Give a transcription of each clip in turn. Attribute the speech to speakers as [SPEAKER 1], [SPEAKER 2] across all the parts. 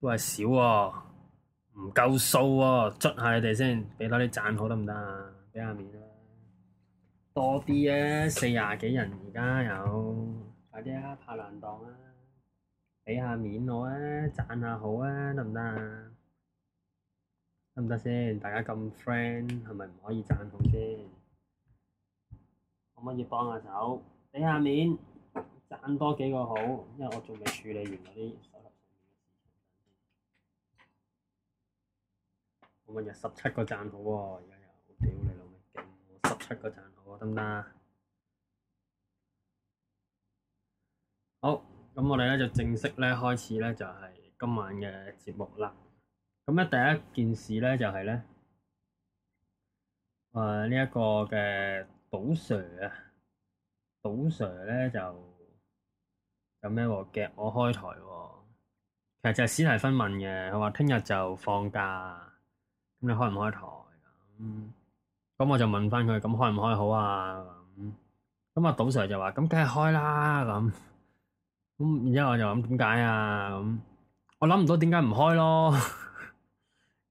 [SPEAKER 1] 都係少喎，唔夠數喎，卒下你哋先，畀多啲讚好得唔得啊？俾下面啦，多啲啊，四廿幾人而家有，快啲啊，拍爛檔啊，畀下面我啊，讚下好啊，得唔得啊？得唔得先？大家咁 friend，係咪唔可以讚好先？可唔可以幫下手？俾下面，讚多幾個好，因為我仲未處理完嗰啲。我今日十七個讚好喎，又又屌你老味勁，十七個讚好得唔得？好，咁我哋咧就正式咧開始咧，就係今晚嘅節目啦。咁咧第一件事咧就係、是、咧，誒呢一個嘅賭 Sir 啊，賭 Sir 咧就有咩喎，夾我開台喎、啊，其實就係史提芬問嘅，佢話聽日就放假。你開唔開台？咁、嗯、我就問翻佢，咁開唔開好啊？咁咁啊賭 Sir 就話，咁梗係開啦咁。咁然之後我就諗點解啊？咁、嗯、我諗唔到點解唔開咯。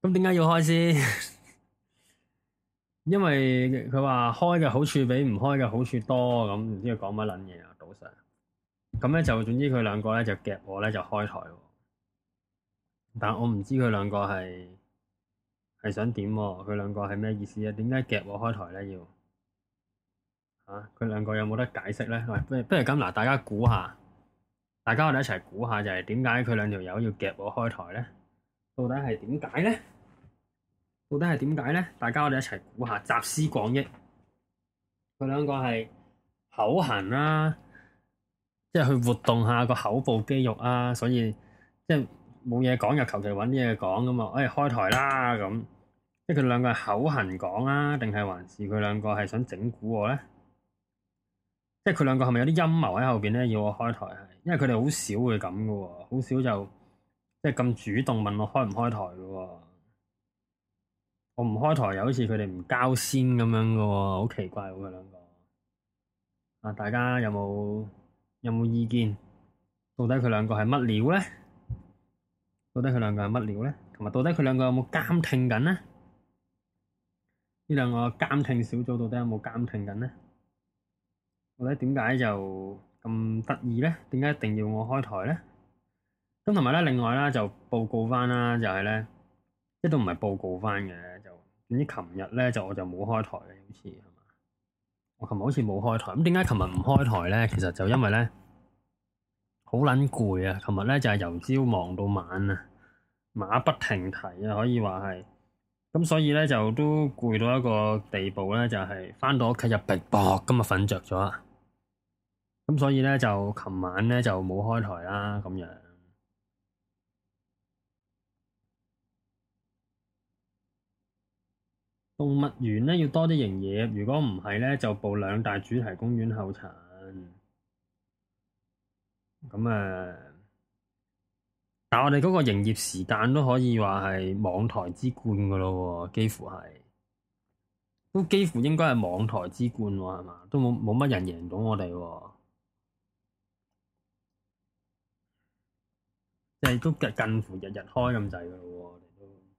[SPEAKER 1] 咁點解要開先？ 因為佢話開嘅好處比唔開嘅好處多。咁、嗯、唔知佢講乜撚嘢啊？賭 Sir。咁、嗯、咧就總之佢兩個咧就夾我咧就開台。但我唔知佢兩個係。係想點？佢兩個係咩意思啊？點解夾我開台咧？要吓佢兩個有冇得解釋咧、哎？不如不如咁，嗱，大家估下，大家我哋一齊估下，就係點解佢兩條友要夾我開台咧？到底係點解咧？到底係點解咧？大家我哋一齊估下，集思廣益。佢兩個係口痕啦、啊，即係去活動下個口部肌肉啊，所以即係。就是冇嘢講又求其揾啲嘢講㗎嘛！哎，開台啦咁，即係佢哋兩個口痕講啊，定係還是佢兩個係想整蠱我咧？即係佢兩個係咪有啲陰謀喺後邊咧？要我開台，因為佢哋好少會咁嘅喎，好少就即係咁主動問我開唔開台嘅喎、啊。我唔開台又好似佢哋唔交先咁樣嘅喎、啊，好奇怪喎佢兩個。啊，大家有冇有冇意見？到底佢兩個係乜料咧？到底佢兩個係乜料咧？同埋到底佢兩個有冇監聽緊咧？呢兩個監聽小組到底有冇監聽緊咧？我咧點解就咁得意咧？點解一定要我開台咧？咁同埋咧，另外啦，就報告翻啦，就係咧，即係都唔係報告翻嘅，就總之琴日咧就我就冇開台啊，好似係嘛？我琴日好似冇開台，咁點解琴日唔開台咧？其實就因為咧好撚攰啊！琴日咧就係由朝忙到晚啊！馬不停蹄啊，可以話係，咁所以呢，就都攰到一個地步呢就係、是、返到屋企入疲薄咁啊，瞓着咗啊，咁所以呢，就琴晚呢，就冇開台啦，咁樣。動物園呢，要多啲營業，如果唔係呢，就步兩大主題公園後塵，咁啊。但我哋嗰個營業時間都可以話係網台之冠噶咯、哦，幾乎係都幾乎應該係網台之冠係嘛，都冇冇乜人贏到我哋、哦，即係都近乎日日開咁滯噶咯，我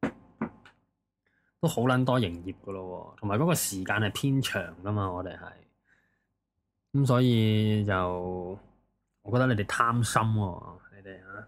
[SPEAKER 1] 哋都都好撚多營業噶咯、哦，同埋嗰個時間係偏長噶嘛，我哋係咁，所以就我覺得你哋貪心、哦，你哋啊。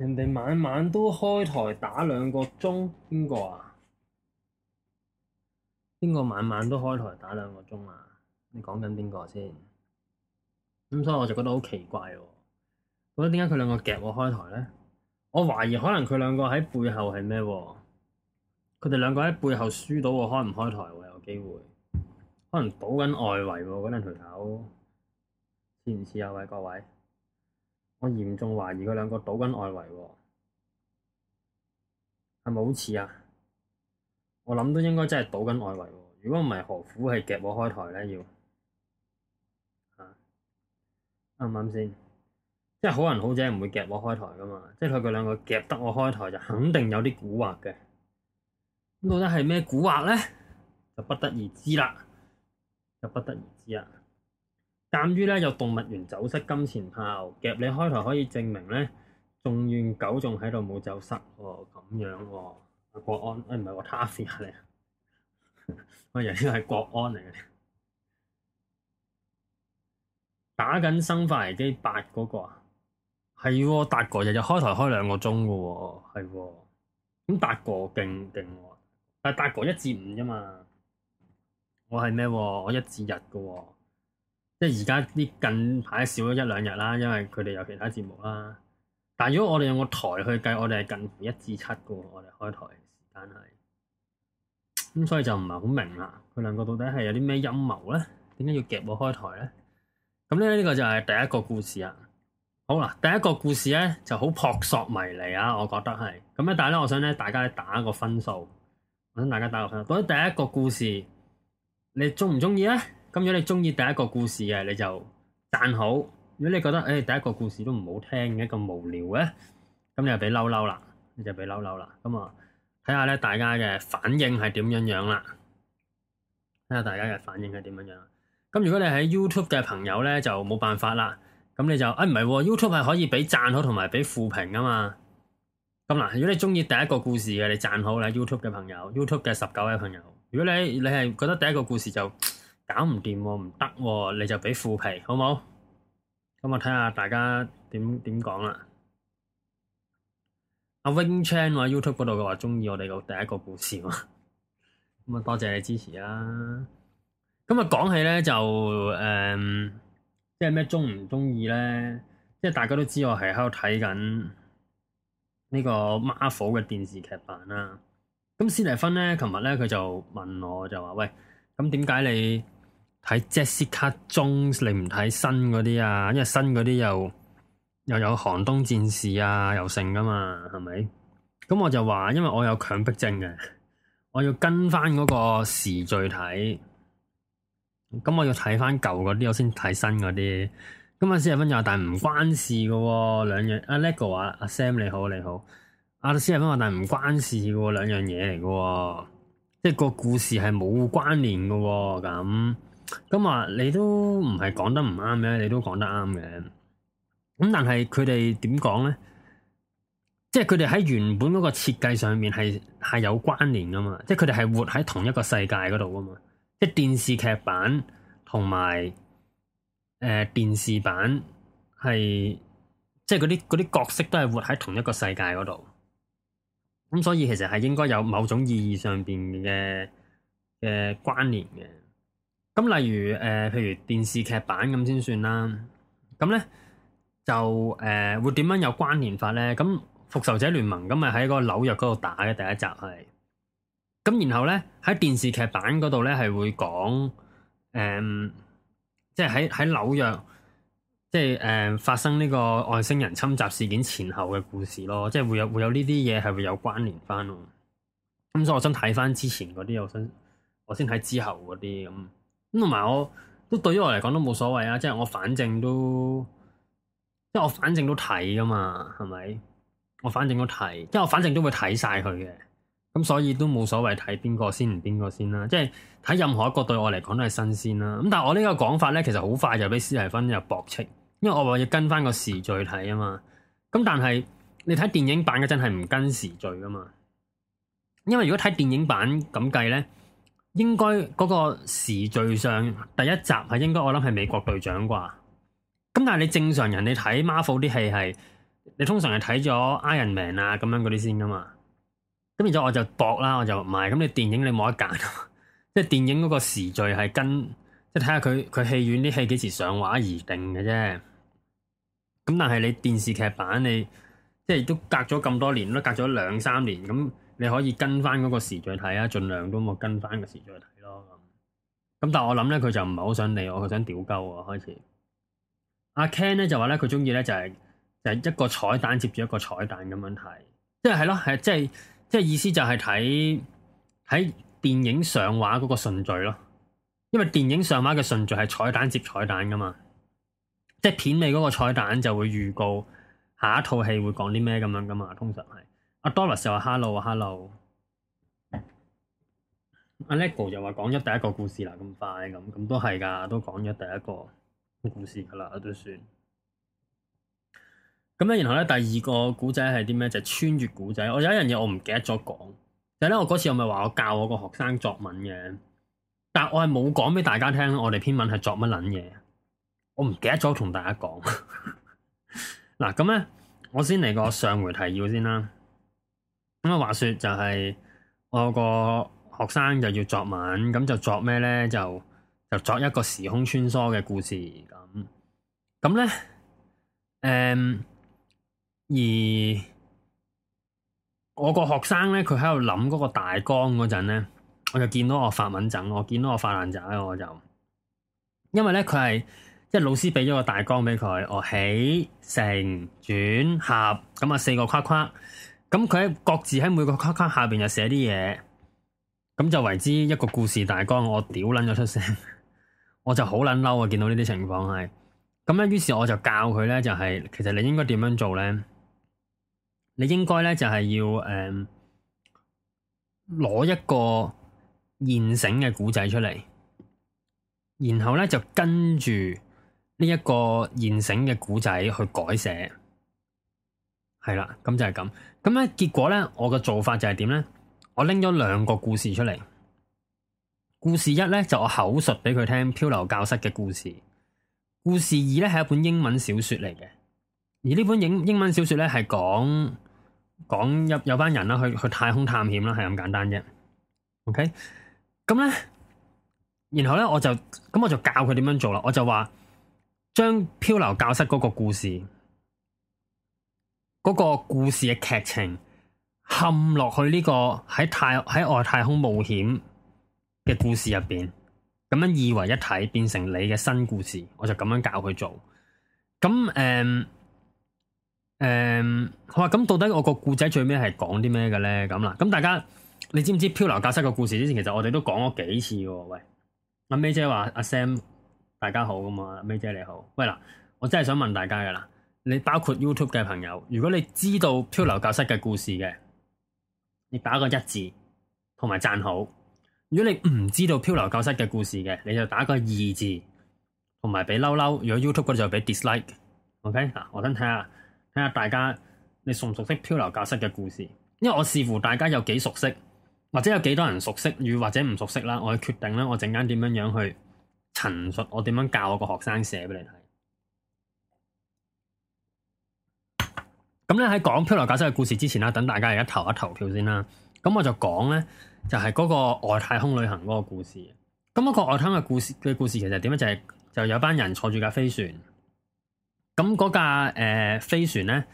[SPEAKER 1] 人哋晚晚都開台打兩個鐘，邊個啊？邊個晚晚都開台打兩個鐘啊？你講緊邊個先？咁所以我就覺得好奇怪喎、啊，覺得點解佢兩個夾我開台呢？我懷疑可能佢、啊、兩個喺背後係咩？佢哋兩個喺背後輸到我開唔開台喎、啊？有機會可能賭緊外圍喎嗰兩條友，似唔似啊？喂、那個啊，各位。我嚴重懷疑佢兩個賭緊外圍喎、啊，係咪好似啊？我諗都應該真係賭緊外圍、啊。如果唔係何苦係夾我開台呢？要啊，啱唔啱先？即係好人好姐唔會夾我開台㗎嘛。即係佢佢兩個夾得我開台就肯定有啲蠱惑嘅。咁到底係咩蠱惑呢？就不得而知啦，就不得而知啦！鑒於呢有動物園走失金錢豹，夾你開台可以證明呢，仲怨狗仲喺度冇走失喎，咁、哦、樣喎、哦。國安，誒唔係我差事嚟啊，我以為呢個係國安嚟嘅 打緊生化危機八嗰個啊，係達、哦、哥日日開台開兩個鐘噶喎，係咁達哥勁勁啊，但達哥一至五啫嘛，我係咩？我一至日噶、哦。即係而家啲近排少咗一兩日啦，因為佢哋有其他節目啦。但係如果我哋用個台去計，我哋係近乎一至七嘅，我哋開台時間係。咁、嗯、所以就唔係好明啦，佢兩個到底係有啲咩陰謀咧？點解要夾我開台咧？咁咧呢個就係第一個故事啊。好啦，第一個故事咧就好撲朔迷離啊，我覺得係。咁咧但係咧，我想咧大家打一個分數，我想大家打個分數。到底第一個故事你中唔中意啊？咁如果你中意，第一個故事嘅，你就讚好。如果你覺得誒，第一個故事都唔好聽嘅，咁無聊嘅，咁你就俾嬲嬲啦，你就俾嬲嬲啦。咁啊，睇下咧大家嘅反應係點樣樣啦，睇下大家嘅反應係點樣樣啦。咁如果你喺 YouTube 嘅朋友咧就冇辦法啦。咁你就啊，唔係 YouTube 係可以俾讚好同埋俾負評噶嘛。咁嗱，如果你中意第一個故事嘅，你讚好啦。YouTube 嘅朋友，YouTube 嘅十九位朋友，如果你你係覺得第一個故事就。搞唔掂喎，唔得喎，你就畀副皮好冇？咁我睇下大家點點講啦。阿 Wing Chan 話 YouTube 嗰度嘅話鍾意我哋個第一個故事嘛、啊，咁啊多謝你支持啦、啊。咁啊講起咧就誒、嗯，即係咩鍾唔鍾意咧？即係大家都知我係喺度睇緊呢個 Marvel 嘅電視劇版啦、啊。咁史提芬咧，琴日咧佢就問我就話喂，咁點解你？睇 Jessica Jones 你唔睇新嗰啲啊？因為新嗰啲又又有寒冬戰士啊，又剩噶嘛，係咪？咁我就話，因為我有強迫症嘅，我要跟翻嗰個時序睇，咁我要睇翻舊嗰啲，我先睇新嗰啲。咁阿斯亞芬就話，但係唔關事噶、啊，兩樣。阿 Nick 話，阿、啊啊、Sam 你好，你好。阿、啊、斯亞芬話，但係唔關事噶、啊，兩樣嘢嚟噶，即係個故事係冇關聯噶咁。咁啊、嗯，你都唔係講得唔啱咩？你都講得啱嘅。咁、嗯、但係佢哋點講咧？即係佢哋喺原本嗰個設計上面係係有關聯噶嘛？即係佢哋係活喺同一個世界嗰度噶嘛？即係電視劇版同埋誒電視版係，即係嗰啲啲角色都係活喺同一個世界嗰度。咁、嗯、所以其實係應該有某種意義上面嘅嘅關聯嘅。咁，例如誒、呃，譬如電視劇版咁先算啦。咁咧就誒、呃，會點樣有關聯法咧？咁《復仇者聯盟》咁咪喺個紐約嗰度打嘅第一集係咁，然後咧喺電視劇版嗰度咧係會講誒，即係喺喺紐約，即係誒發生呢個外星人侵襲事件前後嘅故事咯。即係會有會有呢啲嘢係會有關聯翻咯。咁所以我想睇翻之前嗰啲，我想我先睇之後嗰啲咁。同埋我都對於我嚟講都冇所謂啊，即係我反正都，即係我反正都睇噶嘛，係咪？我反正都睇，即係我反正都會睇晒佢嘅，咁所以都冇所謂睇邊個先唔邊個先啦，即係睇任何一個對我嚟講都係新鮮啦。咁但係我個呢個講法咧，其實好快就俾史提芬入駁斥，因為我話要跟翻個時序睇啊嘛。咁但係你睇電影版嘅真係唔跟時序噶嘛？因為如果睇電影版咁計咧。應該嗰、那個時序上第一集係應該我諗係美國隊長啩，咁但係你正常人你睇 Marvel 啲戲係，你通常係睇咗 Iron Man 啊咁樣嗰啲先㗎嘛，咁然之後我就搏啦，我就唔係，咁你電影你冇得揀，即 係電影嗰個時序係跟，即係睇下佢佢戲院啲戲幾時上畫而定嘅啫，咁但係你電視劇版你即係、就是、都隔咗咁多年咯，都隔咗兩三年咁。你可以跟翻嗰個時序睇啊，盡量都冇跟翻個時序去睇咯咁。但係我諗咧，佢就唔係好想理我，佢想屌鳩我開始。阿 Ken 咧就話咧，佢中意咧就係就係一個彩蛋接住一個彩蛋咁樣睇，即係係咯，係即係即係意思就係睇睇電影上畫嗰個順序咯，因為電影上畫嘅順序係彩蛋接彩蛋噶嘛，即係片尾嗰個彩蛋就會預告下一套戲會講啲咩咁樣噶嘛，通常係。阿多士又話 hello hello，阿 lego 又話講咗第一個故事啦，咁快咁咁都係噶，都講咗第一個故事噶啦，都算。咁咧，然後咧，第二個古仔係啲咩？就係、穿越古仔。我有一樣嘢，就是，我唔記得咗講。就係咧，我嗰次我咪話我教我個學生作文嘅，但係我係冇講畀大家聽，我哋篇文係作乜撚嘢。我唔記得咗同大家講。嗱，咁咧，我先嚟個上回提要先啦。咁啊，話說就係、是、我個學生就要作文，咁就作咩咧？就就作一個時空穿梭嘅故事咁。咁咧，誒、嗯，而我個學生咧，佢喺度諗嗰個大綱嗰陣咧，我就見到我發文整，我見到我發爛渣。我就因為咧佢係即係老師俾咗個大綱俾佢，我起承轉合咁啊四個框框。咁佢喺各自喺每個卡卡下面就寫啲嘢，咁就為之一個故事大綱。我屌捻咗出聲，我就好捻嬲啊！見到呢啲情況係，咁咧，於是我就教佢咧，就係、是、其實你應該點樣做呢？你應該咧就係、是、要誒，攞、嗯、一個現成嘅古仔出嚟，然後咧就跟住呢一個現成嘅古仔去改寫。係啦，咁就係咁。咁、嗯、咧，結果咧，我嘅做法就係點咧？我拎咗兩個故事出嚟。故事一咧，就我口述俾佢聽《漂流教室》嘅故事。故事二咧，係一本英文小說嚟嘅。而呢本影英文小說咧，係講講有有班人啦去去太空探險啦，係咁簡單啫。OK，咁、嗯、咧，然後咧，我就咁我就教佢點樣做啦。我就話將《漂流教室》嗰個故事。嗰個故事嘅劇情陷落去呢個喺太喺外太空冒險嘅故事入邊，咁樣二為一體，變成你嘅新故事，我就咁樣教佢做。咁誒誒，好啊！咁到底我個故仔最尾係講啲咩嘅咧？咁啦，咁大家你知唔知漂流教室嘅故事之前，其實我哋都講咗幾次嘅？喂，阿 May 姐話阿 Sam 大家好啊嘛，阿 May 姐你好。喂啦，我真係想問大家噶啦。你包括 YouTube 嘅朋友，如果你知道漂流教室嘅故事嘅，你打個一字同埋讚好；如果你唔知道漂流教室嘅故事嘅，你就打個二字同埋畀嬲嬲。如果 YouTube 嗰度就畀 dislike、okay？OK，嗱，我先睇下睇下大家你熟唔熟悉漂流教室嘅故事，因為我視乎大家有幾熟悉，或者有幾多人熟悉與或者唔熟悉啦，我決定咧，我陣間點樣樣去陳述我點樣教個學生寫俾你睇。咁咧喺講漂流教室嘅故事之前啦，等大家而家投一投票先啦。咁、嗯、我就講呢，就係、是、嗰個外太空旅行嗰個故事。咁嗰個外太空嘅故事嘅故事，故事其實點呢？就係、是、就有班人坐住架飛船。咁嗰架誒、呃、飛船呢，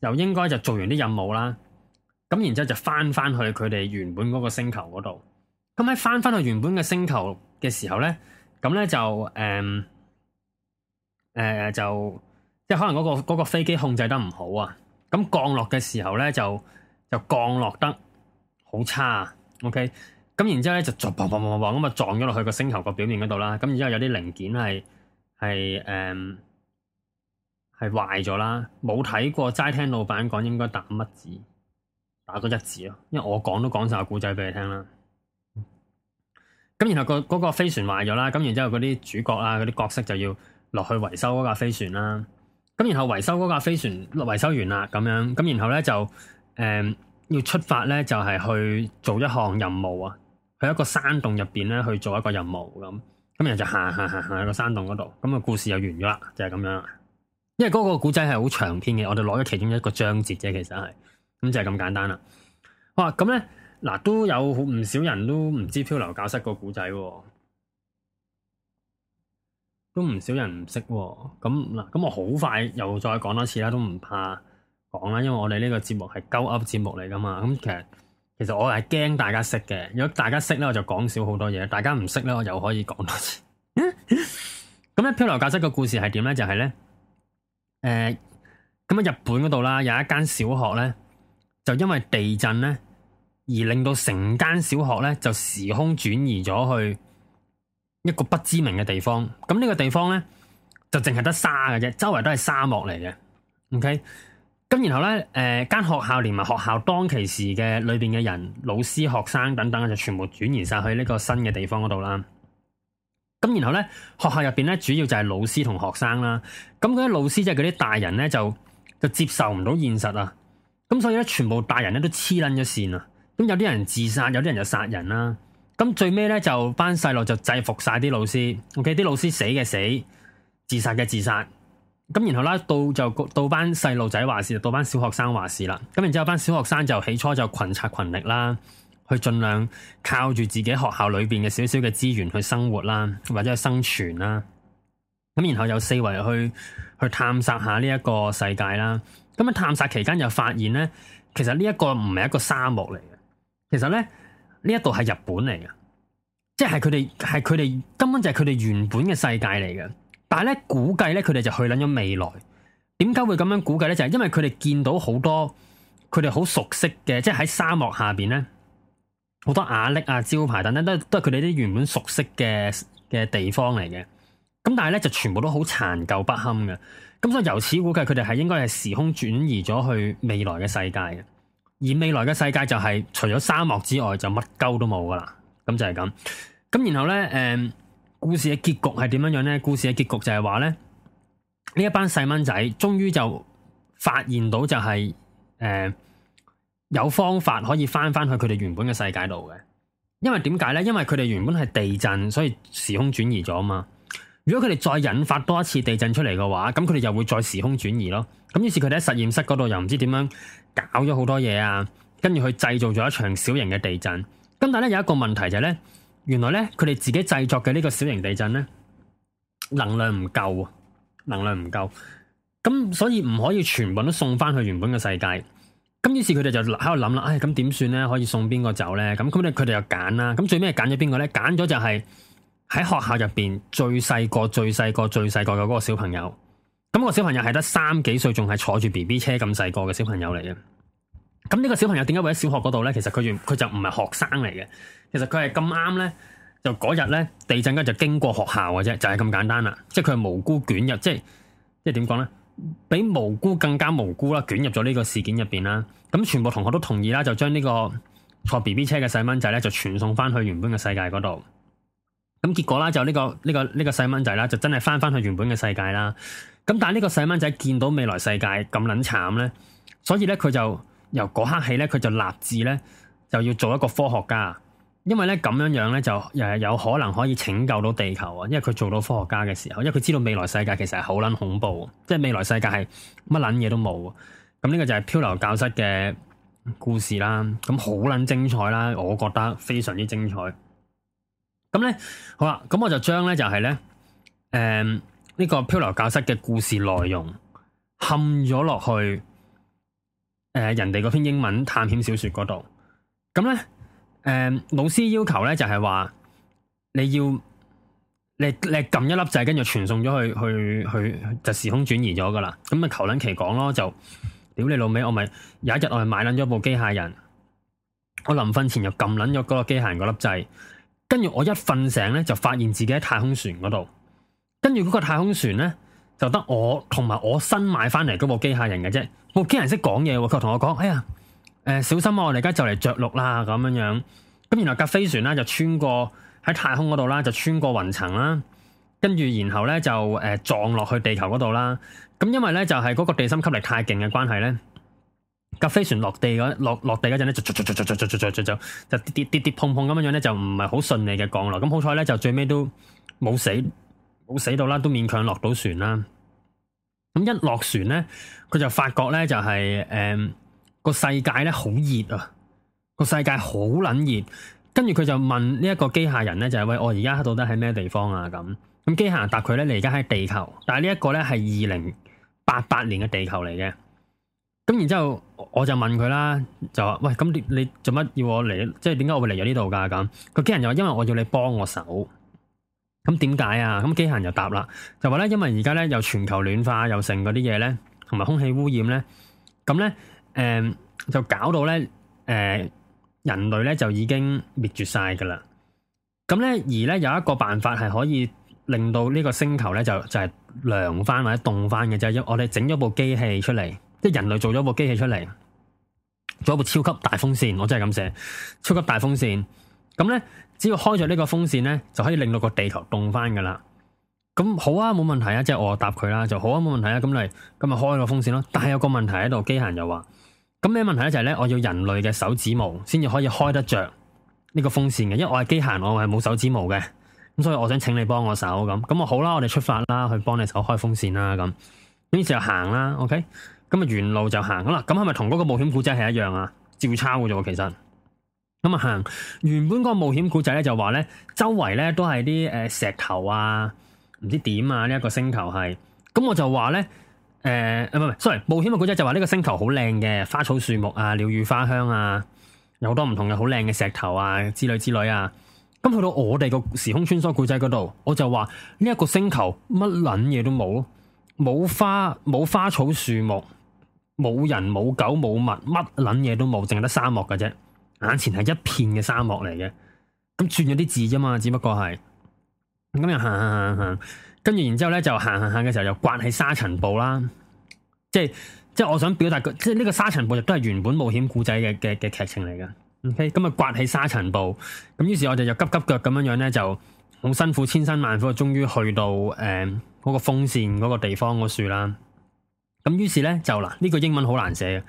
[SPEAKER 1] 又應該就做完啲任務啦。咁然之後就翻翻去佢哋原本嗰個星球嗰度。咁喺翻翻去原本嘅星球嘅時候呢，咁呢就誒誒、呃呃、就即係可能嗰、那個嗰、那個飛機控制得唔好啊。咁降落嘅時候咧，就就降落得好差，OK？咁然之後呢就咕咕咕咕咕撞，砰砰砰撞咗落去個星球個表面嗰度啦。咁然之後有啲零件係係、呃、係壞咗啦。冇睇過，齋聽老闆講應該打乜字，打咗一字咯。因為我講都講晒個古仔俾你聽啦。咁 然後、個嗰、個飛船壞咗啦。咁然之後嗰啲主角啊，嗰啲角色就要落去維修嗰架飛船啦。咁然後維修嗰架飛船維修完啦，咁樣咁然後咧就誒、呃、要出發咧，就係、是、去做一項任務啊，去一個山洞入邊咧去做一個任務咁，咁然後就行行行行個山洞嗰度，咁啊故事又完咗啦，就係咁樣，因為嗰個古仔係好長篇嘅，我哋攞咗其中一個章節啫，其實係咁就係咁簡單啦。哇，咁咧嗱都有唔少人都唔知漂流教室個古仔喎。都唔少人唔識，啊，咁嗱，咁我好快又再講多次啦，都唔怕講啦，因為我哋呢個節目係鳩噏節目嚟噶嘛，咁其實其實我係驚大家識嘅，如果大家識咧，我就講少好多嘢，大家唔識咧，我就又可以講多次。咁咧、 嗯，漂流教室個故事係點咧？就係、是、咧，誒，咁啊，日本嗰度啦，有一間小學咧，就因為地震咧，而令到成間小學咧就時空轉移咗去一個不知名嘅地方，咁、這、呢個地方呢，就淨係得沙嘅啫，周圍都係沙漠嚟嘅。OK，咁然後呢誒，間、呃、學校連埋學校當其時嘅裏邊嘅人、老師、學生等等，就全部轉移晒去呢個新嘅地方嗰度啦。咁然後呢，學校入邊呢，主要就係老師同學生啦。咁嗰啲老師即係嗰啲大人呢，就就接受唔到現實啊。咁所以呢，全部大人呢，都黐捻咗線啊。咁有啲人自殺，有啲人就殺人啦。咁最尾咧就班細路就制服晒啲老師，OK？啲老師死嘅死，自殺嘅自殺。咁然後啦，到就到班細路仔話事，到班小學生話事啦。咁然之後班小學生就起初就群策群力啦，去盡量靠住自己學校裏邊嘅少少嘅資源去生活啦，或者去生存啦。咁然後有四圍去去探索下呢一個世界啦。咁啊探索期間又發現咧，其實呢一個唔係一個沙漠嚟嘅，其實咧。呢一度係日本嚟嘅，即係佢哋係佢哋根本就係佢哋原本嘅世界嚟嘅。但係咧估計咧，佢哋就去捻咗未來。點解會咁樣估計咧？就係因為佢哋見到好多佢哋好熟悉嘅，即係喺沙漠下邊咧，好多瓦礫啊、招牌等等都都係佢哋啲原本熟悉嘅嘅地方嚟嘅。咁但係咧就全部都好殘舊不堪嘅。咁所以由此估計，佢哋係應該係時空轉移咗去未來嘅世界嘅。而未來嘅世界就係除咗沙漠之外就乜鳩都冇㗎喇，咁就係咁。咁然後呢，誒、呃，故事嘅結局係點樣樣呢？故事嘅結局就係話呢，呢一班細蚊仔終於就發現到就係、是、誒、呃、有方法可以返返去佢哋原本嘅世界度嘅。因為點解呢？因為佢哋原本係地震，所以時空轉移咗啊嘛。如果佢哋再引發多一次地震出嚟嘅話，咁佢哋又會再時空轉移咯。咁於是佢哋喺實驗室嗰度又唔知點樣。搞咗好多嘢啊，跟住佢製造咗一場小型嘅地震。咁但係咧，有一個問題就係、是、咧，原來咧佢哋自己製作嘅呢個小型地震咧，能量唔夠啊，能量唔夠。咁所以唔可以全部都送翻去原本嘅世界。咁於是佢哋就喺度諗啦，唉、哎，咁點算咧？可以送邊個走咧？咁咁咧佢哋又揀啦。咁最尾揀咗邊個咧？揀咗就係喺學校入邊最細個、最細個、最細個嘅嗰個小朋友。咁個小朋友係得三幾歲，仲係坐住 B B 車咁細個嘅小朋友嚟嘅。咁呢個小朋友點解會喺小學嗰度呢？其實佢佢就唔係學生嚟嘅。其實佢係咁啱呢，就嗰日呢，地震咧就經過學校嘅啫，就係咁簡單啦。即係佢係無辜捲入，即係即係點講咧？比無辜更加無辜啦，捲入咗呢個事件入邊啦。咁全部同學都同意啦，就將呢個坐 B B 車嘅細蚊仔呢，就傳送翻去原本嘅世界嗰度。咁結果啦，就呢個呢個呢個細蚊仔啦，就真係翻翻去原本嘅世界啦。咁但係呢個細蚊仔見到未來世界咁撚慘呢，所以呢，佢就由嗰刻起呢，佢就立志呢，就要做一個科學家，因為呢，咁樣樣呢，就誒有可能可以拯救到地球啊！因為佢做到科學家嘅時候，因為佢知道未來世界其實係好撚恐怖，即係未來世界係乜撚嘢都冇。咁呢個就係漂流教室嘅故事啦，咁好撚精彩啦，我覺得非常之精彩。咁呢，好啦，咁我就將呢、就是，就係呢。誒。呢個漂流教室嘅故事內容冚咗落去，誒、呃、人哋嗰篇英文探險小說嗰度，咁咧，誒、呃、老師要求咧就係、是、話，你要你你撳一粒掣，跟住傳送咗去去去，去就時空轉移咗噶啦，咁咪求撚其講咯，就屌你老味。我咪有一日我買撚咗部機械人，我臨瞓前又撳撚咗嗰個機械人嗰粒掣，跟住我一瞓醒咧就發現自己喺太空船嗰度。跟住嗰個太空船咧，就得我同埋我新買翻嚟嗰部機械人嘅啫。部機械人識講嘢，佢同我講：哎呀，誒小心啊！我哋而家就嚟着陸啦咁樣樣。咁然後架飛船啦就穿過喺太空嗰度啦，就穿過雲層啦。跟住然後咧就誒撞落去地球嗰度啦。咁因為咧就係嗰個地心吸力太勁嘅關係咧，架飛船落地嗰落落地陣咧就就就就就就就就就跌跌跌跌碰碰咁樣樣咧，就唔係好順利嘅降落。咁好彩咧就最尾都冇死。冇死到啦，都勉強落到船啦。咁一落船咧，佢就發覺咧就係誒個世界咧好熱啊，個世界好捻熱。跟住佢就問呢一個機械人咧就係喂，我而家到底喺咩地方啊？咁咁機械人答佢咧，你而家喺地球，但係呢一個咧係二零八八年嘅地球嚟嘅。咁然之後我就問佢啦，就話喂，咁你你做乜要我嚟？即係點解我會嚟咗呢度噶？咁佢機械人就話，因為我要你幫我手。咁點解啊？咁機械人就答啦，就話咧，因為而家咧又全球暖化又成嗰啲嘢咧，同埋空氣污染咧，咁咧，誒，就搞到咧，誒，人類咧就已經滅絕晒噶啦。咁咧，而咧有一個辦法係可以令到呢個星球咧就就係涼翻或者凍翻嘅，就係我哋整咗部機器出嚟，即係人類做咗部機器出嚟，做一部超級大風扇，我真係咁寫，超級大風扇。咁咧，只要開咗呢個風扇咧，就可以令到個地球凍翻噶啦。咁好啊，冇問題啊，即係我答佢啦，就好啊，冇問題啊。咁你，咁咪開個風扇咯。但係有個問題喺度，機械人又話，咁咩問題咧？就係咧，我要人類嘅手指模先至可以開得着呢個風扇嘅，因為我係機械，我係冇手指模嘅。咁所以我想請你幫我手咁。咁啊好啦，我哋出發啦，去幫你手開風扇啦。咁呢時就行啦，OK。咁啊，okay？沿路就行。咁啦，啊，咁係咪同嗰個冒險故仔係一樣啊？照抄嘅啫，其實。咁啊，行、嗯、原本嗰個冒險故仔咧就話咧，周圍咧都係啲誒石頭啊，唔知點啊呢一、這個星球係咁、嗯、我就話咧誒，唔係唔係，sorry，冒險嘅古仔就話呢個星球好靚嘅花草樹木啊，鳥語花香啊，有好多唔同嘅好靚嘅石頭啊，之類之類啊。咁去到我哋個時空穿梭古仔嗰度，我就話呢一個星球乜撚嘢都冇，冇花冇花草樹木，冇人冇狗冇物，乜撚嘢都冇，淨係得沙漠㗎啫。眼前係一片嘅沙漠嚟嘅，咁轉咗啲字啫嘛，只不過係咁又行行行行，跟住然之後咧就行行行嘅時候又刮起沙塵暴啦，即係即係我想表達個即係呢個沙塵暴就都係原本冒險故仔嘅嘅嘅劇情嚟嘅，OK，咁啊刮起沙塵暴，咁於是我哋就急急腳咁樣樣咧就好辛苦千辛萬苦，終於去到誒嗰、嗯那個風扇嗰個地方個樹啦，咁於是咧就嗱呢、這個英文好難寫。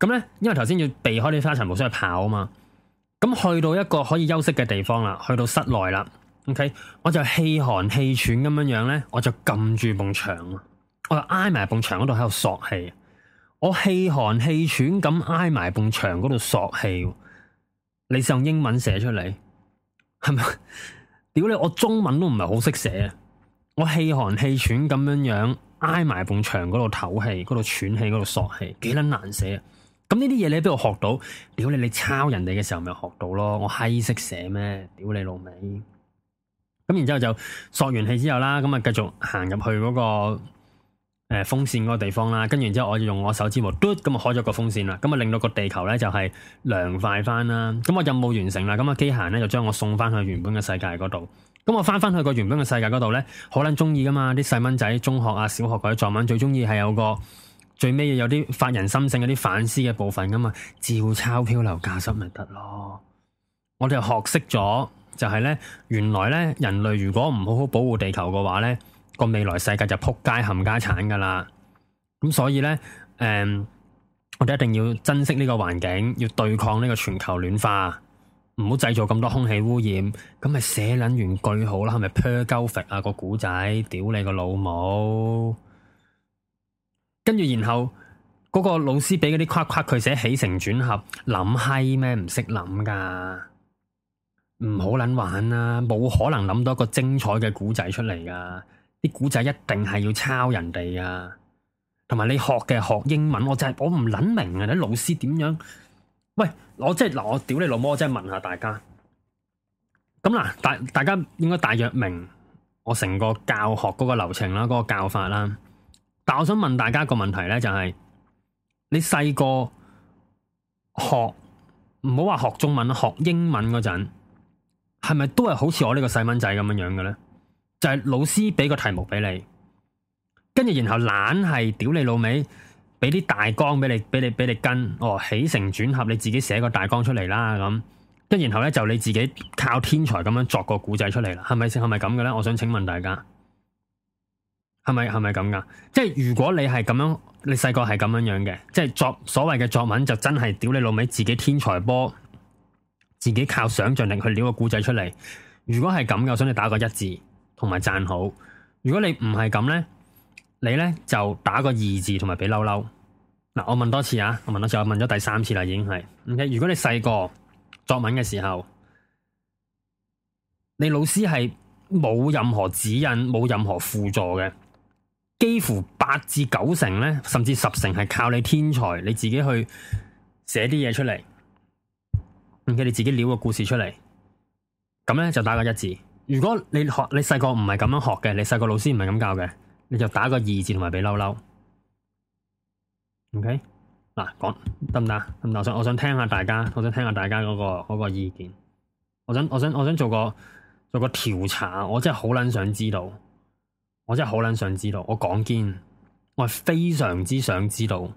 [SPEAKER 1] 咁咧，因為頭先要避開啲沙塵暴出去跑啊嘛，咁去到一個可以休息嘅地方啦，去到室內啦，OK，我就氣寒氣喘咁樣樣咧，我就撳住埲牆，我就挨埋埲牆嗰度喺度索氣，我氣寒氣喘咁挨埋埲牆嗰度索氣，你試用英文寫出嚟係咪？屌你， 我中文都唔係好識寫啊，我氣寒氣喘咁樣樣挨埋埲牆嗰度唞氣，嗰度喘氣，嗰度索氣，幾捻難寫啊！咁呢啲嘢你喺邊度學到？屌你！你抄人哋嘅時候咪學到咯！我閪識寫咩？屌你老味！咁然之後就索完氣之後啦，咁啊繼續行入去嗰、那個誒、呃、風扇嗰個地方啦。跟住然之後，我就用我手指模嘟咁啊開咗個風扇啦。咁啊令到個地球咧就係、是、涼快翻啦。咁我任務完成啦。咁啊機行咧就將我送翻去原本嘅世界嗰度。咁我翻翻去個原本嘅世界嗰度咧，可能中意噶嘛！啲細蚊仔中學啊、小學嗰啲作文最中意係有個。最尾要有啲發人心性嗰啲反思嘅部分噶嘛，照抄漂流教室咪得咯？我哋又學識咗，就係、是、呢。原來呢，人類如果唔好好保護地球嘅話呢，這個未來世界就撲街冚家鏟噶啦。咁所以呢，誒、嗯，我哋一定要珍惜呢個環境，要對抗呢個全球暖化，唔好製造咁多空氣污染。咁咪寫捻完句號啦，係咪 perfect 啊？個古仔屌你個老母！跟住然後嗰個老師俾嗰啲框框佢寫起承轉合諗閪咩唔識諗噶，唔好捻玩啦，冇可能諗到一個精彩嘅古仔出嚟噶，啲古仔一定係要抄人哋噶，同埋你學嘅學英文，我真係我唔捻明啊你老師點樣，喂我即係嗱我屌你老母，我真係問下大家，咁嗱大大家應該大約明我成個教學嗰個流程啦，嗰個教法啦。但我想問大家一個問題咧，就係、是、你細個學唔好話學中文、學英文嗰陣，係咪都係好似我個細呢個細蚊仔咁樣樣嘅咧？就係、是、老師俾個題目俾你，跟住然後懶係屌你老味，俾啲大綱畀你，畀你畀你跟，哦起承轉合你自己寫個大綱出嚟啦咁，跟然後咧就你自己靠天才咁樣作個古仔出嚟啦，係咪先？係咪咁嘅咧？我想請問大家。係咪係咪咁噶？即係如果你係咁樣，你細個係咁樣樣嘅，即係作所謂嘅作文就真係屌你老味，自己天才波，自己靠想象力去撩個故仔出嚟。如果係咁嘅，我想你打個一字同埋讚好。如果你唔係咁呢，你呢，就打個二字同埋俾嬲嬲。嗱，我問多次啊，我問多次，我問咗第三次啦，已經係。如果你細個作文嘅時候，你老師係冇任何指引，冇任何輔助嘅。幾乎八至九成咧，甚至十成係靠你天才你自己去寫啲嘢出嚟，咁佢哋自己撩個故事出嚟，咁咧就打個一字。如果你學你細個唔係咁樣學嘅，你細個老師唔係咁教嘅，你就打個二字同埋俾嬲嬲。OK，嗱講得唔得？得唔得？我想我想聽下大家，我想聽下大家嗰個嗰個意見。我想我想我想做個做個調查，我真係好撚想知道。我真係好撚想知道，我講堅，我係非常之想知道，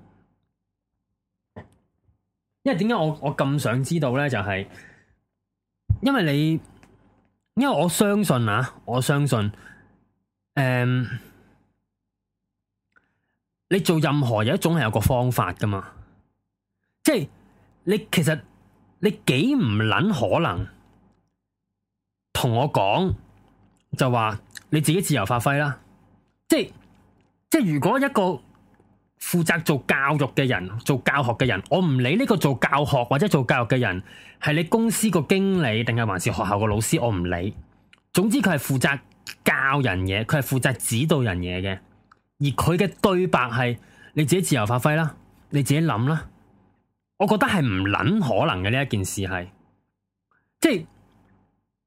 [SPEAKER 1] 因為點解我我咁想知道咧？就係、是、因為你因為我相信啊，我相信誒、嗯，你做任何嘢，總係有個方法噶嘛，即係你其實你幾唔撚可能同我講就話你自己自由發揮啦。即係即係如果一個負責做教育嘅人，做教學嘅人，我唔理呢個做教學或者做教育嘅人係你公司個經理，定係還是學校個老師，我唔理。總之佢係負責教人嘢，佢係負責指導人嘢嘅。而佢嘅對白係你自己自由發揮啦，你自己諗啦。我覺得係唔撚可能嘅呢一件事係，即係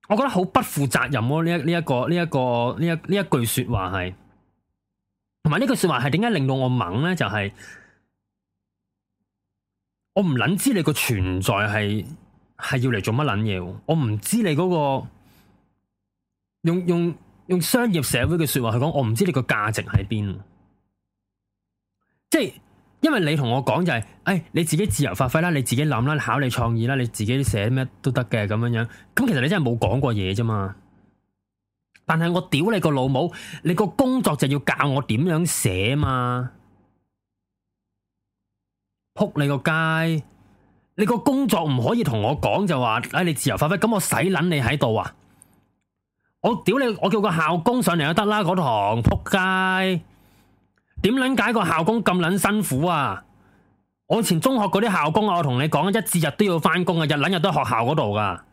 [SPEAKER 1] 我覺得好不負責任咯，啊。呢一呢一個呢一個呢一句說話係。同埋呢句說話係點解令到我懵咧？就係、是、我唔撚知你個存在係係要嚟做乜撚嘢？我唔知你嗰，那個用用用商業社會嘅說話去講，我唔知你個價值喺邊。即係因為你同我講就係、是，誒、哎，你自己自由發揮啦，你自己諗啦，考你創意啦，你自己寫咩都得嘅咁樣樣。咁其實你真係冇講過嘢啫嘛。但係我屌你個老母，你個工作就要教我點樣寫嘛？撲你個街！你個工作唔可以同我講就話，哎，你自由發揮，咁我使捻你喺度啊？我屌你！我叫個校工上嚟就得啦，嗰堂撲街！點捻解個校工咁捻辛苦啊？我以前中學嗰啲校工啊，我同你講，一至日都要返工啊，日捻日，日，日都喺學校嗰度噶。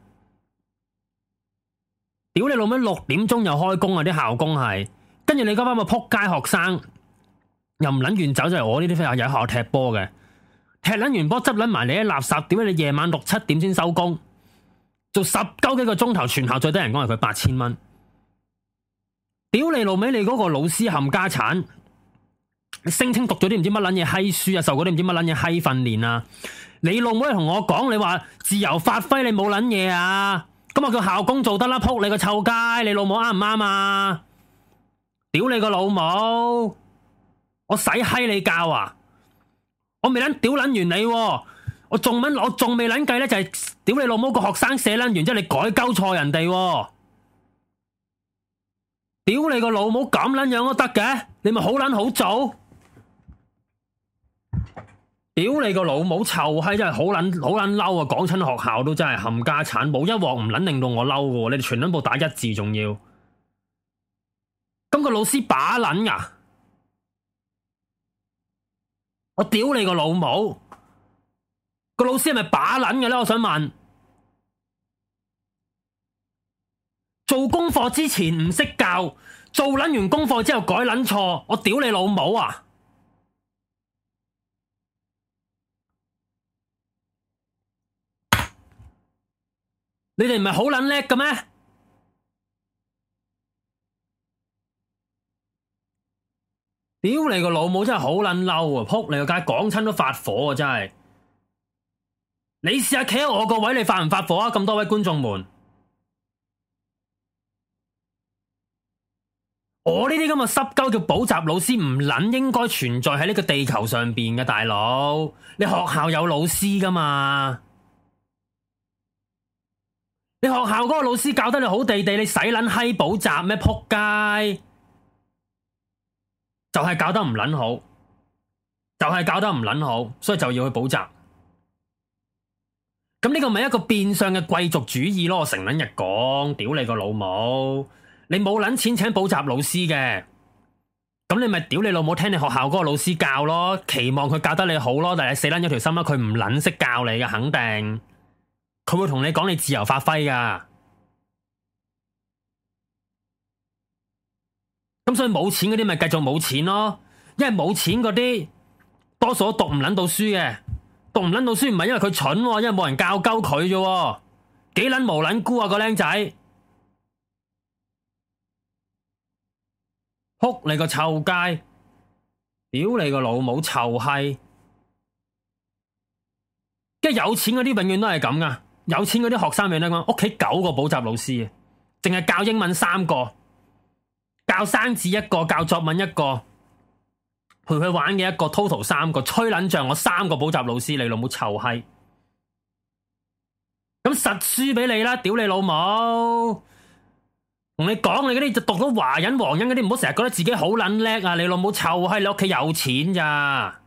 [SPEAKER 1] 屌你老味，六點鐘又開工啊！啲校工係，跟住你嗰班咪扑街學生，又唔捻完走出嚟，有我呢啲又喺學校踢波嘅，踢捻完波執捻埋你啲垃圾。點解你夜晚六七點先收工，做十九幾個鐘頭？全校最低人工係佢八千蚊。屌你老味，你嗰個老師冚家產，聲稱讀咗啲唔知乜捻嘢閪書啊，受嗰啲唔知乜捻嘢閪訓練啊！你老妹同我講，你話自由發揮，你冇捻嘢啊！今日叫校工做得啦，撲你個臭街！你老母啱唔啱啊？屌你個老母！我使閪你教啊！我未撚屌撚完你，啊、屌你，我仲撚我仲未撚計咧，就係、是、屌你老母個學生寫撚完之後你改鳩錯人哋、啊，屌你個老母咁撚樣都得嘅，你咪好撚好做。屌你個老母臭閪真係好撚好撚嬲啊！講親學校都真係冚家鏟，冇一鑊唔撚令到我嬲嘅，你哋全撚部打一字仲要。咁、嗯那個老師把撚啊！我屌你個老母！那個老師係咪把撚嘅咧？我想問，做功課之前唔識教，做撚完功課之後改撚錯，我屌你老母啊！你哋唔係好捻叻嘅咩？屌你個老母真係好捻嬲啊！扑你個街講親都發火啊！真係，你試下企喺我個位，你發唔發火啊？咁多位觀眾們，我呢啲咁嘅濕鳩叫補習老師唔捻應該存在喺呢個地球上邊嘅大佬，你學校有老師噶嘛？你學校嗰個老師教得你好地地，你使撚閪補習咩扑街，就係教得唔撚好，就係教得唔撚好，所以就要去補習。咁呢個咪一個變相嘅貴族主義咯？我成撚日講，屌你個老母，你冇撚錢請補習老師嘅，咁你咪屌你老母聽你學校嗰個老師教咯，期望佢教得你好咯，但係你死撚一條心啦，佢唔撚識教你嘅，肯定。佢會同你講你自由發揮噶，咁所以冇錢嗰啲咪繼續冇錢咯。因為冇錢嗰啲多數都讀唔捻到書嘅，讀唔捻到書唔係因為佢蠢，因為冇人教鳩佢啫。幾捻無捻辜啊個僆仔，仆你個臭街，屌你個老母臭閪，即係有錢嗰啲永遠都係咁噶。有錢嗰啲學生未得講，屋企九個補習老師啊，淨係教英文三個，教生字一個，教作文一個，陪佢玩嘅一個，total 三個，吹捻脹我三個補習老師，你老母臭閪，咁實輸俾你啦，屌你老母，同你講你嗰啲就讀到華人黃人嗰啲，唔好成日覺得自己好捻叻啊，你老母臭閪，你屋企有錢咋，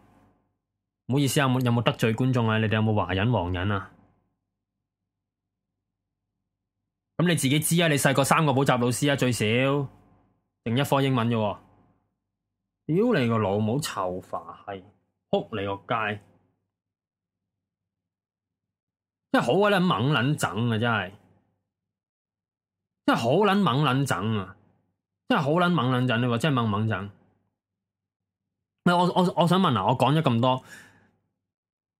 [SPEAKER 1] 唔好意思啊，有冇得罪觀眾啊？你哋有冇華人黃人啊？咁、嗯、你自己知啊？你細個三個補習老師啊，最少定一科英文嘅。屌你個老母，好臭化，係哭你個街，真係好鬼撚猛撚整啊！真係，真係好撚猛撚整啊！真係好撚猛撚整你話，真係猛猛整。唔係我我我想問啊，我講咗咁多，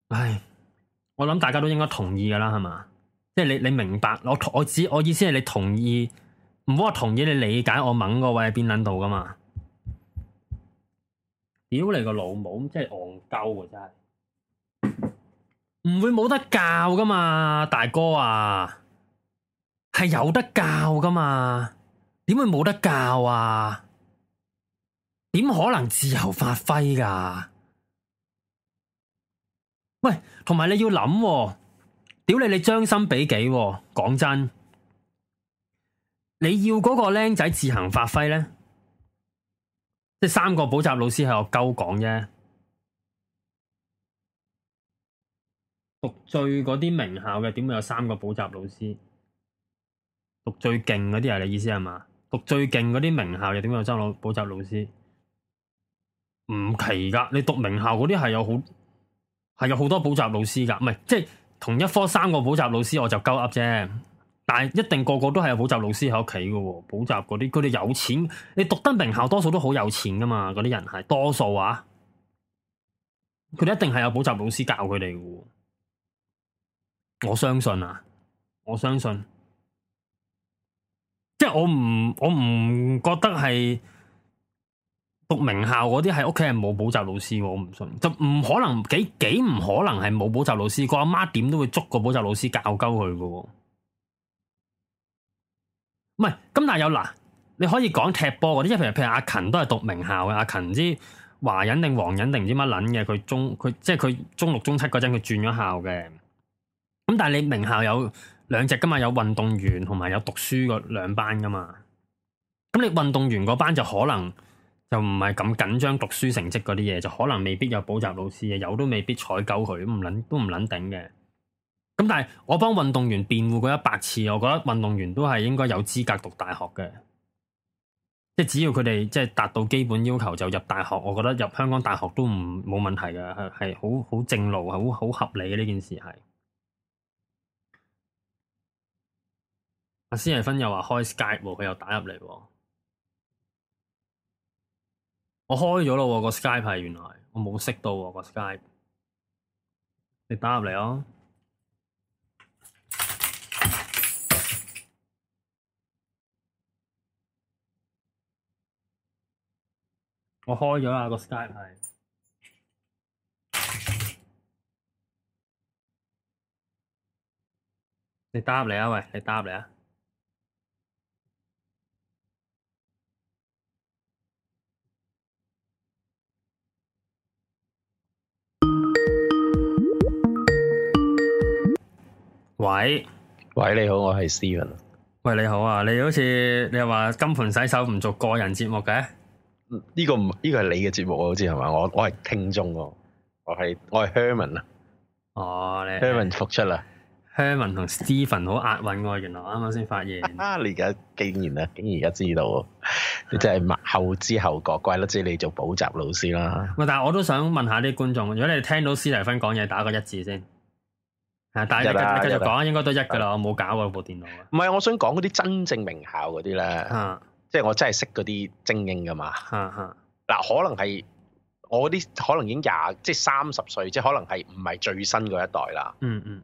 [SPEAKER 1] 唉，我諗大家都應該同意噶啦，係嘛？即係你，你明白我，我知我意思係你同意，唔好話同意你理解我，懵個位喺邊捻度噶嘛？屌你個老母，真係戇鳩噶真係，唔 會冇得教噶嘛，大哥啊，係有得教噶嘛？點會冇得教啊？點可能自由發揮噶？喂，同埋你要諗喎。屌你！你將心比己，哦，講真，你要嗰個僆仔自行發揮呢？即係三個補習老師係我鳩講啫。讀最嗰啲名校嘅，點會有三個補習老師？讀最勁嗰啲係你意思係嘛？讀最勁嗰啲名校嘅，點會有三個補習老師？唔奇噶，你讀名校嗰啲係有好，係有好多補習老師噶，唔係即係。同一科三個補習老師我就鳩噏啫。但係一定個個都係有補習老師喺屋企嘅喎，補習嗰啲佢哋有錢，你讀得名校多數都好有錢噶嘛，嗰啲人係多數啊，佢哋一定係有補習老師教佢哋嘅，我相信啊，我相信，即係我唔我唔覺得係。讀名校嗰啲喺屋企係冇補習老師，我唔信，就唔可能幾幾唔可能係冇補習老師。個阿媽點都會捉個補習老師教鳩佢嘅。唔係，咁但係有嗱，你可以講踢波嗰啲，即係譬如譬如阿勤都係讀名校嘅，阿勤唔知華人定黃人定唔知乜撚嘅，佢中佢即係佢中六中七嗰陣佢轉咗校嘅。咁但係你名校有兩隻噶嘛，有運動員同埋有讀書個兩班噶嘛。咁你運動員個班就可能。就唔係咁緊張讀書成績嗰啲嘢，就可能未必有補習老師啊，有都未必採購佢，都唔捻，都唔捻頂嘅。咁但係我幫運動員辯護過一百次，我覺得運動員都係應該有資格讀大學嘅，即只要佢哋即係達到基本要求就入大學，我覺得入香港大學都唔冇問題嘅，係係好好正路，好好合理嘅呢件事係。阿施仁芬又話開 Skype，佢、哦、又打入嚟、哦。我開咗咯、啊，個 Skype 係原來我冇識到個、啊、Skype，你打入嚟啊！我開咗啦、啊、個 Skype 係，你打入嚟啊，喂，你打入嚟啊！喂喂，你好，我係 Steven。喂，你好啊，你好似你又話金盆洗手唔做個人節目嘅？
[SPEAKER 2] 呢個唔呢、呢個係你嘅節目啊，好似係嘛？我我係聽眾，我係我係、哦、
[SPEAKER 1] Her Herman 啊。哦，Herman 你復出啦！Herman 同 Steven 好押韻哦，原來啱啱先發現。
[SPEAKER 2] 啊， 你而家竟然啊，竟然而家知道， 你真係後知後覺，怪得知你做補習老師啦。
[SPEAKER 1] 喂、嗯，但係我都想問，問下啲觀眾，如果你聽到斯提芬講嘢，打個一字先。啊！但係大家繼續講啊，的應該都一噶啦，的我冇搞過部電腦。
[SPEAKER 2] 唔係，我想講嗰啲真正名
[SPEAKER 1] 校嗰啲咧，嗯、即係我真係識嗰啲精英噶
[SPEAKER 2] 嘛。嗱、嗯，嗯、可能係我啲可能已經廿即係三十歲，即係可能係唔係最新嗰一代啦、嗯。嗯嗯。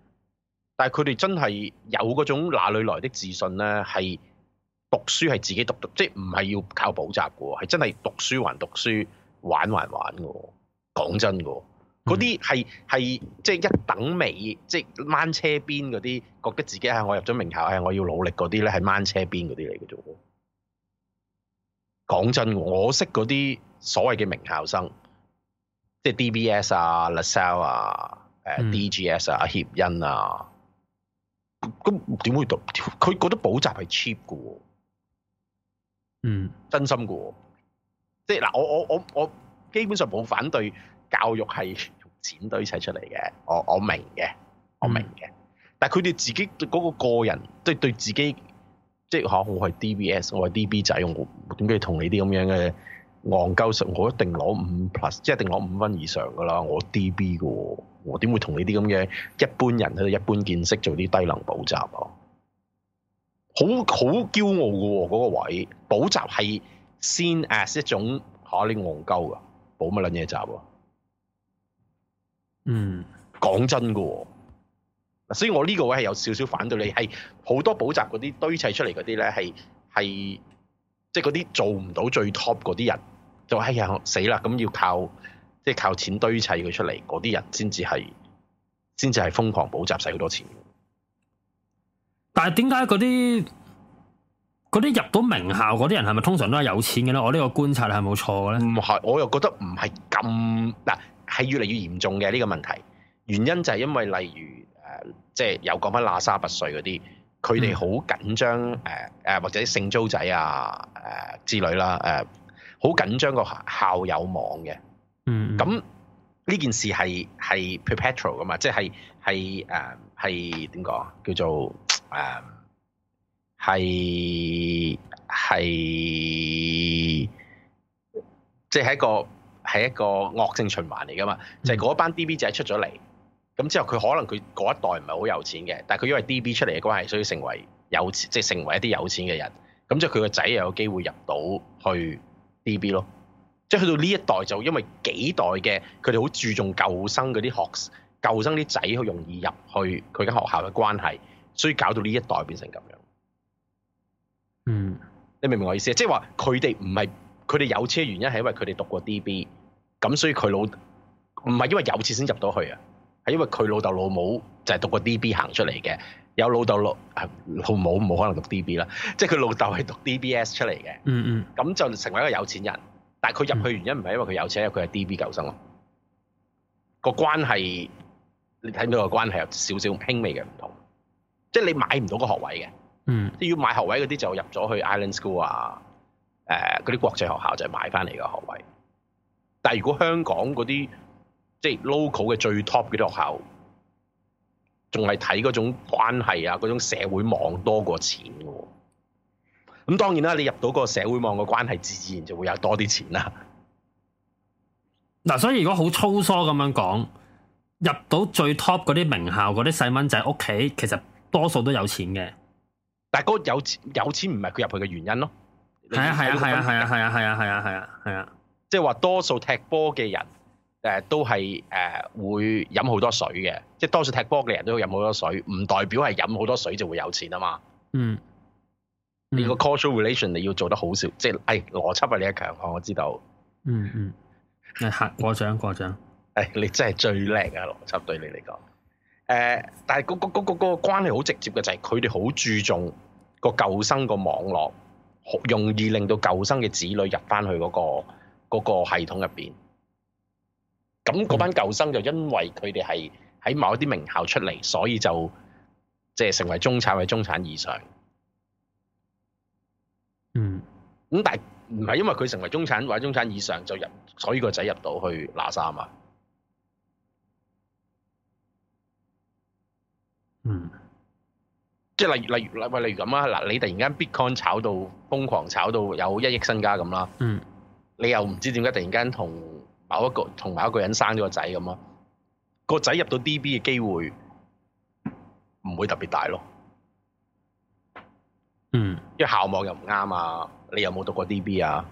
[SPEAKER 2] 但係佢哋真係有嗰種哪裡來的自信咧？係讀書係自己讀，即係唔係要靠補習嘅喎？係真係讀書還讀書，玩還玩嘅喎。講真嘅。嗯嗰啲係係即係一等尾，即係掹車邊嗰啲，覺得自己係我入咗名校係我要努力嗰啲咧，係掹車邊嗰啲嚟嘅啫。講真，我識嗰啲所謂嘅名校生，即係 DBS 啊、La Salle 啊、誒、嗯、DGS 啊、阿協恩啊，咁點會讀？佢覺得補習係 cheap 㗎喎，嗯，真心㗎喎，即係嗱，我我我我基本上冇反對。教育係用錢堆砌出嚟嘅，我我明嘅，我明嘅。但係佢哋自己嗰個個人對對自己，即係嚇我係 D B S，我係 D B 仔，我點解要同你啲咁樣嘅戇鳩熟？我一定攞五 plus，即係一定攞五分以上㗎啦。我 D B 嘅，我點會同你啲咁嘅一般人喺度一般見識做啲低能補習啊？好好驕傲嘅喎、啊，嗰、那個位補習係先 as 一種嚇、啊、你戇鳩嘅，補乜撚嘢習啊？嗯，講真噶，嗱，所以我呢個位係有少少反對你，係好多補習嗰啲堆砌出嚟嗰啲咧，係係即係嗰啲做唔到最 top 嗰啲人，就哎呀死啦，咁要靠即係靠錢堆砌佢出嚟，嗰啲人先至係先至係瘋狂補習，使好多錢。
[SPEAKER 1] 但係點解嗰啲啲入到名校嗰啲人係咪通常都係有錢嘅咧？我呢個觀察係冇錯嘅咧？唔係，嗯，我又覺得唔係咁嗱。係越嚟越嚴重嘅呢、這個問題，
[SPEAKER 2] 原因就係因為例如誒，即、呃、係、就是、有講返喇沙拔萃嗰啲，佢哋好緊張誒誒、呃，或者啲聖租仔啊誒、呃、之類啦誒，好、呃、緊張個校友網嘅。嗯，咁呢件事係係 perpetual 㗎嘛，即係係誒係點講叫做誒係係即係一個。係一個惡性循環嚟㗎嘛，就係嗰班 D.B. 仔出咗嚟，咁之後佢可能佢嗰一代唔係好有錢嘅，但係佢因為 D.B. 出嚟嘅關係，所以成為有即係成為一啲有錢嘅人，咁即係佢個仔又有機會入到去 D.B. 咯，即係去到呢一代就因為幾代嘅佢哋好注重舊生嗰啲學舊生啲仔好容易入去佢間學校嘅關係，所以搞到呢一代變成咁樣。嗯，你明唔明我意思？即係話佢哋唔係。佢哋有車原因係因為佢哋讀過 DB，咁所以佢老唔係因為有錢先入到去啊，係因為佢老豆老母就係讀過 DB 行出嚟嘅。有老豆老老母冇可能讀 DB 啦，即係佢老豆係讀 DBS 出嚟嘅。嗯嗯，咁就成為一個有錢人。但係佢入去原因唔係因為佢有錢因為，佢係 DB 舊生咯。個關係你睇到個關係有少少輕微嘅唔同，即係你買唔到個學位嘅。嗯，即係要買學位嗰啲就入咗去 Island School 啊。誒，嗰啲、呃、國際學校就係買翻嚟嘅學位，但係如果香港嗰啲即係 local 嘅最 top 嘅學校，仲係睇嗰種關係啊，嗰種社會網多過錢嘅。咁當然啦，你入到個社會網嘅關係，自然就會有多啲
[SPEAKER 1] 錢啦。嗱、啊，所以如果好粗疏咁樣講，入到最 top 嗰啲名校嗰啲細蚊仔屋企，其實多數都有錢嘅，但係嗰個有錢有錢唔係佢入去嘅原因咯。係啊，係啊，係啊，係啊，係啊，係啊，係啊，
[SPEAKER 2] 係啊！啊。 即係話多數踢波嘅人誒，都係誒會飲好多水嘅。即係多數踢波嘅人都會飲好多水，唔代表係飲好多水就會有錢啊嘛，嗯。嗯，你個 causal relation 你要做得好少，即係誒邏輯啊，哎，你嘅強項我知道。
[SPEAKER 1] 嗯嗯，吓，過獎過獎，
[SPEAKER 2] 誒、哎，你真係最叻啊，邏輯對你嚟講。誒、哎，但係嗰嗰嗰嗰個關係好直接嘅就係佢哋好注重個舊生個網絡，好容易令到舊生嘅子女入翻去嗰個嗰個系統入邊，咁嗰班舊生就因為佢哋係喺某一啲名校出嚟，所以就即係成為中產或者中產以上。嗯，咁但係唔係因為佢成為中產或者中產以上就入，所以個仔入到去喇沙啊嘛？即係例如例如喂例如咁啊嗱，你突然間 Bitcoin 炒到瘋狂，炒到有一億身家咁啦，嗯，你又唔知點解突然間同某一個同某一個人生咗個仔咁咯，個仔入到 DB 嘅機會唔會特別大咯，嗯，因為校網又唔啱啊，你有冇讀過 DB 啊？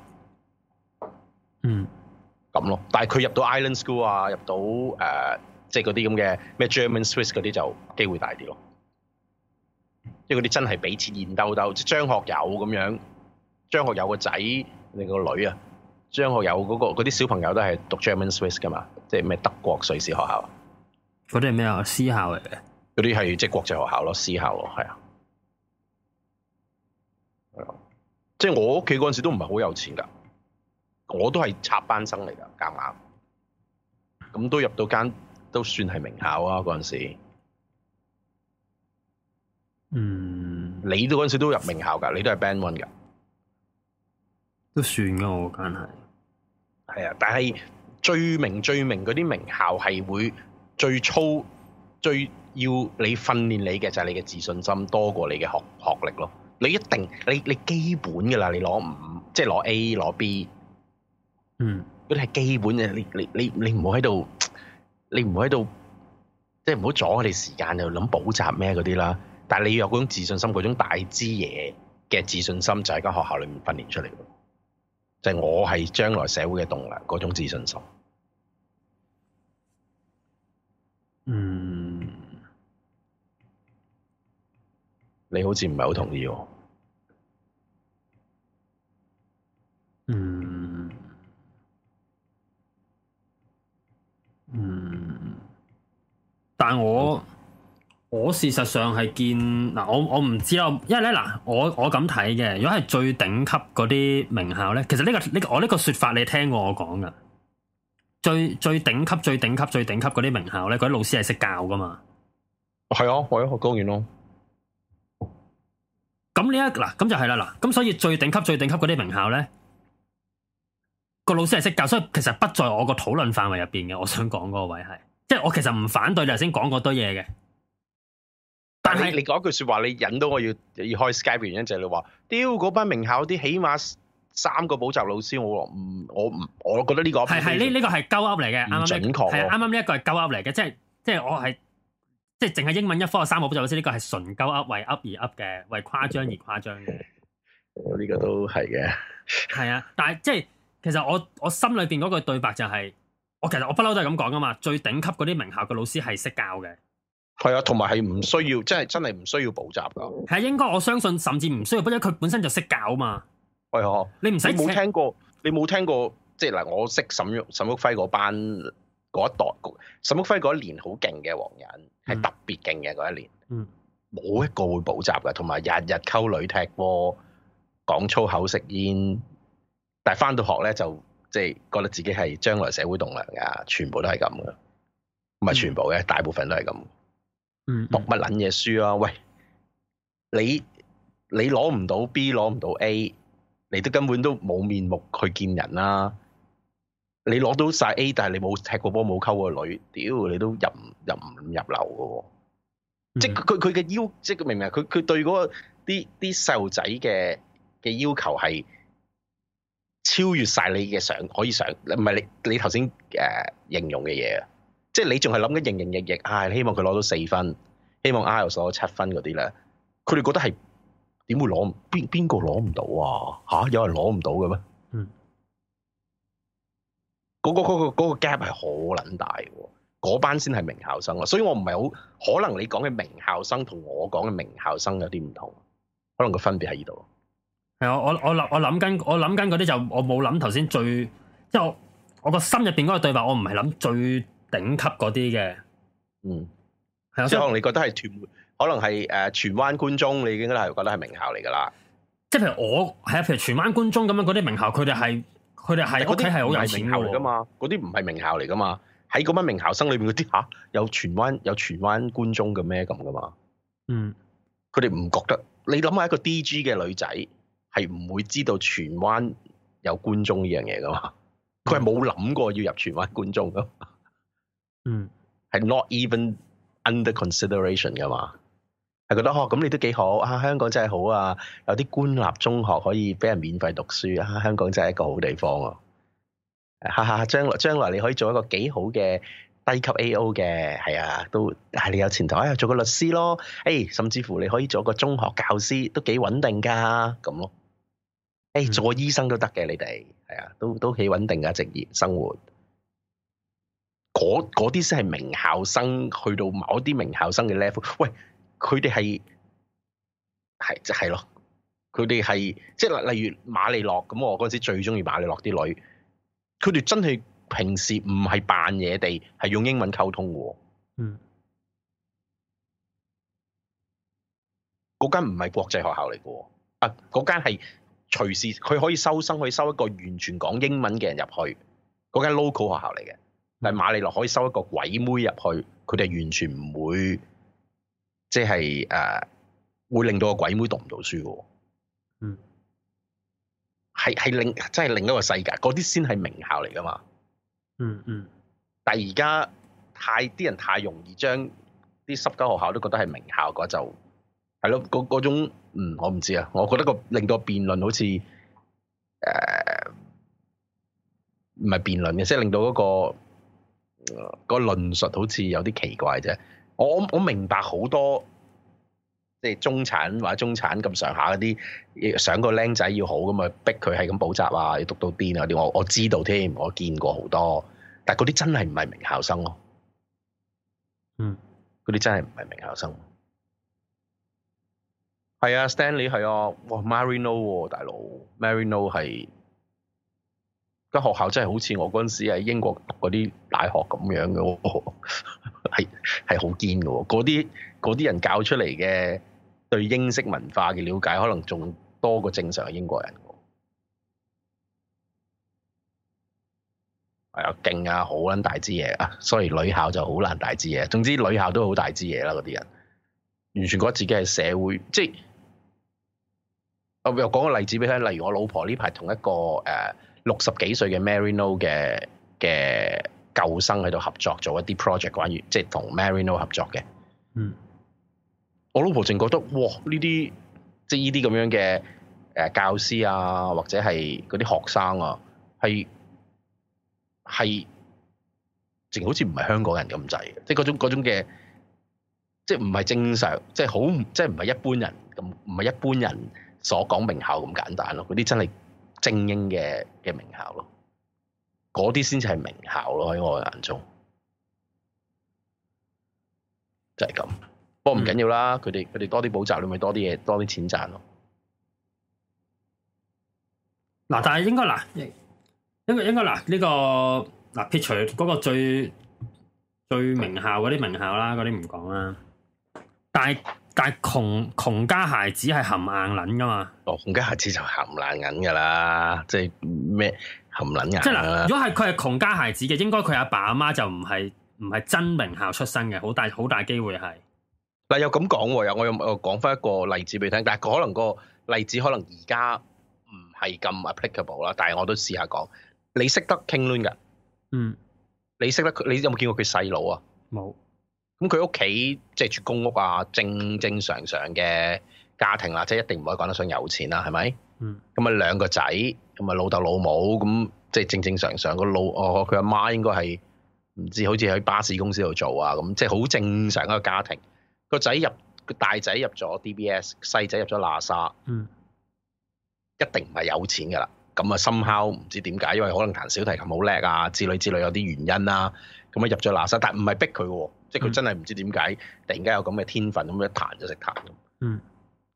[SPEAKER 2] 嗯，咁咯，但係佢入到 Island School 啊，入到誒、uh, 即係嗰啲咁嘅咩 German Swiss 嗰啲就機會大啲咯。即係嗰啲真係俾錢現兜兜，即係張學友咁樣，張學友個仔，你個女啊，張學友嗰個嗰啲小朋友都係讀 German Swiss 噶嘛，即係咩德國瑞士學校？
[SPEAKER 1] 嗰啲係咩啊？私校嚟嘅。嗰啲係即係國際學校咯，私
[SPEAKER 2] 校咯，係啊。哦，即係我屋企嗰陣時都唔係好有錢噶，我都係插班生嚟噶，夾硬，硬，咁都入到間都算係名校啊，嗰陣時。嗯，你都嗰陣時都入名校噶，你都係 Band One 噶，都算噶，我梗係係啊！但係最名最名嗰啲名校係會最粗最要你訓練你嘅就係你嘅自信心多過你嘅學學歷咯。你一定你你基本噶啦，你攞五，即係攞 A 攞 B，嗯，嗰啲係基本嘅，你你你你唔好喺度，你唔好喺度，即係唔好阻我哋時間就諗補習咩嗰啲啦。但係你要有嗰種自信心，嗰種大支嘢嘅自信心就喺、是、間學校裏面訓練出嚟嘅。就係、是、我係將來社會嘅棟樑嗰種自信心。嗯，你好似唔係好同意喎。嗯，嗯，
[SPEAKER 1] 但我。我事實上係見嗱，我我唔知啊，因為咧嗱，我我咁睇嘅，如果係最頂級嗰啲名校咧，其實呢、這個呢、這個、我呢個說法你聽過我講噶，最最頂級最頂級最頂級嗰啲名校咧，嗰啲老師係識教噶嘛？係啊，我喺學高院咯。咁呢一嗱，咁、這個、就係啦嗱，咁所以最頂級最頂級嗰啲名校咧，個老師係識教，所以其實不在我個討論範圍入邊嘅。我想講嗰個位係，即係我其實唔反對你頭先講嗰堆嘢嘅。
[SPEAKER 2] 但係你講的一句說話，你引到我要要開 Skype 原因就係、是、你話，屌嗰班名校啲，起碼三個補習老師，我唔，我唔，我覺得呢個係係呢呢
[SPEAKER 1] 個係鳩噏嚟嘅，啱唔啱？係啱啱呢一個係鳩噏嚟嘅，即係即係我係即係淨係英文一科三個補習老師，呢個係純鳩噏為噏而噏嘅，為誇張而誇張嘅。
[SPEAKER 2] 我呢個都係嘅。
[SPEAKER 1] 係 啊，但係即係其實我我心裏邊嗰個對白就係、是，我其實我不嬲都係咁講㗎嘛，最頂級嗰啲名校嘅老師係識教嘅。
[SPEAKER 2] 係啊，同埋係唔需要，真係真係唔需要補習噶。
[SPEAKER 1] 係應該，我相信甚至唔需要，畢竟佢本身就識教啊嘛。
[SPEAKER 2] 係啊，你唔使冇聽
[SPEAKER 1] 過，你冇聽
[SPEAKER 2] 過，即係嗱，我識沈旭沈旭暉嗰班嗰一代，沈旭暉嗰一,一年好勁嘅黃人，係、嗯、特別勁嘅嗰一年，冇一個會補習噶，同埋日日溝女、踢波、講粗口、食煙，但係翻到學咧就即係覺得自己係將來社會棟梁啊，全部都係咁嘅，唔係全部嘅，大部分都係咁。讀乜撚嘢書啊？喂，你你攞唔到 B，攞唔到 A，你都根本都冇面目去見人啦、啊。你攞到晒 A，但係你冇踢過波，冇溝過女，屌你都入入唔入入流嘅喎、啊。嗯、即係佢佢嘅要，即係佢明明佢佢對嗰啲啲細路仔嘅嘅要求係超越晒你嘅想，可以想，唔係你你頭先誒形容嘅嘢即係你仲係諗緊營營役役，唉、哎，希望佢攞到四分，希望 I 攞到七分嗰啲咧，佢哋覺得係點會攞唔邊邊個攞唔到啊？吓、啊，有人攞唔到嘅咩？嗯，嗰、嗰個、嗰個、嗰個 gap 係好撚大嘅，嗰班先係名校生啊！所以我唔係好可能你講嘅名校生同我講嘅名校生有啲唔同，可能個分別喺呢度。
[SPEAKER 1] 係啊，我我諗我諗緊，我諗緊嗰啲就我冇諗頭先最，即係我我個心入邊嗰個對話，我唔係諗最。頂級嗰啲嘅，
[SPEAKER 2] 嗯，即係可能你覺得係屯，可能係誒、呃、荃灣官中，你應該係覺得係名校嚟噶啦。
[SPEAKER 1] 即係譬如我係啊，譬如荃灣官中咁樣嗰啲名校，佢哋係佢哋係屋企係好有錢嚟噶
[SPEAKER 2] 嘛？嗰啲唔係名校嚟噶嘛？喺嗰班名校生裏邊嗰啲吓有荃灣有荃灣官中嘅咩咁噶嘛？嗯，佢哋唔覺得。你諗下一個 D G 嘅女仔係唔會知道荃灣有官中呢樣嘢噶嘛？佢係冇諗過要入荃灣官中噶。嗯嗯，係 not even under consideration 噶嘛，係覺得哦，咁你都幾好啊，香港真係好啊，有啲官立中學可以俾人免費讀書啊，香港真係一個好地方哦、啊，哈、啊、哈，將來將來你可以做一個幾好嘅低級 AO 嘅，係啊，都係你有前途，哎呀，做個律師咯，誒，甚至乎你可以做一個中學教師，都幾穩定噶，咁咯，誒、哎，做個醫生都得嘅，你哋係啊，都都幾穩定嘅職業生活。嗰啲先係名校生，去到某一啲名校生嘅 level。喂，佢哋係係就係咯，佢哋係即係例如馬利諾咁。那我嗰陣時最鍾意馬利諾啲女，佢哋真係平時唔係扮嘢地，係用英文溝通嘅。嗯，嗰間唔係國際學校嚟嘅，啊，嗰間係隨時佢可以收生，可以收一個完全講英文嘅人入去。嗰間 local 學校嚟嘅。但係瑪利諾可以收一個鬼妹入去，佢哋完全唔會，即係誒會令到個鬼妹讀唔到書喎。嗯，係係另，即係另一個世界，嗰啲先係名校嚟㗎嘛。嗯嗯。嗯，但係而家太啲人太容易將啲濕鳩學校都覺得係名校，嗰就係咯，嗰種嗯，我唔知啊。我覺得、嗰個令到辯論好似誒唔係辯論嘅，即、就、係、是、令到嗰、嗰個。個論述好似有啲奇怪啫，我我，我明白好多即係中產或者中產咁上下嗰啲想個僆仔要好咁啊，逼佢係咁補習啊，要讀到癲啊啲，我我知道添，我見過好多，但係嗰啲真係唔係名校生咯，啊，嗯，嗰啲真係唔係名校生，啊，係啊，Stanley 係啊，哇，Marino，啊，大佬，Marino 係。Mar 間學校真係好似我嗰陣時喺英國讀嗰啲大學咁樣嘅喎、哦，係係好堅嘅喎。嗰啲啲人教出嚟嘅對英式文化嘅了解，可能仲多過正常嘅英國人。係啊，勁啊，好撚大枝嘢啊！所以女校就好難大枝嘢。總之女校都好大枝嘢啦，嗰啲人完全覺得自己係社會即係。我又講個例子俾你，例如我老婆呢排同一個誒。啊六十幾歲嘅 Marino 嘅嘅舊生喺度合作做一啲 project，關於即係同 Marino 合作嘅。嗯，我老婆淨覺得哇，呢啲即係呢啲咁樣嘅誒、呃、教師啊，或者係嗰啲學生啊，係係，淨好似唔係香港人咁滯，即係嗰種嗰種嘅，即係唔係正常，即係好，即係唔係一般人咁，唔係一般人所講名校咁簡單咯，嗰啲真係。精英嘅嘅名，名校咯，嗰啲先至係名校咯，喺我眼中，就係、是、咁。不過唔緊要啦，佢哋佢哋多啲補習，你咪多啲嘢，多啲錢賺
[SPEAKER 1] 咯。嗱，但係應該嗱，應該應該嗱呢個嗱撇除嗰、那個最最名校嗰啲名校啦，嗰啲唔講啦，但係。但係窮窮家孩子係含硬卵噶嘛？哦，窮家孩子就含硬卵噶啦，即係咩含卵硬，啊、即係嗱，如果係佢係窮家孩子嘅，應該佢阿爸阿媽就唔係唔係真名校出身嘅，好大好大機會係。
[SPEAKER 2] 嗱，又咁講又，我又我講翻一個例子俾你聽，但係可能個例子可能而家唔係咁 applicable 啦，但係我都試下講，你識得傾攣嘅？嗯。你識得佢？你有冇見過佢細佬啊？冇。咁佢屋企即係住公屋啊，正正常常嘅家庭啦，即係一定唔可以講得上有錢啦，係咪？嗯，咁啊，兩個仔咁啊，老豆老母咁，即係正正常常個老哦，佢阿媽應該係唔知好似喺巴士公司度做啊，咁即係好正常一個家庭。個仔入，個大仔入咗 DBS，細仔入咗喇沙，
[SPEAKER 3] 嗯，
[SPEAKER 2] 一定唔係有錢噶啦。咁啊，somehow 唔知點解，因為可能彈小提琴好叻啊，之類之類有啲原因啦。咁啊，入咗喇沙，但係唔係逼佢嘅啊。即係佢真係唔知點解，突然間有咁嘅天分，咁一彈就食彈。嗯。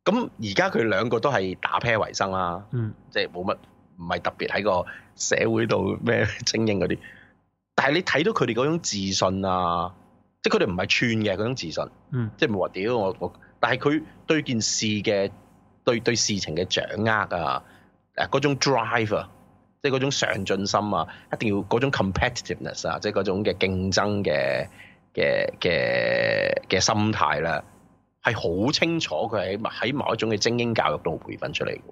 [SPEAKER 2] 咁而家佢兩個都係打 pair 為生啦。嗯。即係冇乜，唔係特別喺個社會度咩精英嗰啲。但係你睇到佢哋嗰種自信啊，即係佢哋唔係串嘅嗰種自信。嗯。即係冇話屌我我，但係佢對件事嘅對對事情嘅掌握啊，嗱嗰種 drive 啊，即係嗰種上進心啊，一定要嗰種 competitiveness 啊，即係嗰種嘅競爭嘅。嘅嘅嘅心態啦，係好清楚佢喺喺某一種嘅精英教育度培訓出嚟嘅。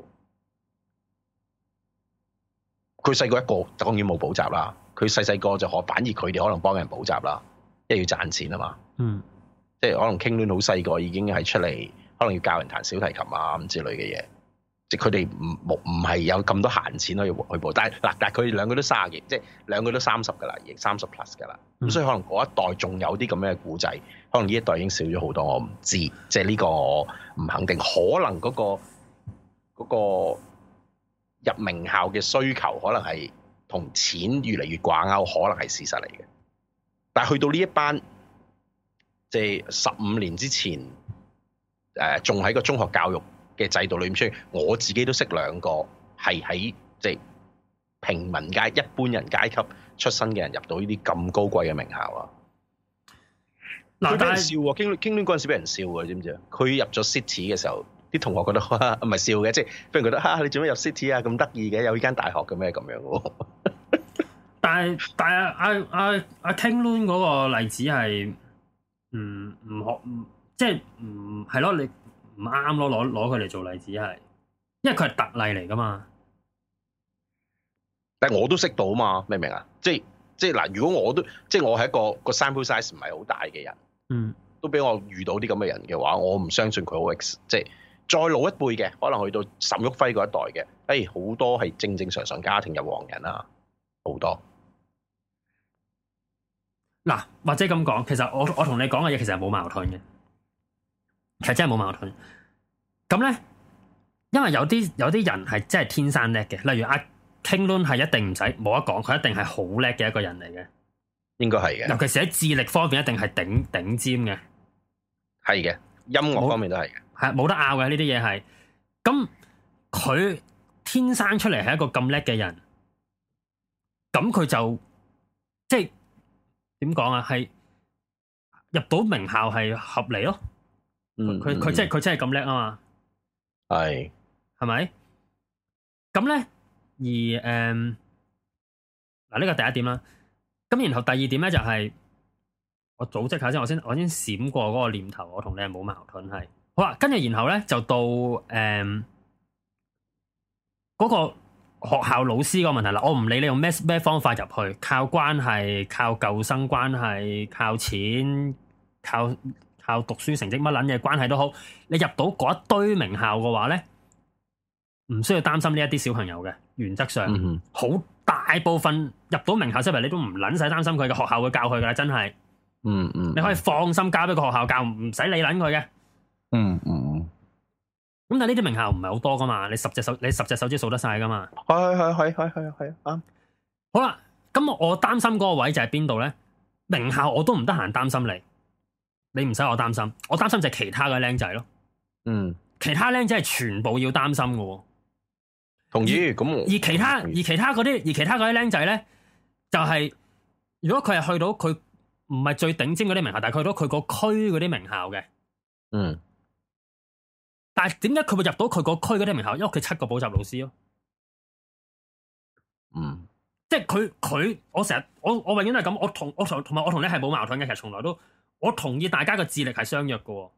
[SPEAKER 2] 佢細個一個當然冇補習啦，佢細細個就可反而佢哋可能幫人補習啦，即係要賺錢啊嘛。嗯，即係可能傾偈好細個已經係出嚟，可能要教人彈小提琴啊咁之類嘅嘢。即佢哋唔冇唔係有咁多閒錢可以去報，但係嗱，但係佢哋兩個都卅啊幾，即係兩個都三十噶啦，已三十 plus 噶啦，咁、嗯、所以可能嗰一代仲有啲咁樣嘅古仔，可能呢一代已經少咗好多，我唔知，即係呢個我唔肯定，可能嗰、嗰個嗰、嗰個入名校嘅需求可越越，可能係同錢越嚟越掛鈎可能係事實嚟嘅。但係去到呢一班，即係十五年之前，誒，仲喺個中學教育，嘅制度裏面出現，我自己都識兩個係喺即係平民階、一般人階級出身嘅人入到呢啲咁高貴嘅名校啊！
[SPEAKER 3] 嗱，俾人笑
[SPEAKER 2] 喎，傾傾嗰陣時俾人笑嘅知唔知啊？佢入咗 City 嘅時候，啲同學覺得嚇唔係笑嘅，即係俾人覺得啊，你做咩入 City 啊？咁得意嘅有呢間大學嘅咩咁樣喎？
[SPEAKER 1] 但係但係阿阿阿阿傾戀嗰個例子係唔唔學唔即係唔係咯你？唔啱咯，攞攞佢嚟做例子係，因為佢係特例嚟噶嘛。但係我都識
[SPEAKER 2] 到嘛，明唔明啊？即係即係嗱，如果我都即係我係一個一個 sample size 唔係好大嘅人，嗯，都俾我遇到啲咁嘅人嘅話，我唔相信佢好 x。即係再老一輩嘅，可能去到沈旭輝嗰一代嘅，誒、哎，好多係正正常常家庭入黃人啊，
[SPEAKER 1] 好多。嗱，或者咁講，其實我我同你講嘅嘢其實係冇矛盾嘅。其實真係冇矛盾，咁咧，因為有啲有啲人係真係天生叻嘅，例如阿 King Lun 係一定唔使冇得講，佢一定係好叻嘅一個人嚟嘅，應該係嘅。尤其是智力方面，一定係頂頂尖嘅，係嘅，音樂方面都係嘅，係冇得拗嘅呢啲嘢係。咁佢天生出嚟係一個咁叻嘅人，咁佢就即係點講啊？係、就是、入到名校係合理咯。佢佢即係佢真係咁叻啊嘛，係係咪？咁咧是，而誒嗱呢個第一點啦。咁然後第二點咧就係、是、我組織下先，我先我先閃過嗰個念頭，我同你係冇矛盾係。好啦，跟住然後咧就到誒嗰、嗯那個學校老師個問題啦。我唔理你用咩咩方法入去，靠關係、靠舊生關係、靠錢、靠。校讀書成績乜捻嘢、關係都好，你入到嗰一堆名校嘅話咧，唔需要擔心呢一啲小朋友嘅。原則上，好、嗯、哼大部分入到名校小朋友，你都唔捻使擔心佢嘅學校會教佢噶啦，真係。嗯，嗯嗯。你可以放心交俾個學校教，唔使理捻佢嘅。嗯嗯嗯。咁但係呢啲名校唔係好多噶嘛，你十隻手你十隻手指數得晒噶嘛。
[SPEAKER 2] 係係係係係係係啱。
[SPEAKER 1] 好啦，咁我擔心嗰個位就係邊度咧？名校我都唔得閒擔心你。你唔使我擔心，我擔心就係其他嘅僆仔咯。嗯，其他僆仔係全部要擔心㗎。
[SPEAKER 2] 同意咁，而其
[SPEAKER 1] 他而其他嗰啲而其他啲僆仔咧，就係、是、如果佢係去到佢唔係最頂尖嗰啲名校，但係佢去到佢個區嗰啲名校嘅。嗯，但係點解佢會入到佢個區嗰啲名校？因為佢七個補習老師咯。嗯，即係佢佢我成日我我永遠都係咁，我同我同同埋我同你係冇矛盾嘅，其實從來都。我同意大家嘅智力係相約嘅、哦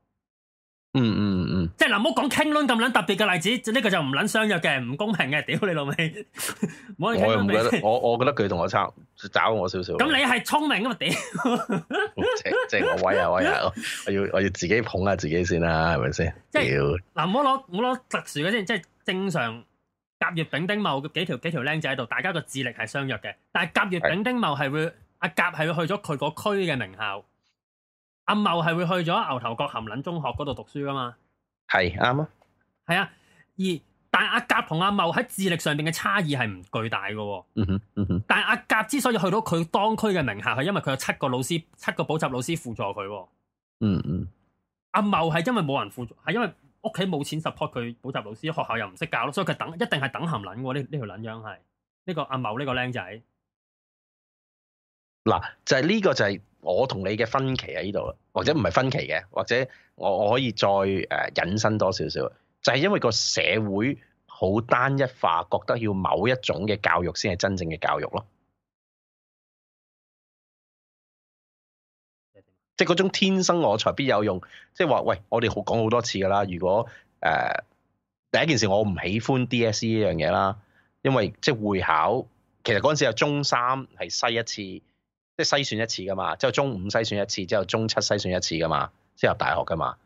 [SPEAKER 1] 嗯，
[SPEAKER 3] 嗯嗯
[SPEAKER 1] 嗯，即係嗱，唔好講傾輪咁撚特別嘅例子，呢、這個就唔撚相約嘅，唔公平嘅，屌你老味！ 我又唔覺得，
[SPEAKER 2] 我我覺得佢同我差，找我少少。咁
[SPEAKER 1] 你係聰明啊？嘛，屌！
[SPEAKER 2] 即係我威啊威啊！我要我要自己捧下自己先啦，係咪先？屌嗱，唔
[SPEAKER 1] 好攞唔好攞特殊嘅先，即係正常甲乙丙丁戊幾條幾條僆仔喺度，大家個智力係相約嘅，但係甲乙丙丁戊係會阿的、啊、甲係會去咗佢個區嘅名校。阿茂係會去咗牛頭角咸撚中學嗰度讀書㗎嘛？係啱啊，係啊。而但係阿甲同阿茂喺智力上邊嘅差異係唔巨大嘅、啊嗯。嗯但係阿甲之所以去到佢當區嘅名校，係因為佢有七個老師、七個補習老師輔助佢、啊。嗯
[SPEAKER 3] 嗯。
[SPEAKER 1] 阿茂係因為冇人輔助，係因為屋企冇錢 support 佢補習老師，學校又唔識教咯，所以佢等一定係等咸撚、啊。呢呢條撚樣係呢個、這個這個、阿茂呢個僆仔。
[SPEAKER 2] 嗱，就係、是、呢個就係、是。我同你嘅分歧喺呢度，或者唔係分歧嘅，或者我我可以再誒、呃、引申多少少，就係、是、因為個社會好單一化，覺得要某一種嘅教育先係真正嘅教育咯，嗯、即係嗰種天生我才必有用，即係話喂，我哋好講好多次㗎啦。如果誒、呃、第一件事我唔喜歡 DSE 呢樣嘢啦，因為即係會考，其實嗰陣時係中三係篩一次。即係篩選一次噶嘛，之後中五篩選一次，之後中七篩選一次噶嘛，先入大學噶嘛。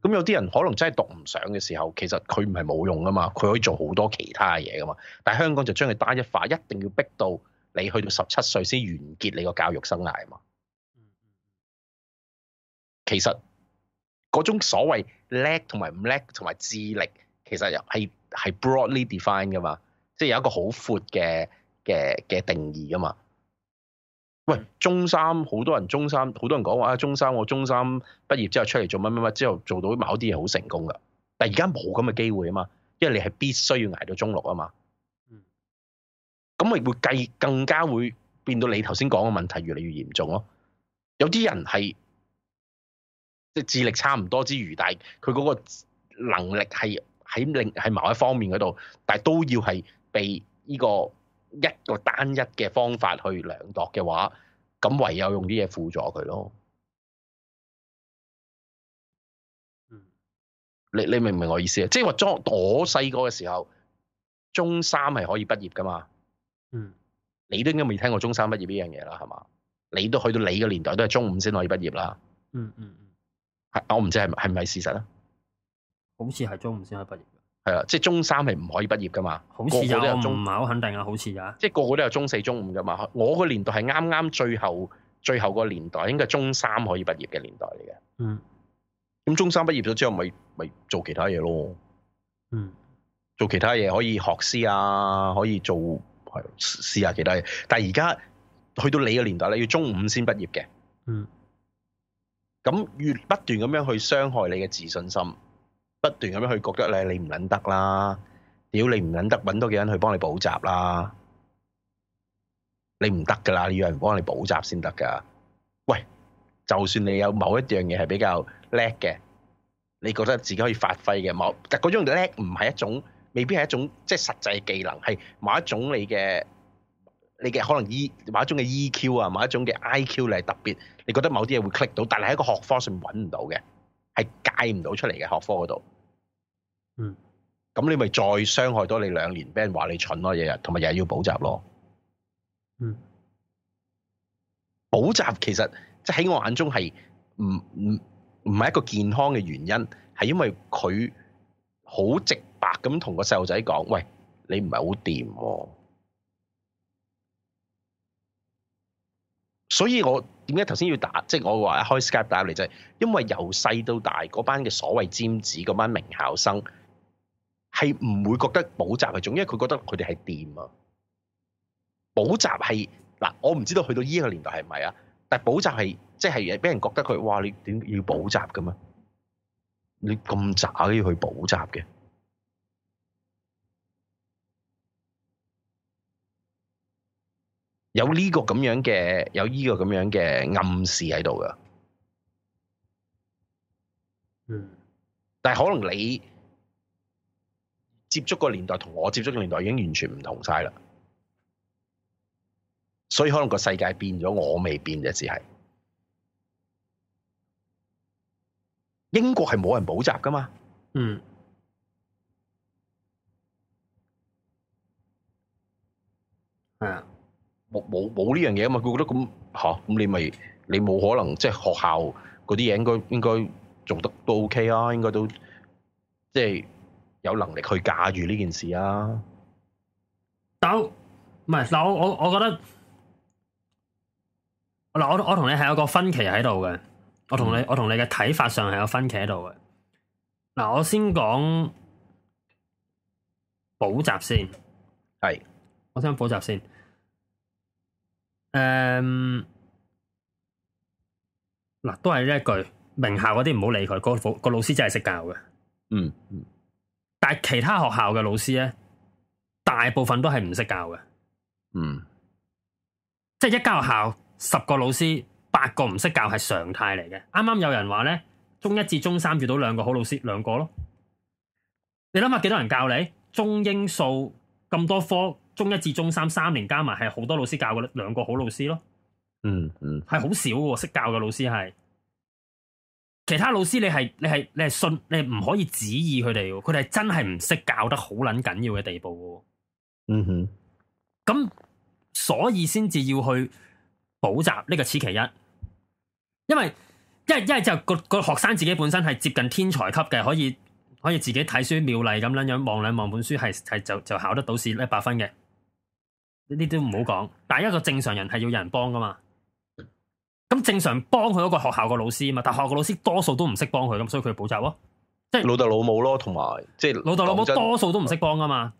[SPEAKER 2] 咁有啲人可能真係讀唔上嘅時候，其實佢唔係冇用噶嘛，佢可以做好多其他嘢噶嘛。但係香港就將佢單一化，一定要逼到你去到十七歲先完結你個教育生涯嘛。嗯、其實嗰種所謂叻同埋唔叻同埋智力，其實又係係 broadly define 噶嘛，即係有一個好闊嘅嘅嘅定義噶嘛。喂，中三好多人，中三好多人講話啊，中三我中三畢業之後出嚟做乜乜乜之後做到某啲嘢好成功噶，但係而家冇咁嘅機會啊嘛，因為你係必須要捱到中六啊嘛。嗯，咁咪會計更加會變到你頭先講嘅問題越嚟越嚴重咯。有啲人係即係智力差唔多之餘，但係佢嗰個能力係喺另喺某一方面嗰度，但係都要係被呢個一個單一嘅方法去量度嘅話，咁唯有用啲嘢輔助佢咯。嗯、你你明唔明我意思啊？即係話中我細個嘅時候，中三係可以畢業噶嘛？嗯，你都應該未聽過中三畢業呢樣嘢啦，係嘛？你都去到你嘅年代都係中五先可以畢業啦，
[SPEAKER 1] 嗯。
[SPEAKER 2] 嗯嗯嗯，係我唔知係係唔係事實啊？
[SPEAKER 1] 好似係中五先可以畢業。
[SPEAKER 2] 即係中三係唔可以畢業噶嘛？好似都有中，唔肯定啊，好似啊。
[SPEAKER 1] 即係個個都有中四、中五
[SPEAKER 2] 噶嘛？我個年代係啱啱最後、最後個年代，應該係中三可以畢業嘅年代嚟嘅。嗯。咁中三畢業咗之後，咪咪做其他嘢咯。嗯。做其他嘢可以學師啊，可以做係試下其他嘢。但係而家去到你嘅年代咧，你要中五先畢業嘅。嗯。咁越不斷咁樣去傷害你嘅自信心。不斷咁樣去覺得咧，你唔撚得啦！屌，你唔撚得，揾多幾人去幫你補習啦！你唔得㗎喇，你要人幫你補習先得㗎。喂，就算你有某一樣嘢係比較叻嘅，你覺得自己可以發揮嘅，某但嗰種叻唔係一種，未必係一種即係實際技能，係某一種你嘅你嘅可能 E 某一種嘅、e、EQ 啊，某一種嘅 IQ 你係特別，你覺得某啲嘢會 click 到，但係喺一個學科上面揾唔到嘅。係戒唔到出嚟嘅學科嗰度，嗯，咁你咪再傷害多你兩年，俾人話你蠢咯，日日，同埋日日要補習咯，嗯，補習其實即喺我眼中係唔唔唔係一個健康嘅原因，係因為佢好直白咁同個細路仔講，喂，你唔係好掂喎，所以我。點解頭先要打？即係我話開 Skype 打嚟就係，因為由細到大嗰班嘅所謂尖子、嗰班名校生係唔會覺得補習係重要？因為佢覺得佢哋係掂啊。補習係，嗱，我唔知道去到呢個年代係咪啊？但係補習係即係俾人覺得佢，哇，你點要補習噶咩？你咁渣都要去補習嘅？有呢個咁樣嘅，有呢個咁樣嘅暗示喺度噶。嗯，但係可能你接觸個年代同我接觸嘅年代已經完全唔同晒啦。所以可能個世界變咗，我未變啫，只係英國係冇人補習噶嘛。嗯。嗯。冇冇呢樣嘢啊嘛！佢覺得咁嚇咁，你咪你冇可能即係學校嗰啲嘢，應該應該做得都 OK 啊！應該都即係有能力
[SPEAKER 1] 去駕馭呢件事啊！但唔係嗱我我，我，我覺得嗱，我我同你係有個分歧喺度嘅。我同你我同你嘅睇法上係有分歧喺度嘅。嗱，我先講補習先，係是我先講補習先。誒，嗱，um, 都係呢一句，名校嗰啲唔好理佢，個老個老師真係識教嘅，嗯，但係其他學校嘅老師咧，大部分都係唔識教嘅，嗯，即係一間學校十個老師，八個唔識教係常態嚟嘅。啱啱有人話咧，中一至中三遇到兩個好老師，兩個咯，你諗下幾多人教你？中英數咁多科。中一至中三三年加埋係好多老師教嘅，兩個好老師咯。嗯嗯，係、嗯、好少嘅，識教嘅老師係。其他老師你係你係你係信，你係唔可以旨意佢哋，佢哋係真係唔識教得好捻緊要嘅地步嗯。嗯
[SPEAKER 3] 哼，
[SPEAKER 1] 咁所以先至要去補習呢個此其一。因為一係一係就個個學生自己本身係接近天才級嘅，可以可以自己睇書妙麗咁樣樣望兩望本書係係就就,就考得到試一百分嘅。呢啲都唔好講，但係一個正常人係要有人幫噶嘛。咁正常幫佢嗰個學校個老師啊嘛，但係學校個老師多數都唔識幫佢咁，所以佢補習咯。即係老豆老母咯，同埋即係老豆老母多數都唔識幫噶嘛。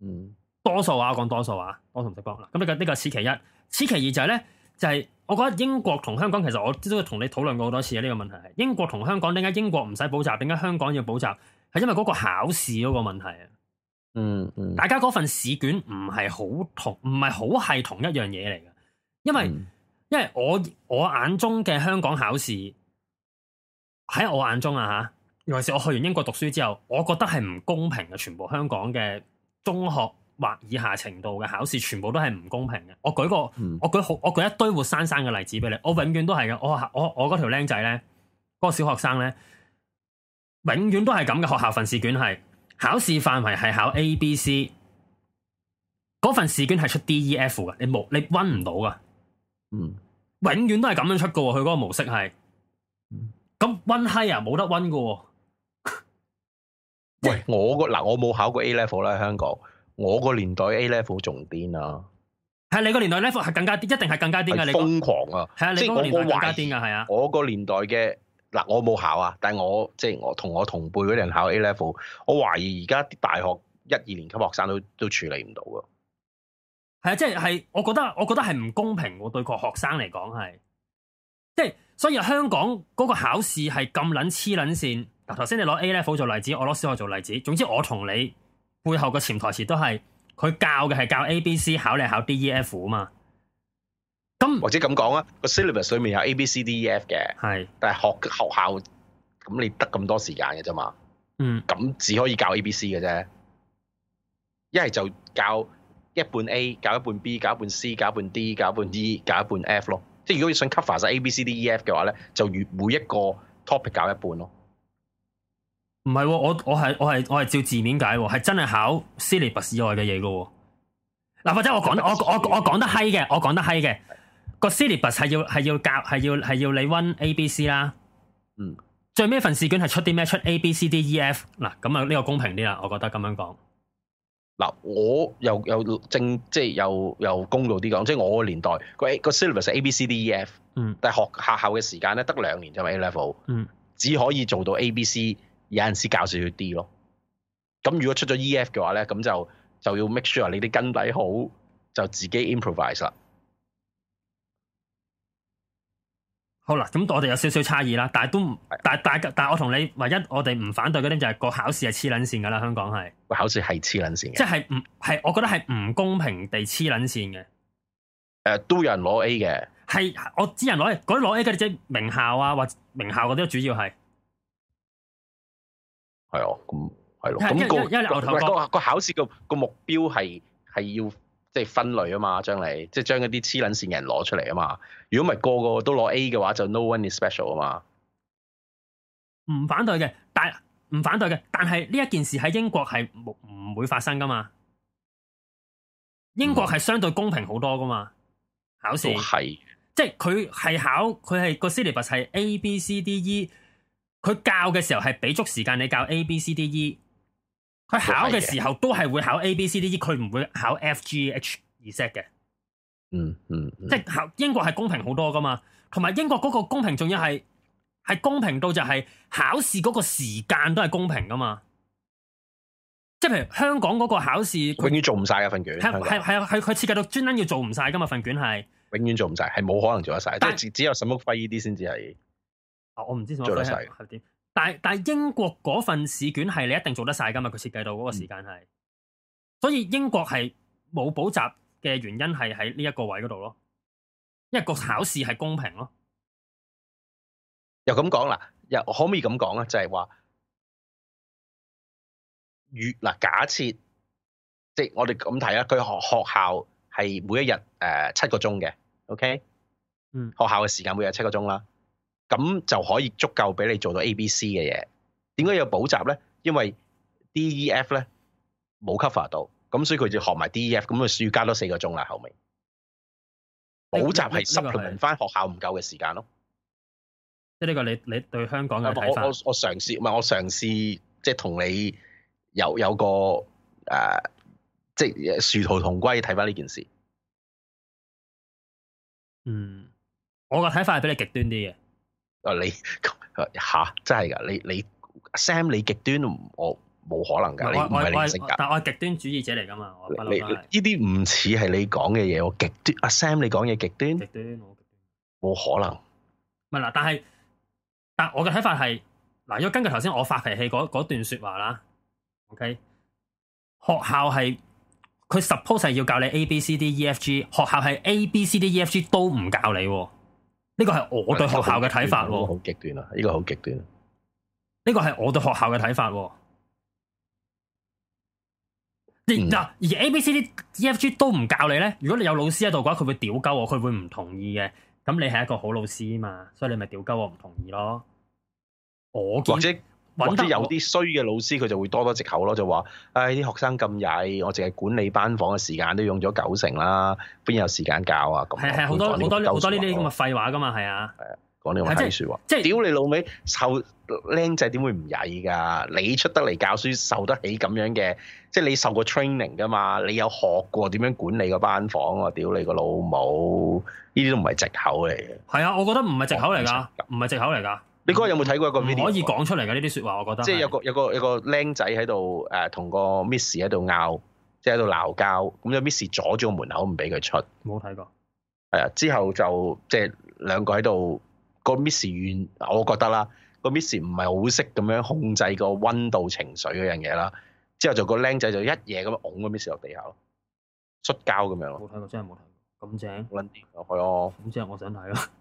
[SPEAKER 1] 嗯，多數啊，講多數啊，多數唔識幫。嗱，咁呢個呢個係此其一，此其二就係咧，就係我覺得英國同香港其實我都同你討論過好多次啊。呢個問題係英國同香港，點解英國唔使補習，點解香港要補習？係因為嗰個考試嗰個問題啊。嗯，嗯，大家嗰份試卷唔係好同，唔係好係同一樣嘢嚟嘅，因為、嗯、因為我我眼中嘅香港考試喺我眼中啊吓，尤其是我去完英國讀書之後，我覺得係唔公平嘅，全部香港嘅中學或以下程度嘅考試，全部都係唔公平嘅。我舉個，嗯、我舉好，我舉一堆活生生嘅例子俾你，我永遠都係嘅，我我我嗰條僆仔咧，嗰、嗰個小學生咧，永遠都係咁嘅，學校份試卷係。考試範圍係考 A、B、C，嗰份試卷係出 D、E、F 嘅，你冇你温唔到㗎，嗯，永遠都係咁樣出嘅喎，佢嗰個模式係，咁温閪啊，冇得温㗎喎，
[SPEAKER 2] 就是、喂，我個，嗱我冇考過 A level 啦，香港，我個年代 A level 仲癲啊，
[SPEAKER 1] 係你個年代 A level 係更加癲，一定係更加癲嘅，你瘋
[SPEAKER 2] 狂啊，係啊、嗰個，即係更加癲嘅，係啊，我個年代嘅。嗱，我冇考啊，但係我即係我同我同輩嗰啲人考 A level，我懷疑而家啲大學一二年級學生都都處理唔到㗎。
[SPEAKER 1] 係啊，即係係，我覺得我覺得係唔公平喎，對個學生嚟講係，即係所以香港嗰個考試係咁撚黐撚線。嗱，頭先你攞 A level 做例子，我攞小學做例子，總之我同你背後嘅潛台詞都係，佢教嘅係教 A B C，考你考 D E F 啊嘛。
[SPEAKER 2] 咁或者咁講啊，個 syllabus 裏面有 A B C D E F 嘅，係是，但係學學校咁你得咁多時間嘅啫嘛，嗯，咁只可以教 A B C 嘅啫，一係就教一半 A，教一半 B，教一半 C，教一半 D，教一半 E，教一半 F 咯，即係如果你想 cover 晒 A B C D E F 嘅話咧，就越每一個 topic 教一半咯。
[SPEAKER 1] 唔係、哦，我我係我係我係照字面解，係真係考 syllabus 以外嘅嘢噶。嗱、啊、或者我講不我我我講得嗨嘅，我講得嗨嘅。個 syllabus 係要係要教係要係要你溫 A B C 啦，嗯，最尾份試卷係出啲咩？出 A B C D E F 嗱，咁啊呢個公平啲啊，我覺得咁樣講
[SPEAKER 2] 嗱、啊，我又又正即係又又公道啲講，即係我個年代、那個個 syllabus 係 A B C D E F，嗯，但係學下校嘅時間咧得兩年就 A level，嗯，只可以做到 A B C，有陣時教少啲咯。咁如果出咗 E F 嘅話咧，咁就就要 make sure 你啲根底好，就自己 improvise 啦。
[SPEAKER 1] 好啦，咁我哋有少少差異啦，但係都，的但係但但係我同你，唯一我哋唔反對嗰啲，就係個考試係黐撚線噶啦，香港係，考試係黐撚線，即係唔係，我覺得係唔公平地黐撚線嘅。誒，都有人攞 A 嘅，係我知人攞 A，嗰啲攞 A 嘅即係名校啊，或者名校嗰啲主要係，係啊，咁係
[SPEAKER 3] 咯，咁、那個頭、那個那
[SPEAKER 2] 個考試個個目標係係要。即係分類啊嘛，將你，即係將一啲黐撚線嘅人攞出嚟啊嘛。如果唔係個個都攞 A 嘅話，就 no one is special 啊嘛。
[SPEAKER 1] 唔反對嘅，但唔反對嘅，但係呢一件事喺英國係唔會發生噶嘛。英國係相對公平好多噶嘛。考試係即係佢係考佢係、嗰個 syllabus 係 A B C D E，佢教嘅時候係俾足時間你教 A B C D E。佢考嘅時候都係會考 A、B、C 呢啲，佢唔會考 F、G、H reset 嘅。嗯嗯，即係考英國係公平好多噶嘛，同埋英國嗰個公平仲要係係公平到就係考試嗰個時間都係公平噶嘛。即係譬如香港嗰個考試佢永
[SPEAKER 2] 遠做唔晒嘅份卷，係係
[SPEAKER 1] 係係佢設計到專登要做唔
[SPEAKER 2] 晒噶嘛份卷係。永遠做唔晒，係冇可能做得晒，但係只有沈么輝呢啲先至係。我唔知
[SPEAKER 1] 做么輝係點。但但英國嗰份試卷係你一定做得晒㗎嘛？佢設計到嗰個時間係，嗯、所以英國係冇補習嘅原因係喺呢一個位嗰度咯，因為個考試係公平咯。
[SPEAKER 2] 又咁講啦，又可唔可以咁講啊？就係、是、話，月嗱假設即係我哋咁睇啊，佢學學校係每一日誒七個鐘嘅，OK，嗯，學校嘅時間每日七個鐘啦。咁就可以足夠俾你做到 A、B、C 嘅嘢。點解要補習咧？因為 D、E、F 咧冇 cover 到，咁所以佢就學埋 D、E、F，咁就加多四個鐘啦，後尾補習係 supplement 翻學校唔夠嘅時間咯。
[SPEAKER 1] 即係呢個你你對香港嘅睇法。我我
[SPEAKER 2] 我嘗試唔係我嘗試即係同你有有個誒、啊，即係殊途同歸睇翻呢件事。嗯，我個睇法係俾你極端啲嘅。啊你吓、啊、真係噶你你 Sam 你極端我冇可能噶。你唔係你性格，但
[SPEAKER 1] 我係極端主義者嚟噶嘛？我你
[SPEAKER 2] 呢啲唔似係你講嘅嘢，我極端。阿、啊、Sam 你講嘢極端，極端冇可能。
[SPEAKER 1] 唔係嗱，但係但我嘅睇法係嗱，如果根據頭先我發脾氣嗰段說話啦。OK，學校係佢 suppose 係要教你 A B C D E F G，學校係 A B C D E F G 都唔教你。呢個係我對學校嘅睇法喎，好極端啊！呢個好極端。呢個係我對學校嘅睇法喎。嗱、嗯、而 A、B、C、D、E、F、G 都唔教你咧，如果你有老師喺度嘅話，佢會屌鳩我，佢會唔同意嘅。咁你係一個好老師啊嘛，所以你咪屌鳩我唔同意咯。我見或者。或者有啲
[SPEAKER 2] 衰嘅老師，佢就會多多藉口咯，就話，唉，啲學生咁曳，我淨係管理班房嘅時間都用咗九成啦，邊有
[SPEAKER 1] 時間教啊？咁係係好多好多好多呢啲咁嘅廢話噶嘛，係啊。係啊，講啲廢話。即係
[SPEAKER 2] 屌你老味，臭僆仔點會唔曳噶？你出得嚟教書，受得起咁樣嘅，即係你受過 training 噶嘛？你有學過點樣管理個班房？我屌你個老母，呢啲都唔係藉口嚟
[SPEAKER 1] 嘅。係啊，我覺得唔係藉口嚟㗎，唔係藉口嚟㗎。嗯、你嗰日有冇睇過一個可以講出嚟嘅呢啲説話？我覺得即係有
[SPEAKER 2] 個有個有個僆仔喺度誒同個 miss 喺度拗，即係喺度鬧交。咁有 miss 阻住個門口，唔俾佢出。冇睇過。係啊，之後就即係兩個喺度、個 miss 怨，我覺得啦，個 miss 唔係好識咁樣控制個溫度情緒嗰樣嘢啦。之後就個僆仔就一嘢咁樣拱個 miss 落地下咯，摔跤咁樣咯。冇睇
[SPEAKER 1] 過，真係冇睇過。咁正？冇撚啲。係啊。即正，我想睇啦。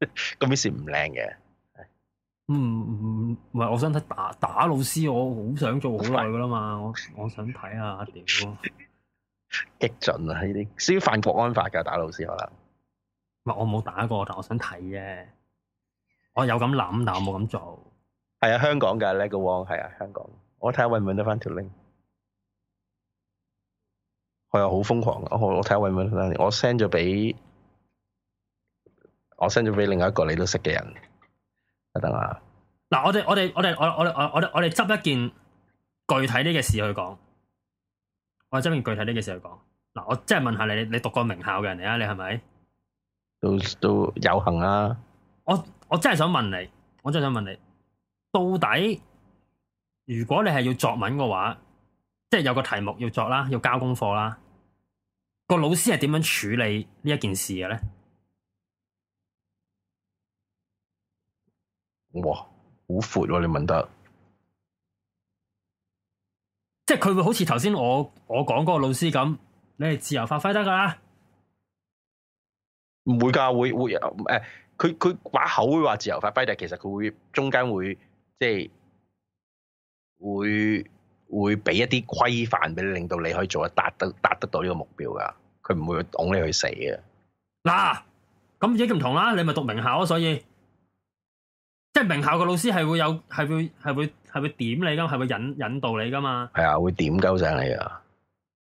[SPEAKER 1] 個 miss 唔靚嘅，唔唔唔，係、嗯，我想睇打打老師我 我，我好想做好耐噶啦嘛，我我想睇下屌激進啊，呢啲
[SPEAKER 2] 需要犯國安法噶打老師可能，
[SPEAKER 1] 係我冇打過，但我想睇啫。我有咁諗，但我冇咁做。係啊，香港噶 LEGO 王係啊香港，我
[SPEAKER 2] 睇下搵唔搵得翻條
[SPEAKER 1] link。
[SPEAKER 2] 我又好瘋狂，我我睇下搵唔搵得我 send 咗俾。我 send 咗畀另外一個你都識嘅
[SPEAKER 1] 人得啦。得唔得啊？嗱，我哋我哋我哋我我我我我哋執一件具體啲嘅事去講，我執件具體啲嘅事去講。嗱，我真係問下你，你讀過名校嘅人嚟啊？你係咪都都有幸啊？我我真係想問你，我真係想問你，到底如果你係要作文嘅話，即係有個題目要作啦，要交功課啦，個老師係點樣處理呢一件事嘅咧？
[SPEAKER 2] 哇，好闊你問得、
[SPEAKER 1] 啊，即係佢會好似頭先我我講嗰個老師咁，你係自由發揮得噶啦，
[SPEAKER 2] 唔會噶，會會誒，佢、呃、佢話口會話自由發揮，但係其實佢會中間會即係會會俾一啲規範俾你，令到你可以做得，達得達得到呢個目標噶，佢唔會㧬你去死嘅。
[SPEAKER 1] 嗱、啊，咁自己唔同啦，你咪讀名校、啊、所以。即係名校嘅老師係會有係會係會係會，會點你噶，係會引引導你噶嘛？係啊，會點鳩醒你啊！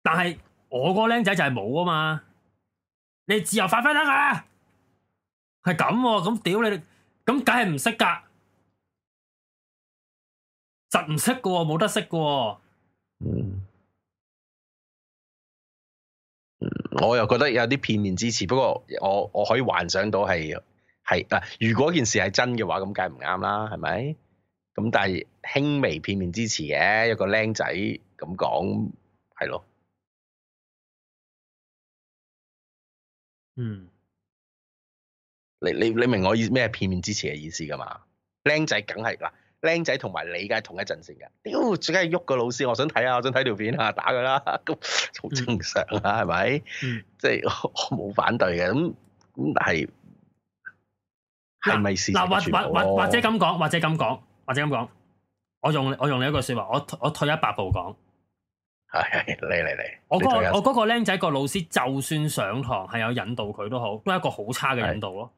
[SPEAKER 1] 但係我個僆仔就係冇啊嘛，你自由發揮得噶，係咁咁屌你，咁梗係唔識噶，實唔識噶，冇得識噶。嗯。嗯，
[SPEAKER 2] 我又覺得有啲片面之詞，不過我我可以幻想到係。係嗱，如果件事係真嘅話，咁梗係唔啱啦，係咪？咁但係輕微片面支持嘅一個僆仔咁講，係咯。嗯。你你你明我意思咩？片面支持嘅意思噶嘛？僆仔梗係嗱，僆仔同埋你嘅同一陣線㗎。屌最緊係喐個老師，我想睇下、啊，我想睇條片啊，打佢啦、啊，咁好正常啊，係咪？嗯、即係我冇反對嘅，咁咁但係。嗱，咪試住，或者
[SPEAKER 1] 咁講，或者咁講，或者咁講。我用我用你一句説話，我我退一百步講。係，嚟嚟嚟。我嗰、個我嗰個僆仔個老師，就算上堂係有引導佢都好，都係一個好差嘅引導咯。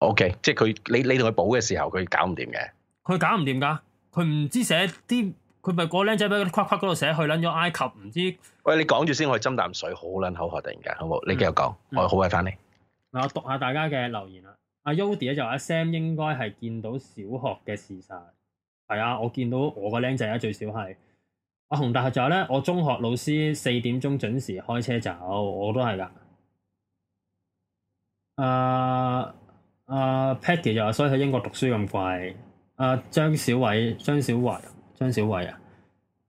[SPEAKER 1] O、
[SPEAKER 2] okay, K，即係佢你你同佢補嘅時候，佢搞唔掂嘅。
[SPEAKER 1] 佢搞唔掂㗎，佢唔知寫啲，佢咪個僆仔俾啲框框嗰度寫去撚咗埃及，唔知。喂，你講住先，我斟啖水，好撚口渴突然間，好唔
[SPEAKER 2] 好？你繼續講，嗯、我好快翻嚟。
[SPEAKER 1] 我讀下大家嘅留言啦。阿 Yodi 就話 Sam 應該係見到小學嘅事實，係啊，我見到我個僆仔啊，最少係阿熊大，就話咧，我中學老師四點鐘準時開車走，我都係㗎。阿、啊、阿、啊、Patty 就話，所以喺英國讀書咁貴。阿、啊、張小偉、張小華、張小偉啊，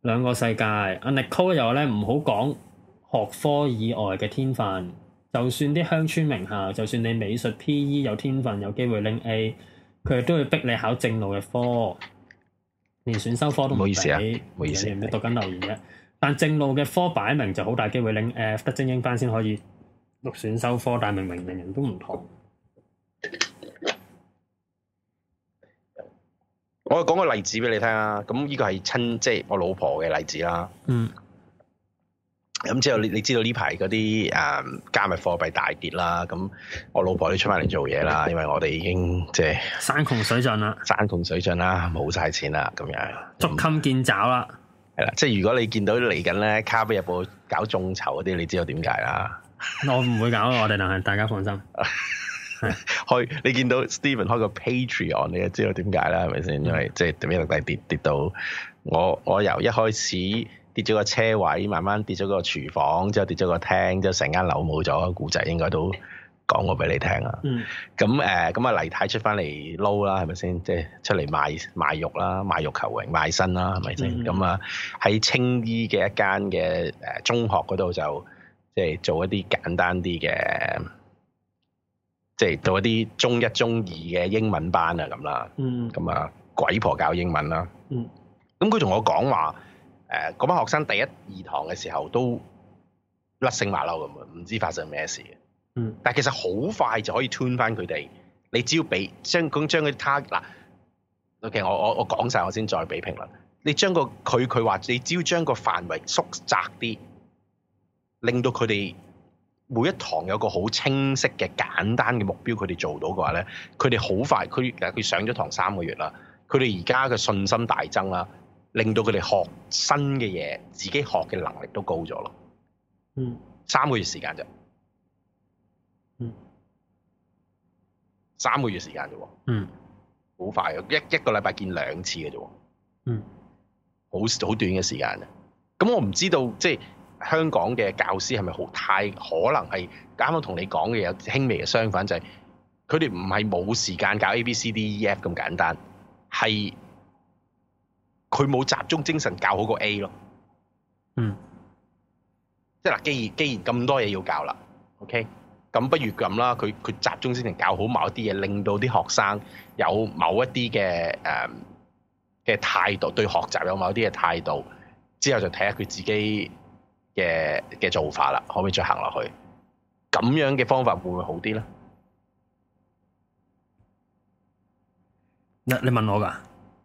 [SPEAKER 1] 兩個世界。阿、啊、Nicole 又話咧，唔好講學科以外嘅天分。就算啲鄉村名校，就算你美術、P.E. 有天分，有機會拎 A，佢哋都會逼你考正路嘅科，連選修科都唔俾。唔好意思啊，唔好意思啊。你讀緊留言啫，但正路嘅科擺明就好大機會拎 F，得精英班先可以錄選修科，但明明人人都唔同。
[SPEAKER 2] 我講個例子俾你聽啊，咁呢個係親，即係我老婆嘅例子啦。嗯。咁之後，你你知道呢排嗰啲誒加密貨幣大跌啦，咁我老婆都出翻嚟做嘢啦，因為我哋已經即係山
[SPEAKER 1] 窮水盡啦，山窮水盡啦，冇
[SPEAKER 2] 晒錢啦，咁樣
[SPEAKER 1] 捉襟見肘啦，
[SPEAKER 2] 係啦、嗯，即係如果你見到嚟緊咧，卡比入去搞眾籌嗰啲，你知道點解啦？
[SPEAKER 1] 我唔會搞， 我哋嚟，大家放心。 你開你見到 Steven 開個
[SPEAKER 2] Patreon，你就知道點解啦，係咪先？因為即係點樣跌跌跌，跌到我我，我，我由一開始。跌咗個車位，慢慢跌咗個廚房，之後跌咗個廳，之後成間樓冇咗。古仔應該都講過俾你聽啊。嗯。咁誒，咁啊黎太出翻嚟撈啦，係咪先？即係出嚟賣賣肉啦，賣肉求榮，賣身啦，係咪先？咁啊喺青衣嘅一間嘅誒中學嗰度就即係做一啲簡單啲嘅，即係到一啲中一中二嘅英文班啊咁啦。嗯。咁啊，鬼婆教英文啦。嗯。咁佢同我講話。誒嗰、啊、班學生第一二堂嘅時候都甩繩馬騮咁啊，唔知發生咩事。嗯，但係其實好快就可以 turn 翻佢哋。你只要俾將咁將佢 target。嗱、啊、，OK，我我我講晒，我先再俾評論。你將個佢佢話你只要將個範圍縮窄啲，令到佢哋每一堂有個好清晰嘅簡單嘅目標，佢哋做到嘅話咧，佢哋好快佢其實佢上咗堂三個月啦，佢哋而家嘅信心大增啦。令到佢哋學新嘅嘢，自己學嘅能力都高咗咯。嗯，三個月時間啫。嗯，三個月時間啫。嗯，好快嘅，一一個禮拜見兩次嘅啫。嗯，好好短嘅時間啊。咁我唔知道，即係香港嘅教師係咪好太可能係啱啱同你講嘅有輕微嘅相反，就係佢哋唔係冇時間搞 A、B、C、D、E、F 咁簡單，係。佢冇集中精神教好個 A 咯，嗯，即係嗱，既然既然咁多嘢要教啦，OK，咁不如咁啦，佢佢集中精神教好某一啲嘢，令到啲學生有某一啲嘅誒嘅態度，對學習有某一啲嘅態度，之後就睇下佢自己嘅嘅做法啦，可唔可以再行落去？咁樣嘅方法會唔會好啲咧？嗱，你問我噶，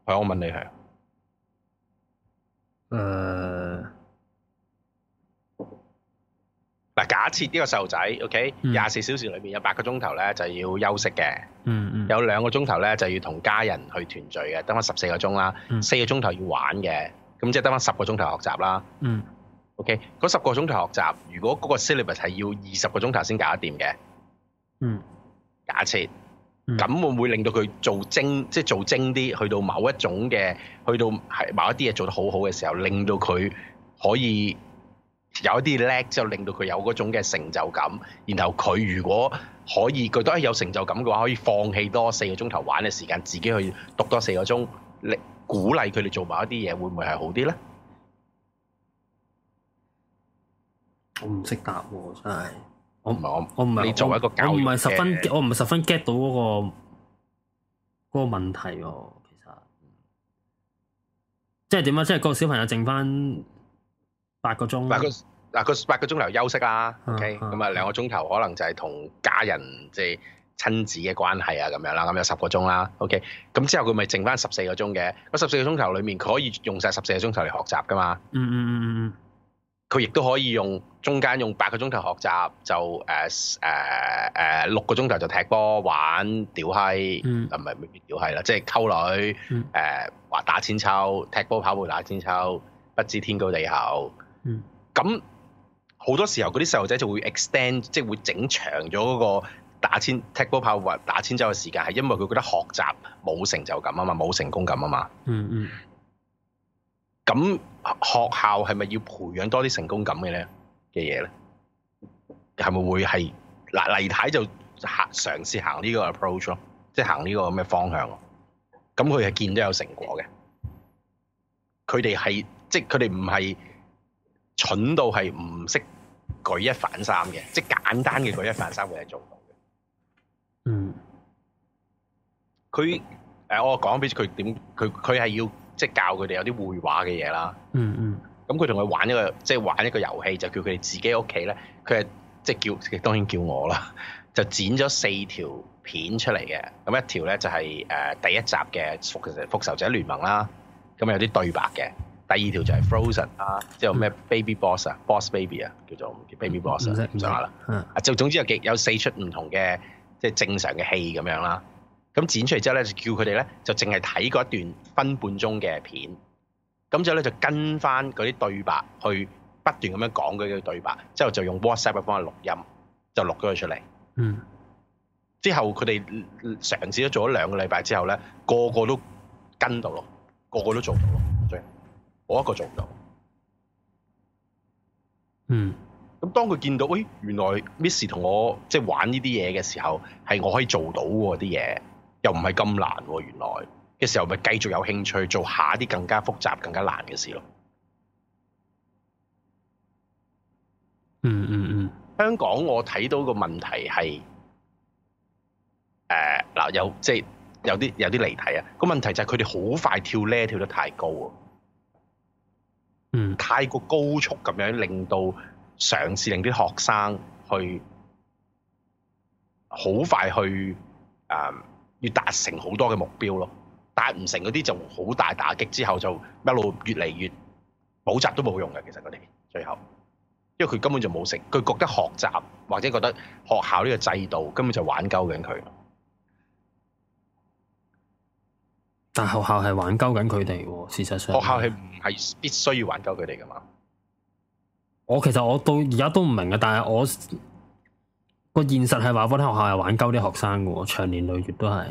[SPEAKER 2] 係我問你係。誒，嗱、uh，假設呢個細路仔，OK，廿四、mm. 小時裏面有八個鐘頭咧就要休息嘅，嗯嗯，有兩個鐘頭咧就要同家人去團聚嘅，得返十四個鐘啦，四、mm. 個鐘頭要玩嘅，咁即係得返十個鐘頭學習啦，嗯、
[SPEAKER 3] mm.，OK，
[SPEAKER 2] 嗰十個鐘頭學習，如果嗰個 syllabus 係要二十個鐘頭先搞得掂嘅，嗯、
[SPEAKER 3] mm.，
[SPEAKER 2] 假設。咁、嗯、會唔會令到佢做精，即係做精啲，去到某一種嘅，去到係某一啲嘢做得好好嘅時候，令到佢可以有一啲叻，之後令到佢有嗰種嘅成就感。然後佢如果可以，佢都係有成就感嘅話，可以放棄多四個鐘頭玩嘅時間，自己去讀多四個鐘，力鼓勵佢哋做某一啲嘢，會唔會係好啲咧？
[SPEAKER 1] 我唔識答喎，真係。我我唔係我唔係我十分，我唔係十分 get 到嗰個嗰個問題啊，其實即係點啊？即係個小朋友剩翻八個鐘，八
[SPEAKER 2] 嗱個八個鐘頭休息啦。啊，OK，咁啊兩個鐘頭可能就係同家人即係親子嘅關係啊，咁樣啦。咁有十個鐘啦。OK，咁之後佢咪剩翻十四個鐘嘅？十四個鐘頭裏面，佢可以用晒十四個鐘頭嚟學習噶嘛？嗯嗯嗯嗯。
[SPEAKER 3] 嗯嗯
[SPEAKER 2] 佢亦都可以用中間用八個鐘頭學習，就誒誒誒六個鐘頭就踢波玩屌閪，嗯、啊，唔係未必屌閪啦，即係溝女，嗯、呃，誒話打千秋，踢波跑步打千秋，不知天高地厚，嗯，咁好多時候嗰啲細路仔就會 extend，即係會整長咗嗰個打千踢波跑步打千秋嘅時間，係因為佢覺得學習冇成就感啊嘛，冇成功感啊嘛，
[SPEAKER 3] 嗯
[SPEAKER 2] 嗯，嗯，咁。學校係咪要培養多啲成功感嘅咧嘅嘢咧？係咪會係嗱黎太就行嘗試行呢個 approach 咯，即係行呢個咁嘅方向。咁佢係見到有成果嘅，佢哋係即係佢哋唔係蠢到係唔識舉一反三嘅，即係簡單嘅舉一反三，會係做到嘅。嗯。佢誒、呃，我講俾佢點，佢佢係要。即係教佢哋有啲會話嘅嘢啦，嗯嗯，咁佢同佢玩一個，即、就、係、是、玩一個遊戲，就叫佢哋自己屋企咧，佢係即係叫，當然叫我啦， 就剪咗四條片出嚟嘅，咁一條咧就係、是、誒、呃、第一集嘅復復仇者聯盟啦，咁有啲對白嘅，第二條就係 Frozen、嗯、啊，之後咩 Baby Boss 啊，Boss Baby 啊，叫做 Baby Boss 啊、嗯，唔想話啦，啊、嗯嗯、就總之有幾有四出唔同嘅即係正常嘅戲咁樣啦。咁剪出嚟之後咧，就叫佢哋咧就淨係睇嗰一段分半鐘嘅片，咁之後咧就跟翻嗰啲對白去不斷咁樣講佢嘅對白，之後就用 WhatsApp 幫佢錄音，就錄咗佢出嚟。嗯，之後佢哋嘗試咗做咗兩個禮拜之後咧，個個都跟到咯，個個都做到咯。我一個做唔到。嗯，咁當佢見到，誒、哎、原來 Miss 同我即係、就是、玩呢啲嘢嘅時候，係我可以做到喎啲嘢。又唔係咁難，啊，原來嘅時候咪繼續有興趣做下一啲更加複雜、更加難嘅事咯、嗯。嗯嗯嗯，香港我睇到個問題係，誒、呃、嗱，有即係有啲有啲離題啊。個問題就係佢哋好快跳呢，跳得太高啊，嗯，太過高速咁樣令到嘗試令啲學生去好快去誒。呃要達成好多嘅目標咯，達唔成嗰啲就好大打擊，之後就一路越嚟越補習都冇用嘅。其實佢哋最後，因為佢根本就冇成，佢覺得學習或者覺得學校呢個制度根本就玩鳩緊佢。
[SPEAKER 1] 但學校係玩鳩緊佢哋喎，事實上學校係唔
[SPEAKER 2] 係必須要玩鳩佢哋㗎嘛？
[SPEAKER 1] 我其實我到而家都唔明嘅，但係我。個現實係話翻學校係玩鳩啲學生噶，長年累月都係。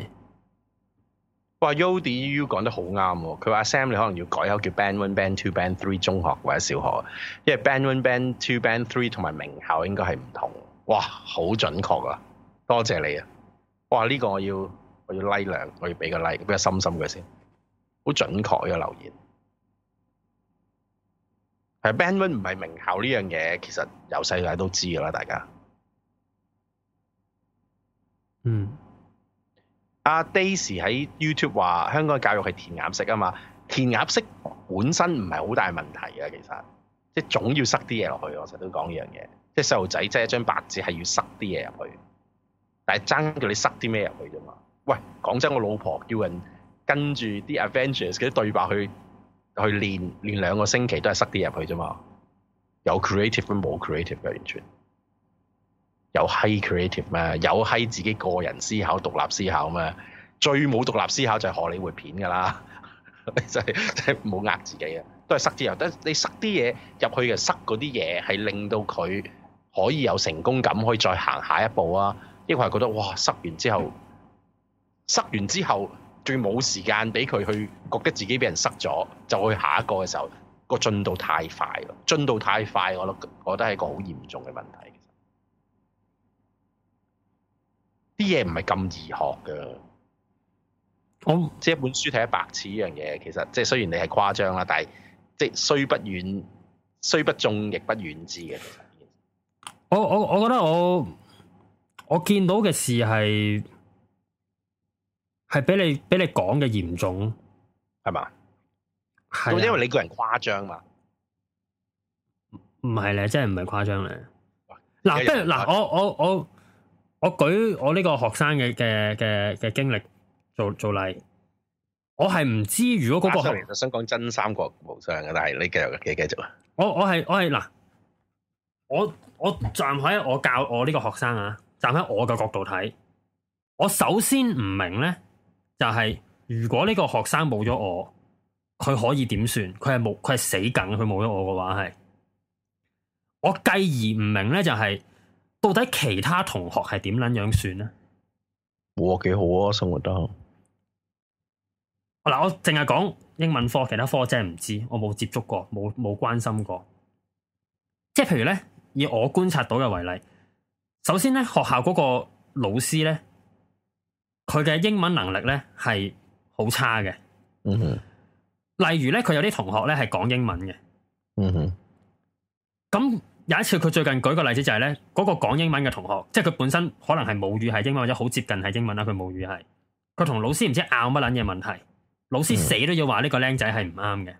[SPEAKER 2] 哇 Yo, d. u d y U 講得好啱喎，佢話 Sam 你可能要改口叫 Band One、Band Two、Band Three 中學或者小學，因為 Band One、Band Two、Band Three 同埋名校應該係唔同。哇，好準確啊！多謝你啊！我話呢個我要我要 like 兩，我要俾、like、個 like，俾個心心佢先。好準確呢個留言，係 Band One 唔係名校呢樣嘢，其實由細到大都知噶啦，大家。嗯，阿、mm hmm. Daisy 喺 YouTube 話香港教育係填鴨式啊嘛，填鴨式本身唔係好大問題啊，其實即係總要塞啲嘢落去，我成日都講呢樣嘢，即係細路仔即係一張白紙，係要塞啲嘢入去，但係爭叫你塞啲咩入去啫嘛？喂，講真，我老婆叫人跟住啲 adventures 嗰啲對白去去練練兩個星期都係塞啲入去啫嘛，有 creative 咪冇 creative 嘅完全。有 h creative 咩？有 h 自己個人思考、獨立思考咩？最冇獨立思考就係荷里活片噶啦，就係就係冇呃自己啊！都係塞字由得你塞啲嘢入去嘅，塞嗰啲嘢係令到佢可以有成功感，可以再行下一步啊！亦或係覺得哇，塞完之後，塞完之後最冇時間俾佢去覺得自己俾人塞咗，就去下一個嘅時候，個進度太快咯，進度太快，我覺得係一個好嚴重嘅問題。啲嘢唔係咁易學噶，
[SPEAKER 1] 我
[SPEAKER 2] 即係一本書睇得白痴呢樣嘢。其實即係雖然你係誇張啦，但係即係雖不遠，雖不中，亦不遠之嘅。
[SPEAKER 1] 我我我覺得我我見到嘅事係係俾你俾你講嘅嚴重係嘛？
[SPEAKER 2] 都因為你個人誇張嘛？唔
[SPEAKER 1] 唔係咧，真係唔係誇張咧。嗱，啊，嗱，啊，我我我。我我舉我呢個學生嘅嘅嘅嘅經歷做做例，我係唔知如果嗰個其
[SPEAKER 2] 實想講真三國無雙嘅，但係你繼續，繼
[SPEAKER 1] 繼續啊！我我係我係嗱，我我，我站喺我教我呢個學生啊，站喺我嘅角度睇，我首先唔明咧，就係、是、如果呢個學生冇咗我，佢可以點算？佢係冇佢係死梗，佢冇咗我嘅話係，我繼而唔明咧就係、是。到底其他同學係點捻樣算咧？我、哦、幾好啊，生活得好。嗱，我淨係講英文科，其他科真係唔知，我冇接觸過，冇冇關心過。即係譬如呢，以我觀察到嘅為例，首先呢，學校嗰個老師呢，佢嘅英文能力呢係好差嘅。嗯
[SPEAKER 3] 哼。
[SPEAKER 1] 例如呢，佢有啲同學呢係講英文嘅。嗯
[SPEAKER 3] 哼。
[SPEAKER 1] 咁、嗯。有一次佢最近舉個例子就係咧，嗰個講英文嘅同學，即係佢本身可能係母語係英文或者好接近係英文啦，佢母語係佢同老師唔知拗乜撚嘢問題，老師死都要話呢個僆仔係唔啱嘅，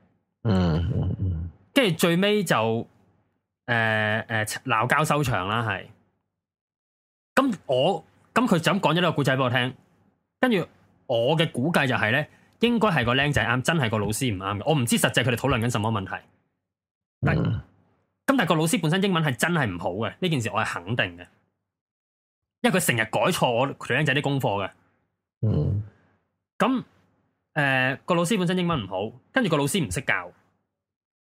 [SPEAKER 1] 嗯，跟住最尾就誒誒鬧交收場啦，係。咁我咁佢就咁講咗呢個故仔俾我聽，跟住我嘅估計就係咧，應該係個僆仔啱，真係個老師唔啱嘅，我唔知實際佢哋討論緊什麼問題。咁但係個老師本身英文係真係唔好嘅，呢件事我係肯定嘅，因為佢成日改錯我囡仔啲功課嘅。嗯，咁誒、嗯呃個老師本身英文唔好，跟住個老師唔識教，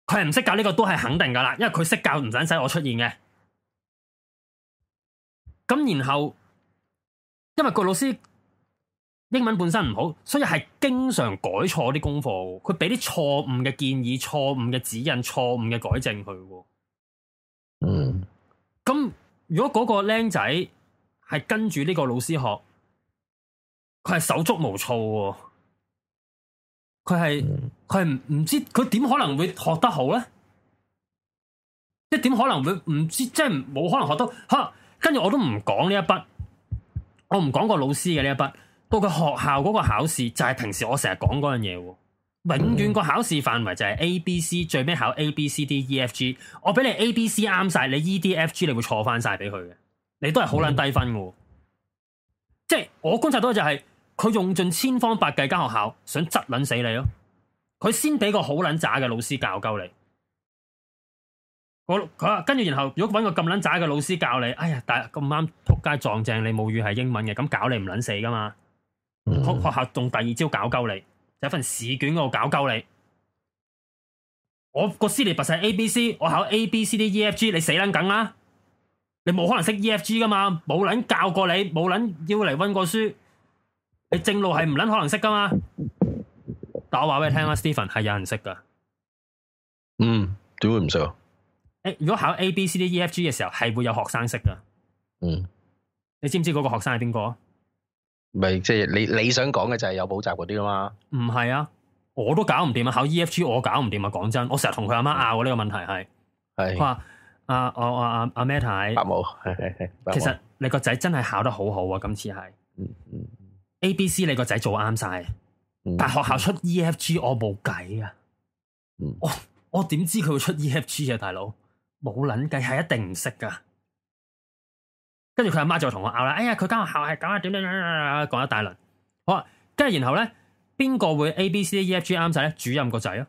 [SPEAKER 1] 佢係唔識教呢個都係肯定噶啦，因為佢識教唔使使我出現嘅。咁然後，因為個老師英文本身唔好，所以係經常改錯啲功課，佢俾啲錯誤嘅建議、錯誤嘅指引、錯誤嘅改正佢。嗯，咁如果嗰個僆仔係跟住呢個老師學，佢係手足無措，佢係佢唔唔知佢點可能會學得好咧？即係點可能會唔知，即係冇可能學得好？跟住我都唔講呢一筆，我唔講個老師嘅呢一筆，到佢學校嗰個考試就係、是、平時我成日講嗰樣嘢喎。永遠個考試範圍就係 A、B、C，最尾考 A、B、C、D e, F, A, B, C,、E、F、G。我俾你 A、B、C 啱晒，你 E、D、F、G 你會錯翻晒俾佢嘅，你都係好撚低分嘅。即係我觀察到就係佢用盡千方百計間學校想質撚死你咯。佢先俾個好撚渣嘅老師教鳩你。佢跟住然後如果揾個咁撚渣嘅老師教你，哎呀，但咁啱仆街撞正你母語係英文嘅，咁搞你唔撚死㗎嘛？學學校仲第二招搞鳩你。有份試卷我搞鳩你，我個 syllabus 白晒 A、B、C，我考 A、B、C、D、E、F、G，你死撚梗啦！你冇可能識 E、F、G 噶嘛，冇撚教過你，冇撚要嚟溫過書，你正路係唔撚可能識噶嘛？但係我話俾你聽啦，嗯，Stephen 係有人識噶。
[SPEAKER 2] 嗯，點會唔識啊？
[SPEAKER 1] 誒，如果考 A、B、C、D、E、F、G 嘅時候，係會有學生識噶。嗯，你知唔知嗰個學生係邊個啊？咪即係你你想講嘅就係有補習嗰啲吖嘛，唔係啊，我都搞唔掂啊，考 EFG 我搞唔掂啊，講真，我成日同佢阿媽拗呢個問題係，佢話阿我我阿阿 m a t t a 阿帽係係係，其實你個仔真係考得好好啊，今次係，嗯，嗯嗯，A B C 你個仔做啱晒，但係學校出 E F G 我冇計啊，嗯嗯，我我點知佢會出 E F G 啊，大佬，冇撚計係一定唔識㗎。跟住佢阿媽就同我拗啦，哎呀，佢間學校係咁啊，點點點講一大輪。好啊，跟住然後咧，邊個會 A B C E F G 啱晒咧？主任個仔咯，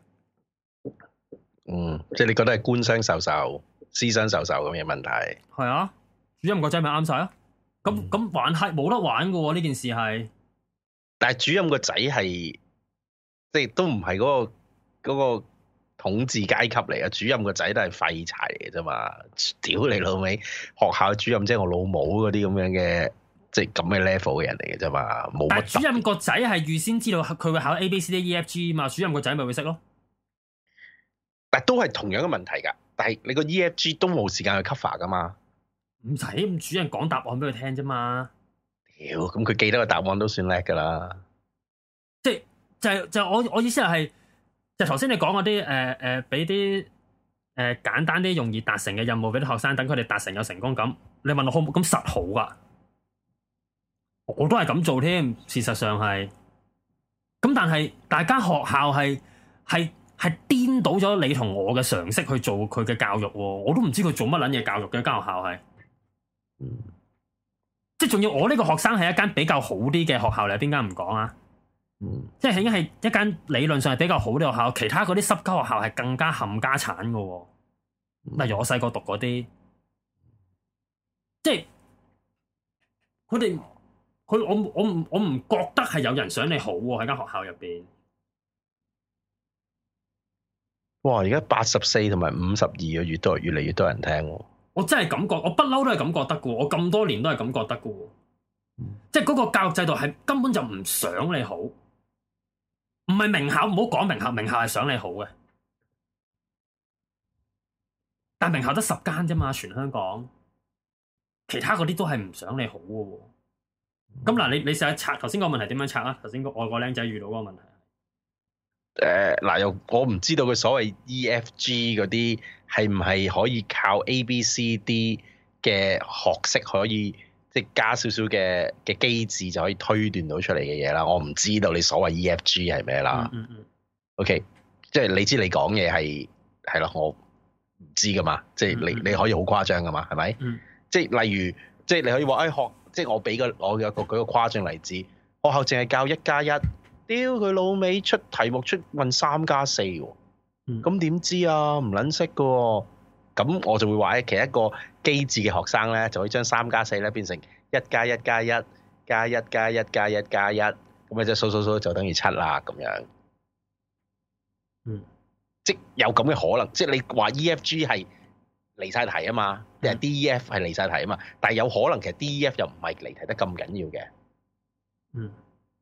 [SPEAKER 1] 嗯，
[SPEAKER 2] 即係你覺得係官商授受，私生授受咁嘅問題。
[SPEAKER 1] 係啊，主任個仔咪啱晒咯，咁咁、嗯、玩係冇得玩噶喎、啊，呢件事係。但係主任個仔
[SPEAKER 2] 係，即係都唔係嗰個嗰個統治階級嚟啊！主任個仔都係廢柴嚟嘅啫嘛！屌你老味，學校主任即係我老母嗰啲咁樣嘅，即係咁嘅 level 嘅人嚟嘅啫嘛，冇
[SPEAKER 1] 乜。主任個仔係預先知道佢會考 A、B、C、D、E、F、G 嘛，主任個仔咪會識咯。
[SPEAKER 2] 但都係同樣嘅問題㗎，但係你個 E、F、G 都冇時間去 cover 㗎嘛？
[SPEAKER 1] 唔使，主任講答案俾佢聽啫嘛。
[SPEAKER 2] 屌，咁佢記得個答案都算叻㗎啦。即係就
[SPEAKER 1] 係、就係就係、我我意思係。就頭先你講嗰啲誒誒，俾啲誒簡單啲、容易達成嘅任務俾啲學生，等佢哋達成有成功感。你問我好唔好？咁實好噶，啊，我都係咁做添。事實上係咁，但係大家學校係係係顛倒咗你同我嘅常識去做佢嘅教育，啊，我都唔知佢做乜撚嘢教育嘅，啊，間學校係，即係仲要我呢個學生係一間比較好啲嘅學校嚟，邊間唔講啊？即係已經係一間理論上係比較好嘅學校，其他嗰啲濕鳩學校係更加冚家鏟嘅。例如我細個讀嗰啲，即係佢哋佢我我唔我唔覺得係有人想你好喺間學校入邊。
[SPEAKER 2] 哇！而家八十四同埋五十二個月都越嚟越多人
[SPEAKER 1] 聽。我真係感覺，我不嬲都係咁覺得嘅。我咁多年都係咁覺得嘅。嗯、即係嗰個教育制度係根本就唔想你好。唔係名校，唔好講名校。名校係想你好嘅，但名校得十間啫嘛，全香港，其他嗰啲都係唔想你好嘅。咁嗱，你你試下拆頭先個問題點樣拆啊？頭先個外國僆仔遇到嗰個問題，
[SPEAKER 2] 誒、呃，嗱、呃、又我唔知道佢所謂 EFG 嗰啲係唔係可以靠 A、B、C、D 嘅學識可以。即係加少少嘅嘅機智就可以推斷到出嚟嘅嘢啦。我唔知道你所謂 EFG 係咩啦。嗯、OK，即係你知你講嘢係係咯，我唔知噶嘛。即係你、嗯、你可以好誇張噶嘛，係咪？嗯、即係例如，即係你可以話誒、哎、學，即係我俾個我有個舉個誇張例子，學校淨係教一加一，屌佢老味出題目出運三加四喎，咁點知啊唔撚識噶喎、哦，咁我就會話誒其一個。機智嘅學生咧，就可以將三加四咧變成一加一加一加一加一加一加一，咁啊即係數數數就等於七啦咁樣。嗯，即有咁嘅可能，即係你話 EFG 係離晒題啊嘛，定係 DEF 係離晒題啊嘛？但係有可能其實 DEF 又唔係離題得咁緊要嘅。嗯，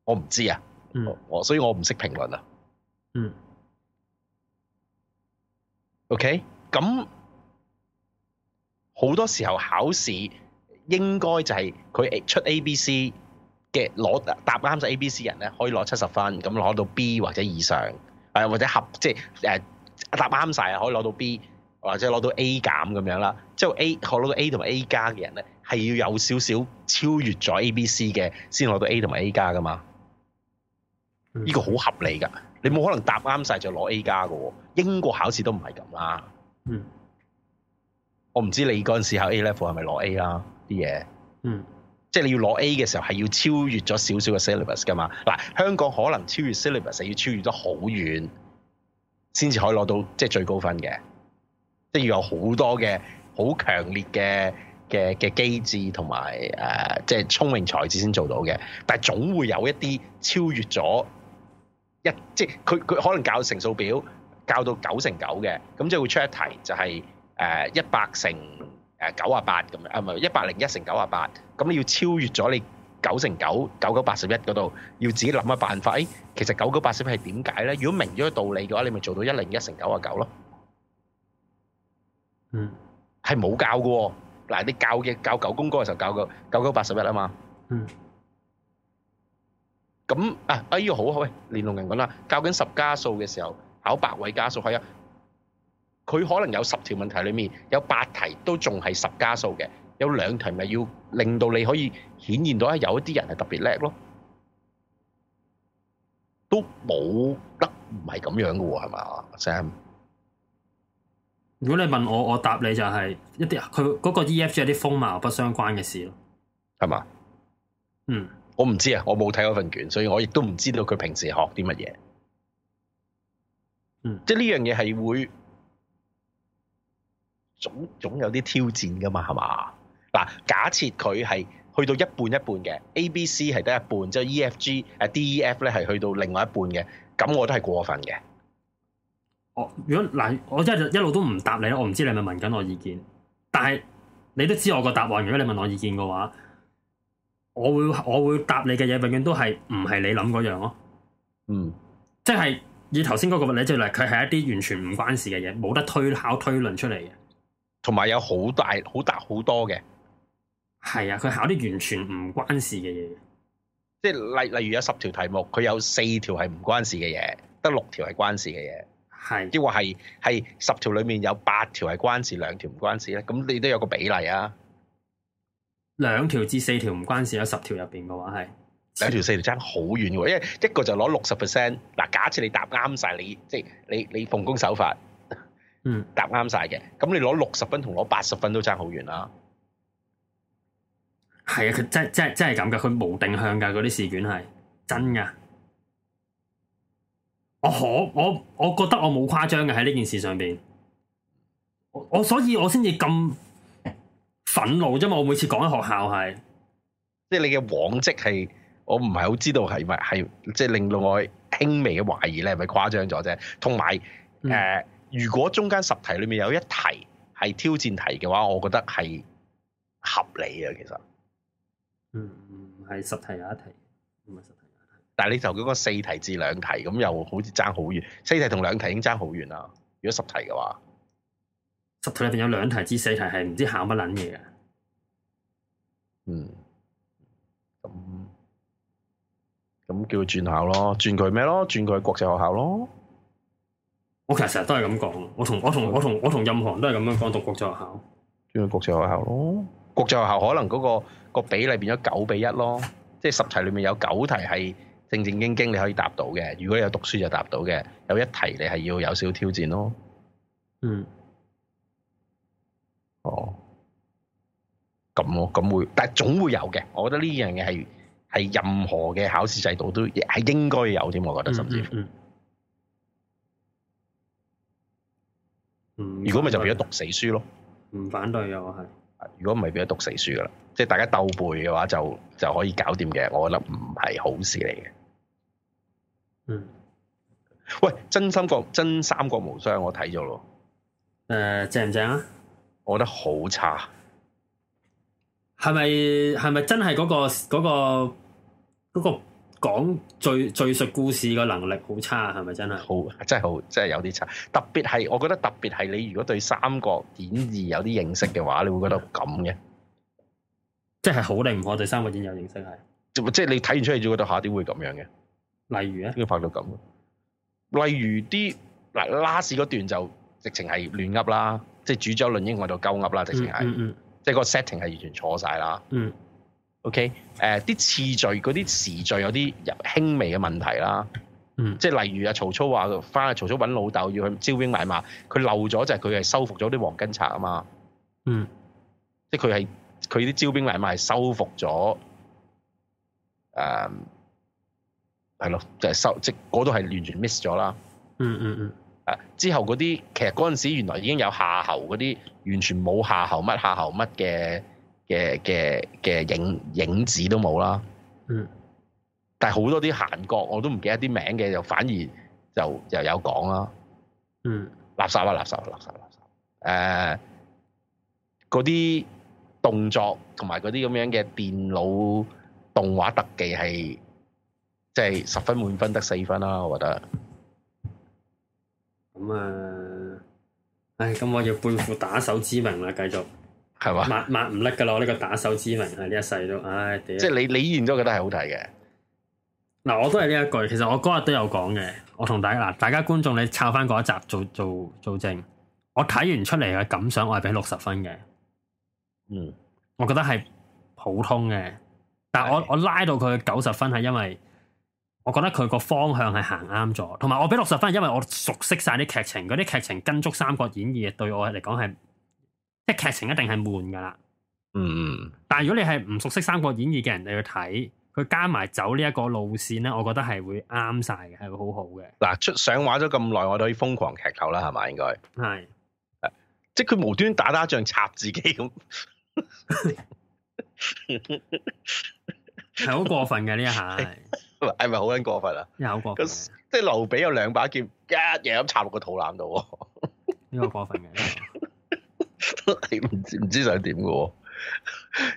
[SPEAKER 2] 我唔知啊。嗯，我所以我唔識評論啊。嗯。OK，咁。好多時候考試應該就係佢出 A、B、C 嘅攞答啱晒 A、B、C 人咧，可以攞七十分，咁攞到 B 或者以上，誒、呃、或者合即係誒、啊、答啱晒可以攞到 B 或者攞到 A 減咁樣啦。之後 A 可攞到 A 同埋 A 加嘅人咧，係要有少少超越咗 A, A, A、B、C 嘅先攞到 A 同埋 A 加噶嘛。呢、嗯、個好合理㗎，你冇可能答啱晒就攞 A 加嘅喎。英國考試都唔係咁啦。嗯。我唔知你嗰陣時考 A level 係咪攞 A 啦啲嘢，嗯，即係你要攞 A 嘅時候係要超越咗少少嘅 syllabus 噶嘛？嗱，香港可能超越 syllabus 要超越咗好遠，先至可以攞到即係最高分嘅，即係要有好多嘅好強烈嘅嘅嘅機智同埋誒，即係聰明才智先做到嘅。但係總會有一啲超越咗一即係佢佢可能教乘數表教到九乘九嘅，咁即係會出一題就係、是。誒一百乘誒九啊八咁樣，啊唔係一百零一乘九啊八，咁你要超越咗你九乘九九九八十一嗰度，要自己諗下辦法。誒、哎，其實九九八十一係點解咧？如果明咗啲道理嘅話，你咪做到一零一乘九啊九咯。嗯，係冇教嘅喎。嗱，你教嘅教九因歌嘅時候教個九九八十一啊嘛。嗯。咁啊，哎呀好啊，喂，連龍人講啦，教緊十加數嘅時候，考百位加數係啊。佢可能有十條問題裏面有八題都仲係十加數嘅，有兩題咪要令到你可以顯現到有一啲人係特別叻咯，都冇得唔係咁樣嘅喎，係嘛，Sam？
[SPEAKER 1] 如果你問我，我答你就係、是、一啲佢嗰個 EFG 有啲風貌不相關嘅事咯，係
[SPEAKER 2] 嘛吧？嗯，我唔知啊，我冇睇嗰份卷，所以我亦都唔知道佢平時學啲乜嘢。嗯，即係呢樣嘢係會。總總有啲挑戰㗎嘛，係嘛嗱？假設佢係去到一半一半嘅 A、B、C 係得一半，即係 E、F、G 誒 D、E、F 咧係去到另外一半嘅，咁我都係過分嘅。
[SPEAKER 1] 哦，如果嗱，我一一路都唔答你，我唔知你係咪問緊我意見。但係你都知我個答案，如果你問我意見嘅話，我會我會答你嘅嘢，永遠都係唔係你諗嗰樣咯、啊。嗯，即係以頭先嗰個例子嚟，佢係一啲完全唔關事嘅嘢，冇得推考推論出嚟嘅。同埋有好大、好大好多嘅，係啊！佢
[SPEAKER 2] 考啲完全唔關事嘅嘢，即係例例如有十條題目，佢有四條係唔關事嘅嘢，得六條係關事嘅嘢，係。亦或係係十條裏面有八條係關事，兩條唔關事咧，咁你都有個比例啊？
[SPEAKER 1] 兩條至四條唔關事，有十條入邊嘅話係兩條四條爭好遠嘅，因為一個就攞六十
[SPEAKER 2] percent。嗱，假設你答啱晒，你即係、就是、你你，你奉公守法。嗯，答啱
[SPEAKER 1] 晒嘅，咁你攞六十分同攞八十分都差好遠啦。係啊，佢真真真係咁噶，佢無定向噶嗰啲試卷係真噶。我可我我覺得我冇誇張嘅喺呢件事上邊，我，我所以我先至咁憤怒啫嘛。我每次講喺學校係，
[SPEAKER 2] 即係你嘅往績係，我唔係好知道係咪係即係令到我輕微嘅懷疑你係咪誇張咗啫。同埋誒。嗯如果中間十題裡面有一題係挑戰題嘅話，我覺得係合理啊，其實。嗯，係十題有一題，唔係十題有一題。但係你就嗰個四題至兩題咁，又好似爭好遠。四題同兩題已經爭好遠啦。如果十題嘅話，
[SPEAKER 1] 十題入邊有兩題至四題係唔知考乜撚嘢嘅。嗯。
[SPEAKER 2] 咁咁叫佢轉校咯，轉佢咩咯？轉佢國際學校咯。我其實成日都係咁講，我同我同我同我同任何人都係咁樣講，讀國際學校，轉國際學校咯，國際學校可能嗰個個比例變咗九比一咯，即係十題裏面有九題係正正經經你可以答到嘅，如果你有讀書就答到嘅，有一題你係要有少少挑
[SPEAKER 3] 戰
[SPEAKER 2] 咯。嗯，哦，咁咯，咁會，但係總會有嘅，我覺得呢樣嘢係係任何嘅考試制度都係應該有添，我覺得甚至嗯，嗯，嗯。如果咪就變咗讀死書咯，唔反對我係。如果唔係變咗讀死書噶啦，即係大家鬥背嘅話就就可以搞掂嘅，我覺得唔係好事嚟嘅。嗯，喂，真三國真三國無雙我睇咗咯。誒、
[SPEAKER 1] 呃，正唔正啊？我覺得好差。係咪係咪真係嗰個嗰個嗰個？那個那個講敍敍述故事嘅能力好差，係咪真係？好真係好，真係有啲差。特別係我覺得特別係你如果對
[SPEAKER 2] 《三國演義》有啲認識嘅話，你會覺得咁嘅，
[SPEAKER 1] 即係好
[SPEAKER 2] 令我唔對《三國演義》有認識係。即係你睇完出嚟，就會覺得嚇點會咁樣嘅？例如咧？點解拍到咁？例如啲嗱，last 嗰段就直情係亂噏啦，即係煮酒論英雄喺度鳩噏啦，直情係。即係、嗯嗯、個 setting 係完全錯晒啦。嗯。O.K. 誒、呃、啲次序嗰啲時序有啲輕微嘅問題啦，嗯，即係例如啊，曹操話翻去曹操揾老豆要去招兵買馬，佢漏咗就係佢係收復咗啲黃巾賊啊嘛，嗯，嗯，即係佢係佢啲招兵買馬係收復咗，誒，係咯，就係、係、收即係嗰度係完全 miss 咗啦，嗯嗯嗯，啊之後嗰啲其實嗰陣時原來已經有夏侯嗰啲完全冇夏侯乜夏侯乜嘅。嘅嘅嘅影影子都冇啦，嗯，但係好多啲閒角我都唔記得啲名嘅，就反而就又有講啦，嗯，垃圾啊，垃圾啦，垃圾垃圾垃圾，誒、呃，嗰啲動作同埋嗰啲咁樣嘅電腦動畫特技係，即係十分滿分得四分啦，我覺得，
[SPEAKER 1] 咁啊，嗯啊，唉，咁我要背負打手之名啦，繼續。係抹抹唔甩噶啦，我呢個打手之名喺呢一世都，唉、哎，即係你你演咗覺得係好睇嘅。嗱，我都係呢一句。其實我嗰日都有講嘅，我同大家嗱，大家觀眾你抄翻嗰一集做做做證。我睇完出嚟嘅感想，我係俾六十分嘅。嗯，我覺得係普通嘅，但係我的我拉到佢九十分係因為我覺得佢個方向係行啱咗，同埋我俾六十分係因為我熟悉晒啲劇情，嗰啲劇情跟足《三國演義》對我嚟講係。即劇情一定係悶噶啦，嗯嗯。但係如果你係唔熟悉《三國演義》嘅人，你去睇佢加埋走呢一個路線咧，我覺得係會啱晒嘅，係會好好嘅。
[SPEAKER 2] 嗱，出上畫咗咁耐，我都可以瘋狂劇透啦，係嘛？應該係，即係佢無端打打仗插自己咁，係好過分嘅呢一下，係咪好撚過分啊？有過分，即係劉備有兩把劍一嘢咁插落個肚腩度，
[SPEAKER 1] 呢個過分嘅。
[SPEAKER 2] 你唔 知唔知想點嘅？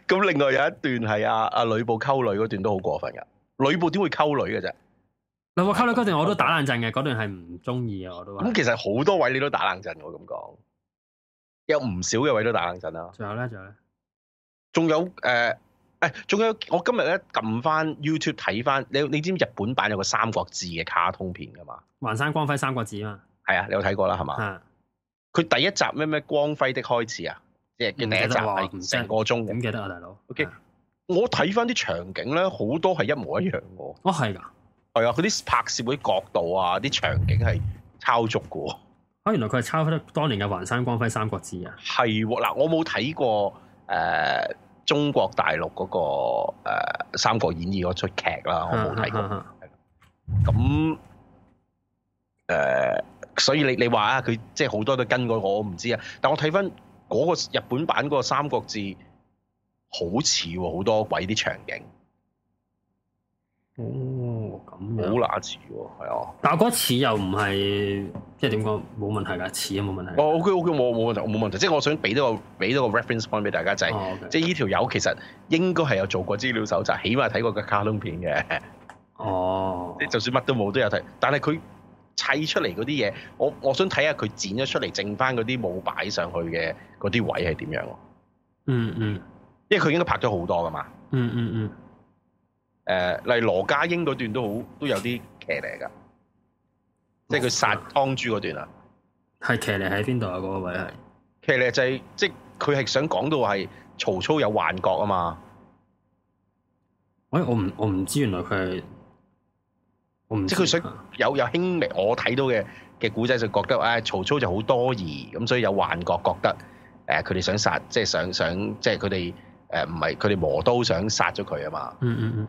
[SPEAKER 2] 咁另外有一段係啊，阿呂布溝女嗰段都好過分嘅。呂布點會溝女嘅啫？
[SPEAKER 1] 呂布溝女嗰段我都打冷震嘅，嗰段係唔中意啊。我都話。咁其實好多位你都打冷震嘅，我咁講。
[SPEAKER 2] 有唔少嘅位都打冷震啊。仲有咧？仲有咧？仲有誒誒，仲有我今日咧撳翻 YouTube 睇翻，你你知唔知日本版有個《三國志》嘅卡通片噶嘛？
[SPEAKER 1] 橫山光輝《三國志》啊嘛。
[SPEAKER 2] 係啊，你有睇過啦，係嘛？啊佢第一集咩咩光輝的開始啊，即
[SPEAKER 1] 係嘅第一集係成個
[SPEAKER 2] 鐘。唔記得啊，大佬。O Okay . K，的我睇翻啲場景咧，好多係一模一樣嘅。哦，係噶，係啊，佢啲拍攝嗰角度啊，啲場景係抄襲
[SPEAKER 1] 嘅。啊，原來佢係抄翻當年嘅橫山光輝三國志啊。
[SPEAKER 2] 係喎，嗱，我冇睇過誒、呃、中國大陸嗰、那個誒、呃、三國演義嗰出劇啦，我冇睇過。咁誒。的所以你你話啊，佢即係好多都跟過，我唔知啊。但我睇翻嗰個日本版嗰個《三國志》，好似好、哦、多
[SPEAKER 1] 鬼啲場景。哦，咁好乸似喎，係啊的！的但嗰次又唔係，即係點講冇問題㗎，似啊冇問題。哦 OK OK，冇
[SPEAKER 2] 冇問題，冇問題。即係我想俾多個俾多個 reference point 俾大家就係、是，哦 okay. 即係呢條友其實應該係有做過資料搜集，起碼睇過個卡通片嘅。哦，即就算乜都冇都有睇，但係佢。砌出嚟嗰啲嘢，我我想睇下佢剪咗出嚟，剩翻嗰啲冇擺上去嘅嗰啲位係點樣咯、嗯？
[SPEAKER 3] 嗯嗯，因
[SPEAKER 2] 為佢應該拍咗好多㗎嘛。嗯嗯嗯。誒、嗯嗯呃，例如羅家英嗰段都好，都有啲騎呢㗎，嗯、即係佢殺公豬嗰段啊。
[SPEAKER 1] 係騎呢喺邊度啊？嗰、嗰個位係
[SPEAKER 2] 騎呢就係、係、即係佢係想講到係曹操有幻覺啊嘛。
[SPEAKER 1] 喂、欸，我唔我唔知原來佢。即係佢想
[SPEAKER 2] 有有輕微，我睇到嘅嘅古仔就覺得，唉、哎，曹操就好多疑，咁所以有幻覺，覺得誒，佢、呃、哋想殺，即係想想，即係佢哋誒，唔係佢哋磨刀想殺咗佢啊嘛。嗯嗯嗯。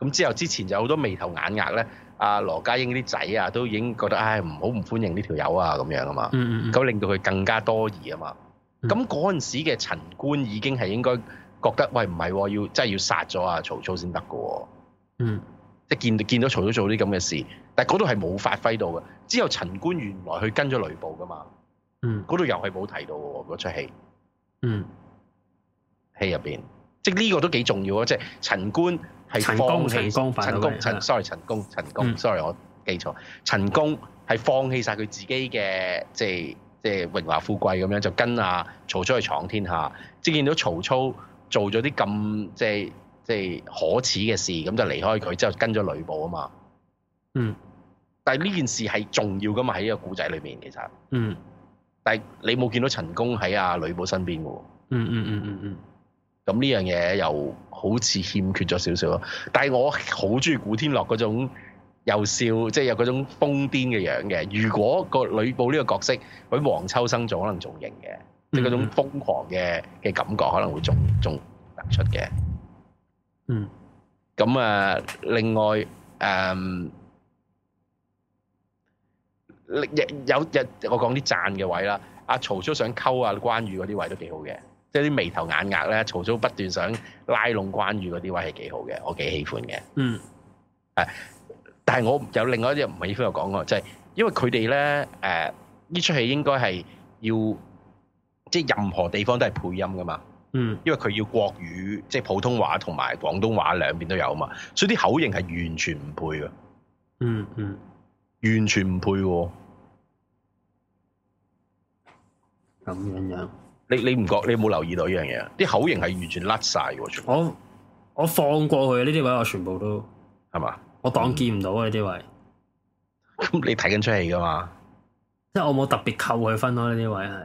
[SPEAKER 2] 咁之後之前就好多眉頭眼額咧，阿、啊、羅家英啲仔啊，都已經覺得，唉、哎，唔好唔歡迎呢條友啊，咁樣啊嘛。咁、嗯嗯嗯嗯、令到佢更加多疑啊嘛。咁嗰陣時嘅陳官已經係應該覺得，喂，唔係要真係要殺咗阿曹操先得噶。嗯。即係見到見到曹操做啲咁嘅事，但係嗰度係冇發揮到嘅。之後陳官原來去跟咗呂布噶嘛，嗯，嗰度又係冇提到喎嗰出戲，嗯，戲入邊，即係呢個都幾重要啊！即係陳官係放棄，陳公陳公，sorry，陳公陳公，sorry，我記錯，陳公係放棄晒佢自己嘅，即係即係榮華富貴咁樣就跟啊曹操去闖天下，即係見到曹操做咗啲咁即係。即即係可恥嘅事，咁就離開佢之後跟咗呂布啊嘛。嗯，但係呢件事係重要噶嘛？喺呢個古仔裏面其實，嗯，但係你冇見到陳宮喺阿呂布身邊嘅喎。嗯嗯嗯嗯嗯，咁呢樣嘢又好似欠缺咗少少咯。但係我好中意古天樂嗰種又笑，即係有嗰種瘋癲嘅樣嘅。如果個呂布呢個角色揾黃秋生做，可能仲型嘅，即係嗰種瘋狂嘅嘅感覺可能會仲仲突出嘅。嗯，咁啊，另外誒、嗯，有日我講啲讚嘅位啦，阿曹操想溝啊關羽嗰啲位都幾好嘅，即係啲眉頭眼額咧，曹操不斷想拉攏關羽嗰啲位係幾好嘅，我幾喜歡嘅。嗯，
[SPEAKER 3] 誒，
[SPEAKER 2] 但係我有另外一啲唔係喜歡我講嘅，就係、是、因為佢哋咧，誒呢出戲應該係要，即、就、係、是、任何地方都係配音噶嘛。嗯，因為佢要國語，即係普通話同埋廣東話兩邊都有啊嘛，所以啲口型係完全唔配嘅。嗯，嗯嗯，完全唔配嘅。咁樣樣，你你唔覺你有冇留意到呢樣嘢啊？啲口型係完全甩晒嘅。
[SPEAKER 1] 我我放過去呢啲位我全部都係嘛，我當見唔到啊呢啲位。咁你睇緊出戲噶嘛？即係我冇特別扣佢分咯，呢啲位係。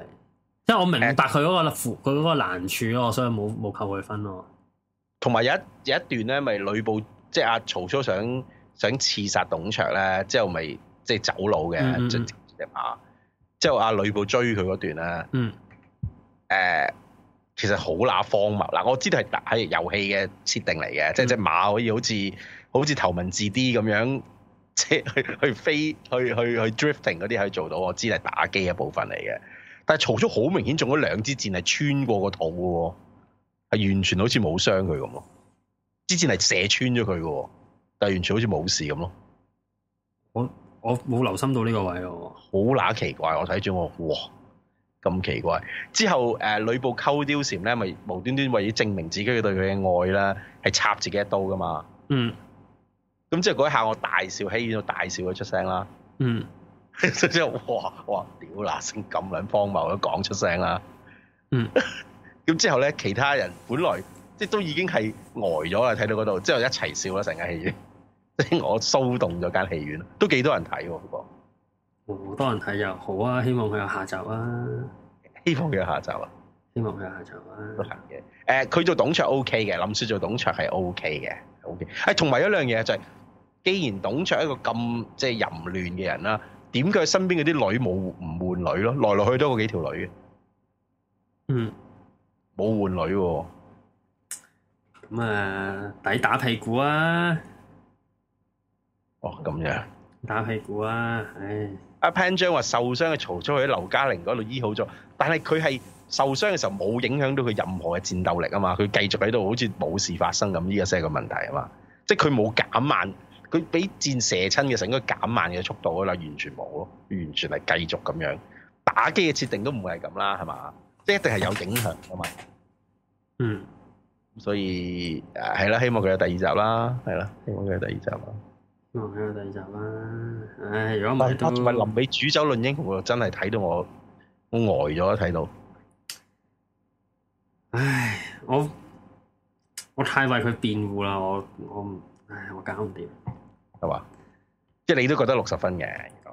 [SPEAKER 1] 因係我明白佢、uh, 那個佢嗰個難處咯，所以冇冇扣佢分咯。同埋
[SPEAKER 2] 有，有一有一段咧，咪、就、呂、是、布即係阿曹操想想刺殺董卓咧，之後咪即係走佬嘅即隻馬，之後阿、啊、呂布追佢嗰段咧，誒、mm hmm. 呃，其實好乸荒謬。嗱，我知道係打係遊戲嘅設定嚟嘅，即係隻馬可以好似好似頭文字 D 咁樣，即係去去飛去去去，去，去 drifting 嗰啲可以做到。我知係打機嘅部分嚟嘅。但係曹操好明顯中咗兩支箭，係穿過個肚嘅喎，係完全好似冇傷佢咁咯。支箭係射穿咗佢嘅，但係完全好似冇事咁咯。我我冇留心到呢個位喎。好乸奇怪，我睇住我，哇咁奇怪！之後誒，呂布溝貂蟬咧，咪無端端為咗證明自己對佢嘅愛啦，係插自己一刀嘅嘛。嗯。咁之後嗰一下，我大笑喺度大笑到出聲啦。嗯。 嗯、 之後哇哇屌嗱先咁卵荒謬都講出聲啦，嗯，咁之後咧，其他人本來即係都已經係呆咗啊，睇到嗰度之後一齊笑啦，成間戲院即係 我騷動咗間戲院，都幾多
[SPEAKER 1] 人睇喎，好、哦、多人睇又好啊，希望佢有下集啊，希望佢有下集啊，希望佢有下集啊，都行嘅。
[SPEAKER 2] 誒、呃，佢做董卓 O K 嘅，林雪做董卓係 O K 嘅，O K。誒、OK，同、哎、埋一樣嘢就係，既然董卓一個咁即係淫亂嘅人啦。點解身邊嗰啲女冇唔換女咯？來來去都嗰幾條女嘅，
[SPEAKER 1] 嗯，冇換女喎。咁啊、嗯，抵打屁股啊！哦，咁樣打
[SPEAKER 2] 屁股啊！阿 Pan 璋話受傷嘅曹操喺劉嘉玲嗰度醫好咗，但係佢係受傷嘅時候冇影響到佢任何嘅戰鬥力啊嘛，佢繼續喺度好似冇事發生咁。呢個先係個問題啊嘛，即係佢冇減慢。佢俾箭射親嘅時候應該減慢嘅速度噶啦，完全冇咯，完全係繼續咁樣打機嘅設定都唔會係咁啦，係嘛？
[SPEAKER 1] 即係一定係有影響噶嘛。嗯，
[SPEAKER 2] 所以係啦，希望佢有第二集啦，係啦，希望佢有第二集啦。希望
[SPEAKER 1] 佢有第二集啦。唉，如果唔係，唔係臨
[SPEAKER 2] 尾煮酒論英雄，我真係睇到我我呆咗，睇到唉。
[SPEAKER 1] 唉，我我太為佢辯護啦，我我唔唉，我搞唔掂。係嘛？即係你都覺得六十分嘅，應該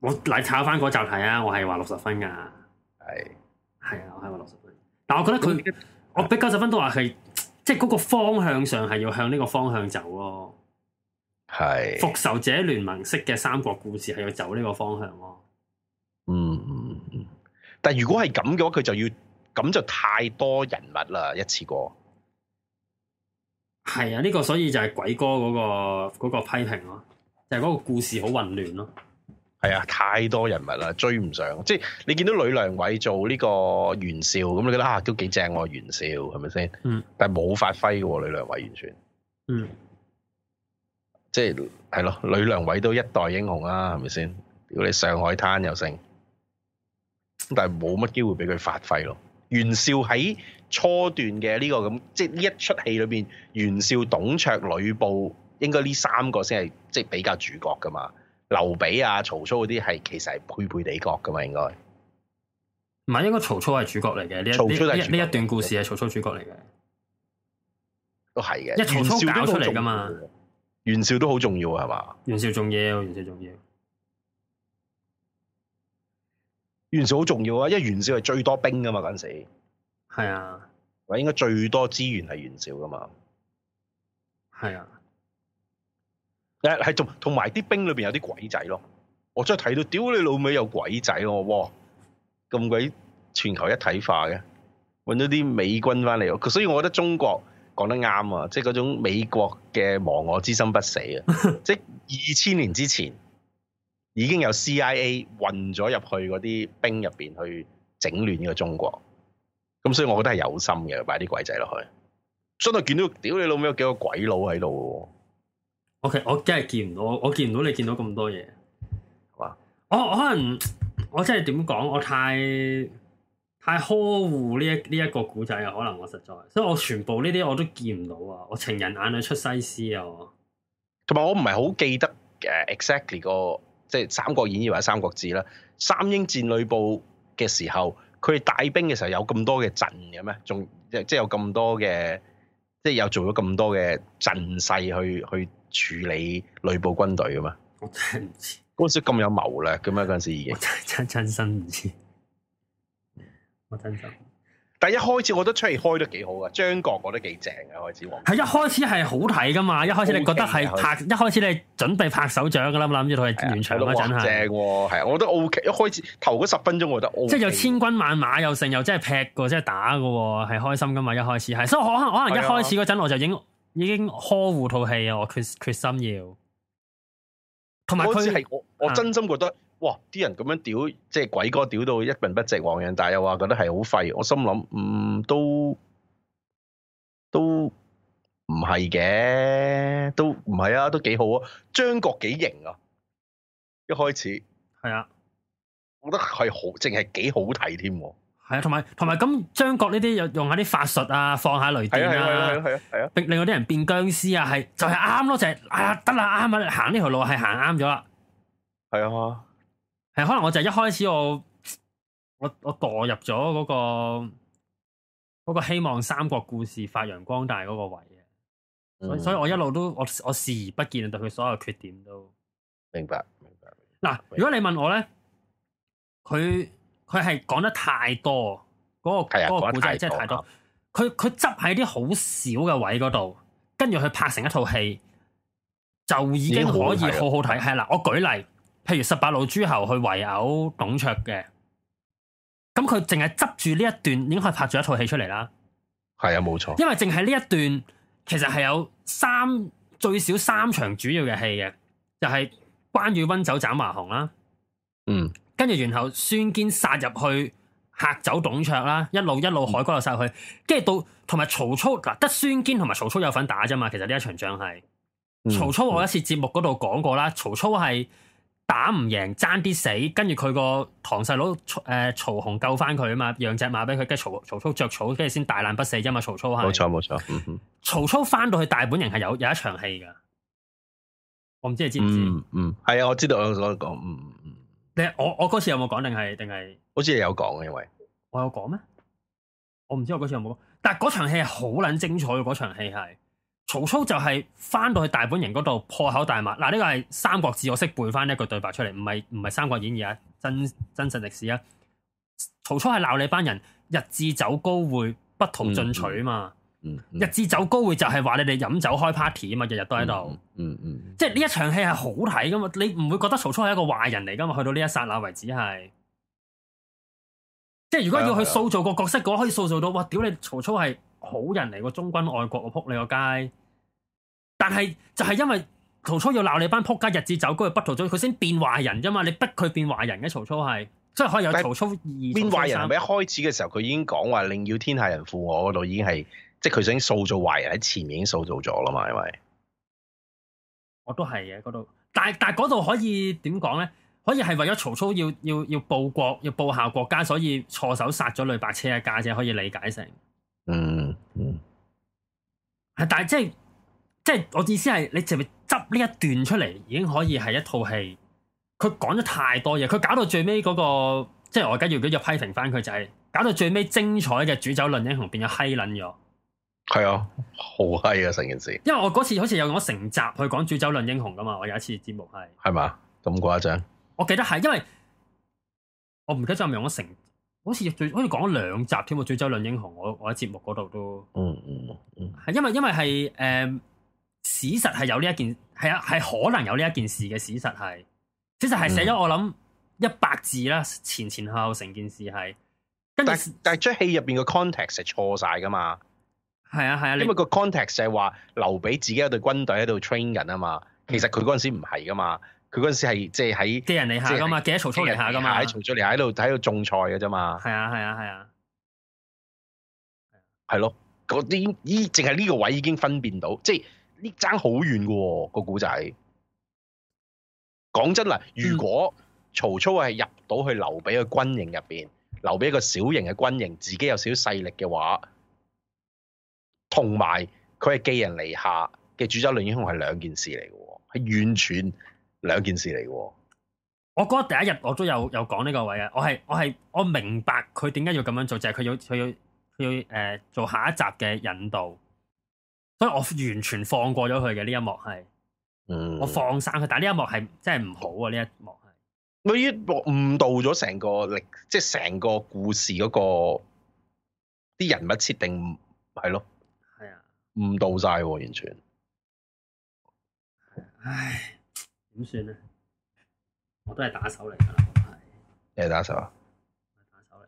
[SPEAKER 1] 我嚟睇翻嗰集係啊！我係話六十分噶係係啊，我係話六十分。但係我覺得佢，我俾九十分都話係，即係嗰個方向上係要向呢個方向走咯，啊。係復是仇者聯盟式嘅三國故事係要走呢個方向，啊嗯。嗯嗯
[SPEAKER 2] 嗯。但係如果係咁嘅話，佢就要咁就太多人物啦，一次過。
[SPEAKER 1] 係啊，呢個所以就係鬼哥嗰個個批評咯，就係嗰個故事好混亂咯。係啊，太多人物啦，追唔上。即係你見到呂良偉做呢
[SPEAKER 2] 個袁紹，咁你覺得啊，都幾正喎、啊、袁紹係咪先？嗯。但係冇發揮嘅喎，呂良偉完全。嗯即。即係係咯，呂良偉都一代英雄啊，係咪先？如果你上海灘又剩，但係冇乜機會俾佢發揮咯。袁紹喺。初段嘅呢、這個咁，即係呢一出戲裏邊，袁紹、董卓、呂布，應該呢三個先係即係比較主角噶嘛。劉備啊、曹操嗰啲係其實係配配地角噶嘛，應該。
[SPEAKER 1] 唔係，應該曹操係主角嚟嘅，呢一，呢一,一段故事係曹操主角嚟嘅。
[SPEAKER 2] 都係嘅，一曹操搞出嚟噶嘛。
[SPEAKER 1] 袁
[SPEAKER 2] 紹都好重要啊，係嘛？袁紹重要，袁紹重要。袁紹好重要啊，因為袁紹係最多兵噶嘛，嗰陣時。係啊，我應該最多資源係袁少噶嘛，係啊，誒，係仲同埋啲兵裏邊有啲鬼仔咯，我真係睇到屌你老味有鬼仔咯哇，咁鬼全球一體化嘅，搵咗啲美軍翻嚟，所以我覺得中國講得啱啊，即係嗰種美國嘅亡我之心不死啊，即係二千年之前已經有 CIA 混咗入去嗰啲兵入邊去整亂呢個中國。咁所以我覺得係有心嘅，擺啲鬼仔落去。真係見到屌你
[SPEAKER 1] 老味有幾個鬼佬喺度。OK，我真係見唔到，我見唔到你見到咁多嘢。哇！我，我可能我真係點講，我太太呵護呢一呢一個古仔啊。可能我實在，所以我全部呢啲我都見唔到啊。我情人眼裏出西施啊。同埋我唔係好記得誒，exactly 個
[SPEAKER 2] 即係《三國演義》或者《三國志》啦，《三英戰呂布》嘅時候。佢哋帶兵嘅時候有咁多嘅陣嘅咩？仲即即有咁多嘅，即有做咗咁多嘅陣勢去去處理內部軍隊嘅嘛？我真係唔知嗰陣時咁有謀略嘅咩？嗰陣時已經，我真
[SPEAKER 1] 真真心唔知，
[SPEAKER 2] 我真心。但一開始我覺得出嚟開得幾好噶，張國我覺得幾正
[SPEAKER 1] 嘅開始。王，係一開始係好睇噶嘛，okay, 一開始你覺得係拍，okay. 一開始你準備拍手掌嘅諗諗住套戲完場啦，我真係。正喎，
[SPEAKER 2] 係我覺得 O、okay, K，一開始頭嗰十分鐘我覺得 O、okay。即係有千
[SPEAKER 1] 軍萬馬又成又真係劈過，即、就、係、是、打嘅，係開心嘅嘛。一開始係，所以可能可能一開始嗰陣我就已經，的就已，經已經呵護套戲啊，我決，決心要。同埋佢係我，我
[SPEAKER 2] 真心覺得。啊哇！啲人咁樣屌，即係鬼哥屌到一文不值，黃人，大又話覺得係好廢。我心諗，嗯、yeah,，都都唔係嘅，都唔係啊，都幾好啊。張國幾型啊！一開始係啊，我覺得係好，淨係幾好睇添。
[SPEAKER 1] 係啊，同埋同埋咁，張國呢啲又用下啲法術啊，放下雷電啊，係啊係啊係啊係啊，令令啲人變僵屍啊，係就係啱咯，就係哎得啦啱啊，行呢條路係行啱咗啦。係啊。係可能我就一開始我我我墮入咗嗰個嗰個希望三國故事發揚光大嗰個位，所以、嗯、所以我一路都我我視而不見對佢所有缺點都明白明白。嗱，喊白如果你問我咧，佢佢係講得太多嗰個嗰、哎、呀個古仔，真係太多。佢佢執喺啲好少嘅位嗰度，跟住佢拍成一套戲就已經可以好好睇。係啦，我舉例。譬如十八路諸侯去圍毆董卓嘅，咁佢淨係執住呢一段，已經可以拍咗一套戲出嚟啦。
[SPEAKER 2] 係啊，
[SPEAKER 1] 冇錯。因為淨係呢一段，其實係有三最少三場主要嘅戲嘅，就係關羽溫酒斬華雄啦。嗯，跟住然後孫堅殺入去嚇走董卓啦，一路一路海角殺落去，跟住、嗯、到同埋曹操嗱，得孫堅同埋曹操有份打啫嘛。其實呢一場仗係曹操，我一次節目嗰度講過啦，嗯嗯，曹操係。打唔贏，爭啲死，跟住佢個堂細佬誒，曹洪救翻佢啊嘛，讓隻馬俾佢，跟住曹曹操着草，跟住先大難不死啫嘛，曹操係。冇
[SPEAKER 2] 錯冇錯，錯嗯、
[SPEAKER 1] 曹操翻到去大本營係有有一場戲噶，我唔知你知
[SPEAKER 2] 唔知？嗯係啊、嗯，我知道我有，我我講，嗯嗯嗯。
[SPEAKER 1] 你我我嗰次有冇講定係定係？好似你有講啊，因為我有講咩？我唔知我嗰次有冇講，但係嗰場戲係好捻精彩嘅，嗰場戲係。曹操就係翻到去大本營嗰度破口大罵，嗱呢個係《三國志》，我識背翻一個對白出嚟，唔係唔係《三國演義》啊，真真實歷史啊。曹操係鬧你班人日置酒高會不圖進取嘛，日置酒高會就係話你哋飲酒開 party 啊嘛，日日都喺度，嗯嗯嗯嗯、即係呢一場戲係好睇噶嘛，你唔會覺得曹操係一個壞人嚟噶嘛？去到呢一剎那為止係，即係如果要去塑造個角色嘅話，可以塑造到哇，屌你曹操係好人嚟個忠君愛國我扑你個街！但係就係因為曹操要鬧你班仆街日子走高去不逃咗。佢先變壞人啫嘛！你逼佢變壞人嘅曹操係，即係可以有曹操二變壞但同人。咪三一
[SPEAKER 2] 開始嘅時候佢已經講話寧要天下人負我嗰度，已經係即係佢想經塑造壞人喺前面已經塑造咗啦嘛，因為
[SPEAKER 1] 我都係嘅嗰度，但係但係嗰度可以點講咧？可以係為咗曹操要要要報國要報效國家，所以錯手殺咗呂伯奢嘅家姐，可以理解成嗯嗯係，但係即係。即係我意思係，你係咪執呢一段出嚟已經可以係一套戲？佢講咗太多嘢，佢搞到最尾嗰，那個，即係我而家如果要批評翻佢就係，是，搞到最尾精彩嘅煮酒論英雄變咗嗨撚咗。
[SPEAKER 2] 係、哦、啊，好嗨啊成
[SPEAKER 1] 件事。因為我嗰次好似有用咗成集去講煮酒論英雄噶嘛，我有一次節目係係嘛，咁誇張。張我記得係因為我唔記得就咗用咗成，好似最好似講咗兩集添啊。煮酒論英雄，我我喺節目嗰度都，嗯嗯嗯，係因為因為係誒。呃史實係有呢一件事，係啊，係可能有呢一件事嘅史實係，史實係寫咗我諗一百字啦，前前後後成件事係，跟住但係出戲入邊嘅 context 係錯晒噶嘛，係啊係啊，因為個 context 係話
[SPEAKER 2] 留畀自己一隊軍隊喺度 train 緊啊嘛，其實佢嗰陣時唔係噶嘛，佢嗰陣時係即係喺寄人籬下噶嘛，寄喺曹操嚟下噶嘛，喺曹操嚟下喺度喺度種菜噶啫嘛，係啊係啊係啊，係咯、啊，啲依淨係呢個位已經分辨到，即係。呢爭好遠嘅喎，哦那個古仔，講真嗱，如果曹操係入到去劉備嘅軍營入邊，劉備一個小型嘅軍營，自己有少少勢力嘅話，同埋佢係寄人籬下嘅《煮酒論英雄》係兩件事嚟嘅喎，係完全兩件事嚟嘅喎。
[SPEAKER 1] 我覺得第一日我都有有講呢個位嘅，我係我係我明白佢點解要咁樣做，就係、是、佢要佢要誒、呃、做下一集嘅引導。所以我完全放過咗佢嘅呢一幕係，
[SPEAKER 2] 嗯，我放
[SPEAKER 1] 生佢，但係呢一幕係真係唔好啊！呢一幕，
[SPEAKER 2] 呢一幕誤導咗成個劇，即
[SPEAKER 1] 係成個故事嗰個
[SPEAKER 2] 啲人物設定係咯，係啊，誤導晒完
[SPEAKER 1] 全。唉，點算呢？我都係打手嚟㗎啦，係
[SPEAKER 2] 你係打手啊？
[SPEAKER 1] 打手嚟。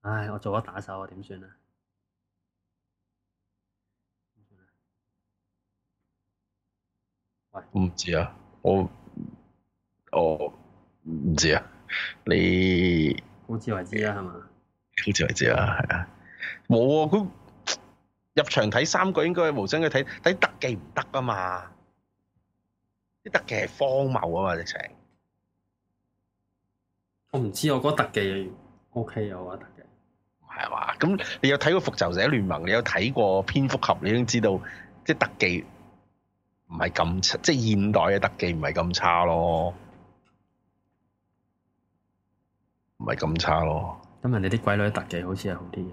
[SPEAKER 1] 唉，我做咗打手啊，點算啊？
[SPEAKER 2] 唔知啊，我哦，唔知啊，你好自為之啊，係嘛？好自為之啊，係啊，冇啊，佢入場睇三個應該係無聲嘅，睇睇特技唔得啊嘛，啲特技係荒謬啊嘛，直情。我唔知，我覺得特技 OK 啊，我覺得特技係嘛，咁你有睇過復仇者聯盟，你有睇過蝙蝠俠，你已經知道即係特技。唔係咁差，即係現代嘅特技唔係咁差咯，唔係咁差咯。咁人哋啲鬼女特技好似係好啲嘅，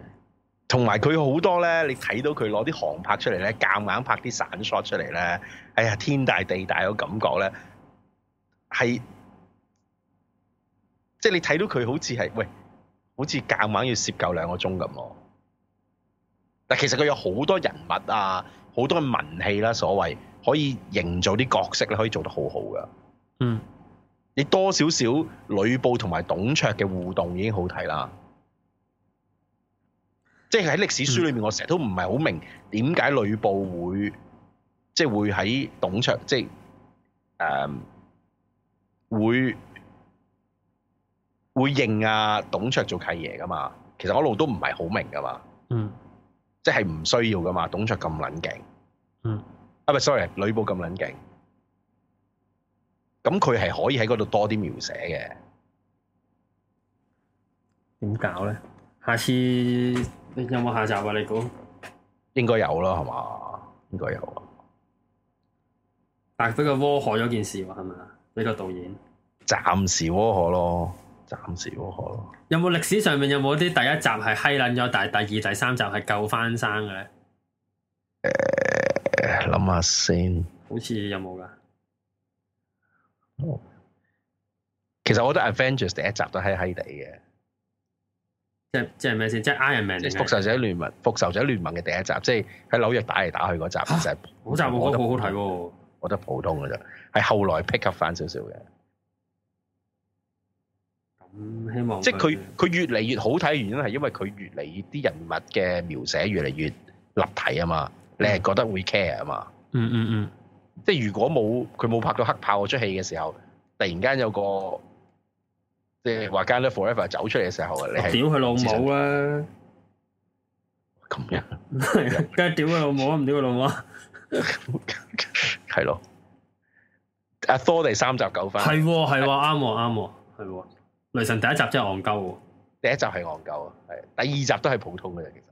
[SPEAKER 2] 同埋佢好多咧，你睇到佢攞啲航拍出嚟咧，夾硬，硬拍啲散 shot 出嚟咧，哎呀天大地大嘅感覺咧，係即係你睇到佢好似係喂，好似夾硬，硬要攝夠兩個鐘咁咯。但其實佢有好多人物啊，好多嘅文戲啦，啊，所謂。可以營造啲角色咧，可以做得好好噶。
[SPEAKER 3] 嗯，
[SPEAKER 2] 你多少少呂布同埋董卓嘅互動已經好睇啦。即係喺歷史書裏面，嗯、我成日都唔係好明點解呂布會即係、就是、會喺董卓即係誒會會認啊董卓做契爺噶嘛？其實我一路都唔係好明噶嘛。
[SPEAKER 3] 嗯，
[SPEAKER 2] 即係唔需要噶嘛。董卓咁勁。嗯。Sorry，呂布咁撚勁，咁佢係可以喺嗰度多啲描寫嘅。
[SPEAKER 1] 點搞咧？下次你有冇下集啊？你估應該有啦，係嘛？應該有啊。但係比較窩火咗件事喎，係嘛？呢個導演暫時窩火咯，暫時窩火咯。有冇歷史上面有冇啲第一集係嗨捻咗，但係第二、第三集係救翻生嘅咧？諗下先，想想好似有冇噶、
[SPEAKER 2] 哦？其實我覺得《Avengers》第一集都嗨喺地嘅，即係即係咩先？即係 Iron Man，復仇者聯盟，復仇者聯盟嘅第一集，即係喺紐約打嚟打去嗰集，啊、其實好集我覺得好好睇，啊、我覺得普通嘅啫，係、哦、後來 pick up 翻少少嘅。咁、
[SPEAKER 1] 嗯、希望，即係佢
[SPEAKER 2] 佢越嚟越好睇，原因係因為佢越嚟啲人物嘅描寫越嚟越，越立體啊嘛。你係覺得會 care 啊、right? 嘛、
[SPEAKER 3] mm？嗯嗯嗯，hmm.
[SPEAKER 2] 即係如果冇佢冇拍到黑豹嗰出戲嘅時候，突然間有個即係話間咧 forever 走出嚟嘅時候啊，你屌
[SPEAKER 1] 佢老母啊！咁樣，梗係屌佢老母啊？唔屌佢老母啊！係咯， 阿 Thor 第三集九分，係係啱啱，係、啊啊啊啊啊、雷神第一集真係戇鳩，第一集係戇鳩啊，係第二集都係普通嘅啫其實。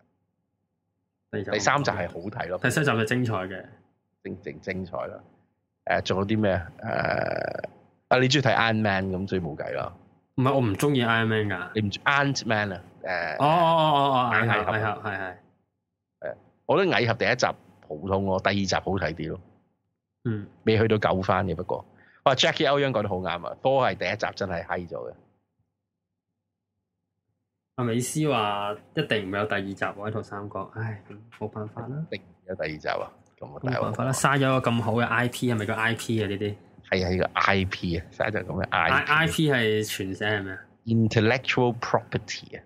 [SPEAKER 1] 第三集
[SPEAKER 2] 係好睇咯，第三集係精彩嘅，正正精彩啦。誒、呃，仲有啲咩啊？誒，啊，你中意睇 Iron Man 咁，所以冇計咯。唔係，我唔中意 Iron Man 噶。你唔中意
[SPEAKER 1] Iron Man 啊？誒、呃，哦哦哦哦哦，蟻俠蟻俠係係，誒，
[SPEAKER 2] 我覺得蟻俠第一集普通咯，第二集好睇啲咯。嗯。未去到救翻嘅，不過，哇，Jackie 歐陽講得好
[SPEAKER 1] 啱啊，都係第一集真係嗨咗嘅。阿美斯話一定唔會有第二集喎，呢套三角，唉，冇辦法啦。定有第二集啊？咁啊，冇辦法啦，嘥咗個咁好嘅 I P，係咪個 I P 啊？呢啲係係個 I P 啊，嘥咗咁嘅 IP。I P 係全寫係咩啊？Intellectual property 啊，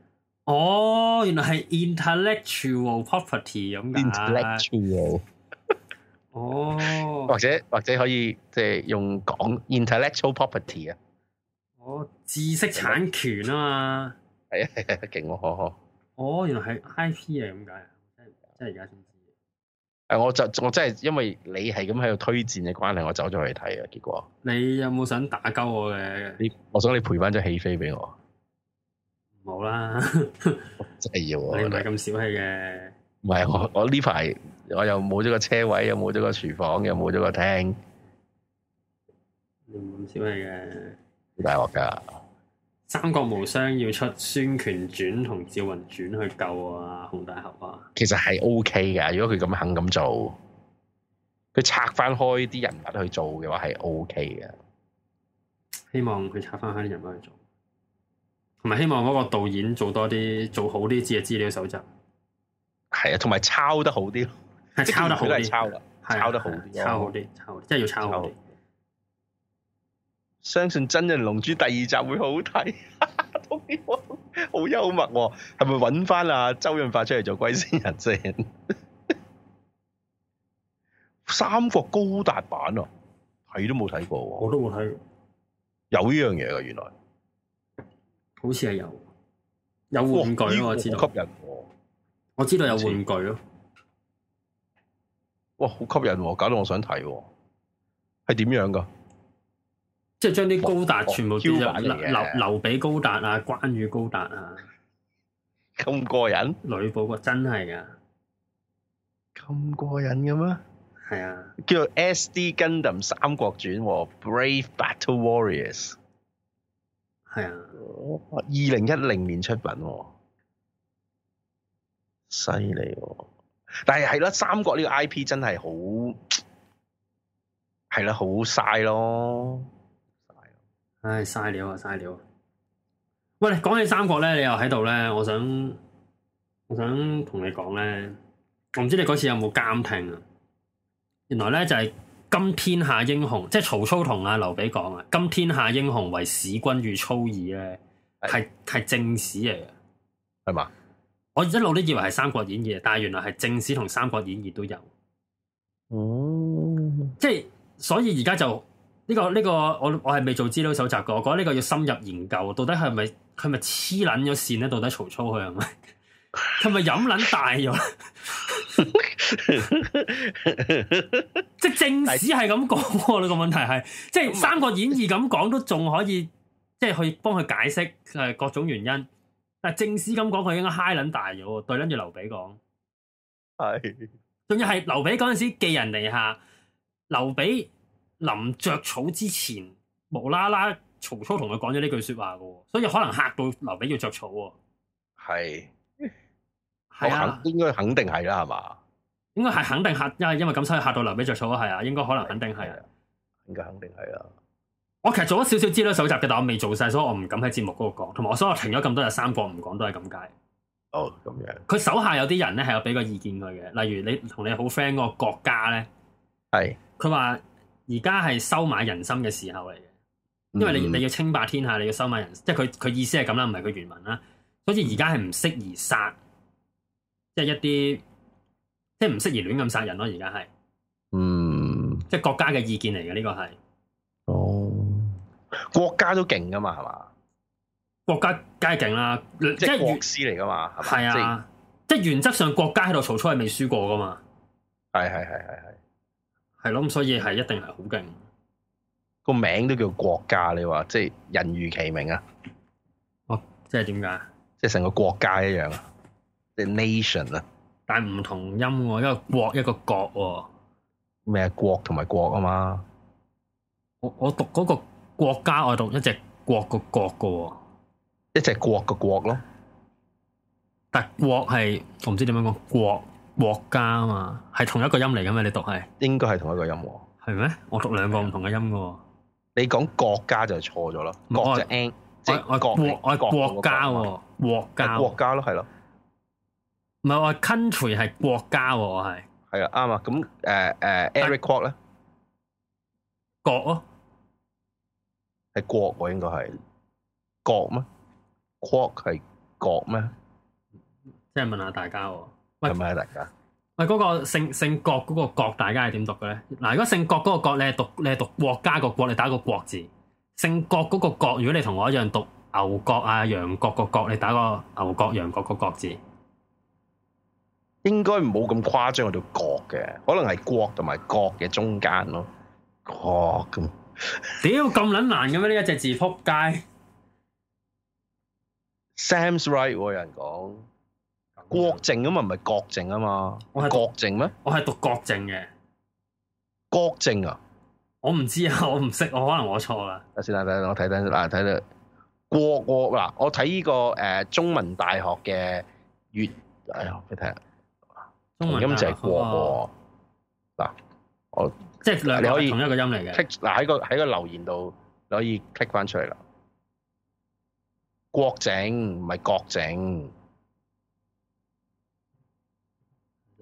[SPEAKER 1] 哦，原來係 intellectual property 咁嘅 Intellectual 啊。哦，或者或者可以即係、就是、用
[SPEAKER 2] 講 intellectual property 啊，哦
[SPEAKER 1] ，oh, 知識產權啊
[SPEAKER 2] 嘛。係啊係啊，勁喎！哦哦，
[SPEAKER 1] 哦，原來係 I P 啊咁解啊！真係，真
[SPEAKER 2] 係而家先知。誒，我就我真係因為你係咁喺度推薦嘅關係，我走咗去睇啊，結果。
[SPEAKER 1] 你有冇想打鳩我嘅？我想你賠翻張戲飛俾我。冇好啦。 我真係要喎。 你唔係咁小氣嘅。唔係我我呢排
[SPEAKER 2] 我又冇咗個車位，又冇咗個廚房，又冇咗個廳。
[SPEAKER 1] 你唔
[SPEAKER 2] 咁小氣嘅。大鑊噶。
[SPEAKER 1] 三國無雙要出孫權傳同趙雲傳去救啊，紅大俠
[SPEAKER 2] 啊！其實係 O K 嘅，如果佢咁肯咁做，佢拆
[SPEAKER 1] 翻開啲人物去做嘅話係 O K 嘅。希望佢拆翻開啲人物去做，同埋希望嗰個導演做多啲，做好啲資資料搜集。係啊，同埋抄得好啲咯，即係抄都係抄啦，抄得好啲，抄好啲，抄好啲，即係、就是、要抄好啲。
[SPEAKER 2] 相信真人龍珠第二集會好睇，好 幽默喎、啊。係咪揾翻阿周潤發出嚟做龜仙人先？ 三國高達版啊，睇都冇睇過、啊、過，我都冇睇。有呢樣嘢啊，原來好似係有，有玩具、啊、哇我知道，吸引我，我知道有玩具咯。哇，好吸引、啊，搞到我想睇、啊，係點樣噶？
[SPEAKER 1] 即係將啲高達全部留留留俾高達啊，關羽高達啊，咁過癮！呂布個真係噶，
[SPEAKER 2] 咁過癮嘅咩？係啊，啊叫做《S D Gundam 三國傳》哦《Brave Battle Warriors》，係啊，二零一零年出品，犀、哦、利、哦！但係係咯，三國呢個 I P 真係好，係啦、啊，好晒咯。
[SPEAKER 1] 唉，嘥料啊，嘥料啊！喂，講起三國咧，你又喺度咧，我想我想同你講咧，我唔知你嗰次有冇監聽啊？原來咧就係今天下英雄，即係曹操同阿劉備講啊，今天下英雄為使君與操耳咧，係係正史嚟嘅，係嘛？我一路都以為係三國演義，但係原來係正史同三國演義都有。哦，嗯，即係所以而家就。呢、個呢個我我係未做資料搜集過，我覺得呢個要深入研究，到底係咪佢咪黐撚咗線咧？到底曹操佢係咪佢咪飲撚大咗？ 即係正史係咁講喎。呢、個問題係，即係《三國演義》咁講都仲可以，即係去幫佢解釋誒各種原因。但係正史咁講，佢應該嗨撚大咗。對，跟住劉備講，係仲要係劉備嗰陣時寄人籬下，劉備。臨着草之前，無啦啦，曹操同佢講咗呢句説話嘅，所以可能嚇到劉備要著草喎。係是啊，應該肯定係啦，係嘛？應該係肯定嚇，因因為咁所以嚇到劉備着草啊，係啊，應該可能肯定係啊，應該肯定係啊。我其實做咗少少資料搜集嘅，但我未做晒，所以我唔敢喺節目嗰度講。同埋我所以我停咗咁多日三國唔講都係咁解。哦，咁樣。佢手下有啲人咧係有俾個意見佢嘅，例如你同你好 friend 嗰個國家咧，係佢話。說是而家係收買人心嘅時候嚟嘅，因為你你要稱霸天下，你要收買人，嗯、即係佢佢意思係咁啦，唔係佢原文啦。所以而家係唔適宜殺，即係一啲即係唔適宜亂咁殺人咯，啊。而家係，嗯，即係國家嘅意見嚟嘅，呢個係，哦，國家都勁噶嘛，係嘛？國家梗係勁啦，即係國師嚟噶嘛，係啊，即係原則上國家喺度，曹操係未輸過噶嘛，係係係係係。係咯，所以係一定係好勁。個
[SPEAKER 2] 名都叫國家，你話即係人如其名啊！哦，即係點解？即係成個國家一樣啊！即係 nation 啊！但係唔同音喎、哦，一個
[SPEAKER 1] 國一個國喎、哦。咩啊？國同埋國啊嘛？我我讀嗰個國家，我讀一隻國個國噶、哦，一隻國個國咯。但係國係我唔知點樣講國。國家啊嘛，係同一個音嚟嘅咩？你讀係應該係同一個音，係咩？我讀兩個唔同嘅音噶。你講國家就係錯咗咯。我係 n，即係國，我係國家，國家，國家咯，係咯。唔係，我係 country 係國家，我係係啊啱啊。咁誒誒，Eric Quark 咧，國咯，
[SPEAKER 2] 係國我應該係國咩？Quark 係
[SPEAKER 1] 國咩？即係問，問下大家。係咪喂啊？那個、大家，喂，嗰個姓姓郭嗰個郭，大家係點讀嘅咧？嗱，如果姓郭嗰個郭，你係讀你係讀國家個國，你打個國字。姓郭嗰個郭，如果你同我一樣讀牛角啊、羊角個角，你打個牛角、羊角個角字，
[SPEAKER 2] 應該冇咁誇張去到角嘅，可能係國同埋角嘅中間咯。國、哦、咁，
[SPEAKER 1] 屌咁撚難嘅咩？呢一隻字撲街。
[SPEAKER 2] Sam's right，有人講。郭靖啊嘛？唔係郭靖啊嘛，郭靖咩？
[SPEAKER 1] 我係讀郭靖嘅。
[SPEAKER 2] 郭靖啊？我
[SPEAKER 1] 唔知啊，我唔識，我可能我錯
[SPEAKER 2] 啦。等先等等，等國國，我睇睇嗱，睇到國國嗱，我睇呢個誒中文大學嘅粵，哎呀，你睇下，中文大、啊、音
[SPEAKER 3] 就係國國
[SPEAKER 2] 嗱、啊，我即係你可以同一個音嚟嘅。嗱喺個喺個留言度你可以 click 翻出嚟啦。郭靖唔咪郭靖。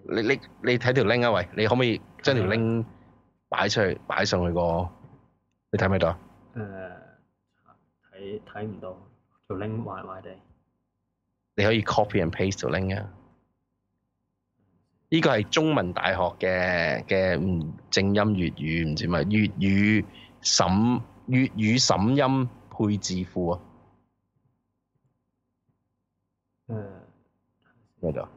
[SPEAKER 2] 你你你睇條 link 啊，喂，你可唔可以將條 link 擺出去擺上去個？你睇唔睇到啊？誒、呃，睇睇唔
[SPEAKER 1] 到條 link 壞壞
[SPEAKER 2] 地。你可以 copy and paste 條 link 啊。呢個係中文大學嘅嘅正音粵語，唔知咩粵語審粵語審音配字庫啊。誒、呃，睇唔到。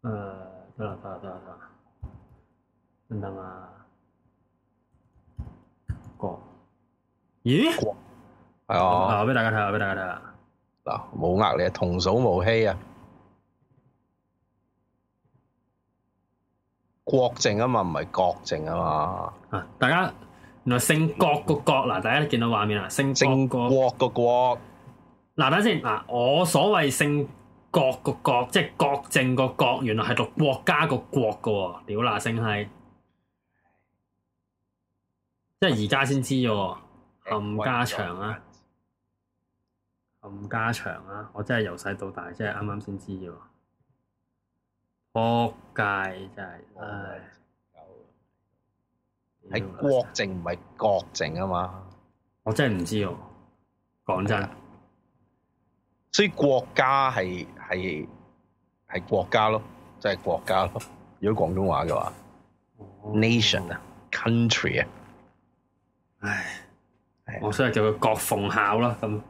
[SPEAKER 1] 誒、嗯，得啦得啦得啦得啦，
[SPEAKER 2] 等等啊，國，咦？國，係啊，唔好俾大家睇，唔畀大家睇。嗱，冇呃你，同叟冇欺啊。
[SPEAKER 1] 國靜啊嘛，唔係國靜啊嘛。啊，大家，原來姓郭個郭嗱，大家都見到畫面啦，姓郭個郭個郭。嗱、啊，等先，嗱，我所謂姓。國個國，即係國政個國，原來係讀國家個國噶、哦，屌那星係，即係而家先知喎。冚家祥啊，冚家祥啊，我真係由細到大真剛剛，真係啱啱先知嘅。仆街真係，唉，係國政唔係國政啊嘛，我真係唔知哦。
[SPEAKER 2] 講真，所以國家係。係係國家咯，即係國家咯。如果廣東話嘅話，nation 啊，country 啊，唉，我想係就叫郭鳳孝咯咁。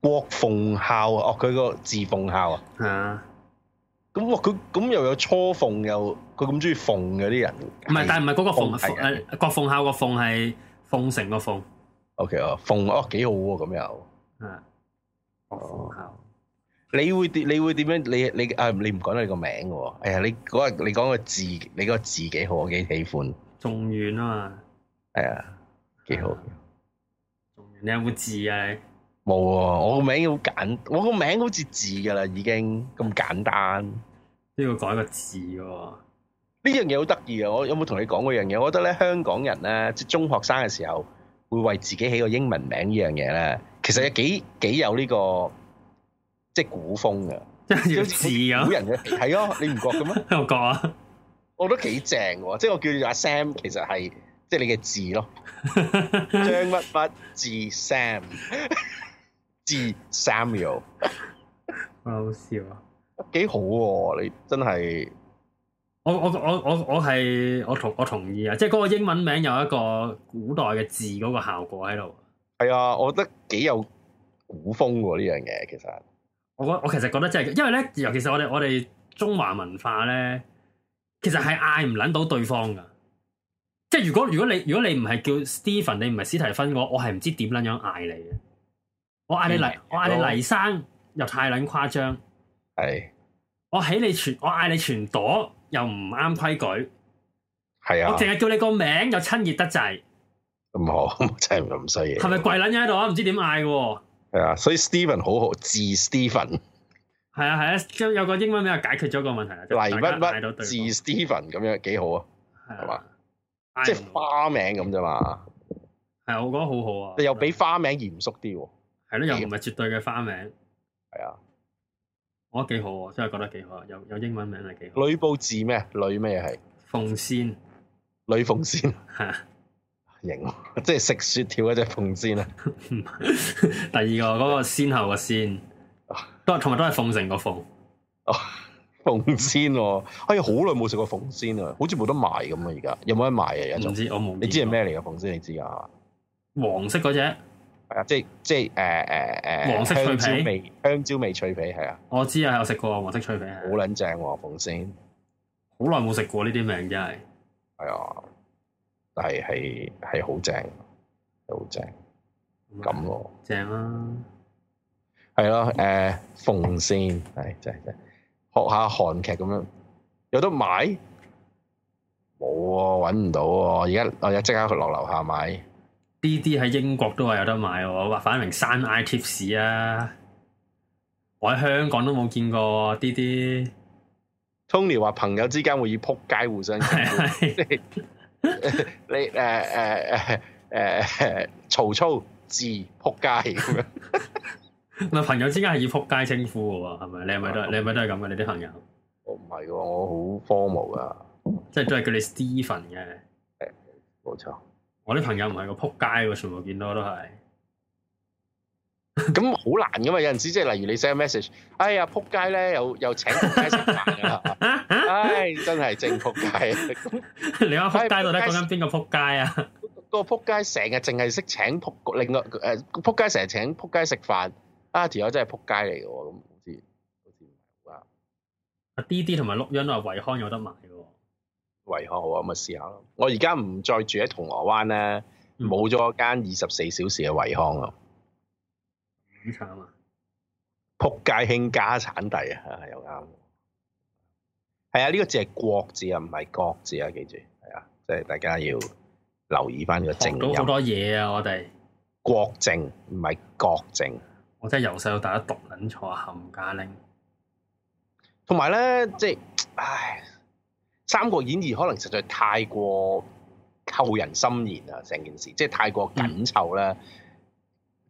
[SPEAKER 2] 郭鳳孝啊，哦，佢個字鳳孝啊。係啊、嗯。咁佢咁又有初鳳，又佢咁中意鳳嘅啲人。唔係，但係唔係嗰個鳳，
[SPEAKER 1] 誒、啊，郭鳳孝個鳳係鳳城個鳳。O、okay, K 哦，鳳
[SPEAKER 2] 哦，幾好喎，咁又。係、啊。郭你會點？你會點樣？你你啊？你唔講你個名嘅喎。你嗰日你講、哎、個字，你個字幾好，我幾喜歡。
[SPEAKER 1] 仲遠啊嘛。係啊，幾、哎、好、
[SPEAKER 2] 啊。你有冇字啊？冇喎、啊，我個名好簡，我個名好似字噶啦，已經咁簡單。呢個改個字喎、啊。呢樣嘢好得意啊！我有冇同你講過樣嘢？我覺得咧，香港人咧，即係中學生嘅時候，會為自己起個英文名呢樣嘢咧，其實有幾幾有呢、這個。即係古風噶，即係要字啊！古人嘅係咯，你唔覺噶咩？我覺啊，我覺得幾正嘅，即係我叫你阿 Sam，其實係即係你嘅字咯。張乜乜字 Sam，字 Samuel 。
[SPEAKER 1] 好笑、啊，幾好喎、啊！你真係我我我我我係我同我同意啊！即係嗰個英文名有一個古代嘅字嗰個效果喺度。係啊，我
[SPEAKER 2] 覺得幾有古風喎呢樣嘢，其實。
[SPEAKER 1] 我覺我其實覺得真係，因為咧，尤其是我哋我哋中華文化咧，其實係嗌唔捻到對方噶。即係如果如果你如果你唔係叫 Steven，你唔係史提芬，我我係唔知點捻樣嗌你嘅。我嗌你黎，嗯、我嗌你黎生、嗯、又太捻誇張。係是。我喺你全，我嗌你全朵又唔啱規矩。
[SPEAKER 2] 係啊。我淨係
[SPEAKER 1] 叫你個名又親熱得滯。
[SPEAKER 2] 咁好，真係咁衰嘢。
[SPEAKER 1] 係咪跪捻咗喺度啊？唔知點嗌嘅。係啊，
[SPEAKER 2] 所以 Steven 好好，字 Steven。
[SPEAKER 1] 係啊係啊，有、啊、有個英文名解決咗個問題，黎乜乜字 Steven 咁樣幾好
[SPEAKER 2] 啊，係嘛，即係花名咁啫嘛。係啊，我覺得好好啊，又比花
[SPEAKER 1] 名嚴肅啲喎、啊。係咯、啊，又唔係絕對嘅花名。
[SPEAKER 2] 係啊，我覺得幾好、啊，真係覺得幾
[SPEAKER 1] 好，有有英文名
[SPEAKER 2] 係幾好。呂布字咩？呂咩係？奉先仙，
[SPEAKER 1] 呂奉先啊。 即係食雪條嗰隻鳳仙啊！ 第二個嗰、嗰個仙后嘅仙，都係同埋都係鳳城個鳳。 鳳哦，鳳仙喎，哎呀，好耐冇食過鳳仙啊，好似冇得賣咁啊！而
[SPEAKER 2] 家有冇得賣啊？有，唔知我冇。你知係咩嚟嘅鳳仙你知啊？黃色嗰隻係啊，即係即係誒誒誒，呃呃、黃色脆皮味，香蕉味脆皮係啊。
[SPEAKER 1] 我知啊，有食過黃色脆皮，好撚正喎鳳仙，好耐冇食過呢啲名真係係
[SPEAKER 2] 啊。 係係係好正，好正咁咯、啊呃，正啦，係咯，誒，奉先，係真係真，學下韓劇咁樣有得買，冇啊，搵唔到啊，而家我而家即刻去落樓樓樓下買，
[SPEAKER 1] 呢啲喺英國都話有得買喎、啊，哇，反名山埃 tips 啊，我喺香港都冇見過呢啲，Tony 話朋友之間會以撲街互相，即
[SPEAKER 2] 你誒誒誒誒，曹操字
[SPEAKER 1] 扑街咁樣。嗱，朋友之間係以扑街稱呼嘅喎，係咪？你係咪都係，嗯？你係咪都係咁嘅？你啲朋友？
[SPEAKER 2] 我唔係嘅，我好荒謬
[SPEAKER 1] 噶。即係都係叫你 Stephen 嘅。冇錯，嗯。錯我啲朋友唔係個扑街喎，全部見到都係。
[SPEAKER 2] 咁好 難噶嘛？有陣時即係例如你 send message，哎呀扑街咧，又又請扑街食飯啊！唉、 哎，真係正扑街， 街，街啊！你
[SPEAKER 1] 話扑街度咧講緊邊個扑街啊？
[SPEAKER 2] 個扑街成日淨係識請扑，另外誒扑、呃、街成日請扑街食飯啊！條友真係扑街嚟嘅，咁好
[SPEAKER 1] 似好似啊！啊，D D 同埋錄音都係惠康有得買嘅，惠康好啊，咁咪試下
[SPEAKER 2] 咯。我而家唔再住喺銅鑼灣咧，冇咗間二十四小時嘅惠康啊。啊，仆街興家產地啊，又啱。係啊，呢個字係國字啊，唔係國字啊，記住係啊，即係大家要留意翻個正音。學到好多嘢啊，我哋國政唔係國政」國政。我真係由細到大都讀捻錯冚家拎。同埋咧，即係唉，《三國演義》可能實在太過扣人心弦啊，成件事即係太過緊湊啦。嗯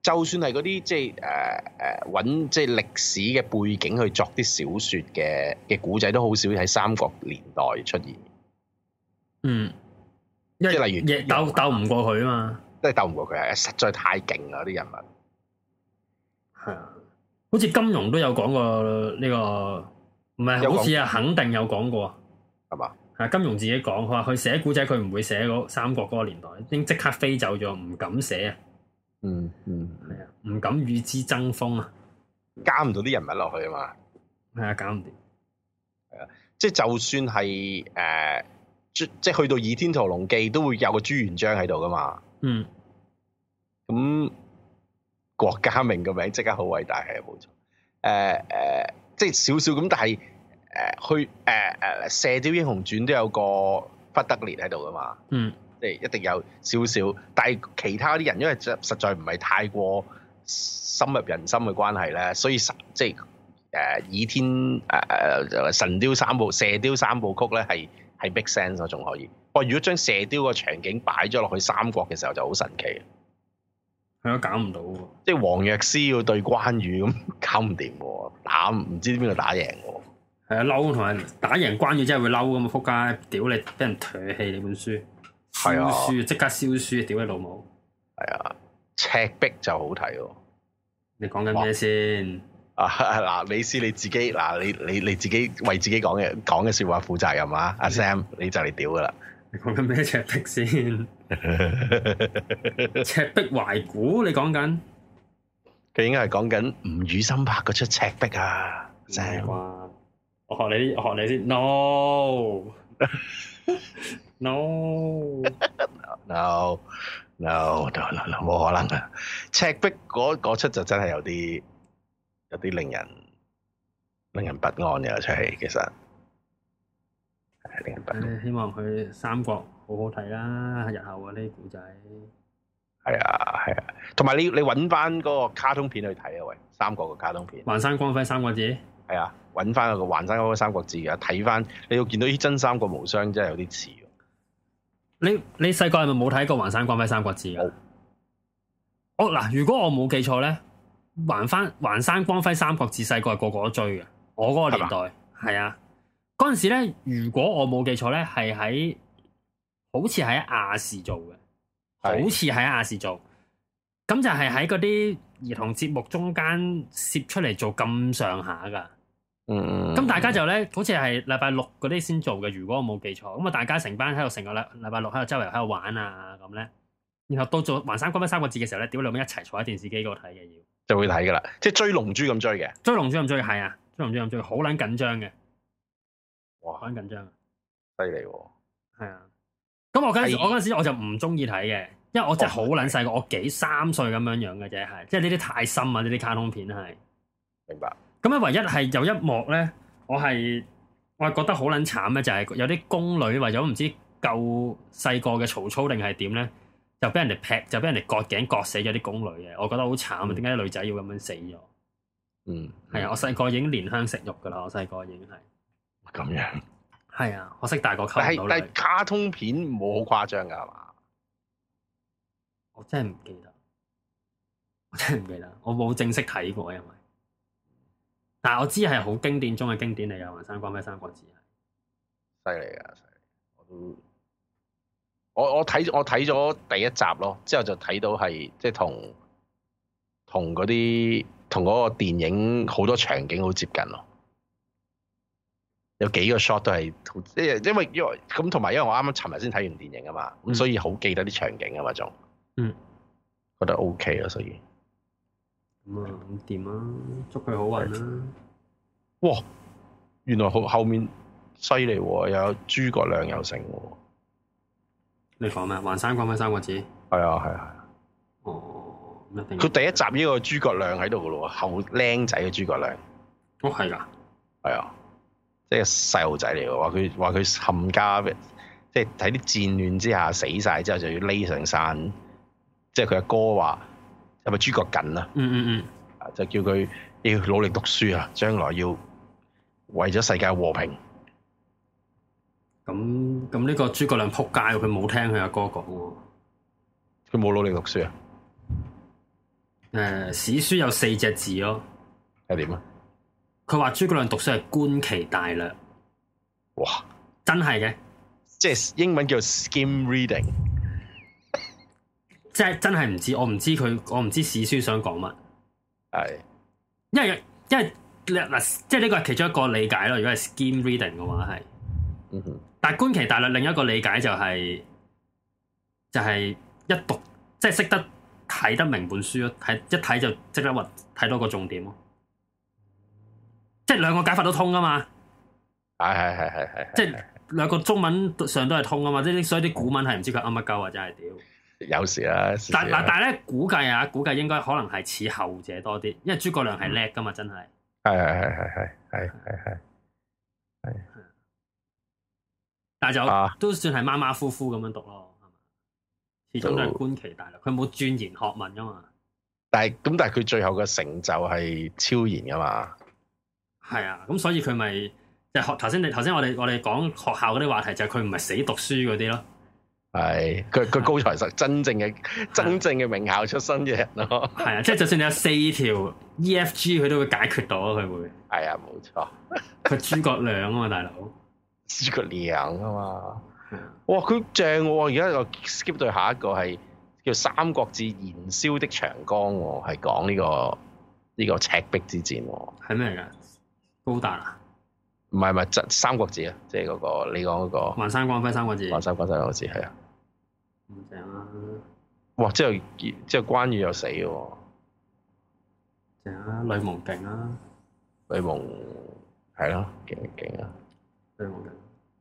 [SPEAKER 2] 就算係嗰啲即係誒誒揾即係歷史嘅背景去作啲小説嘅嘅古仔，都好少喺三國年代出現。嗯，
[SPEAKER 1] 即係例如鬥鬥唔過佢啊嘛，
[SPEAKER 2] 真係鬥唔過佢啊！實在太勁啦啲人物。係
[SPEAKER 1] 啊，好似金庸都有講過呢個，唔係好似啊，肯定有講過係嘛？係金庸自己講，佢話佢寫古仔，佢唔會寫嗰三國嗰個年代，已經即刻飛走咗，唔敢寫啊。嗯嗯，係啊，唔敢與之爭鋒啊，加唔到啲人物落去啊嘛，係啊，
[SPEAKER 2] 加唔掂，係啊，即係就算係誒即係去到《倚天屠龍記》都會有個朱元璋喺度噶嘛，嗯，咁郭嘉明嘅名即刻好偉大係冇錯，誒誒、呃呃，即係少少咁，但係誒、呃、去誒誒《射、呃呃、雕英雄傳》都有個忽必烈喺度噶嘛，嗯。一定有少少，但係其他啲人，因為實在唔係太過深入人心嘅關係咧，所以即係誒《倚、呃、天》誒、呃、誒《神雕三部》《射雕三部曲》咧係係 make sense 仲可以。哇！如果將《射雕》個場景擺咗落去《三國》嘅時候就好神奇。
[SPEAKER 1] 係啊，搞唔
[SPEAKER 2] 到。即係黃藥師要對關羽咁搞唔掂喎，打唔知邊度打贏。
[SPEAKER 1] 係啊，嬲同埋打贏關羽真係會嬲咁啊！仆街，屌你，俾人唾棄，你本書。燒書，即刻燒書，屌你老母！係啊，赤壁就
[SPEAKER 2] 好睇咯、啊。你講緊咩先？啊，嗱、啊，李斯你自己嗱、啊，你你你自己為自己講嘅講嘅說，說話負責任啊！阿、 啊、Sam，你就嚟屌噶啦！你講緊咩赤壁先？ 赤壁懷古，你講緊？佢應該係講緊吳宇森拍嗰出《赤壁》啊！正嘛、 啊？我
[SPEAKER 1] 學你啲，我學你啲，no。 no，no，no，都冇可能嘅。赤
[SPEAKER 2] 壁嗰出就真係有啲有啲令人令人不安嘅出戲，其實係令
[SPEAKER 1] 人不安。希望佢三國好好睇啦，日後嗰啲古仔係啊係啊，同埋、 啊啊、你你
[SPEAKER 2] 揾翻嗰個卡通片去睇啊，喂，《三國嘅卡通片。橫山
[SPEAKER 1] 光輝三國志
[SPEAKER 2] 係啊，揾翻個橫山光輝三國志啊，睇翻你要見到啲真三國無雙，真係有啲似。
[SPEAKER 1] 你你細個係咪冇睇過《橫山光輝三國志》噶、oh. oh,？我嗱吧、啊，如果我冇記錯咧，《還翻橫山光輝三國志》細個係個個都追嘅，我嗰個年代係啊。嗰陣時咧，如果我冇記錯咧，係喺好似喺亞視做嘅，好似喺亞視做。咁的就係喺嗰啲兒童節目中間攝出嚟，做咁上下噶。嗯，咁大家就咧，好似係禮拜六嗰啲先做嘅，如果我冇記錯，咁啊大家成班喺度成個禮禮拜六喺度周圍喺度玩啊咁咧，然後到做黃山谷乜三個字嘅時候咧，屌你咪一齊坐喺電視機嗰度睇嘅要，
[SPEAKER 2] 就會睇噶啦，即係追龍珠咁追嘅，
[SPEAKER 1] 追龍珠咁追係啊，追龍珠咁追好撚緊張嘅，緊張緊張哇好緊張，犀利喎，係啊，咁、啊、我嗰陣時的我陣時我就唔中意睇嘅，因為我真係好撚細個，的我幾三歲咁樣樣嘅啫，係，即係呢啲太深啊，呢啲卡通片係，
[SPEAKER 2] 明白。
[SPEAKER 1] 咁啊，唯一係有一幕咧，我係我係覺得好捻慘嘅，就係、是、有啲宮女為咗唔知救細個嘅曹操定係點咧，就俾人哋劈，就俾人哋割頸割死咗啲宮女嘅，我覺得好慘啊！點解啲女仔要咁樣死咗、嗯？嗯，係啊，我細個已經憐香惜玉噶啦，我細個已經係咁樣，係啊，可惜大個溝唔到女。但
[SPEAKER 2] 係卡通片冇好誇張噶係嘛？
[SPEAKER 1] 我真係唔記得，我真係唔記得，我冇正式睇過，因為。嗱，但我知係好經典中嘅經典嚟嘅，雲山講咩三國志，犀利啊！犀利！
[SPEAKER 2] 我我睇我睇咗第一集咯，之後就睇到係即係同同嗰啲同嗰個電影好多場景好接近咯，有幾個 shot 都係，因為因為咁同埋因為我啱啱尋日先睇完電影啊嘛，咁所以好記得啲場景啊嘛，仲嗯覺得 OK 啊，所以。
[SPEAKER 1] 咁啊，咁掂啦？祝佢好
[SPEAKER 2] 運啦！哇，原來後後面犀利喎，又有諸葛亮又成喎。
[SPEAKER 1] 你講咩？還三講咩？三個字。係啊，係啊。
[SPEAKER 2] 係啊。哦，一定。佢第一集呢個諸葛亮喺度嘅咯，後靚仔嘅諸葛亮。哦，係㗎。係啊，即係細路仔嚟嘅，話佢話佢冚家，即係喺啲戰亂之下死晒之後，就要匿上山。即係佢阿哥話。係咪諸葛瑾啊？嗯嗯嗯，啊就叫佢要努力讀書啊，將來要為咗世界和平。
[SPEAKER 1] 咁咁呢個諸葛亮扑街，佢冇聽佢阿哥講喎。佢冇努力讀書啊？誒，史書有四隻字咯。係點啊？佢話諸葛亮讀書係觀其大略。哇！真係嘅，即係英文叫 skim reading。即係真係唔知，我唔知佢，我唔知史書想講乜。係的，因為因為嗱，即係呢個係其中一個理解咯。如果係 skim reading 嘅話，係、嗯哼。但係觀其大略，另一個理解就係、是，就係、是、一讀即係識得睇得明本書咯。睇一睇就即刻睇到個重點咯。即係兩個解法都通㗎嘛。係係係係係。即係兩個中文上都係通㗎嘛，即係所以啲古文係唔知佢啱乜鳩或者係屌。
[SPEAKER 2] 有時啊！但嗱，但係
[SPEAKER 1] 咧，估計啊，估計應該可能係似後者多啲，因為諸葛亮係叻噶嘛，真係。係
[SPEAKER 2] 係
[SPEAKER 1] 係係係係係係。係。但就都算係馬馬虎虎咁樣讀咯，
[SPEAKER 2] 始終都係觀
[SPEAKER 1] 其大略。佢冇鑽研學問噶嘛。
[SPEAKER 2] 但係咁，但係佢最後嘅成就係超然噶嘛。
[SPEAKER 1] 係啊，咁所以佢咪即係學頭先？你頭先我哋我哋講學校嗰啲話題，就係佢唔係死讀書嗰啲咯。係佢佢高材生，真正嘅、 啊、真正嘅名校出身嘅人咯、啊。係 啊，即係就算你有四條 EFG，佢都會解決到，佢會係啊，冇錯。佢諸葛亮啊嘛，大佬，諸葛亮啊嘛。啊哇，佢正
[SPEAKER 2] 喎！而家我 skip 到下一個係叫《三國志·燃燒的長江、啊》講這個，我係講呢個呢個赤壁之戰、啊。係咩嚟㗎？高達？唔係唔係《三國志》啊，即係嗰個你講嗰個。橫山、那個、光輝《三國志》。橫山光輝《三國志》係啊。唔正啦、啊！哇，即係即係關羽又死嘅喎、啊！正啦、啊，呂蒙勁啦、啊，呂蒙係咯，勁勁啊,啊,呂蒙啊！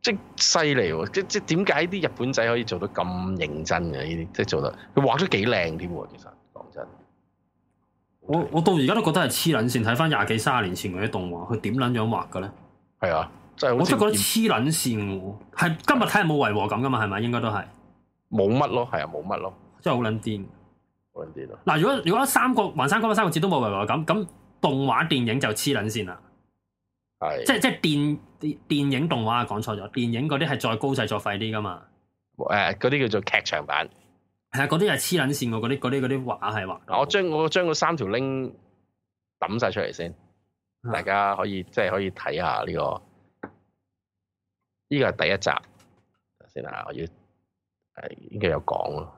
[SPEAKER 2] 即係好即係犀利喎！即即係點解啲日本仔可
[SPEAKER 1] 以做到咁認真嘅、啊？呢啲即係做得，佢畫咗幾靚添喎！其實講真、啊我，我我到而家都覺得係黐捻線。睇翻廿幾、卅年前嗰啲動畫，佢點捻樣畫嘅咧？係啊，即係我即係覺得黐捻線，係今日睇係冇違和感噶嘛？係咪應該都係？冇乜咯，係啊，冇乜咯，真係好撚癲，
[SPEAKER 2] 好撚癲
[SPEAKER 1] 咯。嗱，如果如果三個橫山公嘅三個字都冇為為咁，咁動畫電影就黐撚線啦。係是，即係即係電啲電影動畫啊，講錯咗。電影嗰啲係再高製作費啲噶嘛。誒、欸，嗰啲叫做劇場版。係啊，嗰啲係黐撚線喎，嗰啲嗰啲嗰啲畫係嘛。我將我
[SPEAKER 2] 將嗰三條 link 抌晒出嚟先，大家可以、嗯、即係可以睇下呢、這個。呢個係第一集。先啦，我要。係應該有講咯，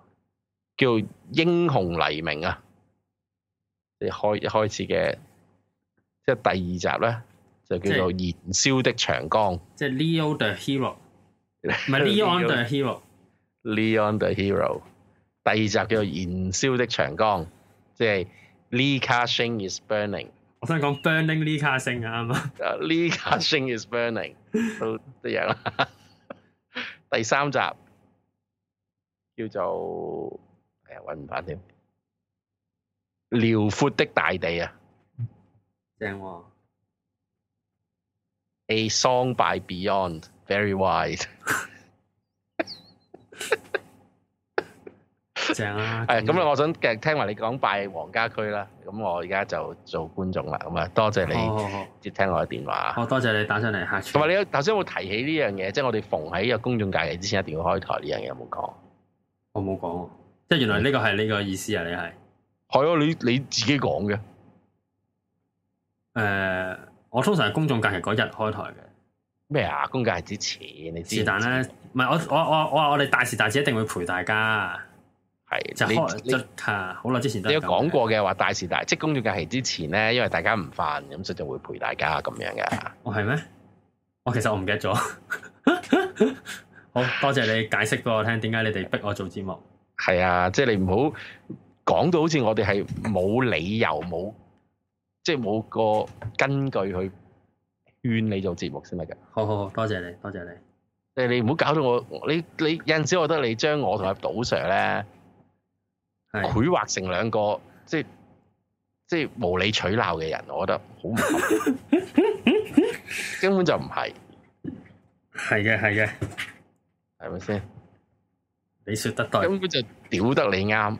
[SPEAKER 2] 叫《英雄黎明》啊，啲開開始嘅，即係第二集咧就叫做《燃燒的長江》。
[SPEAKER 1] 即係 Leo 的 hero，唔係 Leon 的
[SPEAKER 2] hero。Leon 的 hero 第二集叫《燃燒的長江》，即係李嘉誠 is burning。
[SPEAKER 1] 我想講 burning 李嘉誠啊，啱嗎？李嘉
[SPEAKER 2] 誠 is burning 都一樣。第三集。叫做誒揾唔翻添，遼、哎、闊的大地啊，正喎、哦。A song by Beyond, very wide， 正啊！誒咁啊，哎、我想繼續聽埋你講拜黃家駒啦。咁我而家就做觀眾啦。咁啊，多謝你接聽我嘅電話。好，好，好多謝你打上嚟嚇。同埋你頭先有冇提起呢樣嘢？即係我哋逢喺有公眾假期之前一定要開台呢樣嘢有
[SPEAKER 1] 冇講？我冇講，即係原來呢個係呢個意思啊！你係係啊，你你自己講嘅。誒、呃，我通常係公眾假期嗰日開台嘅。咩啊？公假日之前，你知。但咧？唔係我我我我我話我哋大時大節一定會陪大家。係的就開你就好耐之前都，都有講過嘅話，
[SPEAKER 2] 大時大即係公眾假期之前咧，因為大家唔翻，咁所以就會陪大家咁樣嘅。
[SPEAKER 1] 我係咩？我其實我唔記得咗。 好多謝你解釋俾我聽，點解你哋逼我做節目？
[SPEAKER 2] 係啊，即係你唔好講到好似我哋係冇理由、冇即係冇個根據去勸你
[SPEAKER 1] 做節目先得嘅。好好好，多謝你，
[SPEAKER 2] 多謝你。誒，你唔好搞到我，你你有陣時我覺得你將我同阿賭 Sir 咧，會劃的成兩個，即係即係無理取鬧嘅人，我覺得好唔好？
[SPEAKER 1] 根本就唔係。係嘅，係嘅。係咪先？你說得對，根本就屌得你啱。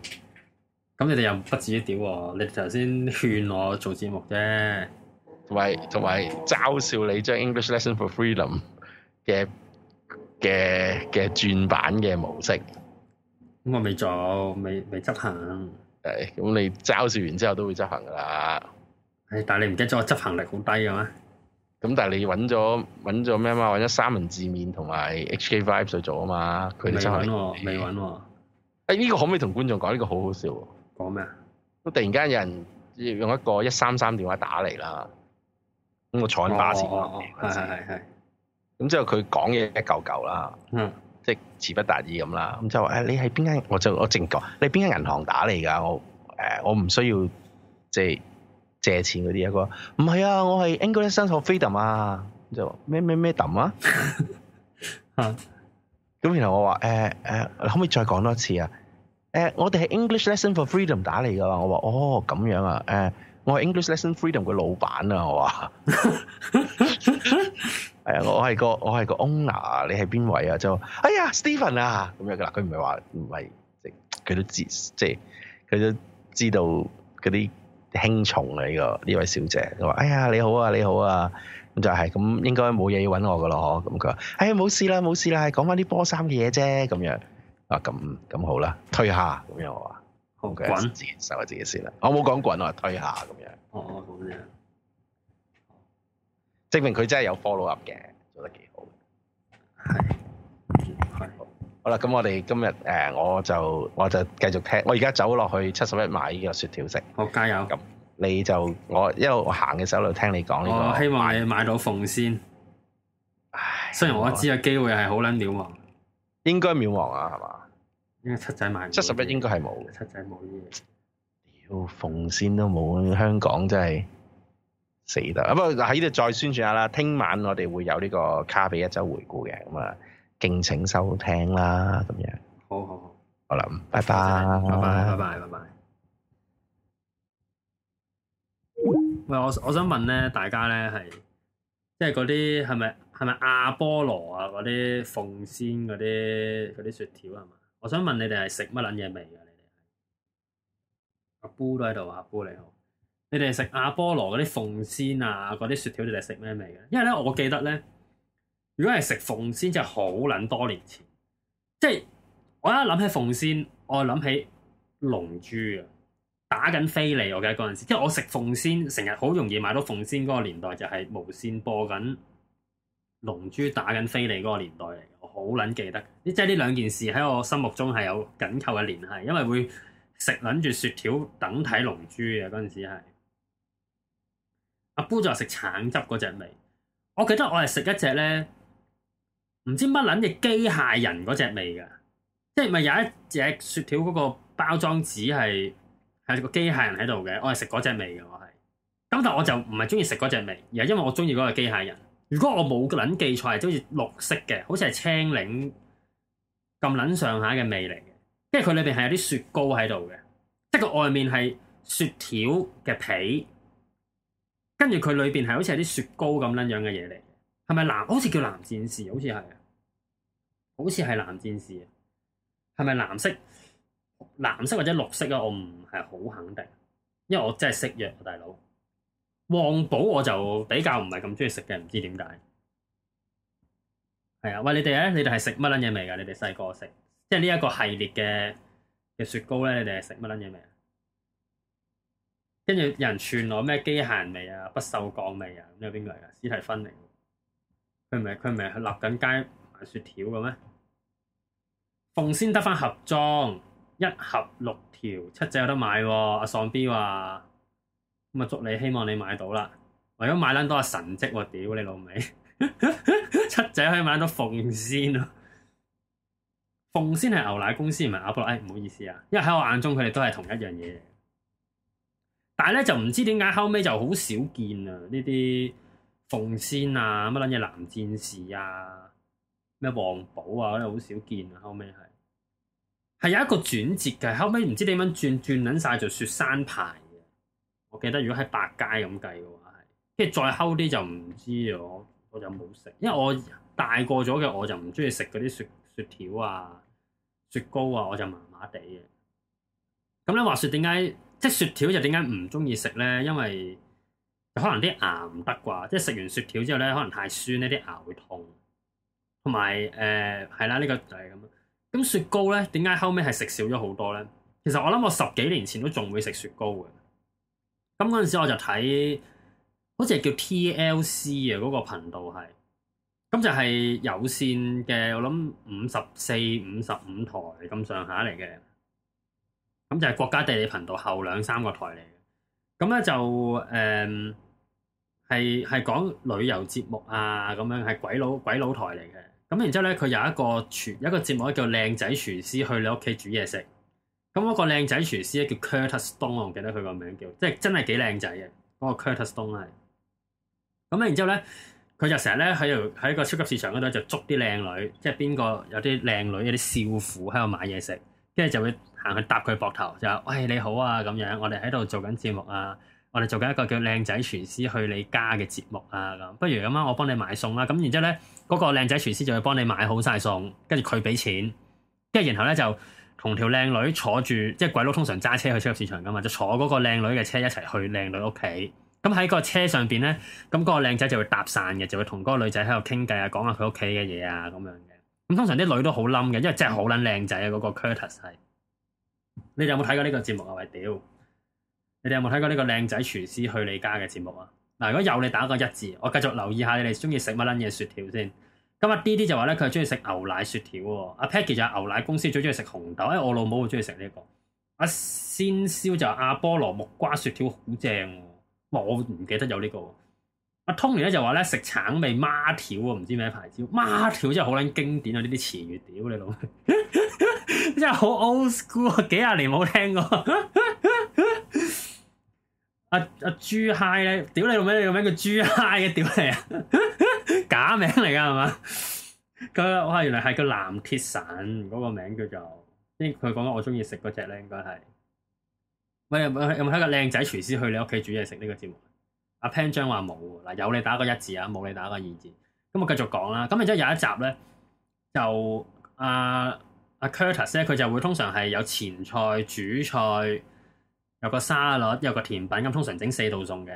[SPEAKER 1] 咁你哋又不止於屌我，你頭先勸我做節目啫，同埋同埋嘲笑你將
[SPEAKER 2] English lesson for freedom 嘅嘅嘅轉版嘅模
[SPEAKER 1] 式。咁 我未做，未未執行。係，咁你嘲笑完之後都會執行噶啦。唉、哎，但係你唔記得咗我執行力好低啊嘛？咁但係你
[SPEAKER 2] 揾咗咗咩嘛？揾咗三文字面同埋 HKVibe 去做啊嘛，佢哋出嚟未揾喎，未揾喎。呢、哎這個可唔可以同觀眾講？呢、這個好好笑喎。講咩啊？咁突然間有人用一個一三三電話打嚟啦，咁我坐喺巴士，係係係。咁之後佢講嘢一嚿嚿啦，哦、嗯，即係詞不達意咁啦。咁、嗯、就話，哎，你喺邊間？我就我正講，你邊間銀行打嚟噶我，誒，我唔需要即係。借錢嗰啲啊，佢話唔係啊，我係 English lesson for freedom 啊，就話咩咩咩揼啊，咁然後我話誒誒，可唔可以再講多次啊？誒，我哋係 English lesson for freedom 打嚟噶嘛？我話哦咁樣啊，誒，我係 English lesson freedom 嘅老闆啊，我話誒啊，我係個我係個 owner，你係邊位啊？就哎呀，Stephen 啊，咁樣嗱，佢唔係話唔係，即係佢都知，即係佢都知道嗰啲。輕鬆啊！呢個呢位小姐佢話：哎呀，你好啊，你好啊！咁就係咁，應該冇嘢要揾我噶咯嗬。咁佢話：哎呀，冇事啦，冇事啦，講翻啲波衫嘅嘢啫。咁樣啊，咁咁好啦，推下咁樣我話，滾，自己受我自己先啦。我冇講滾啊，推下咁樣。哦，咁樣，證明佢真係有 follow up 嘅，做得幾好。係。好啦，咁我哋今日誒、呃，我就我就繼續聽。我而家走落去七十一買呢個雪條食。好，加油！咁、嗯、你就我一路行嘅時候聽你講呢、這個。我希
[SPEAKER 1] 望買買到鳳仙。唉，雖然我知有機會係好捻渺茫，我應該渺茫啊，係嘛？應該七仔買七十一應該係冇。七仔冇嘢。屌鳳
[SPEAKER 2] 仙都冇，香港真係死得。不過喺呢度再宣傳下啦。聽晚我哋會有呢個卡比一周回顧嘅咁啊。敬請收聽啦，咁樣，好好好，好啦，好想拜拜，拜拜，吧拜拜，拜拜，拜
[SPEAKER 1] 拜。喂，我我想問咧，大家咧係，即係嗰啲係咪係咪阿波羅啊嗰啲鳳仙嗰啲啲雪條啊嘛？我想問你哋係食乜撚嘢味噶？你哋阿姑都喺度啊，阿姑你好，你哋食阿波羅嗰啲鳳仙啊，嗰啲雪條，你哋食咩味嘅？因為咧，我記得咧。如果係食鳳仙真係好捻多年前，即係我一諗起鳳仙，我諗起龍珠啊，打緊飛利，我記得嗰陣時，即係我食鳳仙成日好容易買到鳳仙嗰個年代就係無綫播緊龍珠打緊飛利嗰個年代嚟。我好捻記得，即係呢兩件事喺我心目中係有緊扣嘅聯繫，因為會食捻住雪條等睇龍珠啊嗰陣時係，阿姑就話食橙汁嗰隻味，我記得我係食一隻咧。唔知乜撚隻機械人嗰隻味嘅，即係咪有一隻雪條嗰個包裝紙係係個機械人喺度嘅？我係食嗰隻味嘅，我係。咁但係我就唔係中意食嗰隻味，而係因為我中意嗰個機械人。如果我冇撚記錯係好似綠色嘅，好似係青檸咁撚上下嘅味嚟嘅。即係佢裏邊係有啲雪糕喺度嘅，即係個外面係雪條嘅皮，跟住佢裏邊係好似係啲雪糕咁撚樣嘅嘢嚟。係咪藍？好似叫藍戰士，好似係啊，好似係藍戰士啊。係咪藍色？藍色或者綠色啊？我唔係好肯定，因為我真係色弱大佬。旺寶我就比較唔係咁中意食嘅，唔知點解。係啊，喂，你哋咧，你哋係食乜撚嘢味噶？你哋細個食，即係呢一個系列嘅嘅雪糕咧，你哋係食乜撚嘢味啊？跟住有人傳我咩機械味啊，不鏽鋼味啊，咁有邊個嚟噶？史提芬嚟。佢唔係佢唔係立緊街買雪條嘅咩？鳳仙得翻盒裝，一盒六條，七仔有得買。哦。阿喪 B 話咁啊，祝你希望你買到啦。為咗買翻多阿神蹟，哦，屌你老味， 七仔可以買到鳳仙咯。鳳仙係牛奶公司唔係阿波羅，哎、唔好意思啊，因為喺我眼中佢哋都係同一樣嘢。但係咧就唔知點解後尾就好少見啊呢啲。鳳仙啊，乜撚嘢男戰士啊，咩王寶啊，嗰啲好少見啊。後尾係係有一個轉折嘅，後尾唔知點樣轉轉撚晒，做雪山牌。我記得如果喺百佳咁計嘅話係，跟住再後啲就唔知我，我就冇食，因為我大個咗嘅我就唔中意食嗰啲雪雪條啊、雪糕啊，我就麻麻地嘅。咁咧話説點解即雪條就點解唔中意食咧？因為可能啲牙唔得啩，即係食完雪條之後咧，可能太酸呢啲牙會痛。同埋誒，係、呃、啦，呢、這個就係咁。咁雪糕咧，點解後尾係食少咗好多咧？其實我諗我十幾年前都仲會食雪糕嘅。咁嗰陣時我就睇，好似係叫 TLC 嘅嗰、那個頻道係，咁就係有線嘅。我諗五十四、五十五台咁上下嚟嘅，咁就係國家地理頻道後兩三個台嚟嘅。咁咧就誒。係係講旅遊節目啊，咁樣係鬼佬鬼佬台嚟嘅。咁然之後咧，佢有一個廚一個節目叫靚仔廚師去你屋企煮嘢食。咁、那、嗰個靚仔廚師咧叫 Curtis Stone，我唔記得佢個名叫，即係真係幾靚仔嘅嗰個 Curtis Stone 係。咁咧，然之後咧，佢就成日咧喺度喺個超級市場嗰度就捉啲靚女，即係邊個有啲靚女有啲少婦喺度買嘢食，跟住就會行去搭佢膊頭，就，喂你好啊咁樣，我哋喺度做緊節目啊。我哋做緊一個叫靚仔廚師去你家嘅節目啊，咁不如咁啊，我幫你買餸啦。咁然之後呢，嗰、那個靚仔廚師就會幫你買好晒餸，跟住佢畀錢，跟住然後呢，就同條靚女坐住，即係鬼佬通常揸車去超級市場㗎嘛，就坐嗰個靚女嘅車一齊去靚女屋企。咁喺個車上邊呢，咁、那、嗰個靚仔就會搭訕嘅，就會同嗰個女仔喺度傾偈啊，講下佢屋企嘅嘢啊，咁樣嘅。咁通常啲女都好冧嘅，因為真係好撚靚仔啊，嗰個 Curtis 係。你哋有冇睇過呢個節目啊？喂，屌！你哋有冇睇過呢個靚仔廚師去你家嘅節目啊？嗱，如果有，你打個一字，我繼續留意下你哋中意食乜撚嘢雪條先。今日啲啲就話咧，佢係中意食牛奶雪條，啊。阿、啊、Peggy 就牛奶公司最中意食紅豆，因、哎、為我老母好中意食呢個。阿鮮燒就阿、啊、菠蘿木瓜雪條好正，我唔記得有個、啊啊、呢個。阿 Tony 咧就話咧食橙味孖條啊，唔知咩牌子孖條真係好撚經典啊！呢啲詞語屌你老， 真係好 old school，幾廿年冇聽過。 阿豬嗨咧，屌你老尾，你個名叫豬嗨嘅，屌你啊，啊你你 假名嚟噶係嘛？佢哇，原來係個藍鐵神，嗰、那個名叫做，即佢講緊我中意食嗰隻咧，應該係。喂，有冇有冇睇個靚仔廚師去你屋企煮嘢食呢個節目？阿 Pan 張話冇，嗱有你打個一字啊，冇你打個二字。咁我繼續講啦，咁然之後有一集咧，就阿阿 Curtis 咧，佢、啊啊、就會通常係有前菜、主菜。有個沙律，有個甜品咁，通常整四道餸嘅。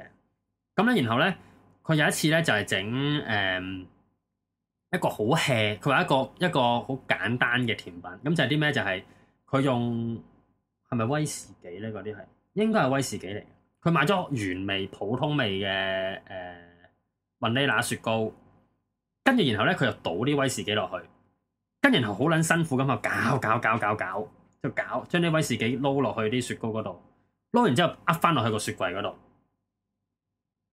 [SPEAKER 1] 咁咧，然後咧，佢有一次咧就係整誒一個好 hea，佢話一個一個好簡單嘅甜品，咁就係啲咩？就係、係、佢用係咪威士忌咧？嗰啲係應該係威士忌嚟嘅。佢買咗原味普通味嘅誒、呃、雲尼拿雪糕，跟住然後咧佢又倒啲威士忌落去，跟然後好撚辛苦咁啊，搞搞搞搞搞，就搞將啲威士忌撈落去啲雪糕嗰度。撈完之後，壓翻落去個雪櫃嗰度，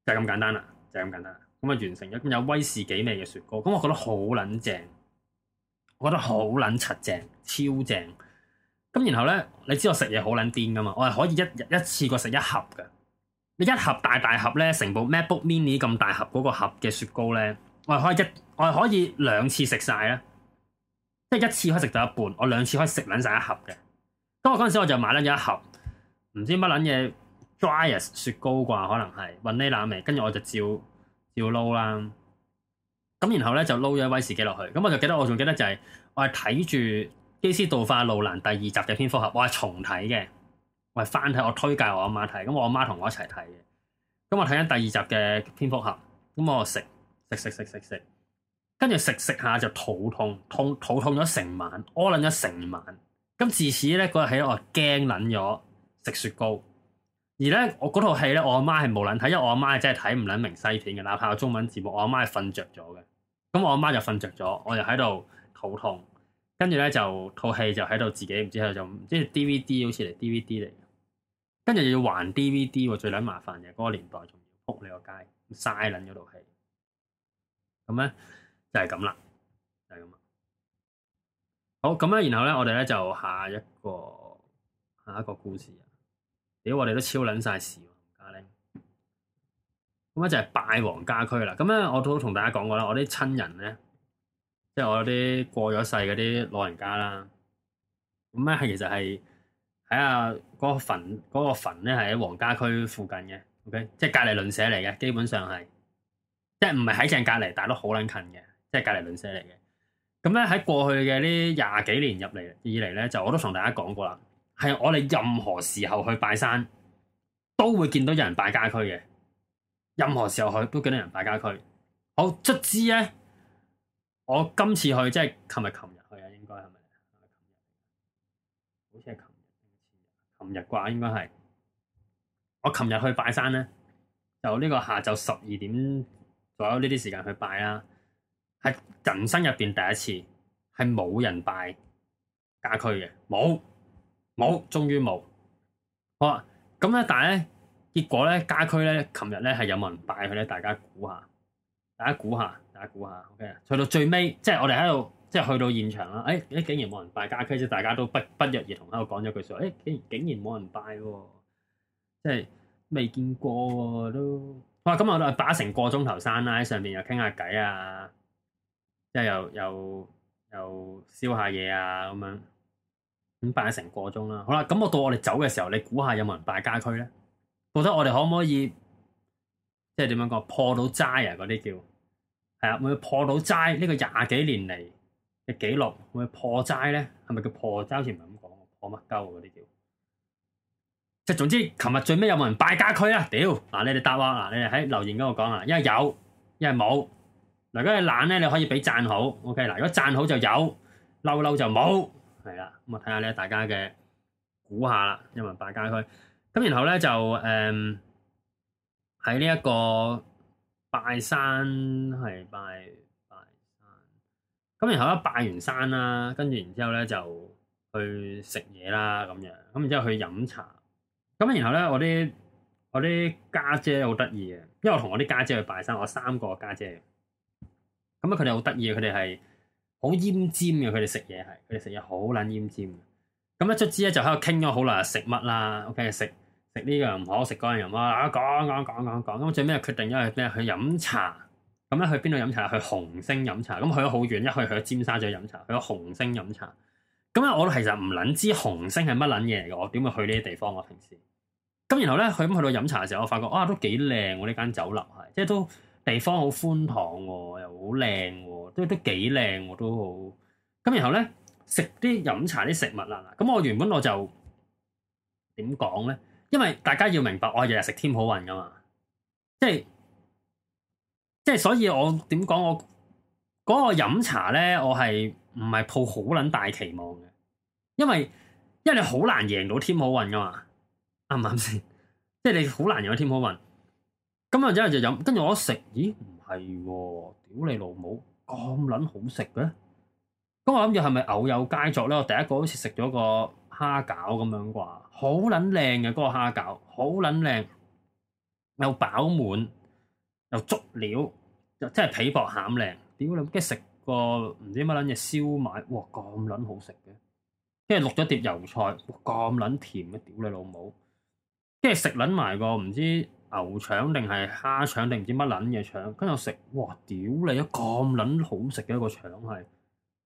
[SPEAKER 1] 就係咁簡單啦，就係咁簡單咁啊，就完成咗咁有威士忌味嘅雪糕。咁我覺得好撚正，我覺得好撚七正，超正。咁然後呢，你知道我食嘢好撚癲㗎嘛？我係可以一一次過食一盒嘅。你一盒大大盒呢，成部 MacBook Mini 咁大盒嗰個盒嘅雪糕呢，我係可以一我係可以兩次食晒啦。即係一次可以食到一半，我兩次可以食撚晒一盒嘅。咁我嗰陣時我就買咗一盒。唔知乜撚嘢 dryers 雪糕啩，可能係雲呢拿味，跟住我就照照撈啦。咁然後咧就撈咗威士忌落去。咁我就記得我仲記得就係、是、我係睇住基斯道化路蘭第二集嘅蝙蝠俠，我係重睇嘅，我係翻睇，我推介我阿媽睇，咁我阿媽同我一齊睇嘅。咁我睇緊第二集嘅蝙蝠俠，咁我食食食食食食，跟住食食下就肚痛痛肚痛咗成晚，屙撚咗成晚。咁自此咧嗰日喺我驚撚咗。食雪糕，而咧我嗰套戲咧，我阿媽係冇諗睇，因為我阿媽真係睇唔諗明西片嘅，哪怕有中文字幕，我阿媽係瞓着咗嘅。咁我阿媽就瞓着咗，我就喺度肚痛，跟住咧就套戲就喺度自己唔知喺度做，即係 D V D 好似嚟 D V D 嚟，跟住又要還 D V D，最捻麻煩嘅嗰個年代仲要撲你個街，嘥捻咗套戲，咁咧就係咁啦，就係咁啦。好，咁咧然後咧我哋咧就下一個下一個故事屌，哎，我哋都超撚晒事，王家丁。咁啊就係拜黃家駒啦。咁啊，我都同大家講過啦，我啲親人咧，即係我啲過咗世嗰啲老人家啦。咁啊係，其實係喺啊嗰個墳嗰，那個墳咧，係喺黃家駒附近嘅。OK，即係隔籬鄰舍嚟嘅，基本上係，即係唔係喺正隔籬，但係都好撚近嘅，即係隔籬鄰舍嚟嘅。咁咧喺過去嘅呢廿幾年入嚟以嚟咧，就我都同大家講過啦。係我哋任何時候去拜山，都會見到有人拜家區嘅。任何時候去都見到有人拜家區。好，卒之咧，我今次去即係琴日、琴日去啊，應該係咪？好似係琴日、琴日啩，應該係。我琴日去拜山咧，就呢個下晝十二點左右呢啲時間去拜啦。係人生入邊第一次，係冇人拜家區嘅，冇。冇，終於冇好啊！咁咧，但係咧，結果咧，家駒咧，琴日咧係有冇人拜佢咧？大家估下，大家估下，大家估下。OK 啊！去到最尾，即係我哋喺度，即係去到現場啦。誒，咦？竟然冇人拜家駒即！大家都不不約而同喺度講咗句說話，誒、哎，竟然竟然冇人拜喎，即係未見過喎都哇！咁我哋打成個鐘頭山啦，喺上邊又傾下偈啊，即係、啊嗯嗯、又又又燒下嘢啊咁樣。咁拜咗成個鐘啦，好啦，咁我到我哋走嘅時候，你估下有冇人拜家駒咧？到底我哋可唔可以即係點樣講破到齋啊？嗰啲叫係啊，會唔會破到齋呢個廿幾年嚟嘅紀錄會破齋咧？係咪叫破齋？好似唔係咁講，破乜鳩嗰啲叫即係總之，琴日最尾有冇人拜家駒啊？屌嗱、啊，你哋答我嗱，你哋喺留言嗰度講啊，因為有，因為冇嗱。如果你懶咧，你可以俾讚好，OK 嗱。如果讚好就有，嬲嬲就冇。係啦，咁、嗯、我睇下咧，大家嘅估下啦，一文拜家駒。咁然後咧就，誒、嗯，喺呢一個拜山係拜拜山。咁然後咧拜完山啦，跟住然之後咧就去食嘢啦，咁樣。咁然之後去飲茶。咁然後咧，我啲我啲家姐好得意嘅，因為我同我啲家姐，姐去拜山，我三個家姐，姐。咁啊佢哋好得意，佢哋係。Okay? 好奄尖嘅，佢哋食嘢係，佢哋食嘢好捻奄尖嘅。咁卒之咧就喺度傾咗好耐，食乜啦？OK，食食呢樣唔好食嗰樣咁啊，講講講講講。咁最尾決定咗為咩？去飲茶。咁咧去邊度飲茶？去紅星飲茶。咁去咗好遠，一去去咗尖沙咀飲茶，去咗紅星飲茶。咁咧我其實唔捻知紅星係乜捻嘢嘅，我點會去呢啲地方，啊？我平時。咁然後咧，佢咁去到飲茶嘅時候，我發覺啊，都幾靚。我呢間酒樓係，即係都。地方好寬敞喎，又好靚喎，都都幾靚喎，都好。咁然後咧，食啲飲茶啲食物啦。咁我原本我就點講咧？因為大家要明白，我日日食添好運噶嘛，即係即係，所以我點講？我嗰個飲茶咧，我係唔係抱好撚大期望嘅？因為因為你好難贏到添好運噶嘛，啱唔啱先？ 即係你好難贏到添好運。今日一日就飲，跟住我食，咦唔係，屌你老母咁撚好食嘅。咁我諗住係咪偶有佳作咧？我第一個好似食咗個蝦餃咁樣啩，好撚靚嘅嗰個蝦餃，好撚靚，又飽滿又足料，又真係皮薄餡靚。屌你，跟住食個唔知乜撚嘢燒賣，哇咁撚好食嘅。跟住落咗碟油菜，哇咁撚甜嘅，屌你老母。跟住食撚埋個唔知。牛腸定係蝦腸定唔知乜撚嘢腸，跟住我食，哇！屌你啊，咁撚好食嘅一個腸係，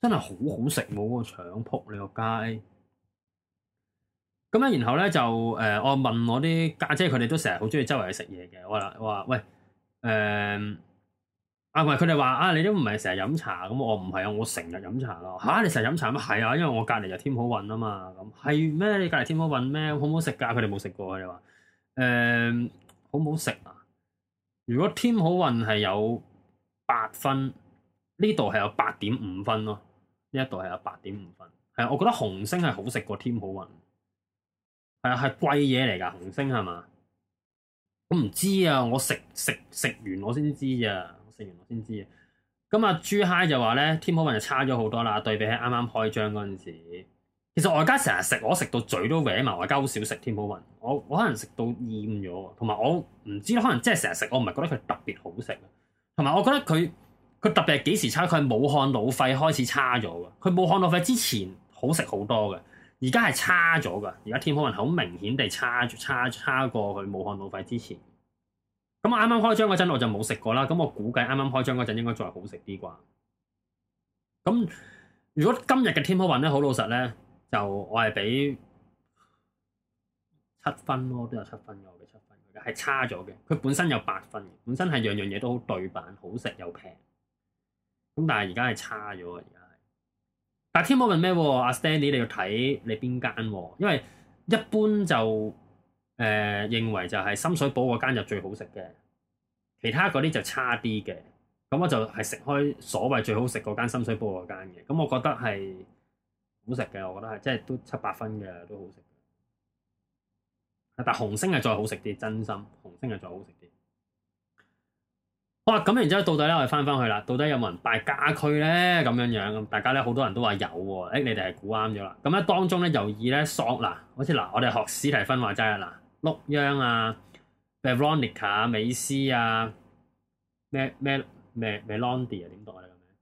[SPEAKER 1] 真係好好食冇個腸，撲你個街！咁咧，然後咧就誒、呃，我問我啲家姐，姐，佢哋都成日好中意周圍去食嘢嘅，我話，哇，喂，誒、呃，啊唔係，佢哋話啊，你都唔係成日飲茶，咁我唔係啊，我成日飲茶咯。嚇，你成日飲茶咩？係啊，因為我隔離就添好運啊嘛，咁係咩？你隔離添好運咩？好唔好食㗎？佢哋冇食過，佢哋話，誒、呃。好唔好食啊？如果 t 好運係有八分，呢度係有八點五分咯。呢一度係有八點五分，係我覺得紅星係好食過 t 好運。係啊，係貴嘢嚟噶，紅星係嘛？我唔知啊，我食食食完我先知咋，啊。食完我先知啊。咁、嗯、啊，朱嗨就話咧 t 好運就差咗好多啦，對比喺啱啱開張嗰陣時。其實我而家成日食，我食到嘴都歪埋。我而家好少食添好運。我我可能食到厭咗，同埋我唔知可能即係成日食，我唔係覺得佢特別好食。同埋我覺得佢佢特別係幾時差？佢係武漢腦肺開始差咗嘅。佢武漢腦肺之前好食好多嘅，而家係差咗噶。而家添好運好明顯地差差差過佢武漢腦肺之前。咁啱啱開張嗰陣我就冇食過啦。咁我估計啱啱開張嗰陣應該再好食啲啩。咁如果今日嘅添好運咧，好老實咧。就我係俾七分咯，都有七分嘅我俾七分，係差咗嘅。佢本身有八分嘅，本身係樣樣嘢都好對版，好食又平。咁但係而家係差咗啊！而家係。但天保問咩？阿、啊、Stanley 你要睇你邊間，因為一般就誒、呃、認為就係深水埗嗰間就最好食嘅，其他嗰啲就差啲嘅。咁我就係食開所謂最好食嗰間深水埗嗰間嘅，咁我覺得係。好食嘅，我覺得係，即係都七八分嘅都好食。但紅星係再好食啲，真心紅星係再好食啲。好哇！咁然之後到底咧，我哋翻翻去啦。到底有冇人拜家駒咧？咁樣樣咁，大家咧好多人都話有喎、啊哎。你哋係估啱咗啦。咁咧當中咧，由以咧索嗱，好似嗱，我哋學史提芬話齋啦，碌央啊、Veronica 啊、美斯啊、咩咩咩 Melody n 啊，點讀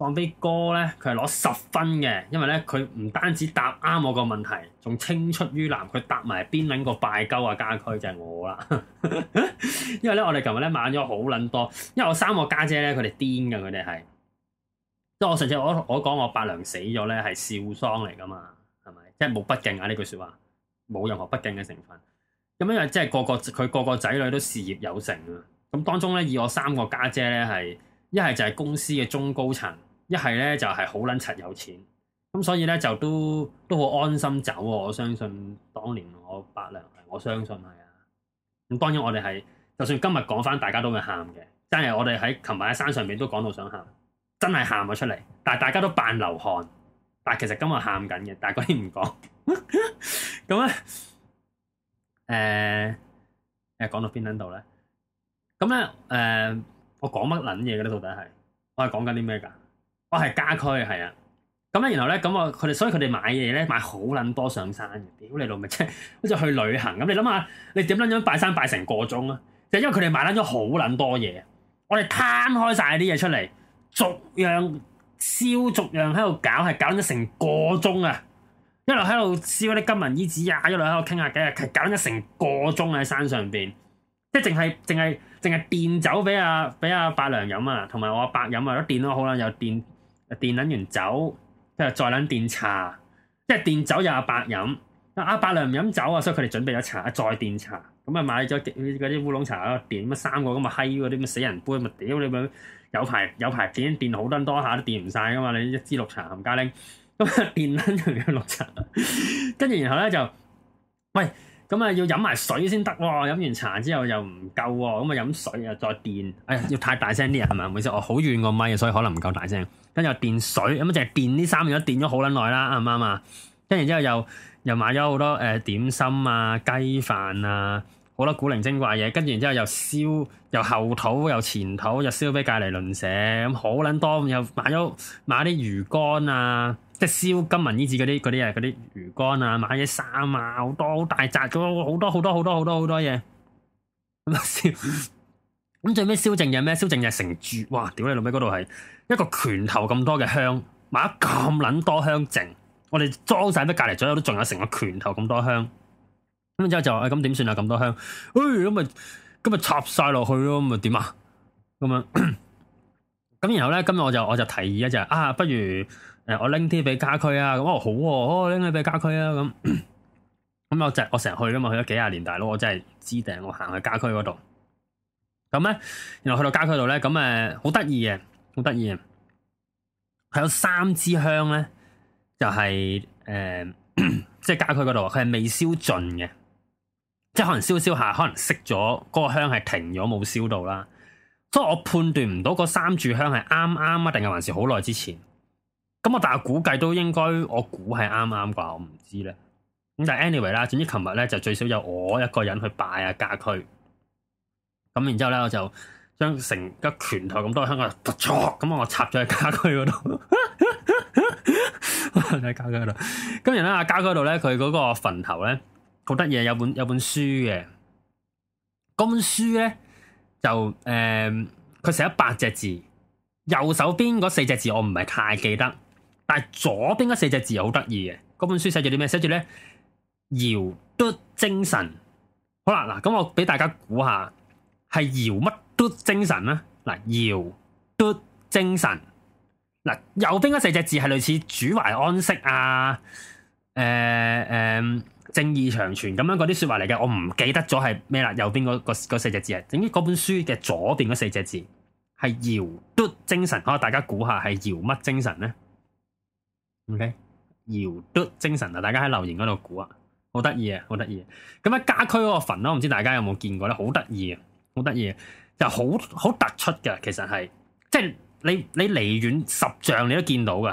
[SPEAKER 1] 放啲歌咧，佢係攞十分嘅，因為咧佢唔單止答啱我個問題，仲青出於藍，佢答埋邊捻個拜鳩啊家駒就係我啦， 因為咧我哋琴日咧買咗好捻多，因為我三個家姐咧佢哋癲噶，佢哋係，即係我上次我我講我伯娘死咗咧係笑喪嚟噶嘛，係咪？即係冇不敬啊呢句說話，冇任何不敬嘅成分。咁因為即係個個佢個個仔女都事業有成啊，咁當中咧以我三個家姐咧係一係就係公司嘅中高層。一係咧就係好撚柒有錢，咁所以咧就都都好安心走喎、啊。我相信當年我伯娘，我相信係啊。咁當然我哋係，就算今日講翻，大家都會喊嘅。真係我哋喺琴日喺山上邊都講到想喊，真係喊咗出嚟。但係大家都扮流汗，但係其實今日喊緊嘅，但係嗰啲唔講。咁 咧、嗯，誒、嗯，誒講到邊撚度咧？咁、嗯、咧，誒、嗯，我講乜撚嘢嘅咧？到底係我係講緊啲咩㗎？我係家區，係啊，咁咧，然後咧，咁我佢哋，所以佢哋買嘢咧買好撚多，多上山嘅，屌你老味即好似去旅行咁。你諗下，你點撚樣拜山拜成個鐘啊？就係、因為佢哋買撚咗好撚多嘢，我哋攤開晒啲嘢出嚟，逐樣燒，逐樣喺度搞，係搞咗成個鐘啊！一路喺度燒啲金銀衣紙啊，一路喺度傾下偈，係搞咗成個鐘喺、啊、山上邊，即係淨係淨係淨係電酒俾阿俾阿伯娘飲啊，同埋我阿伯飲啊，都電都好撚有電。電撚完酒，佢又再撚電茶，即係電酒又阿伯飲，阿伯娘唔飲酒啊，所以佢哋準備咗茶再電茶，咁啊買咗啲烏龍茶咯，電三個咁嘅閪嗰啲死人杯，咪屌你，咪有排有排點電好撚多下都電唔晒噶嘛，你一支綠茶冚家拎，咁啊電撚完綠茶，跟 住然後咧就，喂，咁啊要飲埋水先得喎，飲完茶之後又唔夠喎，咁啊飲水又再電，哎呀要太大聲啲啊，係咪？唔好意思，我好遠個咪，所以可能唔夠大聲。跟住又掂水，咁啊就係掂啲衫，而家掂咗好撚耐啦，啱唔啱啊？跟住之後又又買咗好多誒、呃、點心啊、雞飯啊，好多古靈精怪嘢。跟住之後又燒，又後土又前土，又燒俾隔離鄰舍，咁好撚多。又買咗買啲魚乾啊，即係燒金文呢字嗰啲啲啊啲魚乾啊，買啲衫啊，好多好大集咗好多好多好多好多好多嘢。乜事？ 咁最尾燒剩嘅咩？燒剩嘅成柱，哇！屌你老味嗰度係一個拳頭咁多嘅香，買咁捻多香淨，我哋裝晒乜隔籬左右都仲有成個拳頭咁多香，咁之後就誒咁點算啊？咁多香，誒咁咪咁咪插晒落去咯，咪點啊？咁樣，咁 然後咧今日我就我就提議一就啊不如誒我拎啲俾家駒啊，咁哦好哦拎啲俾家駒啊，咁、啊，咁、啊我，啊啊、 我就是、我成日去噶嘛，去咗幾廿年大佬，我真係知定我行去家駒嗰度。咁咧，然後去到家駒度咧，咁誒好得意嘅，好得意嘅。佢有，有三支香咧，就係、是、誒，即、呃、係、 就是、家駒嗰度，佢係未燒盡嘅，即係可能燒燒下，可能熄咗，嗰、嗰個香係停咗，冇燒到啦。所以我判斷唔到嗰三炷香係啱啱啊，定係還是好耐之前。咁我大家估計都應該，我估係啱啱啩，我唔知咧。咁但係 anyway 啦，總之琴日咧就最少有我一個人去拜啊家駒。咁然之後咧，我就將成個拳頭咁多喺個度，咁我，我插咗喺家居嗰度。喺 家居度，咁然之後阿家居嗰度咧，佢嗰個墳頭咧好得意，有本有本書嘅。嗰本書咧就誒，佢、呃、寫咗八隻字。右手邊嗰四隻字我唔係太記得，但係左邊嗰四隻字好得意嘅。嗰本書寫住啲咩？寫住咧，搖得精神。好啦，嗱，咁我俾大家估下。係堯乜嘟精神啦，嗱堯都精神，嗱右邊嗰四隻字係類似主懷安息啊，誒、呃、誒、呃、正義長存咁樣嗰啲說話嚟嘅，我唔記得咗係咩啦，右邊嗰、嗰個、四隻字係，總之嗰本書嘅左邊嗰四隻字係堯嘟，嘟精神，可大家估下係堯乜精神咧？O K 堯都精神啊，大家喺 Okay. 留言嗰度估啊，好得意啊，好得意、啊！咁、那、喺、個、家駒嗰個墳咯，唔知大家有冇見過咧，好得意啊！好得意，就好、是、好突出噶。其實係，即、就、係、是、你你離遠十丈，你都見到噶。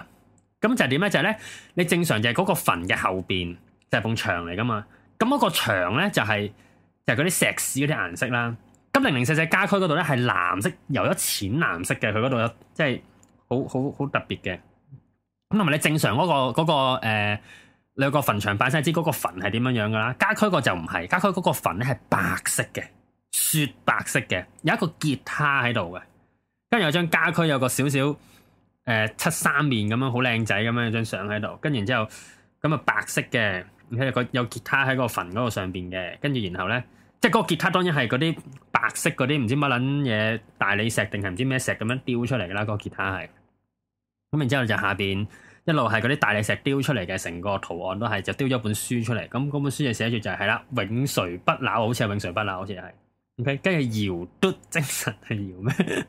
[SPEAKER 1] 咁就係點咧？就係咧，你正常就係嗰個墳嘅後邊就係埲牆嚟噶嘛。咁嗰個牆咧就係、是、就係嗰啲石屎嗰啲顏色啦。咁零零四四家居嗰度咧係藍色，由咗淺藍色嘅佢嗰度有，即係好好好特別嘅。咁同埋你正常嗰、嗰個嗰、嗰個誒兩、嗰個墳、呃、場擺晒知嗰個墳係點樣樣噶啦。家居個就唔係，家居嗰個墳咧係白色嘅。雪白色嘅，有一個吉他喺度嘅，跟住有張家駒有個少少誒七三面咁樣好靚仔咁樣有張相喺度，跟然之後咁啊白色嘅，而且個有吉他喺個墳嗰個上邊嘅，跟住然後咧，即係嗰個吉他當然係嗰啲白色嗰啲唔知乜撚嘢大理石定係唔知咩石咁樣雕出嚟嘅啦，個吉他係，咁然之後就下邊一路係嗰啲大理石雕出嚟嘅，成個圖案都係就雕咗本書出嚟，咁嗰本書寫就寫住就係啦永垂不朽，好似係永垂不朽，好似係。O K，跟住搖嘟精神係搖咩？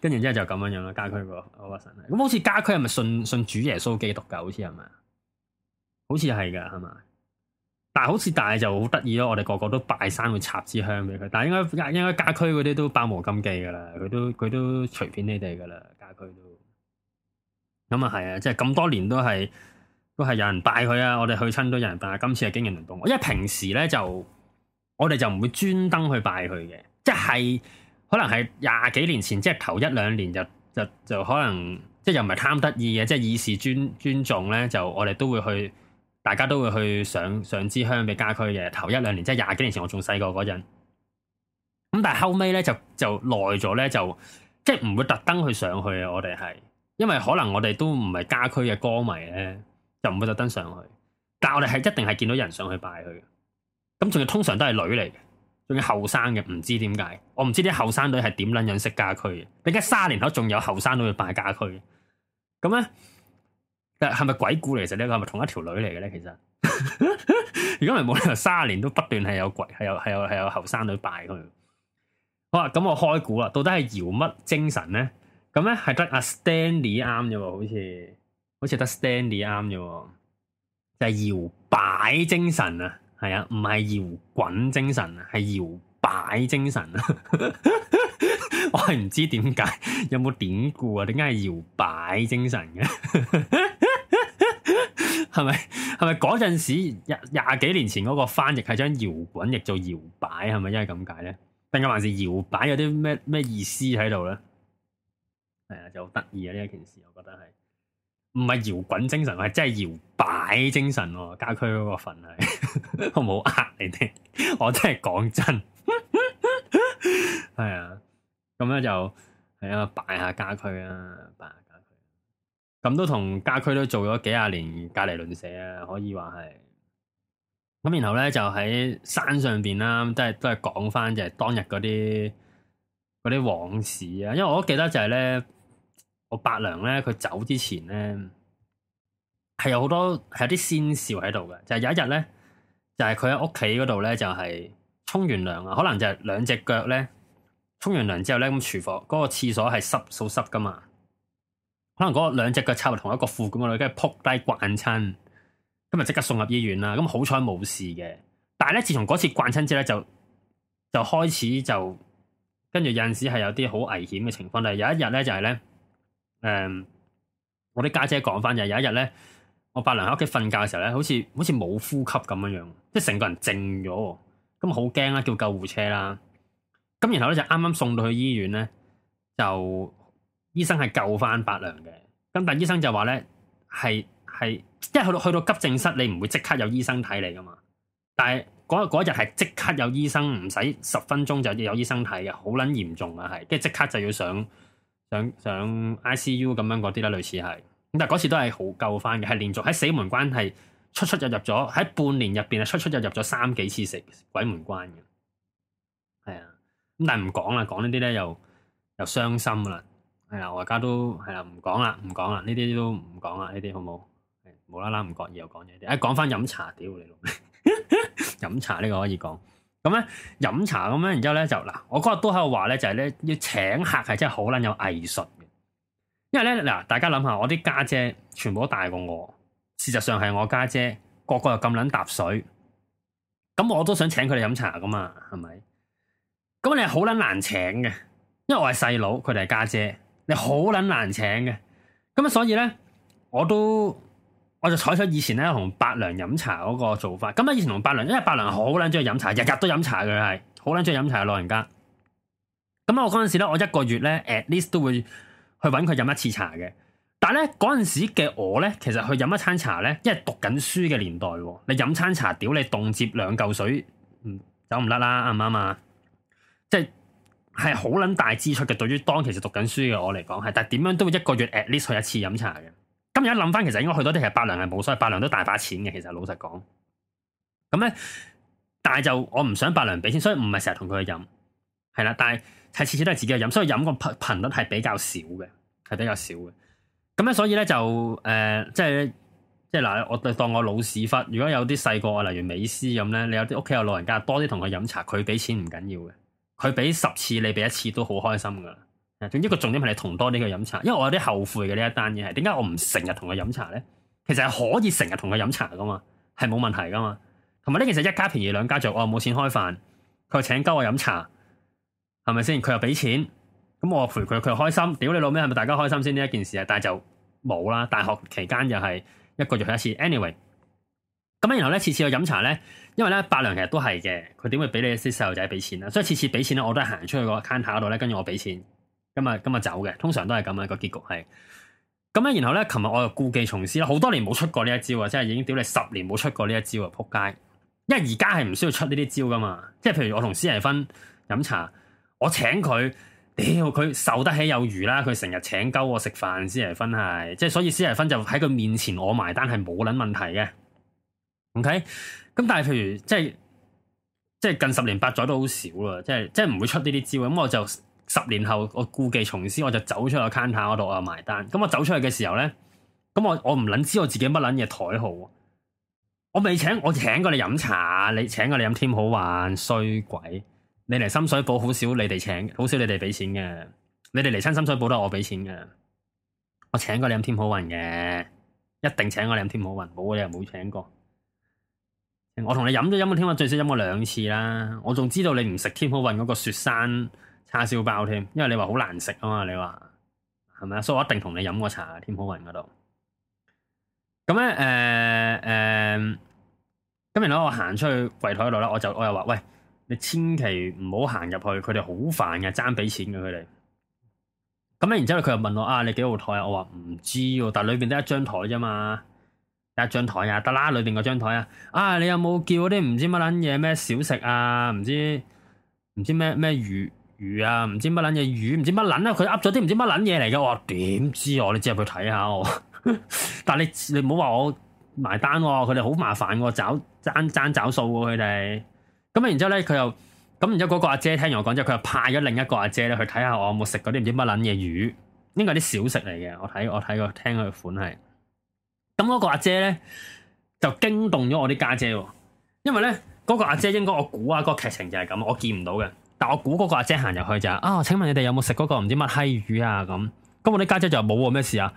[SPEAKER 1] 跟住之後就咁樣樣咯。家駒、那個我話神，咁好似家駒係咪信信主耶穌基督噶？好似係咪？好似係噶係嘛？但係好似但係就好得意咯。我哋個個都拜山去插支香俾佢，但係應該應該家駒嗰啲都包無禁忌噶啦。佢都佢都隨便你哋噶啦。家駒都咁啊係啊，即係咁多年都係都係有人拜佢啊。我哋去親都有人拜，今次係經營聯我因為平時咧就。我哋就唔會專登去拜佢嘅，即係可能係廿幾年前，即係頭一兩年就就就可能即係又唔係貪得意嘅，即係以示尊尊重咧。就我哋都會去，大家都會去上上支香俾家駒嘅。頭一兩年即係廿幾年前我，我仲細個嗰陣。咁但係後尾咧就就耐咗咧就即係唔會特登去上去嘅。我哋係因為可能我哋都唔係家駒嘅歌迷咧，就唔會特登上去。但係我哋係一定係見到人上去拜佢。咁仲要通常都係女嚟嘅，仲要後生嘅，唔知點解？我唔知啲後生女係點捻認識家駒嘅，點解卅年後仲有後生女去拜家駒？咁咧，係咪鬼故嚟？其呢咧，係咪同一條女嚟嘅咧？其實， 如果唔係冇理由卅年都不斷係有鬼，係有係有係有後生女拜佢。哇、啊！咁我開估啦，到底係搖乜精神咧？咁咧係得阿 Stanley 啱啫？喎，好似好似得 Stanley 啱啫？喎，就係搖擺精神啊！係啊，唔係搖滾精神，係搖擺精神。 我係唔知點解有冇典故啊？點解係搖擺精神嘅？係咪係咪嗰陣時廿廿幾年前嗰個翻譯係將搖滾譯做搖擺？係咪因為咁解咧？定係還是搖擺有啲咩咩意思喺度咧？係啊，就好得意啊！呢一件事我覺得係。唔係搖滾精神，我係真係搖擺精神、啊。家駒嗰個墳係， 我唔好呃你哋，我真係講真，係 啊。咁咧就係啊，拜下家駒啊，拜下家駒。咁都同家駒都做咗幾廿年隔籬鄰舍啊，可以話係。咁然後咧就喺山上邊啦、啊，即係都係講翻就當日嗰啲嗰啲往事啊。因為我都記得就係咧。我伯娘咧，佢走之前咧，係有好多係有啲先兆喺度嘅。就係、是、有一日咧，就係佢喺屋企嗰度咧，就係、是、沖完涼啊，可能就係兩隻腳咧沖完涼之後咧，咁廚房嗰、那個廁所係濕，好濕噶嘛。可能嗰個兩隻腳插入同一個褲管嗰度，跟住撲低慣親，咁啊即刻送入醫院啦。咁好彩冇事嘅，但係咧自從嗰次慣親之後咧，就就開始就跟住有陣時係有啲好危險嘅情況。但係有一日咧，就係、是、咧。誒、嗯，我啲家姐講翻就有一日咧，我伯娘喺屋企瞓覺嘅時候咧，好似好似冇呼吸咁樣樣，即係成個人靜咗，咁好驚啦，叫救護車啦。咁然後咧就啱啱送到去醫院咧，就醫生係救翻伯娘嘅。咁但係醫生就話咧，係係即係去到去到急症室，你唔會即刻有醫生睇你噶嘛。但係嗰日係即刻有醫生，唔使十分鐘就有醫生睇嘅，好撚嚴重啊，係，即係即刻就要上。上 ICU 咁樣嗰啲啦，類似係，但係嗰次都係好救翻嘅，係連續喺死門關係出出入入咗，喺半年入邊係出出入入咗三幾次食鬼門關嘅，係啊，咁但係唔講啦，講呢啲咧又又傷心啦，係啊，我而家都係啊唔講啦，唔講啦，呢啲都唔講啦，呢啲好冇，無啦啦唔講嘢又講嘢，啊講翻飲茶屌你老味，飲 茶呢個可以講。咁咧飲茶咁樣，然之後咧就嗱，我嗰日都喺度話咧，就係咧要請客係真係好捻有藝術嘅，因為咧嗱，大家諗下，我啲家姐全部都大過我，事實上係我家姐個個又咁捻搭水，咁我都想請佢哋飲茶噶嘛，係咪？咁你係好捻難請嘅，因為我係細佬，佢哋係家姐，你好捻難請嘅，咁所以咧，我都。我就採取以前咧同伯娘飲茶嗰個做法。咁啊，以前同伯娘，因為伯娘好撚中意飲茶，日日都飲茶嘅係，好撚中意飲茶嘅老人家。咁啊，我嗰陣時咧，我一個月咧 at least 都會去揾佢飲一次茶嘅。但係咧嗰陣時嘅我咧，其實去飲一餐茶咧，因為讀緊書嘅年代，你飲餐茶屌你，凍接兩嚿水，走唔甩啦，啱唔啱啊？即係係好撚大支出嘅，對於當其實讀緊書嘅我嚟講係，但係點樣都會一個月 at least 去一次飲茶嘅。咁而家諗翻，其實應該去多啲。其實伯娘係冇所謂，伯娘都大把錢嘅。其實老實講，咁咧，但係就我唔想伯娘俾錢，所以唔係成日同佢去飲，係啦。但係係次次都係自己去飲，所以飲個頻頻率係比較少嘅，係比較少嘅。咁咧，所以咧就誒、呃，即係即係嗱，我當我老屎忽。如果有啲細個啊，例如美斯咁咧，你有啲屋企有老人家，多啲同佢飲茶，佢俾錢唔緊要嘅，佢俾十次你俾一次都好開心噶。總之個重點係你同多啲佢飲茶，因為我有啲後悔嘅呢一單嘢係，點解我唔成日同佢飲茶咧？其實係可以成日同佢飲茶噶嘛，係冇問題噶嘛。同埋呢件事一家便宜兩家著，我冇錢開飯，佢請鳩我飲茶，係咪先？佢又俾錢，咁我陪佢，佢開心。屌你老味，係咪大家開心先呢一件事啊？但係就冇啦。大學期間又係一個月去一次。Anyway，咁然後咧，次次去飲茶咧，因為咧伯娘其實都係嘅，佢點會俾你啲細路仔俾錢啊？所以次次俾錢咧，我都係行出去個 counter 度咧，跟住我俾錢。今日今日走嘅，通常都係咁啊個結局係咁樣。然後咧，琴日我又故伎重施啦，好多年冇出過呢一招啊，即係已經屌你十年冇出過呢一招啊，扑街！因為而家係唔需要出呢啲招噶嘛，即係譬如我同施仁芬飲茶，我請佢，屌佢受得起有餘啦，佢成日請鳩我食飯，施仁芬係，即係所以施仁芬就喺佢面前我埋單係冇捻問題嘅。OK，咁但係譬如即係即係近十年八載都好少啦，即係即係唔會出呢啲招咁，我就。十年後，我故技重施，我就走出個 counter 嗰度，我埋單。咁我走出去嘅時候呢，咁我我唔撚知我自己乜撚嘢台號。我未請，我請過你飲茶，你請過你飲添好運，衰鬼。你嚟深水埗好少，你少你，你哋請，好少你哋畀錢嘅。你哋嚟親深水埗都係我畀錢嘅。我請過你飲添好運嘅，一定請過你飲添好運。冇我又冇請過。我同你飲咗飲咗添，我最少飲過兩次啦。我仲知道你唔食添好運嗰個雪山。叉燒包添，因為你話好難食啊嘛，你話係咪啊？所以我一定同你飲個茶添，好運嗰度。咁咧誒誒，咁然後我行出去櫃枱度啦，我就我又話：喂，你千祈唔好行入去，佢哋好煩嘅，爭俾錢嘅佢哋。咁咧然之後佢又問我：啊，你幾號枱啊？我話唔知喎、啊，但係裏邊得一張台啫嘛，得一張台呀、啊，得啦，裏邊嗰張台啊。啊，你有冇叫啲唔知乜撚嘢咩小食啊？唔知唔知咩咩魚？魚啊，唔知乜撚嘢魚，唔知乜撚啊，佢噏咗啲唔知乜撚嘢嚟嘅，我點知，知啊？你只係去睇下， 但你你唔好話我埋單、啊，佢哋好麻煩嘅、啊，找爭爭找數嘅佢哋。咁、啊、然之後咧，佢又咁，然之後嗰個阿姐聽完我講之後，佢又派咗另一個阿姐咧去睇下我有冇食嗰啲唔知乜撚嘢魚，應該啲小食嚟嘅。我睇我睇過聽佢款係，咁嗰個阿姐咧就驚動咗我啲家姐、啊，因為咧嗰、嗰個阿姐應該我估下、嗰個劇情就係咁，我見唔到嘅。但我估嗰個阿姐行入去就啊、哦，請問你哋有冇食嗰個唔知乜閪魚啊咁？咁我啲家姐，姐就冇啊，咩事啊？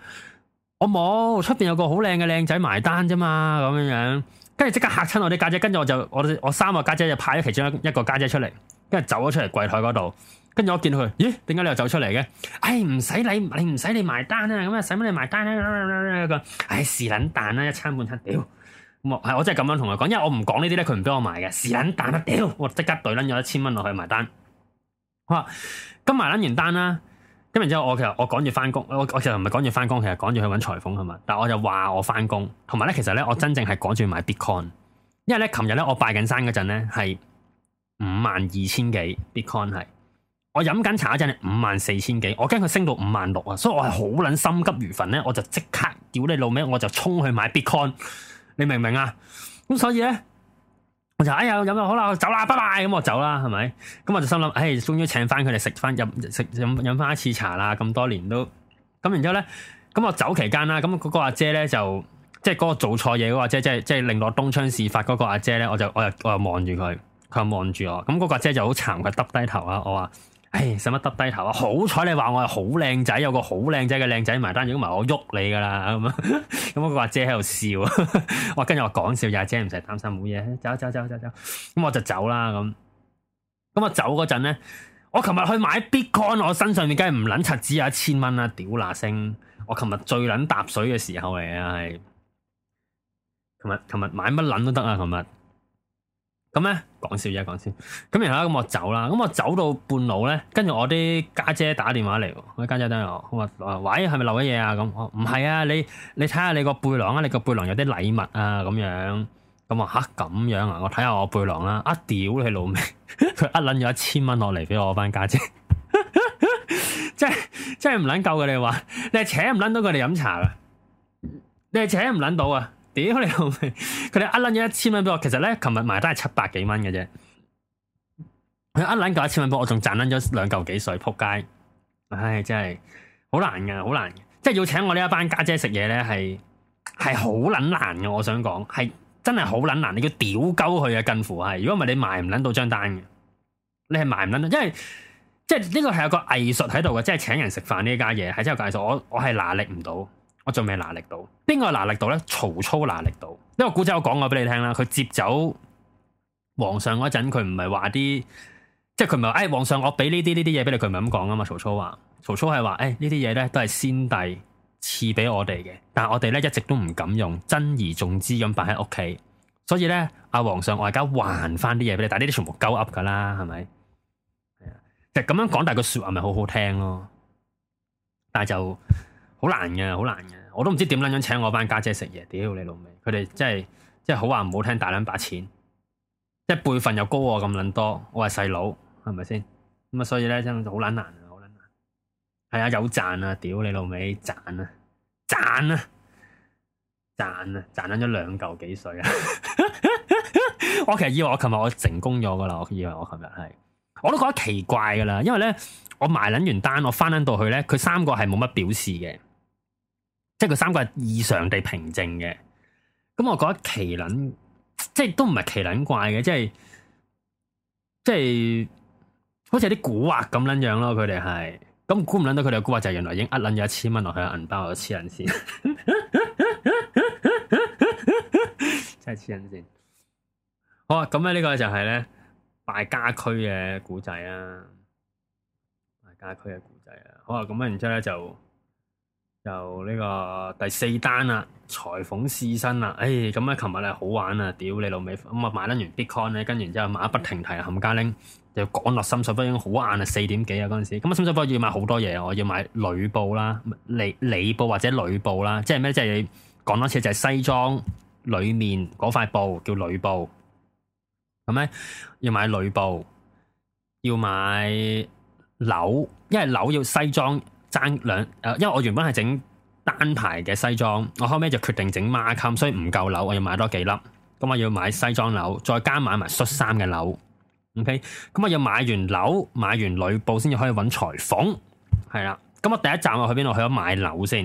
[SPEAKER 1] 我、哦、冇，出邊有個好靚嘅靚仔埋單啫嘛，咁樣樣，跟住即刻吓親我啲家姐，姐，跟住我就我我三個家姐，姐就派咗其中一一個家姐，姐出嚟，跟住走咗出嚟櫃台嗰度，跟住我見到佢，咦？點解你又走出嚟嘅？唉、哎，唔使你，你唔使你埋單啊，咁啊，使乜你埋單啊？唉、啊，是撚蛋啦，一餐半餐，屌、哎！係、嗯、我真係咁樣同佢講，因為我唔講呢啲咧，佢唔俾我買嘅。是卵蛋得屌！我 即樂 刻懟捻咗一千蚊落去埋單。我話埋捻完單啦，跟完之後我其實我趕住翻工，我我其實唔係趕住翻工，其實趕住去搵裁縫係嘛，但係我就話我翻工，同埋咧其實咧我真正係趕住買 Bitcoin，因為咧琴日咧我拜緊山嗰陣咧係五萬二千幾 Bitcoin 係，我飲緊茶嗰陣咧五萬四千幾，我驚佢升到五萬六啊，所以我係好卵心急如焚咧，我就即刻屌你老味，我就衝去買 Bitcoin。你明唔明啊？咁所以咧，我就哎呀，飲咗好啦，走啦，拜拜！咁我走啦，係咪？咁我就心諗，唉，終於請翻佢哋食翻飲食飲飲翻一次茶啦！咁多年都咁，然之後咧，咁我走期間啦，咁嗰個阿姐咧、嗰個、就即係嗰個做錯嘢，或者即係即係令我東窗事發嗰個阿姐咧，我就我又我又望住佢，佢又望住我，咁、嗰、嗰個阿姐就好慘，佢耷低頭啦，我話。唉，使乜耷低頭啊？好彩你話我係好靚仔，有個好靚仔嘅靚仔埋單，如果唔係我喐你噶啦咁咁我話姐喺度笑，跟住我講笑，阿姐唔使擔心冇嘢，走走走走走，咁我就走啦咁。咁我走嗰陣咧，我琴日去買 Bitcoin，我身上面梗係唔捻擦紙啊，一千蚊啊，屌嗱聲，我琴日最捻搭水嘅時候嚟啊，係。琴日琴日買乜捻都得啊，琴日咁咧。講笑啫，講笑。咁然後咧，咁我走啦。咁我走到半路咧，跟住我啲家姐，姐打電話嚟。我家姐等我。我話：喂，係咪漏咗嘢啊？咁我唔係啊。你你睇下，你個背囊啦，你個背囊、啊、有啲禮物啊。咁樣咁話吓咁樣啊。我睇下我背囊啦、啊。啊，屌你老味，佢呃捻咗一千蚊落嚟俾我班家姐，姐。即係即係唔捻夠佢哋話，你係請唔捻到佢哋飲茶噶？你係請唔捻到啊？屌你老味，佢哋呃撚咗一千蚊俾我。其實咧，琴日埋單係七百幾蚊嘅啫。佢呃撚夠一千蚊俾我，仲賺撚咗兩嚿幾水，撲街！唉，真係好難噶，好難。即係要請我呢一班家姐食嘢咧，係係好撚難嘅。我想講係真係好撚難，你叫屌鳩佢呀，近乎係。如果唔係，你埋唔撚到張單嘅。你係埋唔撚，因為即係呢個係有個藝術喺度嘅，即係請人食飯呢家嘢係真係藝術。我我係拿力唔到。我仲未拿力到，邊個拿力到咧？曹操拿力到，因為古仔我講過俾你聽啦。佢接走皇上嗰陣，佢唔係話啲，即係佢唔係話，誒、哎，皇上我俾呢啲呢啲嘢俾你，佢唔係咁講啊嘛。曹操話，曹操係話，誒、哎，呢啲嘢咧都係先帝賜俾我哋嘅，但係我哋咧一直都唔敢用，珍而重之咁擺喺屋企。所以咧，阿皇上我而家還翻啲嘢俾你，但係呢啲全部鳩噏噶啦，係咪？係啊，就咁樣講，但係個說話咪好好聽咯，但係就。.好難嘅，好難嘅，我都唔知點捻樣請我班家姐食嘢。屌你老味。佢哋真係真係好話唔好聽，大兩把錢，即係輩分又高咁捻多。我係細佬係咪先？咁啊，所以咧真係好捻難啊，好捻難。係啊，有賺啊，屌你老味，賺啊，賺啊，賺啊，賺捻咗兩嚿幾水啊！ 我其實以為我琴日我成功咗噶啦，我以為我琴日係，我都覺得奇怪噶啦，因為咧我埋捻完單，我翻捻到去咧，佢三個係冇乜表示嘅。即係佢三個係異常地平靜嘅，咁我覺得奇撚，即係都唔係奇撚怪嘅，即係即係好似有啲蠱惑咁撚樣咯。佢哋係咁估唔捻到佢哋嘅蠱惑就係原來已經呃捻咗一千蚊落去銀包度黐人線，真係黐人線。好啊，咁啊呢個就係咧敗家區嘅古仔啦，敗家區嘅古仔啦。好啊，咁啊然之後咧就。就呢個第四單啦，裁縫試身啦，誒、哎，咁啊，琴日係好玩啊，屌你老味。咁啊，買得完 Bitcoin 咧，跟完之後馬不停蹄冚家拎，又趕落深水埗，已經好晏啊，四點幾啊，嗰陣時，咁啊，深水埗要買好多嘢，我要買裏布啦，裏裏布或者裏布啦，即係咩？即係講多次，就係、是、西裝裡面嗰塊布叫裏布，咁咧要買裏布，要買紐，因為紐要西裝。爭兩，因為我原本係整單排嘅西裝，我後尾就決定整孖襟，所以唔夠樓，我要買多幾粒，咁我要買西裝樓，再加買埋恤衫嘅樓，OK，咁我要買完樓，買完履布先至可以揾裁縫，係啦，咁我第一站我去邊度？去咗買樓先，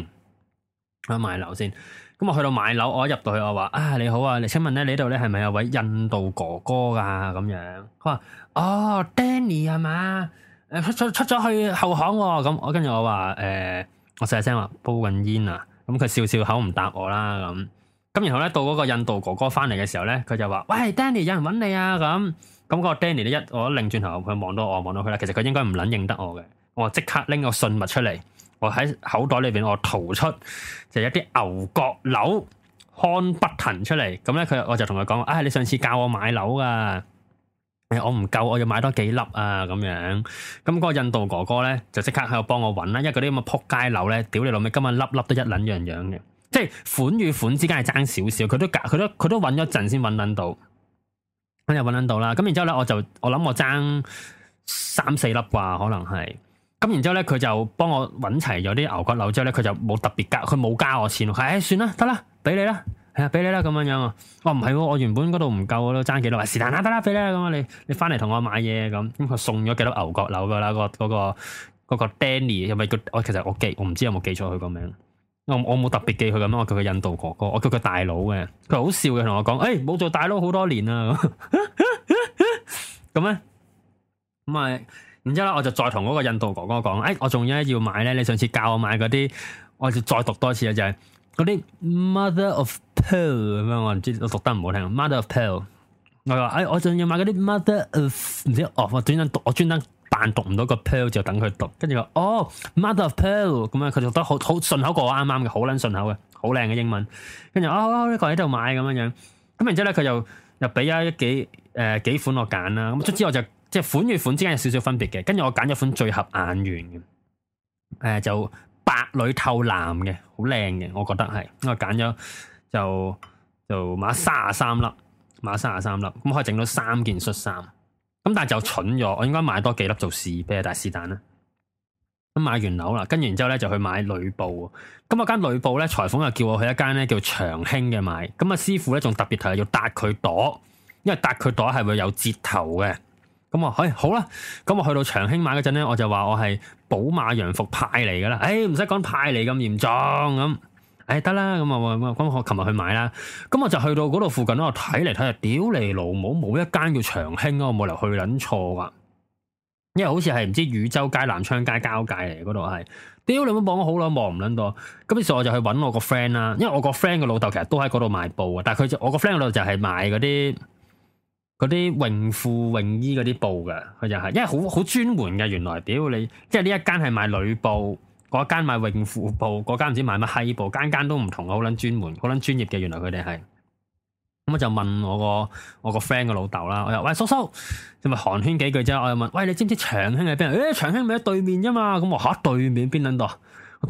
[SPEAKER 1] 去買樓先，咁我去到買樓，我一入到去，我話啊，你好啊，你請問咧呢度咧係咪有位印度哥哥噶咁樣？佢話哦，Danny 係嘛？出咗去後巷喎、哦，咁我跟住我話，誒、欸，我細聲話煲緊煙啊，咁佢笑笑口唔答我啦，咁，咁然後咧到嗰個印度哥哥翻嚟嘅時候咧，佢就話，喂，Danny，有人揾你啊，咁，咁個 Danny 咧一我擰轉頭佢望到我，望到佢啦，其實佢應該唔撚認得我嘅，我即刻拎個信物出嚟，我喺口袋裏邊我掏出，就一啲牛角樓康北藤出嚟，咁咧佢我就同佢講，啊、哎，你上次教我買樓啊。欸、我唔夠，我要買多幾粒啊，咁樣。咁、那、嗰個印度哥哥咧，就即刻喺度幫我揾啦。因為嗰啲咁嘅撲街鈕咧，屌你老味，今日粒粒都一捻樣樣嘅。即係款與款之間係爭少少，佢都夾，佢都佢都揾咗陣先揾捻到，咁就揾捻到啦。咁然之後咧，我就我諗我爭三四粒啩，可能係。咁然後呢之後咧，佢就幫我揾齊咗啲牛骨鈕之後咧，佢就冇特別加，佢冇加我錢咯。係、欸，算啦，得啦，俾你啦。俾你啦，咁樣樣，我唔係，我原本嗰度唔夠，我都爭幾多，話是但啦，得啦，俾你啦，咁啊，你你翻嚟同我買嘢，咁咁佢送咗幾粒牛角樓噶啦，個嗰個嗰個 Danny，又咪叫，我其實我記，我唔知有冇記錯佢個名，我我冇特別記佢咁咯，我叫佢印度哥哥，我叫佢大佬嘅，佢好笑嘅，同我講，誒，冇做大佬好多年啊，咁咧，咁咪，然之後咧，我就再同嗰個印度哥哥講，誒，我仲要要買咧，你上次教我買嗰啲，我就再讀多次嘅就係。嗰啲 mother of pearl 咁樣，我唔知我讀得唔好聽 mother of pearl。我話，哎，我仲要買嗰啲 mother of 唔知哦，我專登讀，我專登扮讀唔到個 pearl 就等佢讀，跟住話哦 mother of pearl 咁樣，佢讀得好好順口過我啱啱嘅，好撚順口嘅，好靚嘅英文。跟住哦呢個喺度買咁樣樣，咁然之後咧佢就又俾咗一幾誒、呃、幾款我揀啦。咁除此之外我就即係款與款之間有少少分別嘅。跟住我揀咗款最合眼緣嘅，誒、呃、就。白裏透藍嘅，好靚嘅，我覺得係，咁我揀咗就就買卅啊三粒，買卅啊三粒，咁可以整到三件恤衫，咁但係就蠢咗，我應該買多幾粒做士啤，但係是但啦。咁買完紐啦，跟住然之後咧就去買呂布，咁啊間呂布咧裁縫又叫我去一間咧叫長興嘅買，咁啊師傅咧仲特別提要搭佢朵，因為搭佢朵係會有折頭嘅。咁、嗯、我，哎、欸，好啦，咁、嗯、我去到長興買嗰陣咧，我就話我係寶馬洋服派嚟噶、欸嗯欸、啦，誒、嗯，唔使講派嚟咁嚴重咁，誒，得啦，咁我，咁我，咁我，我琴日去買啦，咁、嗯、我就去到嗰度附近咧，我睇嚟睇去，屌你老母，冇一間叫長興啊。個，冇理由去捻錯噶，因為好似係唔知汝州街、南昌街交界嚟，嗰度係，屌你老母，望咗好耐，望唔捻到，咁於是我就去搵我個 friend 啦，因為我個 friend 嘅老豆其實都喺嗰度賣布啊，但係佢就，我個 friend 個老豆就係賣嗰啲。嗰啲泳褲泳衣嗰啲布嘅，佢就係，因為好好專門嘅原來，屌你，即係呢一間係賣女布，嗰間賣泳褲布，嗰間唔知賣乜閪布，間間都唔同嘅，好捻專門，好捻專業嘅，原來佢哋係，咁我就問我個我個 friend 個老豆啦，我又喂叔叔，咁咪寒暄幾句啫，我又問，喂，叔叔問喂你知唔知長兄喺邊啊？誒、欸，長兄咪喺對面啫嘛，咁我吓對面邊捻度？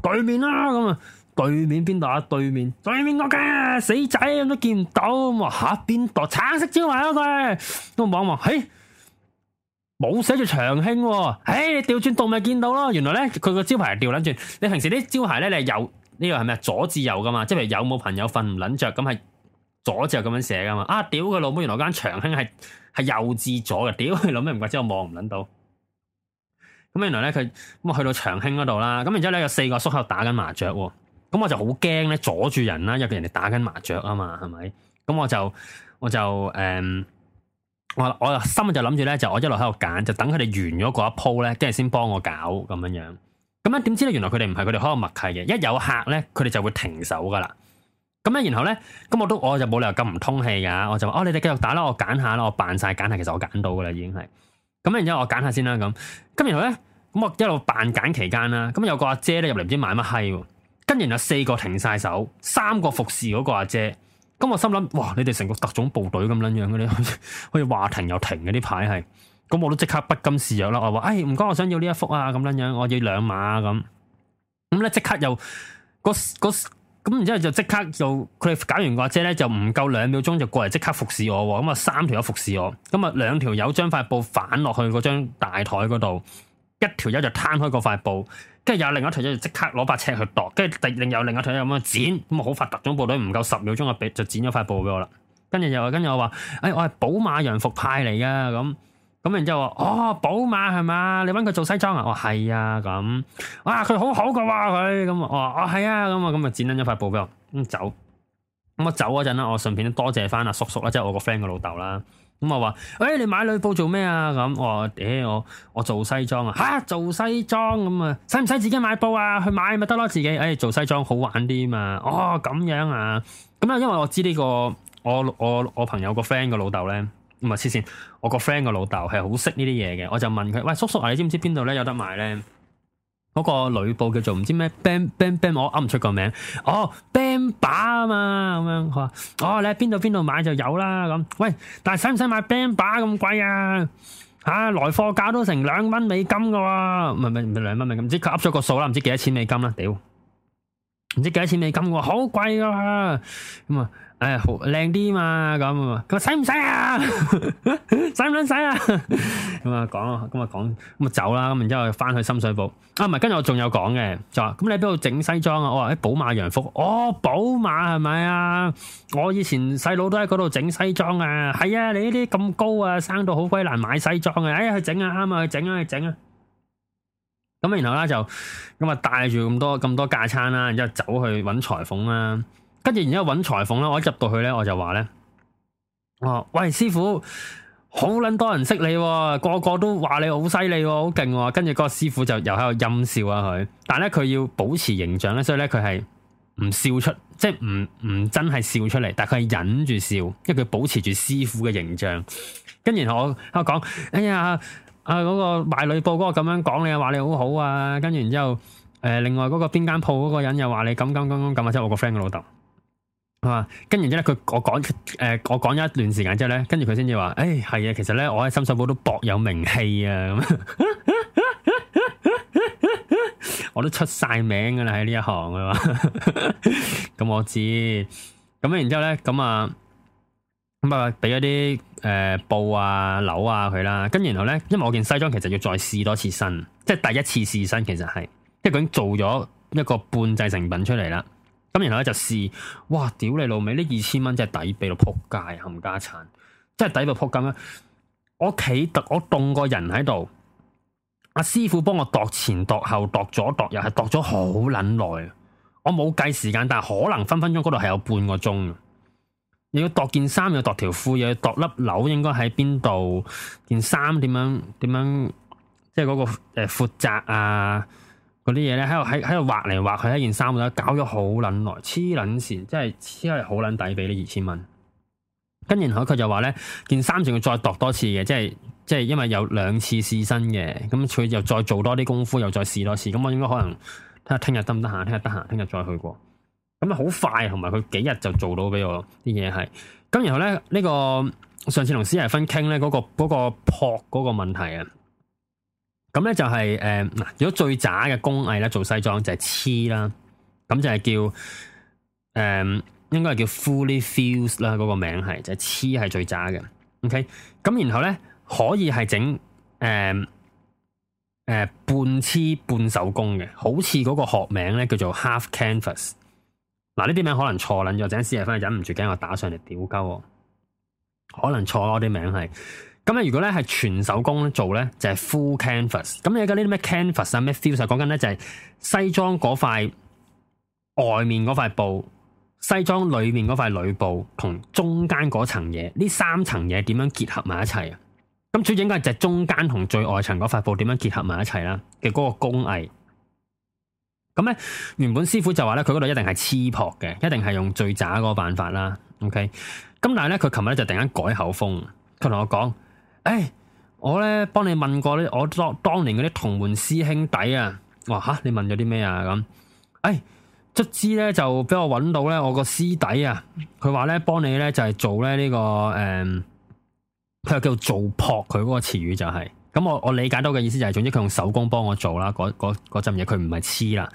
[SPEAKER 1] 對面啦，咁啊。對面邊度啊？對面對面嗰間死仔咁都見唔到咁啊！吓邊度？橙色招牌啊，佢！都望望，嘿、啊，冇寫住長興喎！嘿，調轉度咪見到咯？原來咧佢個招牌係調捻轉，你平時啲招牌咧你係右呢個係咩啊？左至右噶嘛，即係有冇朋友瞓唔捻着咁係左隻咁樣寫噶嘛？啊屌！佢老母原來間長興係係右至左嘅，屌佢老咩唔怪之我望唔捻到。咁原來咧佢咁啊去到長興嗰度啦，咁然之後咧有四個叔叔打緊麻雀。咁我就好驚咧，阻住人啦，因為人哋打緊麻雀啊嘛，係咪？咁我就我就誒、嗯，我我心就諗住咧，就我一路喺度揀，就等佢哋完咗嗰一鋪咧，跟住先幫我搞咁樣樣。咁樣點知咧，原來佢哋唔係佢哋開個默契嘅，一有客咧，佢哋就會停手噶啦。咁樣然後咧，咁我都我就冇理由咁唔通氣噶，我就話哦，你哋繼續打啦，我揀下啦，我扮晒揀下，其實我揀到噶啦，已經係咁。然之後我揀下先啦，咁咁然後咧，咁我一路扮揀期間啦，咁有個阿姐咧入嚟，唔知買乜閪。跟住有四個停晒手，三個服侍嗰個阿姐、姐。咁我心諗，哇！你哋成個特種部隊咁樣樣嘅咧，好似話停又停嘅啲牌係。咁我都即刻不甘示弱啦。我話，哎，唔該，我想要呢一幅啊，咁樣樣，我要兩碼咁。咁咧，即刻又那個咁，然之後就即刻又佢哋搞完阿姐咧，就唔夠兩秒鐘就過嚟，即刻服侍我。咁啊，三條友服侍我，咁啊，兩條友將塊布反落去嗰張大台嗰度，一條友就攤開嗰塊布。跟住有另一條就即刻攞把尺去度，跟住第另有另一條又咁剪，咁啊好發達種部隊唔夠十秒鐘嘅俾就剪咗塊布俾我啦。跟住又話，跟住我話：哎，我係寶馬洋服派嚟嘅咁咁。然之後話：哦，寶馬係嘛？你揾佢做西裝啊？我係啊咁。哇，佢好好嘅喎佢咁啊。我話：哦，係啊咁啊咁啊，剪緊咗塊布俾我咁走。咁啊走嗰陣啦，我順便多謝翻阿叔叔啦，即係我個 friend 嘅老豆啦。咁我話，誒，你買女布做咩啊？咁我話，誒，我，欸、我，我做西裝啊，吓，啊、做西裝咁啊，使唔使自己買布啊？去買咪得咯，自己。誒，欸，做西裝好玩啲嘛？哦，咁樣啊，咁，嗯、啊，因為我知呢，這個我我我朋友個 friend 個老豆咧，唔係黐綫，我個 friend 個老豆係好識呢啲嘢嘅，我就問佢，喂，叔叔啊，你知唔知邊度咧有得賣咧？嗰個呂布叫做唔知咩 bam bam bam 我噏唔出個名。哦，Bamba 啊嘛，咁樣，佢話，哦，你喺邊度邊度買就有啦。咁、嗯、喂，但係使唔使買 Bamba 咁貴啊？吓、啊，來貨價都成兩蚊美金噶喎、啊，唔係唔係唔係兩蚊美金，唔、嗯、知佢噏咗個數啦，唔知幾多千美金啦，屌，唔知幾多千美金嘅，好貴噶，咁啊。嗯嗯哎呀，好靚啲嘛咁，佢話使唔使啊？使唔使啊？使啊，咁啊講，咁啊講，咁啊走啦。咁然之後翻去深水埗。啊，唔係，跟住我仲有講嘅，就話咁你喺邊度整西裝啊？我話喺寶馬洋服。哦，寶馬係咪啊？我以前細佬都喺嗰度整西裝啊。係啊，你呢啲咁高啊，生到好鬼難買西裝啊。哎呀，去整啊，啱啊，去整啊，去整啊。咁然後啦，就咁啊，帶住咁多咁多架餐啦，然之後走去搵裁縫啦。跟住然之後揾裁縫啦，我一入到去咧，我就話咧，哦，喂，師傅，好捻多人識你，啊，個個都話你好犀利，好勁，啊。跟住嗰個師傅就又喺度陰笑啊佢，但係咧佢要保持形象咧，所以咧佢係唔笑出，即係唔唔真係笑出嚟，但係佢係忍住笑，因為佢保持住師傅嘅形象。跟住我我講，哎呀，啊嗰、嗰個賣女布嗰個咁樣講你，話你好好啊。跟住然之後，誒、呃，另外嗰個邊間鋪嗰個人又話你咁咁咁咁咁，即係我個 friend 嘅老豆。」啊！跟然之後咧，佢我講誒，我講咗、呃、一段時間之後咧，跟住佢先至話，誒係啊，其實咧我喺深水埗都薄有名氣啊，咁 我都出晒名噶啦喺呢一行呢啊，咁我知，咁然之後咧咁啊，咁啊俾一啲誒布啊、紐啊佢、啊、啦，跟然後咧，因為我件西裝其實要再試多次身，即係第一次試身其實係即係佢已經做咗一個半製成品出嚟啦。咁然後就試，哇！屌你老味，呢二千蚊真係抵俾到仆街冚家鏟，真係抵到仆咁啊！我企特，我凍個人喺度。阿師傅幫我度前度後度左度右，係度咗好撚耐。我冇計時間，但係可能分分鐘嗰度係有半個鐘。你要度件衫，要度條褲，要度粒紐，樓應該喺邊度？件衫點樣？點樣？即係、那、嗰個誒、呃、闊窄啊？嗰啲嘢咧喺度喺喺度畫嚟畫去，一件衫咁搞咗好撚耐，黐撚線，即係黐係好撚底俾你二千蚊，跟然後佢就話咧，件衫仲要再度多次嘅，即係即係因為有兩次試身嘅，咁佢又再做多啲功夫，又再試多次。咁我應該可能聽日聽日得唔得閒？聽日得閒，聽日再去過。咁啊好快，同埋佢幾日就做到俾我啲嘢係。咁然後咧呢、這個上次同思毅分傾咧嗰個嗰、那個扑嗰、那個、個問題啊。咁咧就係誒嗱，如果最渣嘅工藝咧做西裝就係黐、呃、啦，咁就係叫誒應該係叫 fully fuse 啦，嗰個名係就係黐係最渣嘅。OK，咁然後咧可以係整誒誒半痴半手工嘅，好似嗰個學名咧叫做 half canvas。嗱、啊，呢啲名可能錯撚咗，陣時係翻去忍唔住驚我打上嚟屌鳩喎，可能錯我啲名係。咁啊，如果咧係全手工咧做咧，就係、是、full canvas。咁你而家呢啲咩 canvas 啊咩 feel、啊、就講緊咧就係西裝嗰塊外面嗰塊布、西裝裏面嗰塊裏布同中間嗰層嘢，呢三層嘢點樣結合埋一齊啊？咁主要應該就係中間同最外層嗰塊布點樣結合埋一齊啦、啊，嘅嗰個工藝。咁咧原本師傅就話咧，佢嗰度一定係黐撲嘅，一定係用最渣嗰個辦法啦。OK，咁但係咧佢琴日就突然間改口風，佢同我講。誒，我咧幫你問過咧，我當當年啲同門師兄弟啊，哇吓你問咗啲咩啊咁？誒，卒之咧就俾我搵到咧，我個師弟啊，佢話咧幫你咧就係、是、做咧、這、呢個誒，佢、嗯、又叫做做撲佢個詞語就係、是。咁我我理解到嘅意思就係、是，總之佢用手工幫我做啦，嗰嗰陣嘢佢唔係黐啦。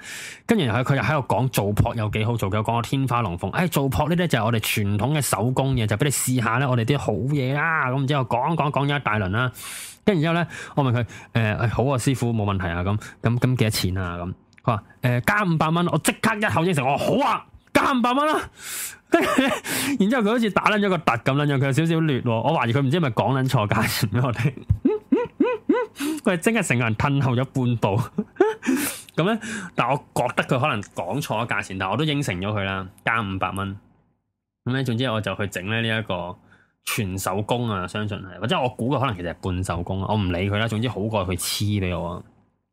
[SPEAKER 1] 跟住佢又喺度講做膊有幾好做幾好，佢又講到天花龍鳳。哎，做膊呢啲就係我哋傳統嘅手工嘢，就俾你試下咧，我哋啲好嘢啦。咁唔知我講講講咗一大輪啦。跟住之後咧，我問佢誒、欸，好啊，師傅冇問題啊，咁咁咁幾多錢啊？咁佢話誒加五百蚊，我即刻一口應承。我好啊，加五百蚊啦。跟 住然之後佢好似打捻咗個突咁捻樣，佢有少少劣、啊。我懷疑佢唔知係咪講捻錯價錢俾我聽。佢真係成個人褪後咗半步咁咧， 但係我覺得佢可能講錯咗價錢，但我都應承咗佢啦，加五百蚊咁咧。總之我就去整咧呢一個全手工啊，相信係或者我估佢可能其實係半手工，我唔理佢啦。總之好過佢黐俾我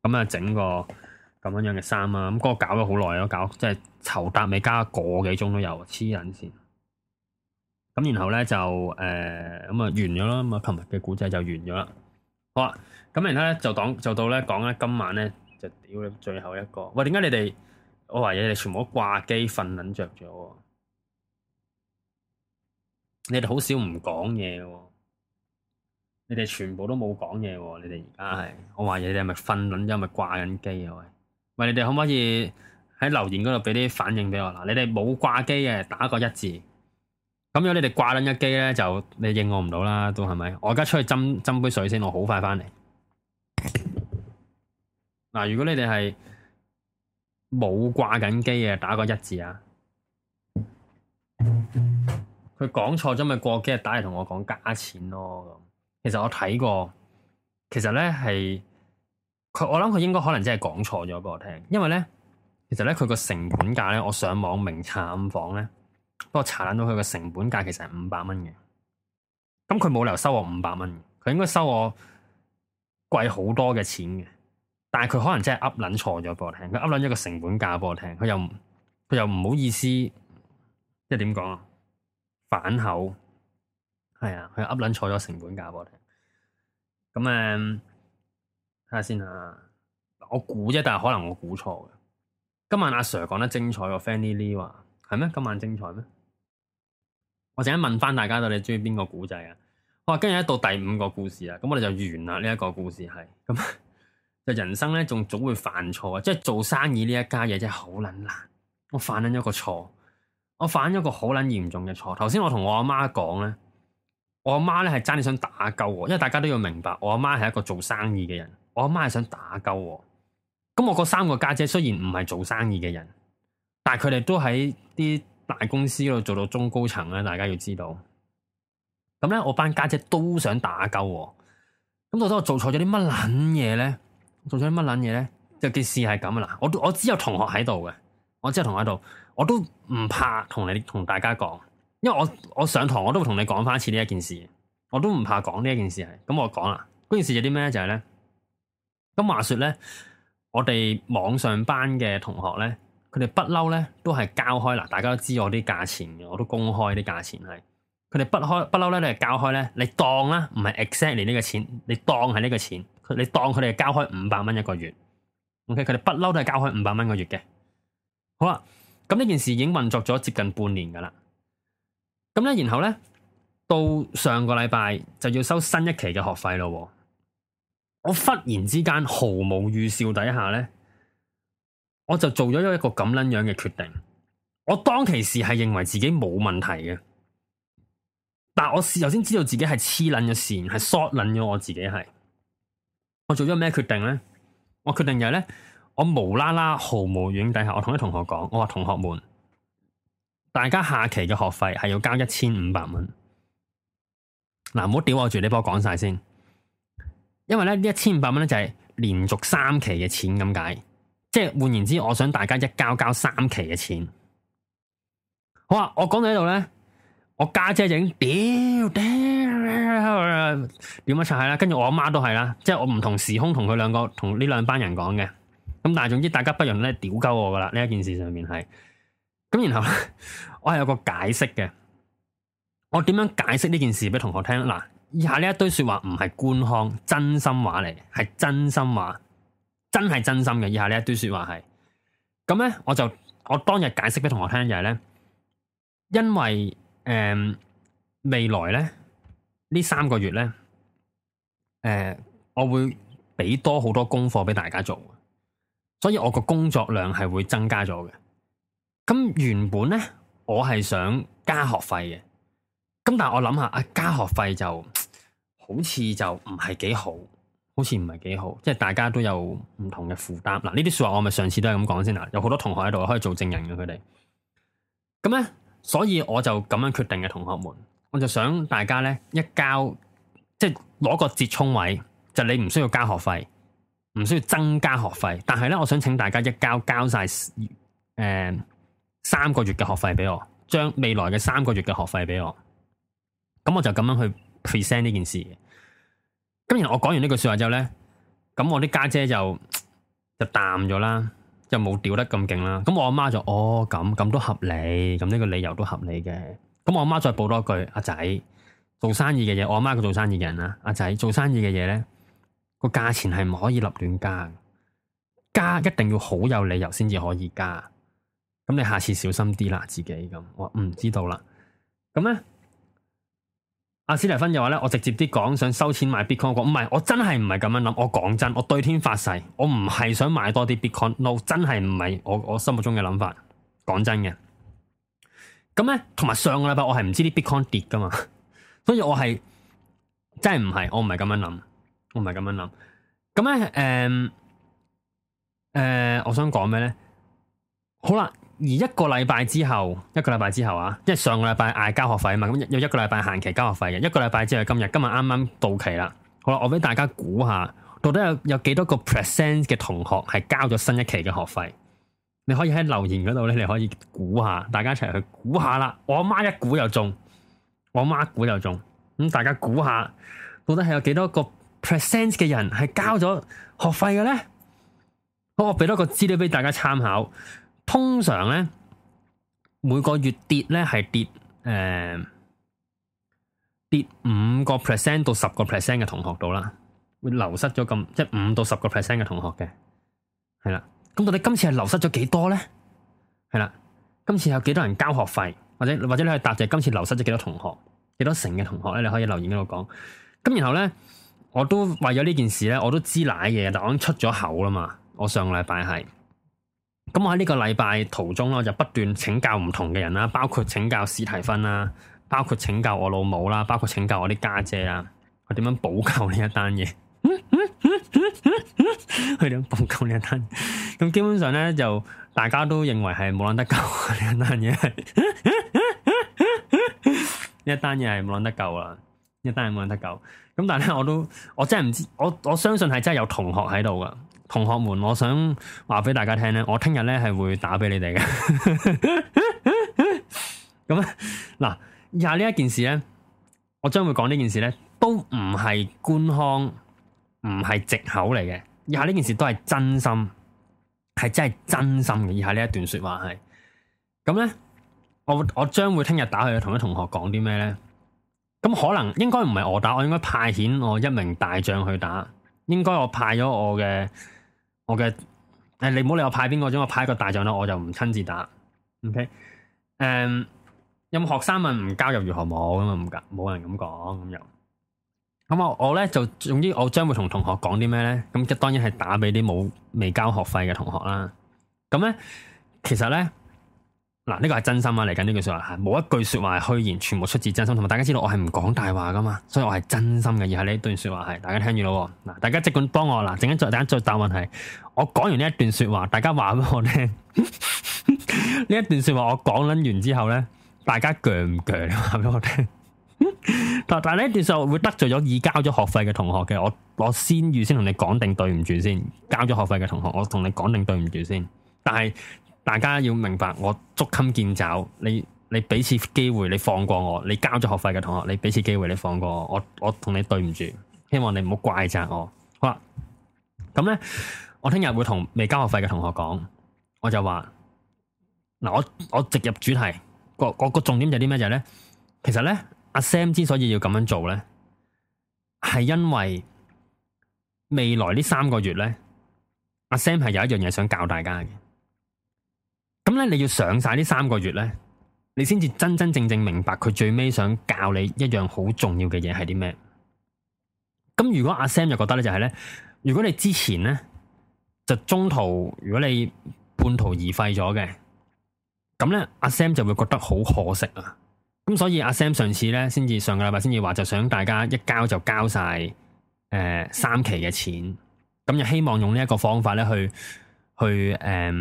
[SPEAKER 1] 咁、嗯、啊，整個咁樣樣嘅衫啊，咁、那、嗰個搞咗好耐咯，搞即係籌搭未加個幾鐘都有黐緊先。咁、嗯、然後咧就誒咁啊完咗啦，咁啊琴日嘅古仔就完咗啦，好啊。咁然之後就到咧，講咧今晚咧就屌啦最後一個。喂，點解你哋，我懷疑你哋全部都掛機瞓緊着咗，你哋好少唔講嘢嘅，你哋全部都冇講嘢喎，你哋而家係，我懷疑你係咪瞓緊又咪掛緊機啊？喂，喂，你哋可唔可以喺留言嗰度俾啲反應俾我。嗱，你哋冇掛機嘅，打個一字。咁樣你哋掛緊一機咧就你應我唔到啦。都係咪我而家出去斟杯水先，我好快翻嚟。嗱，如果你哋係冇掛緊機嘅，打個一字啊！佢講錯咗咪？過幾日打嚟同我講加錢咯。其實我睇過，其實呢係我諗佢應該可能真係講錯咗俾我聽。因為呢，其實呢，佢個成本價呢，我上網明查暗訪呢，幫我查到佢個成本價其實係五百蚊嘅。咁佢冇理由收我五百蚊，佢應該收我貴好多嘅錢嘅。但係佢可能真係噏捻錯咗，畀我聽佢噏捻咗個成本價畀我聽，佢又佢又唔好意思，即係點講啊？反口係啊，佢噏捻錯咗成本價畀我聽。咁誒，睇下先啊，我估啫，但係可能我估錯嘅。今晚阿 Sir 講得精彩，個 Fanny Lee 話係咩？今晚精彩咩？我陣間問翻大家到你中意邊個古仔啊？我話跟住一到第五個故事啊，咁我哋就完啦。呢一個故事係咁。嗯 人生咧，仲總會犯錯啊！即係做生意呢一家嘢，真係好捻難。我犯咗一個錯，我犯咗個好捻嚴重嘅錯。頭先我同我阿媽講咧，我阿媽咧係爭啲想打鳩我，因為大家都要明白，我阿媽係一個做生意嘅人，我阿媽係想打鳩我。咁我嗰三個家姐雖然唔係做生意嘅人，但係佢哋都喺啲大公司度做到中高層啦。大家要知道，咁咧我班家姐都想打鳩我。咁到底我做錯咗啲乜捻嘢咧？做咗啲乜捻嘢咧？就件事係咁啦。我我知有同學喺度嘅，我知有同學喺度，我都唔怕同你同大家講，因為我我上堂我都會同你講翻一次呢一件事，我都唔怕講呢一件事係。咁我講啦，嗰件事有啲咩咧？就係咧，咁話說咧，我哋網上班嘅同學咧，佢哋不嬲咧都係交開啦。大家都知我啲價錢嘅，我都公開啲價錢係。佢哋不開不嬲咧，你係交開咧，你當啦，唔係 exactly 呢個錢，你當係呢個錢。你當佢哋係交開五百蚊一個月，OK，佢哋不嬲都係交開五百蚊一個月嘅。好啦，咁呢件事已經運作咗接近半年噶啦。咁咧，然後咧，到上個禮拜就要收新一期嘅學費咯。我忽然之間毫無預兆底下咧，我就做咗一個咁捻樣嘅決定。我當其時係認為自己冇問題嘅，但我事後先知道自己係黐捻咗線，係 short 捻咗我自己係。我做咗咩決定呢？我決定就係呢：我無啦啦，毫無預警底下，我同啲同學講，我話同學們，大家下期嘅學費係要交一千五百蚊。嗱，唔好屌我住，你幫我講晒先。因為呢一千五百蚊呢就係連續三期嘅錢咁解，即係換言之，我想大家一交交三期嘅錢。好啊，我講到呢度呢。我家姐整屌屌屌乜柒係啦，跟住我阿媽都係啦，即係我唔同時空同佢兩個同呢兩班人講嘅，咁但係總之大家不用咧屌鳩我噶啦呢一件事上面係，咁然後咧我係有個解釋嘅，我點樣解釋呢件事俾同學聽？嗱，以下呢一堆說話唔係官腔，真心話嚟，係真心話，真係真心嘅。以下呢一堆說話係，咁、嗯、咧我就我當日解釋俾同學聽就係、是、咧，因為。誒、嗯，未來咧呢三個月咧，誒、呃，我會畀多好多功課畀大家做，所以我個工作量係會增加咗嘅。咁原本咧，我係想加學費嘅。咁但係我諗下，啊加學費就好似就唔係幾好，好似唔係幾好，即係大家都有唔同嘅負擔。嗱，呢啲說話我咪上次都係咁講先啦，有好多同學喺度可以做證人嘅佢哋。咁咧。所以我就咁樣決定嘅，同學們，我就想大家咧一交，即係攞個折沖位，就是，你唔需要交學費，唔需要增加學費，但係咧，我想請大家一交交晒，誒、呃、三個月嘅學費俾我，將未來嘅三個月嘅學費俾我，咁我就咁樣去 present 呢件事。咁然後我講完呢句說話之後咧，咁我啲家姐，姐就就淡咗啦。又就冇屌得咁勁啦，咁我阿媽就哦，咁咁都合理，咁呢個理由都合理嘅，咁我阿媽再補多句，阿仔做生意嘅嘢，我阿媽個做生意嘅人啦，阿仔做生意嘅嘢咧個價錢係唔可以立亂加，加一定要好有理由先至可以加，咁你下次小心啲啦，自己咁，我唔、嗯、知道啦，咁咧。阿、啊、斯蒂芬就話咧，我直接啲講，想收錢買 Bitcoin，唔係，我真係唔係咁樣諗，我講真，我對天發誓，我唔係想買多啲 Bitcoin，no，真係唔係我我心目中嘅諗法，講真嘅。咁咧，同埋上個禮拜我係唔知啲 Bitcoin 跌噶嘛，所以我係真係唔係，我唔係咁樣諗，我唔係咁樣諗。咁咧，誒、呃、誒、呃，我想講咩咧？好啦。而一個禮拜之後，一個禮拜之後啊，因為上個禮拜嗌交學費啊嘛，咁有一個禮拜限期交學費嘅，一個禮拜之後今日，今日啱啱到期啦。好啦，我俾大家估下，到底有有幾多個 percent 嘅同學係交咗新一期嘅學費？你可以喺留言嗰度咧，你可以估下，大家一齊去估下啦。我阿媽一估又中，我阿媽一估又中，咁、嗯、大家估下，到底係有幾多個 percent 嘅人係交咗學費嘅咧？好，我俾多個資料俾大家參考。通常咧，每個月跌咧係跌誒、呃、跌五個 percent 到十個 percent 嘅同學度啦，會流失咗咁即係五到十個 percent 嘅同學嘅，係啦。咁到底今次係流失咗幾多咧？係啦，今次有幾多人交學費，或者或者你可以答就係今次流失咗幾多同學，幾多成嘅同學咧？你可以留言嗰度講。咁然後咧，我都為咗呢件事咧，我都知乃嘢，但我已經出咗口啦嘛。我上個禮拜係。咁我喺呢個禮拜途中啦，我就不斷請教唔同嘅人啦，包括請教史提芬啦，包括請教我老母啦，包括請教我啲家姐啦。我點樣補救呢一單嘢？佢點樣補救呢一單？咁 基本上咧，就大家都認為係冇諗得救呢一單嘢，呢一單嘢係冇諗得救啊。呢一單係冇諗得救。咁 但係咧，我都我真係唔知，我我相信係真係有同學喺度噶。同學們，我想話俾大家聽咧，我聽日咧係會打俾你哋嘅。咁 嗱，以下呢一件事咧，我將會講呢件事咧，都唔係官腔，唔係藉口嚟嘅。以下呢件事都係真心，係真係真心嘅。以下呢一段說話係，咁咧，我我將會聽日打去同啲同學講啲咩咧？咁可能應該唔係我打，我應該派遣我一名大將去打，應該我派咗我嘅。我嘅誒，你唔好理我派邊個，將我派一個大獎啦，我就唔親自打。OK，誒、嗯，有冇學生問唔交入如何冇噶嘛？唔冇人咁講咁又。咁我我咧就總之，我將會同同學講啲咩咧？咁即當然係打俾啲冇未交學費嘅同學啦。咁咧，其實咧嗱，呢個係真心啊！嚟緊呢句說話係冇一句說話係虛言，全部出自真心。同埋大家知道我係唔講大話噶嘛，所以我係真心嘅。而係呢段說話係大家聽住咯。嗱，大家即管幫我嗱，陣間再等下再答問題。我講完呢一段說話，大家話俾我聽。呢 一段說話我講捻完之後呢，大家鋸唔鋸？你話俾我聽。 但但呢段說話會得罪咗已交咗學費嘅同學嘅，我我先預先同你講定對唔住先。交咗學費嘅同學，我同你講定對唔住先。但係大家要明白，我捉襟見肘。你你俾次機會，你放過我。你交咗學費嘅同學，你俾次機會，你放過我。我我同你對唔住，希望你唔好怪責我。好啦，咁呢。我聽日會同未交學費嘅同學講，我就話嗱，我我直入主題，個個個重點就係啲咩就係咧，其實咧阿 Sam 之所以要咁樣做咧，係因為未來呢三個月咧，阿 Sam 係有一樣嘢想教大家嘅。咁咧你要上晒呢三個月咧，你先至真真正正明白佢最尾想教你一樣好重要嘅嘢係啲咩。咁如果阿 Sam 又覺得咧就係咧，如果你之前咧，就中途如果你半途而廢咗嘅，咁咧阿 Sam 就會覺得好可惜啊！咁所以阿 Sam 上次咧，先至上個禮拜先至話，就想大家一交就交晒誒、呃、三期嘅錢，咁就希望用呢一個方法咧去去誒、呃、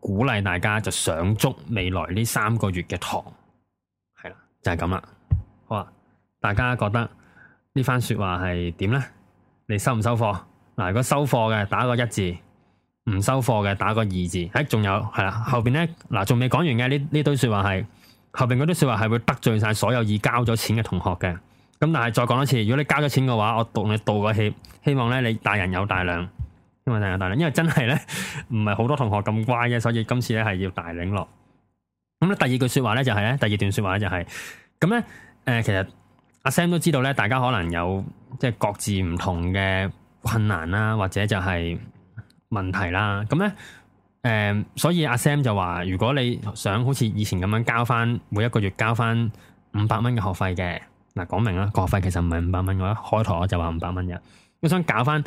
[SPEAKER 1] 鼓勵大家就上足未來呢三個月嘅堂，係啦就係咁啦。好啊，大家覺得呢番說話係點咧？你收唔收貨？嗱、呃，如果收貨嘅打個一字。唔收貨嘅打個二字，誒仲有係啦，後邊咧，嗱仲未講完嘅，呢呢堆說話係後邊嗰堆說話係會得罪晒所有已交咗錢嘅同學嘅，咁但係再講多次，如果你交咗錢嘅話，我同你道個歉，希望咧你大人有大量，因為大人有大量，因為真係咧唔係好多同學咁乖嘅，所以今次咧係要大領落。咁咧第二句說話咧就係咧，第二段說話咧就係咁咧誒，其實阿 Sam 都知道咧，大家可能有即係各自唔同嘅困難啦，或者就係。問題啦，咁咧，誒、呃，所以阿 Sam 就話，如果你想好似以前咁樣交翻每一個月交翻五百蚊嘅學費嘅，嗱、啊，講明啦，個學費其實唔係五百蚊嘅，開頭我就話五百蚊咋，我想搞翻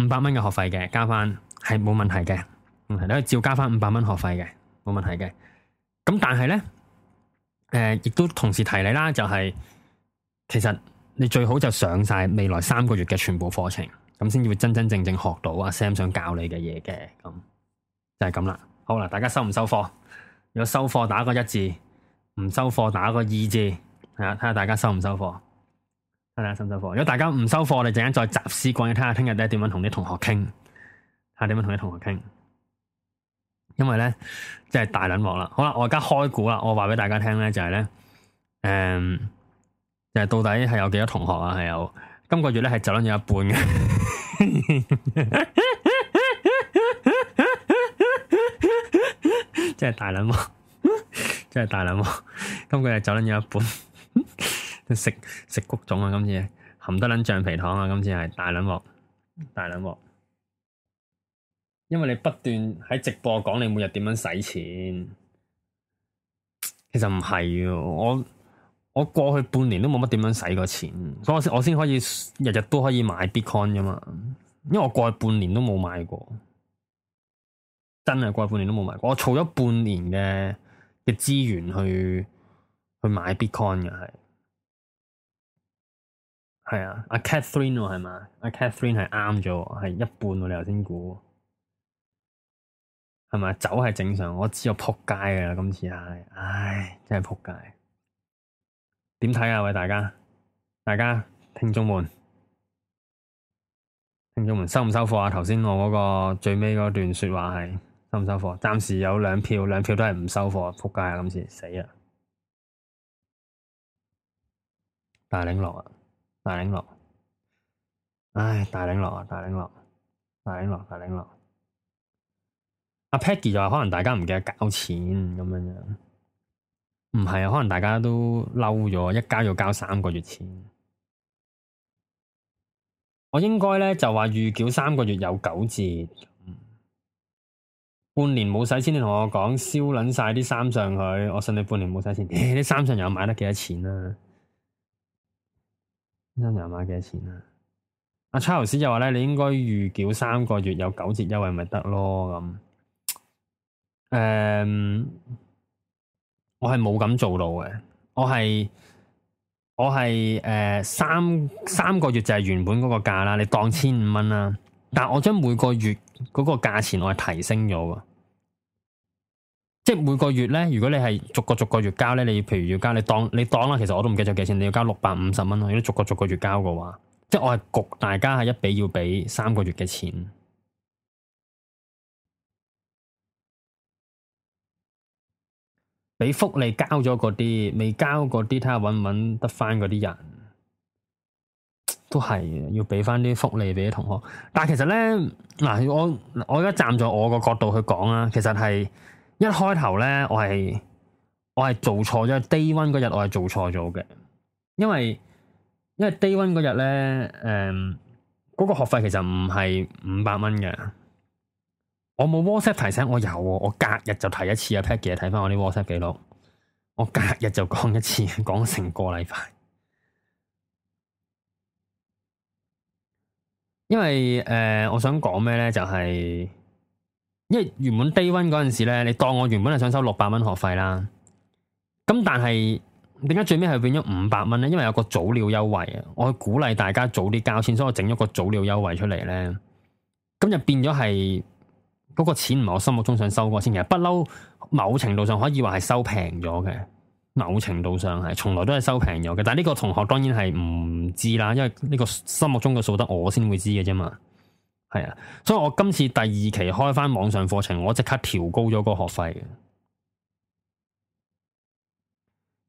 [SPEAKER 1] 五百蚊嘅學費嘅，交翻係冇問題嘅，唔係你可以照交翻五百蚊學費嘅，冇問題嘅，咁但係咧，誒、呃，亦都同時提你啦，就係、是，其實你最好就上晒未來三個月嘅全部課程。咁先至會真真正正學到阿 Sam 想教你嘅嘢嘅，咁就係咁啦。好啦，大家收唔收貨？如果收貨打個一字，唔收貨打個二字，係啊，睇下大家收唔收貨？睇下大家收唔收貨？如果大家唔收貨，我哋陣間再集思廣益，睇下聽日咧點樣同啲同學傾，睇下點樣同啲同學傾。因為咧，即係大撚忙啦。好啦，我而家開估啦。我話俾大家聽咧，就係、是、咧，誒、嗯，就係、是、到底係有幾多同學啊？係有。今個月咧係走捻咗一半嘅，真係大捻鑊，真係大捻鑊。今個月走捻咗一半，食食穀種啊，今次含得捻橡皮糖啊，今次係大捻鑊，大捻鑊。因為你不斷喺直播講你每日點樣使錢，其實唔係嘅，我。我過去半年都冇乜點樣使過錢，所以我先我先可以日日都可以買 bitcoin 啫嘛。因為我過去半年都冇買過，真係過去半年都冇買過。我儲咗半年嘅嘅資源去去買 bitcoin 嘅，係係啊，阿 Catherine 喎係嘛？阿、啊、Catherine 係啱咗，係一半喎你頭先估係咪？走係正常，我知道我仆街㗎喇今次係，唉真係仆街。點睇啊？喂，大家，大家聽眾們，聽眾們收唔收貨啊？頭先我嗰、嗰個最尾嗰段說話係收唔收貨、啊？暫時有兩票，兩票都係唔收貨、啊，扑街啊！今次死啊！大領落啊！大領落，唉，大領落啊！大領落，大領落，大領落。阿 Peggy 就話可能大家唔記得交錢咁樣。唔係啊，可能大家都嬲咗，一交要交三個月錢。我應該咧就話預繳三個月有九折，嗯、半年冇使錢，你同我講燒捻晒啲衫上去。我信你半年冇使錢。啲衫上又買得幾多錢啦，啊？啲衫又買幾多錢啦，啊？阿 Charles 就話咧，你應該預繳三個月有九折優惠咪得咯咁。誒。嗯我係冇咁做到嘅，我係我係誒、呃、三三個月就係原本嗰個價啦，你當千五蚊啦。但我將每個月嗰個價錢我係提升咗嘅，即係每個月咧，如果你係逐個逐個月交咧，你譬如要交，你當你當啦，其實我都唔記得幾錢，你要交六百五十蚊咯。如果逐個逐個月交嘅話，即係我係焗大家係一比要俾三個月嘅錢。俾福利交咗嗰啲，未交嗰啲，睇下揾唔揾得翻嗰啲人，都係要俾翻啲福利俾啲同學。但係其實咧，嗱，我我而家站在我個角度去講啊，其實係一開頭咧，我係我係做錯咗 day one 嗰日，我係做錯咗嘅，因為因為 day one 嗰日咧，誒、嗯、嗰、嗰個學費其實唔係五百蚊嘅。我冇 WhatsApp 提醒，我有、啊、我隔日就提一次啊！Packie 睇翻我啲 WhatsApp 記錄，我隔日就講一次，講成個禮拜。因為誒、呃，我想講咩咧？就係、是、因為原本低溫嗰陣時咧，你當我原本係想收六百蚊學費啦。咁但係點解最尾係變咗五百蚊咧？因為有個早鳥優惠，我去鼓勵大家早啲交錢，所以我整咗個早鳥優惠出嚟咧。咁就變咗係。嗰個錢唔係我心目中想收過先嘅。不嬲，某程度上可以話係收平咗嘅。某程度上係，從來都係收平咗嘅。但係呢個同學當然係唔知啦，因為呢個心目中嘅數得我先會知嘅啫嘛。係啊，所以我今次第二期開翻網上課程，我即刻調高咗個學費嘅。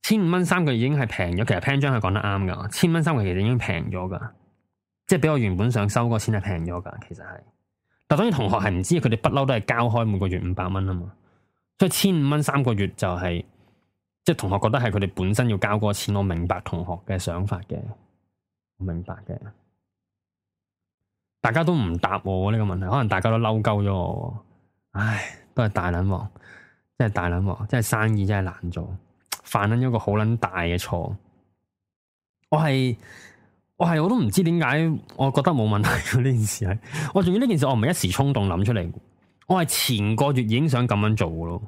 [SPEAKER 1] 千五蚊三個已經係平咗，其實潘將係講得啱噶。千蚊三個其實已經平咗噶，即係比我原本想收個錢係平咗噶，其實係。但等於同學係唔知，佢哋不嬲都係交開每個月五百蚊啊嘛，所以千五蚊三個月就係、是，即係同學覺得係佢哋本身要交嗰個錢，我明白同學嘅想法嘅，我明白嘅。大家都唔答我呢、這個問題，可能大家都嬲鳩咗，我唉，都係大撚王，真係大撚王，真係生意真係難做，犯緊一個好撚大嘅錯，我係。我係我都唔知點解，我覺得冇問題啊。呢件事係，我仲要呢件事，我唔係一時衝動諗出嚟。我係前個月已經想咁樣做咯。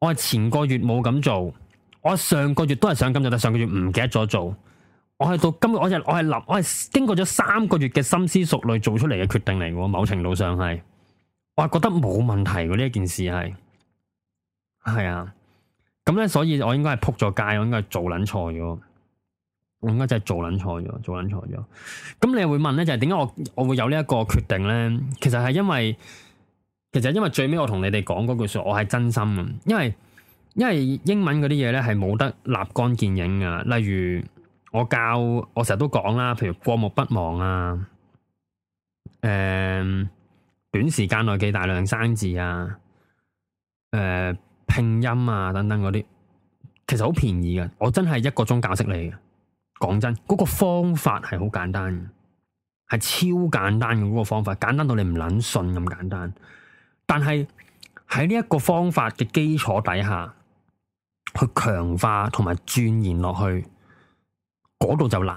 [SPEAKER 1] 我係前個月冇咁做，我上個月都係想咁做，但上個月唔記得咗做。我係到今日，我就我係諗，我係經過咗三個月嘅深思熟慮做出嚟嘅決定嚟嘅。某程度上係，我係覺得冇問題嘅呢件事係，係啊。咁咧，所以我應該係撲咗街，我應該係做捻錯咗。我應該真係做捻錯咗，做捻錯咗。咁你又會問咧，就係點解我我會有呢一個決定咧？其實係因為，其實係因為最尾我同你哋講嗰句說話，我係真心嘅。因為因為英文嗰啲嘢咧係冇得立竿見影㗎。例如我教我成日都講啦，譬如過目不忘啊，誒、呃，短時間內記大量生字啊，誒、呃，拼音啊，等等嗰啲，其實好便宜嘅。我真係一個鐘教識你嘅。講真，嗰個方法係好簡單嘅，係超簡單嘅嗰個方法，簡單到你唔捻信咁簡單。但係喺呢一個方法嘅基礎底下，去強化同埋鑽研落去，嗰度就難，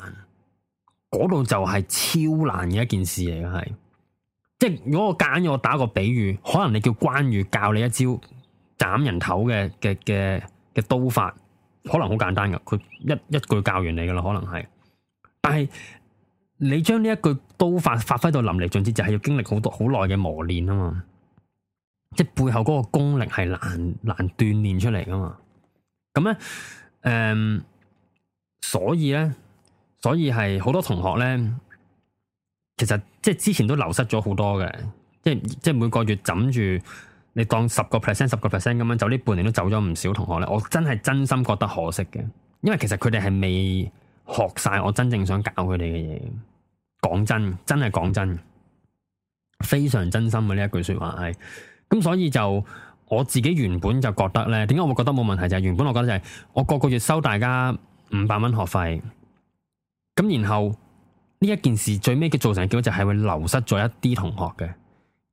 [SPEAKER 1] 嗰度就係超難嘅一件事嚟嘅，係。即係如果我夾硬，我打個比喻，可能你叫關羽教你一招斬人頭嘅嘅嘅嘅刀法。可能好簡單噶，佢一一句教完你噶啦，可能係。但係你將呢一句刀法發揮到淋漓盡致，就係、是、要經歷好多好耐嘅磨練啊嘛！即係背後嗰個功力係難難鍛煉出嚟噶嘛。咁咧，誒、嗯，所以咧，所以係好多同學咧，其實即係之前都流失咗好多嘅，即係即係每個月枕住。你當十個 percent、十個 percent 咁樣走呢，半年都走咗唔少同學呢，我真係真心覺得可惜嘅，因為其實佢哋係未學晒我真正想教佢哋嘅嘢。講真，真係講真，非常真心嘅呢一句說話係。咁所以就我自己原本就覺得呢，點解我會覺得冇問題就係、是、原本我覺得就係、是、我個個月收大家五百蚊學費，咁然後呢一件事最尾嘅造成嘅結果就係會流失咗一啲同學嘅。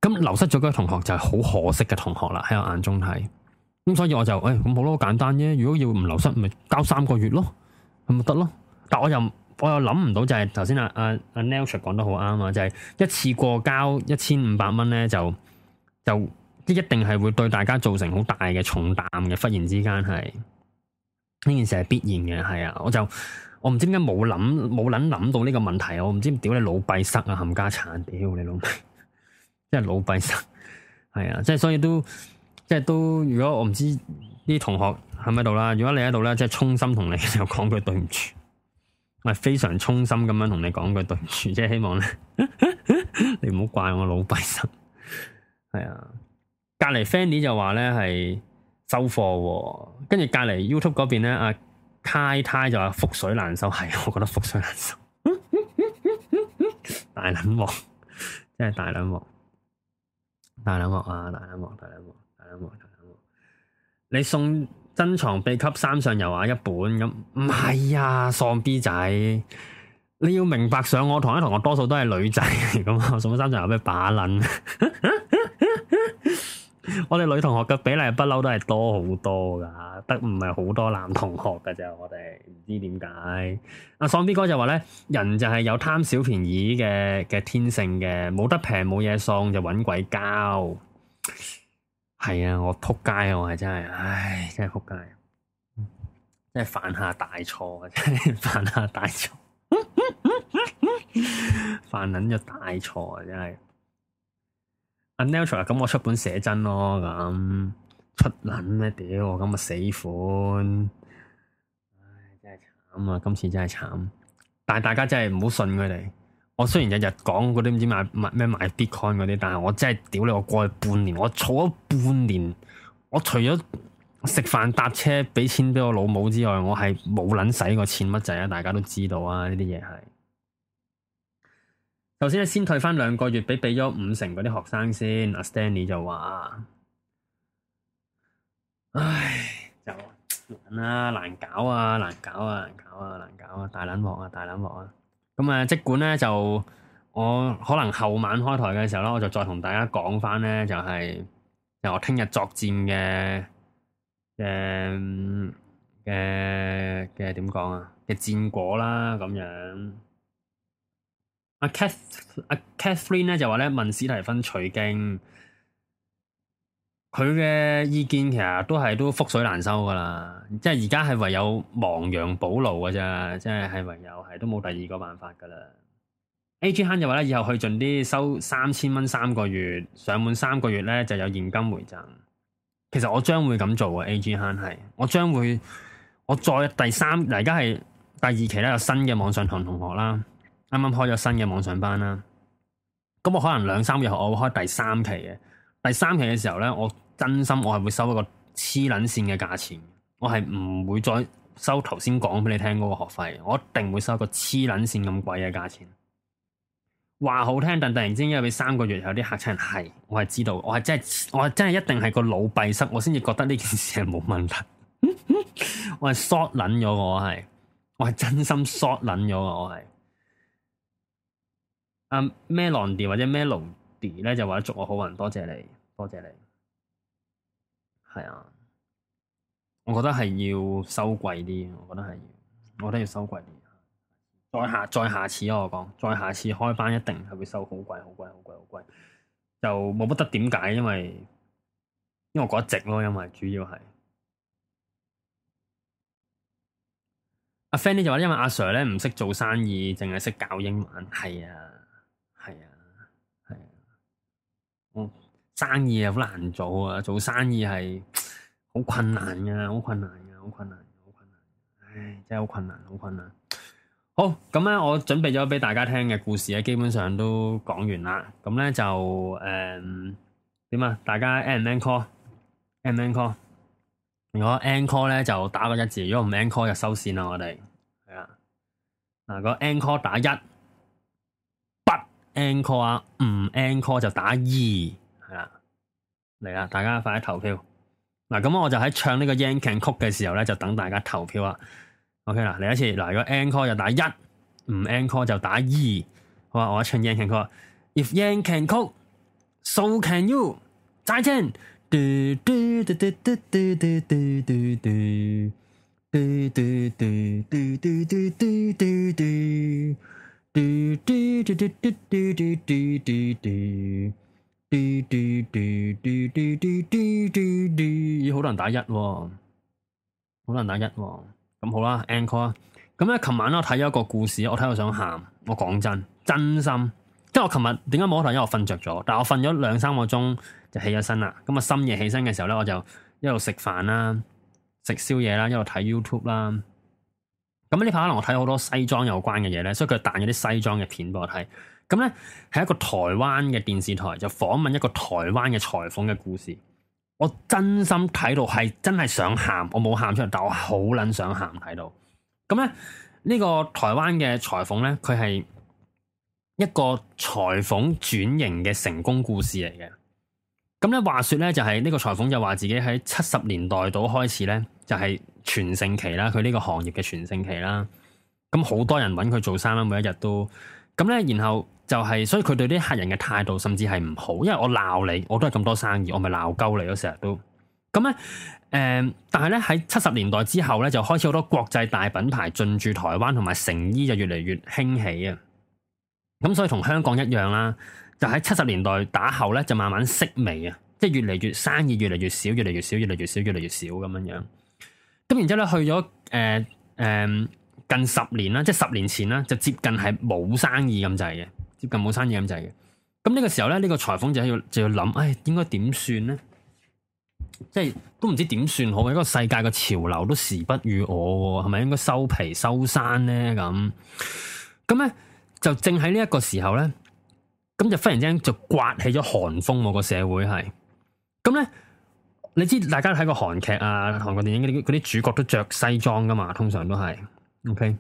[SPEAKER 1] 咁流失咗嘅同學就係好可惜嘅同學啦，喺我眼中睇。咁、嗯、所以我就，誒、哎，咁好咯，簡單啫。如果要唔流失，咪交三個月咯，咁咪得咯。但我又我又諗唔到就係頭先阿阿阿 Nelsa 講得好啱啊，啊啊嘛就係、是、一次過交一千五百蚊咧，就就一一定係會對大家造成好大嘅重擔嘅。忽然之間係呢件事係必然嘅，係啊。我就我唔知點解冇諗冇諗諗到呢個問題，我唔知點屌你老弊，塞啊，冚家鏟，屌你老、啊。即係老弊生，係啊！即係所以都，即係都。如果我唔知啲同學喺唔喺度啦，如果你喺度咧，即係衷心同你就講句對唔住，我係非常衷心咁樣同你講句對唔住，即係希望咧， 你唔好怪我老弊生。係啊，隔籬 Fanny 就話咧係收貨，啊，跟住隔籬 YouTube 嗰邊咧，阿泰泰就話覆水難收，係、啊、我覺得覆水難收， 大冷漠，即係大冷漠。大音樂啊，大音樂，大音樂，大音樂，大音樂！你送珍藏秘笈《三上游》啊一本咁，唔係啊，喪 B 仔！你要明白上我堂嘅同學，多數都係女仔嚟噶嘛，我送《三上有咩把捻？ 我哋女同學嘅比例多多，不嬲都係多好多噶得唔係好多男同學嘅咋。我哋唔知點解。阿喪 B 哥就話咧，人就係有貪小便宜嘅嘅天性嘅，冇得平冇嘢送就搵鬼交。係啊，我仆街，啊，我係真係，唉，真係仆街，啊，真係犯下大錯，真係犯下大錯，犯撚咗大錯啊，真係。 咁、啊、我出本寫真咯，咁出捻咩屌，咁咪死款，唉真係慘啊！今次真係慘，但係大家真係唔好信佢哋。我雖然日日講嗰啲唔知買咩買 Bitcoin 嗰啲，但係我真係屌你我，我過去半年我儲咗半年，我除咗食飯搭車俾錢俾我老母之外，我係冇捻使過錢乜滯啊！大家都知道啊，呢啲嘢係。首先先退翻兩個月，畀俾咗五成嗰啲學生先。阿 Stanley 就話，唉，就難啦，啊，難搞啊，難搞啊，難搞啊，難搞啊，大冷血啊，大冷血啊！咁啊，即管咧，就我可能後晚開台嘅時候咧，我就再同大家講翻咧，就係、係就係、我聽日作戰嘅嘅嘅嘅點講啊，嘅戰果啦，咁樣。阿 Catherine 就話咧，問史提芬取經，佢嘅意見其實都係都覆水難收噶啦，即係而家係唯有亡羊補牢噶咋，即係係唯有係都冇第二個辦法噶啦。A. G. 慳就話以後去盡啲收三千蚊三個月，上滿三個月咧就有現金回贈。其實我將會咁做嘅，A. G. 慳係我將會我再第三，而家係第二期咧，有新嘅網上同同學啦。啱啱開咗新嘅網上班啦，咁我可能兩三日後我會開第三期嘅，第三期嘅時候咧，我真心我係會收一個黐撚線嘅價錢，我係唔會再收頭先講俾你聽嗰個學費，我一定會收一個黐撚線咁貴嘅價錢。話好聽，但突然之間俾三個月有啲客親，係我係知道，我係真係我真係一定係個腦閉塞，我先至覺得呢件事係冇問題。我係 short 撚咗，我係我係真心 short 撚咗，我係。啊 Melody 或者 Melody 咧，就話祝我好運，多謝你，多謝你，係啊，我覺得係要收貴啲，我覺得係，我覺得要收貴啲，再下再下次啊。我講，再下次開翻一定係會收好貴，好貴，好貴，好貴，就冇乜得點解，因為因為我覺得值咯，因為主要係阿 Fanny 就話因為阿 sir 咧唔識做生意，淨係識教英文，係啊。生意啊好難做啊，做生意係好困難嘅，好困難嘅，好困,困,、哎、困難，好困難，唉，真係好困難，好困難。好咁咧，我準備咗俾大家聽嘅故事咧，基本上都講完啦。咁咧就誒點、嗯、啊？大家 N 唔 N call？N 唔 call？如果 N call 咧就打個一字，如果唔 N call 就收線啦。我哋係啊。嗱，如果 N call 打一不 N call 啊、嗯，唔 N call 就打二。嚟啦，大家快啲投票。嗱，咁我就喺唱呢個《Yan Can》曲嘅時候咧，就等大家投票啊。OK 啦，嚟一次。嗱，如果《Encore》就打一，唔《Encore》就打二。好啊，我一唱《Yan Can》曲。啊 If Yan Can Cook, So Can You。再見。 啲啲啲啲啲啲啲啲咦？好多人打一、哦，好多人打一、哦，咁好啦。安哥。咁咧，琴、嗯、晚咧，我睇咗一個故事，我睇到想喊。我講真，真心。即係我琴日點解冇得睇？因為我瞓着咗。但係我瞓咗兩三個鐘就起咗身啦。咁、嗯、啊，深夜起身嘅時候咧，我就一路食飯啦，食宵夜啦，一路睇 YouTube 啦。咁呢排可能我睇好多西裝有關嘅嘢咧，所以佢彈咗啲西裝嘅片俾我睇。咁咧，係一個台灣嘅電視台就訪問一個台灣嘅裁縫嘅故事。我真心睇到係真係想喊，我冇喊出嚟，但我好撚想喊睇到。咁咧，呢、這個台灣嘅裁縫咧，佢係一個裁縫轉型嘅成功故事嚟嘅。咁咧，話說咧，就係、是、呢個裁縫就話自己喺七十年代度開始咧，就係、是、全盛期啦，佢呢個行業嘅全盛期啦。咁好多人揾佢做衫啦，啊，每一日都。咁咧，然後。就係、是，所以佢對啲客人嘅態度，甚至係唔好。因為我鬧你，我都係咁多生意，我咪鬧鳩你咯。成日都咁咧，誒、嗯，但係咧喺七十年代之後咧，就開始好多國際大品牌進駐台灣，同埋成衣就越嚟越興起啊。咁所以同香港一樣啦，就喺七十年代打後咧，就慢慢式微啊，即係越嚟越生意越嚟越少，越嚟越少，越嚟越少，越嚟越少咁樣樣。咁然之後咧去咗誒誒近十年啦，即係十年前啦，就接近係冇生意咁滯嘅。接近冇生意咁滯嘅，咁呢個時候咧，呢、這個裁縫就喺度就要諗，唉，應該點算咧？即係都唔知點算好，一個世界嘅潮流都時不與我，係咪應該收皮收山咧？咁咁咧就正喺呢一個時候咧，咁就忽然之間就颳起咗韓風，我、那個社會係咁咧。你知大家睇過韓劇啊、韓國電影嗰啲啲主角都着西裝噶嘛，通常都係，OK。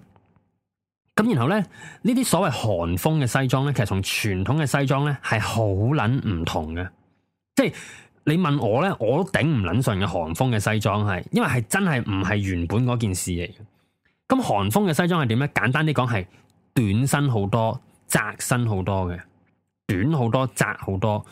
[SPEAKER 1] 咁然後咧，呢啲所謂韓風嘅西裝咧，其實同傳統嘅西裝咧係好捻唔同嘅，即係你問我咧，我都頂唔捻順嘅韓風嘅西裝係，因為係真係唔係原本嗰件事嚟嘅。咁韓風嘅西裝係點咧？簡單啲講係短身好多、窄身好多嘅，短好多、窄好多。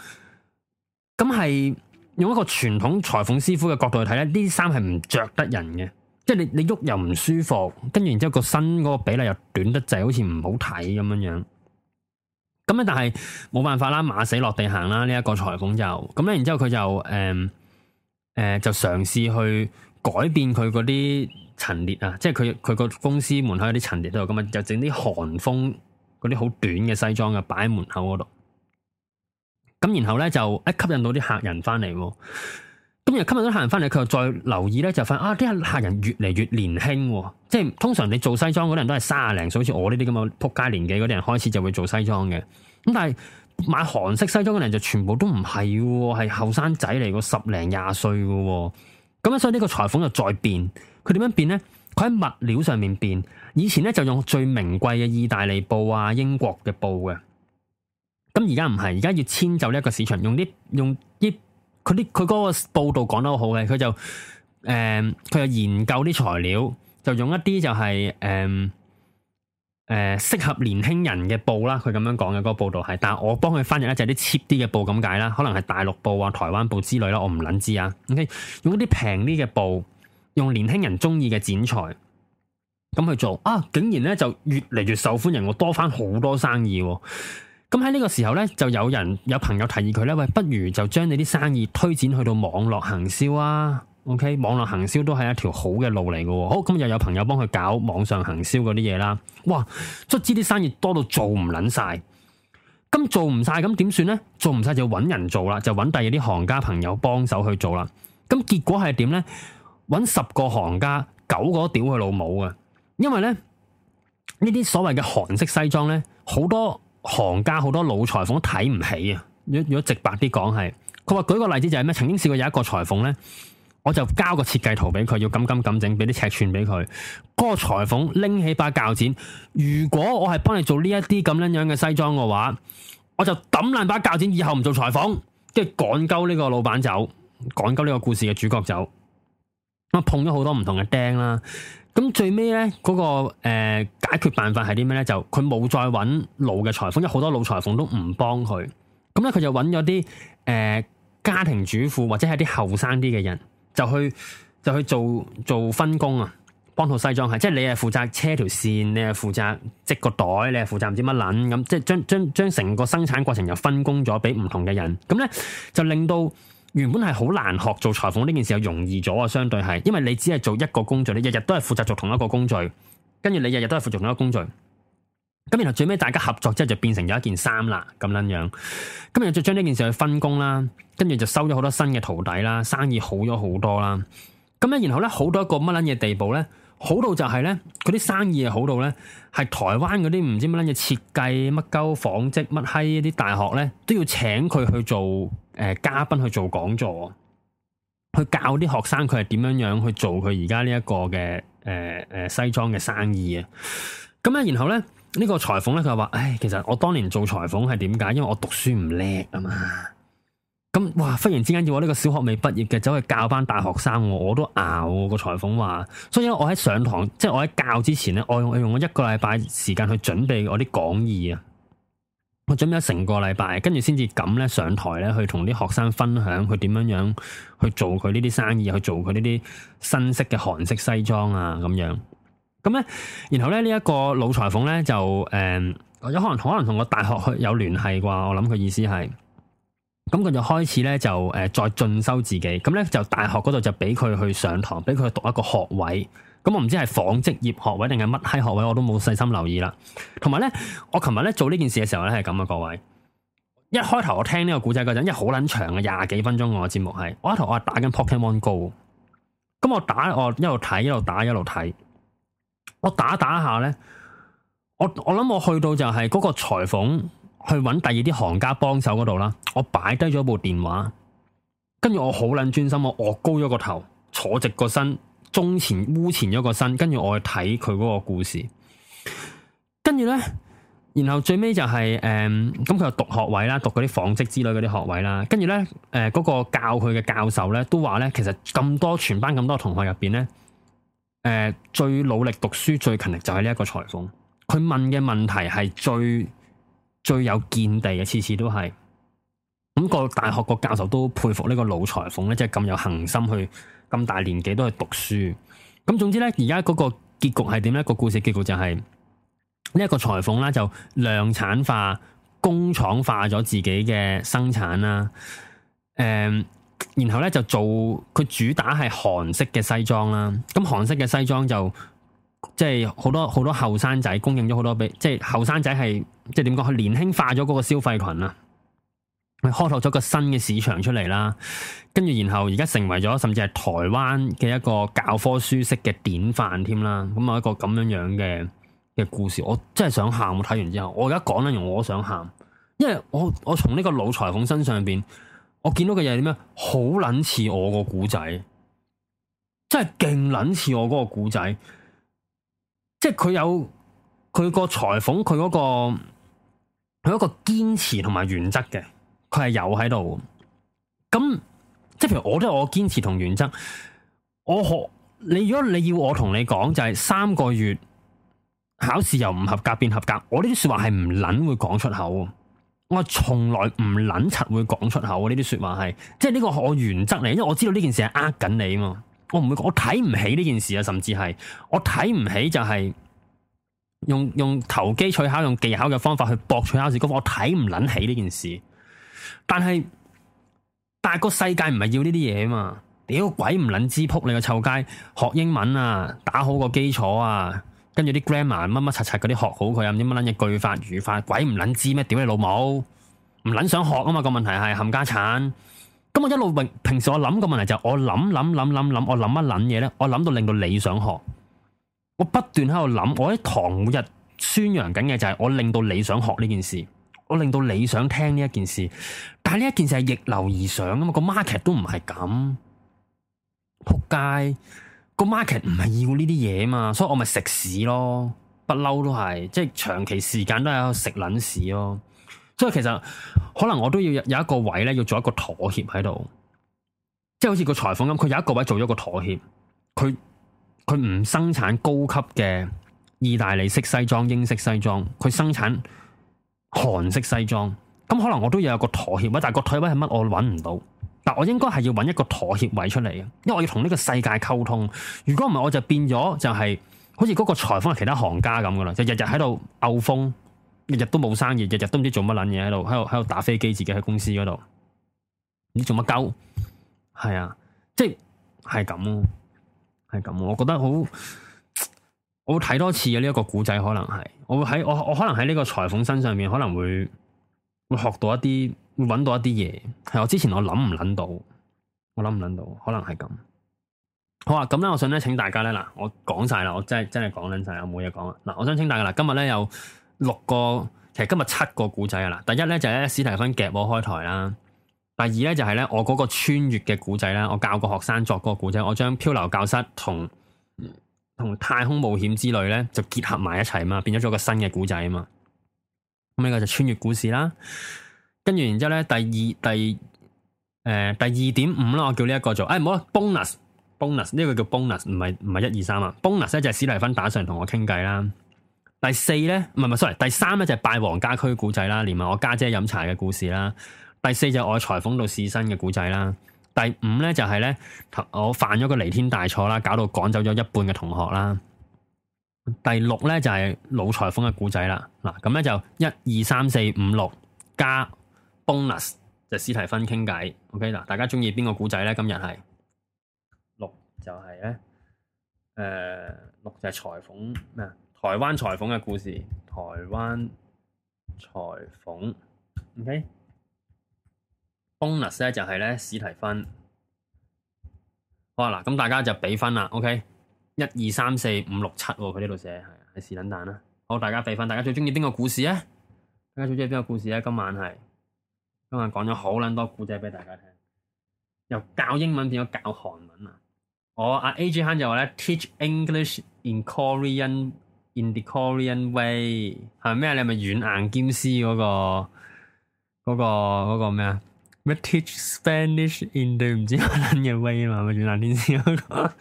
[SPEAKER 1] 咁係用一個傳統裁縫師傅嘅角度去睇咧，呢啲衫係唔着得人嘅。即係你你喐又唔舒服，跟住然之後個身嗰個比例又短得滯，好，好似唔好睇咁樣樣。咁啊，但係冇辦法啦，馬死落地行啦。呢、這、一個裁縫就咁咧，然之後佢就誒誒、呃呃，就嘗試去改變佢嗰啲陳列啊，即係佢佢個公司門口嗰啲陳列度咁啊，就整啲韓風嗰啲好短嘅西裝啊，擺喺門口嗰度。咁然後咧就一吸引到啲客人翻嚟。咁啊，今日都客人翻嚟，佢又再留意咧，就發現啊，啲客人越嚟越年輕，哦，即係通常你做西裝嗰啲人都係卅啊零歲，好似我呢啲咁嘅撲街年紀嗰啲人開始就會做西裝嘅。咁但係買韓式西裝嘅人就全部都唔係，哦，係後生仔嚟嘅，十零廿歲嘅。咁所以呢個裁縫就再變，佢點樣變呢？佢喺物料上面變，以前咧就用最名貴嘅意大利布啊、英國嘅布嘅。咁而家唔係，而家要遷就呢一個市場用啲用啲。用佢啲佢嗰個報道講得好好嘅，佢就誒佢，呃、就研究啲材料，就用一啲就係誒誒適合年輕人嘅布啦。佢咁樣講嘅嗰個報道係，但係我幫佢翻譯，就係、一隻啲 cheap 啲嘅布咁解啦，可能係大陸布啊、台灣布之類啦，我唔捻知啊。O、嗯、K，用啲平啲嘅布，用年輕人中意嘅剪裁，咁去做啊，竟然咧就越嚟越受歡迎，我多翻好多生意、啊。咁喺呢個時候呢，就有人有朋友提議佢呢：「喂，不如就將你啲生意推展去到網絡行銷啊，OK？網絡行銷都係一條好嘅路嚟嘅。好，咁又有朋友幫佢搞網上行銷嗰啲嘢啦，哇！卒之啲生意多到做唔捻晒，咁做唔晒咁點算呢？做唔晒就揾人做啦，就揾第二啲行家朋友幫手去做啦。咁結果係點呢？揾十個行家，九個屌佢老母啊！因為呢，呢啲所謂嘅韓式西裝呢，好多。行家好多老裁縫都睇唔起啊！如果如果直白啲講係佢話舉個例子就係咩？曾經試過有一個裁縫呢，我就交個設計圖俾佢，要咁咁咁整，俾啲尺寸俾佢。嗰個裁縫拎起把鉸剪，如果我係幫你做呢一啲咁樣樣嘅西裝嘅話，我就抌爛把鉸剪，以後唔做裁縫，跟住趕鳩呢個老闆走，趕鳩呢個故事嘅主角走，咁啊碰咗好多唔同嘅釘啦。咁最尾咧，嗰個、呃、解決辦法係啲咩咧？就佢冇再揾老嘅裁縫，因為好多老裁縫都唔幫佢。咁咧，佢就揾咗啲誒家庭主婦或者係啲後生啲嘅人，就去就去做做分工啊，幫套西裝鞋。即係你係負責車條線，你係負責織個袋，你係負責唔知乜撚咁。即係將將將成個生產過程又分工咗俾唔同嘅人。咁咧就令到。原本係好難學做裁縫呢件事又容易咗啊，相對係，因為你只係做一個工序，你日日都係負責做同一個工序，跟住你日日都係負責同一個工序。咁然後最尾大家合作之後就變成咗一件衫啦咁樣樣。咁又就將呢件事去分工啦，跟住就收咗好多新嘅徒弟啦，生意好咗好多啦。咁咧然後咧，好多一個乜捻嘢地步咧？好到就係咧，佢啲生意好到咧，係台灣嗰啲唔知乜捻嘢設計乜鳩紡織乜閪啲大學咧都要請佢去做。誒、呃，嘉賓去做講座，去教啲學生佢係點樣樣去做佢而家呢一個嘅誒誒西裝嘅生意啊！咁咧，然後咧呢、這個裁縫咧佢話，唉，其實我當年做裁縫係點解？因為我讀書唔叻啊嘛。咁哇，忽然之間要我呢個小學未畢業嘅走去教班大學生我，我都熬個、啊、裁縫話。所以咧，我喺上堂，即係我喺教之前咧，我用我用我一個禮拜時間去準備我啲講義啊。我準備咗成個禮拜，跟住先至咁咧上台咧，去同啲學生分享佢點樣樣去做佢呢啲生意，去做佢呢啲新式嘅韓式西裝啊咁樣。咁、嗯、咧，然後咧呢一、這個老裁縫咧就誒，有、嗯、可能可能同個大學有聯繫啩？我諗佢意思係，咁、嗯、佢就開始咧就誒、嗯、再進修自己。咁、嗯、咧就大學嗰度就俾佢去上堂，俾佢讀一個學位。咁我唔知係紡織業學位定係乜閪學位，我都冇細心留意啦。同埋咧，我琴日咧做呢件事嘅時候咧係咁啊，各位，一開頭我聽呢個古仔嗰陣，因為好捻長嘅，廿幾分鐘我嘅節目係，我一頭我係打緊 Pokemon Go，咁我打我一路睇一路打一路睇，我打打下咧，我我諗我,我,我去到就係嗰個裁縫去搵第二啲行家幫手嗰度啦，我擺低咗部電話，跟住我好捻專心，我卧高咗個頭，坐直個身。中前污前咗個身，跟住我去睇佢嗰個故事，跟住呢，然後最尾就係、是、誒，咁佢又讀學位啦，讀嗰啲紡織之類嗰啲學位啦，跟住呢，誒、呃、嗰、那個教佢嘅教授呢都話呢，其實咁多全班咁多同學入邊呢，誒、呃、最努力讀書最勤力就係呢一個裁縫，佢問嘅問題係最最有見地嘅，次次都係。咁個大學個教授都佩服呢個老裁縫咧，即係咁有恆心去咁大年紀都去讀書。咁總之咧，而家嗰個結局係點咧？個故事結局就係呢一個裁縫啦，就量產化、工廠化咗自己嘅生產啦。誒、嗯，然後咧就做佢主打係韓式嘅西裝啦。咁韓式嘅西裝就即係好多好多後生仔供應咗好多俾，即係後生仔係即係點講？佢、就是、年輕化咗嗰個消費群啦。開拓咗個新嘅市場出嚟啦，跟住然後而家成為咗甚至係台灣嘅一個教科書式嘅典範添啦。咁啊一個咁樣樣嘅嘅故事，我真係想喊！我睇完之後，我而家講緊完，我想喊。因為我我從呢個老裁縫身上邊，我見到嘅嘢係點樣，好撚似我個古仔，真係勁撚似我嗰個古仔。即係佢有佢個裁縫，佢嗰、嗰個佢一個堅持同埋原則嘅。佢係有喺度，咁即係譬如我都係，我堅持同原則，我學你。如果你要我同你講，就係、是、三個月考試由唔合格變合格，我呢啲說話係唔捻會講出口。我從來唔捻柒會講出口呢啲說話，係即係呢個我原則嚟，因為我知道呢件事係呃緊你啊嘛。我唔會講，我睇唔起呢件事啊，甚至係我睇唔起就係、是、用用投機取巧、用技巧嘅方法去博取考試咁，我睇唔捻起呢件事。但係，但係個世界唔係要呢啲嘢啊嘛！屌鬼唔捻知，撲你個臭街，學英文啊，打好個基礎啊，跟住啲 grammar 乜乜柒柒嗰啲學好佢啊，啲乜捻嘢句法語法，鬼唔捻知咩？屌你老母，唔捻想學啊嘛！個問題係冚家鏟。咁我一路平平時我諗個問題就係我諗諗諗諗諗，我諗乜捻嘢咧？我諗到令到你想學，我不斷喺度諗，我喺堂日宣揚緊嘅就係我令到你想學呢件事。我令到你想聽呢一件事，但係呢一件事係逆流而上啊嘛，個 market 都唔係咁撲街，個 market 唔係要呢啲嘢嘛，所以我咪食屎咯，不嬲都係，即係長期時間都係食撚屎咯，所以其實可能我都要有一個位咧，要做一個妥協喺度，即係好似個裁縫咁，佢有一個位做咗個妥協，佢佢唔生產高級嘅意大利式西裝、英式西裝，佢生產。韓式西裝，咁可能我都有個妥協位，但係個妥協位係乜，我搵唔到，但我應該係要搵一個妥協位出嚟嘅，因為我要同呢個世界溝通。如果唔係，我就變咗就係好似嗰個裁縫係其他行家咁噶啦，就日日喺度漚風，日日都冇生意，日日都唔知做乜捻嘢喺度，喺度喺度打飛機，自己喺公司嗰度，你做乜鳩？係啊，即係係咁，係咁，啊啊，我覺得好。我睇多次嘅呢一個古仔，可能係我會喺我我可能喺呢個裁縫身上面，可能會會學到一啲，會揾到一啲嘢，係我之前我諗唔諗到，我諗唔諗到，可能係咁。好啊，咁咧，我想咧，請大家咧嗱，我講晒啦，我真係真係講捻晒，我冇嘢講啦。嗱，我想請大家啦，今日咧有六個，其實今日七個古仔啊嗱，第一咧就係咧史提芬夾我開台啦，第二咧就係、是、咧我嗰個穿越嘅古仔啦，我教個學生作嗰個古仔，我將漂流教室同同太空冒險之類咧就結合埋一齊嘛，變咗咗一個新嘅古仔啊嘛。咁呢個就穿越故事啦。跟住然之後咧，第二第誒、呃、第二點五啦，我叫呢一個做，誒唔好啦，bonus bonus 呢個叫 bonus，唔係唔係一二三啊。bonus 咧就係、是、史蒂芬打上同我傾偈啦。第四咧，唔係唔係 sorry，第三咧就係拜黃家駒古仔啦，連埋我家姐飲茶嘅故事啦。第四就係我喺裁縫度試身嘅古仔啦。第五咧就係咧，我犯咗個彌天大錯啦，搞到趕走咗一半嘅同學啦。第六咧就係、是、老裁縫嘅故仔啦。嗱，咁咧就一二三四五六加 bonus 就斯提芬傾偈。OK 嗱，大家鍾意邊個故仔咧？今日係六就係、是、咧，誒、呃，六就係裁縫咩啊？台灣裁縫嘅故事，台灣裁縫。OK。bonus 咧就係咧史提芬，好啊，咁大家就比分啦，OK，一二三四五六七喎，佢呢度寫係係史等蛋啦。好，大家比分，大家最中意邊個故事啊？大家最中意邊個故事啊？今晚係，今晚講咗好撚多古仔俾大家聽，又教英文變咗教韓文啊！我阿 A.J. 啱就話咧，teach English in Korean in the Korean way 係咩？你係咪軟硬兼施嗰、嗰個嗰、嗰個嗰、嗰個咩啊？嗰個咩？teach Spanish in the way 啊？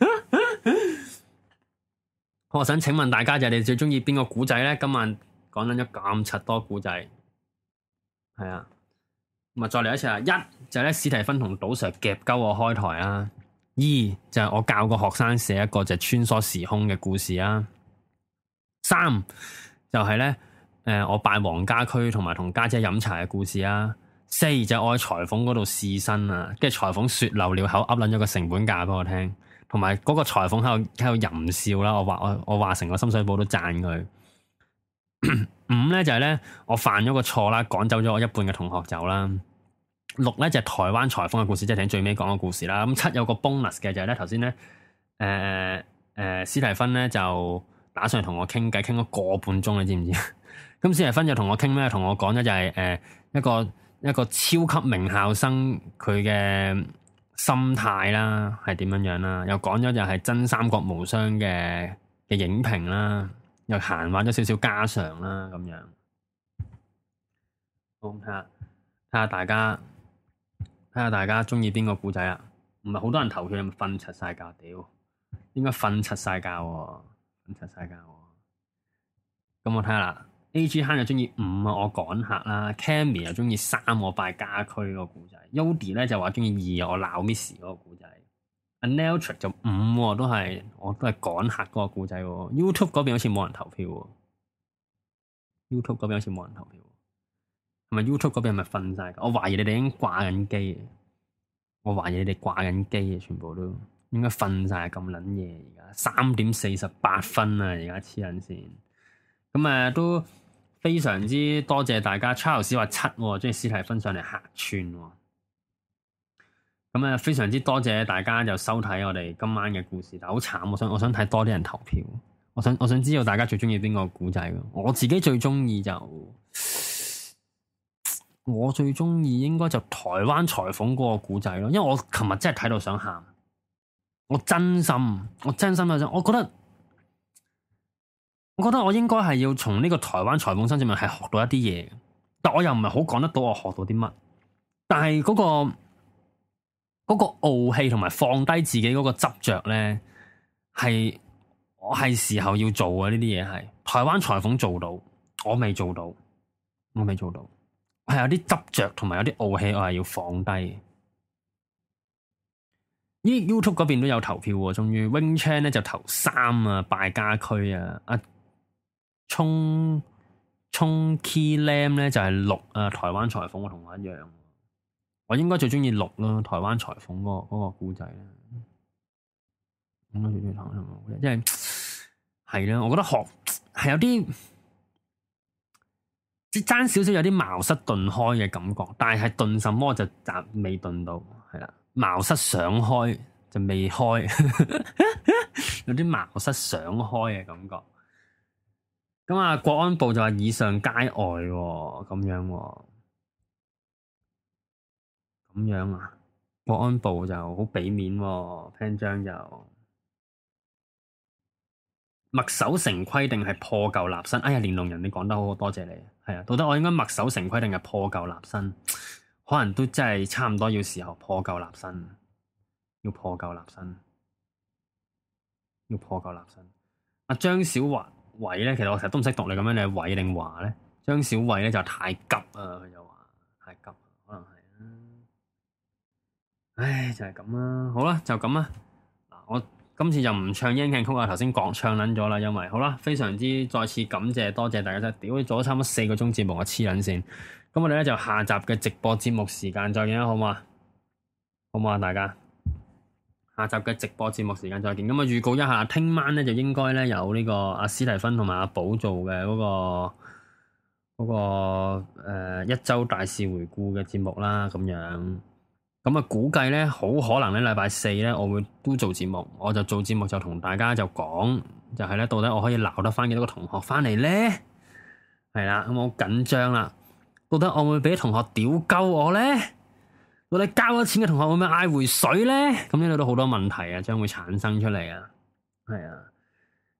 [SPEAKER 1] 我想請問大家就是你最中意邊個古仔呢？今晚講緊咗咁柒多古仔，係啊，咪再嚟一次啊！一就係咧史提芬同島石夾鳩我開台啊；二就係、是、我教個學生寫一個就穿梭時空嘅故事啊。三就係、是、呢誒、呃，我拜黃家駒同埋同家姐飲茶嘅故事啊。四就我喺裁縫嗰度試身啊，跟住裁縫雪漏了口，噏捻咗個成本價俾我聽，同埋嗰個裁縫喺度喺度淫笑啦。我話我我話成個深水埗都讚佢。 五咧就係咧，我犯咗個錯啦，趕走咗我一半嘅同學走啦。六咧就是、台灣裁縫嘅故事，即係聽最尾講個故事啦。咁七有個 bonus 嘅就咧、是，頭先咧，誒、呃、誒史提芬咧就打上嚟同我傾偈，傾咗個半鐘，你知唔知？咁 史提芬就同我傾咩？同我講咗就係、是、誒、呃、一個。一個超級名校生佢嘅心態啦，係點樣樣啦？又講咗就係《真三國無雙》嘅嘅影評啦，又閒玩咗少少家常啦，咁樣。好睇下睇下大家睇下大家鍾意邊個古仔啊？唔係好多人投票，瞓柒晒覺，屌，應該瞓柒晒覺喎，瞓柒曬覺喎。咁我睇下啦。A.G. 坑又中意五啊，我趕客啦。Kammy 又中意三，我拜家駒個故仔。Yodi 咧就話中意二，我鬧 Miss 嗰個故仔。Aneltric 就五喎，都係我都係趕客嗰個故仔。YouTube 嗰邊好似冇人投票喎、啊、YouTube 嗰邊好似冇人投票、啊，同埋 YouTube 嗰邊係咪瞓晒？我懷疑你哋已經掛緊機，我懷疑你哋掛緊機啊！全部都應該瞓晒咁撚嘢，而家三點四十八分啊！而家黐撚線，咁啊都～非常之多謝大家，Charles 話七中意屍體分上嚟客串，咁啊非常之多謝大家就收睇我哋今晚嘅故事，但好慘，我想我想睇多啲人投票，我想我想知道大家最中意邊個古仔，我自己最中意就我最中意應該就台灣裁縫嗰個古仔咯，因為我琴日真係睇到想喊，我真心我真心啊，我覺得。我覺得我應該係要從呢個台灣裁縫身上面係學到一啲嘢，但我又唔係好講得到我學到啲乜。但係嗰、嗰個、嗰個傲氣同埋放低自己嗰個執着咧，係我係時候要做嘅呢啲嘢。係台灣裁縫做到，我未做到，我未做到，係有啲執着同埋有啲傲氣，我係要放低。呢 YouTube 嗰邊都有投票喎，終於 Wing Chan 咧就投三啊，敗家區啊，啊沖沖 key l a m e 咧就係、是、六啊！台灣裁縫我同我一樣，我應該最鍾意六咯。台灣裁縫、那個嗰、那個古仔咧，應、嗯、該最鍾意台灣裁縫因為係啦，我覺得學係有啲爭少少有啲茅塞頓開嘅感覺，但係係頓什麼就暫未頓到，係啦，茅塞想開就未開， 有啲茅塞想開嘅感覺。咁啊，國安部就話以上皆外咁、哦、樣、哦，咁樣啊，國安部就好畀面、哦，潘章就墨守成規定係破舊立新。哎呀，連龍人，你講得好好，多謝你。係啊，到底我應該墨守成規定，係破舊立新，可能都真係差唔多要時候破舊立新，要破舊立新，要破舊立新。阿張、啊、小華。偉咧，其實我成日都唔識讀你咁樣，你係偉定華咧？張小偉咧就太急啊，佢就話太急，可能係啊。唉，就係咁啦。好啦，就咁啦。嗱，我今次就唔唱英劇曲啊，頭先講唱撚咗啦，因為好啦，非常之再次感謝，多謝大家啦。屌，你做咗差唔多四個鐘節目我黐撚線。咁我哋咧就下集嘅直播節目時間再見啦，好唔好啊？好唔好啊，大家？下集嘅直播節目時間再見，咁啊預告一下，聽晚咧就應該咧有呢、這個阿、啊、斯蒂芬同埋阿寶做嘅嗰、那個嗰、那個誒、呃、一周大事回顧嘅節目啦，咁樣，咁啊估計咧好可能咧禮拜四咧我會都做節目，我就做節目就同大家就講，就係、是、咧到底我可以鬧得翻幾多個同學翻嚟咧？係啦，咁我好緊張啦，到底我會俾同學屌鳩我咧？我哋交咗錢嘅同學會唔會嗌回水咧？咁呢度都好多問題啊，將會產生出嚟啊，係啊，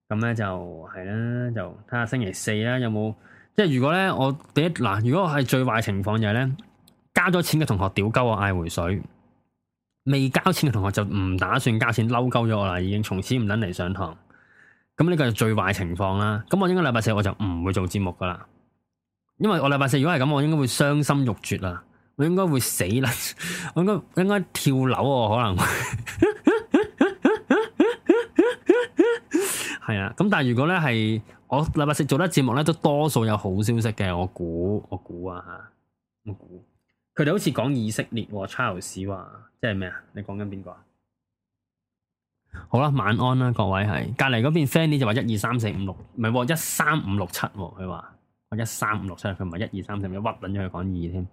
[SPEAKER 1] 咁咧就係啦，就睇下星期四啦、啊，有冇？即係如果咧，我第一，嗱，如果係最壞情況就係咧，交咗錢嘅同學屌鳩我嗌回水，未交錢嘅同學就唔打算交錢，嬲鳩咗我啦，已經從此唔等嚟上堂。咁呢個就最壞情況啦。咁我應該禮拜四我就唔會做節目噶啦，因為我禮拜四如果係咁，我應該會傷心欲絕啦。應該 我應該會死啦！我應該應該跳樓哦，可能會係啊。咁 但係如果咧係我禮拜四做得節目咧，都多數有好消息嘅。我估我估啊吓，我估佢哋好似講以色列喎，哦，Charles 話即係咩啊？你講緊邊個啊？好啦，晚安啦，啊，各位係隔籬嗰邊 Fanny 就話一二三四五六，唔係一三五六七，佢話一三五六七，佢唔係一二三四，你屈撚咗佢講二添。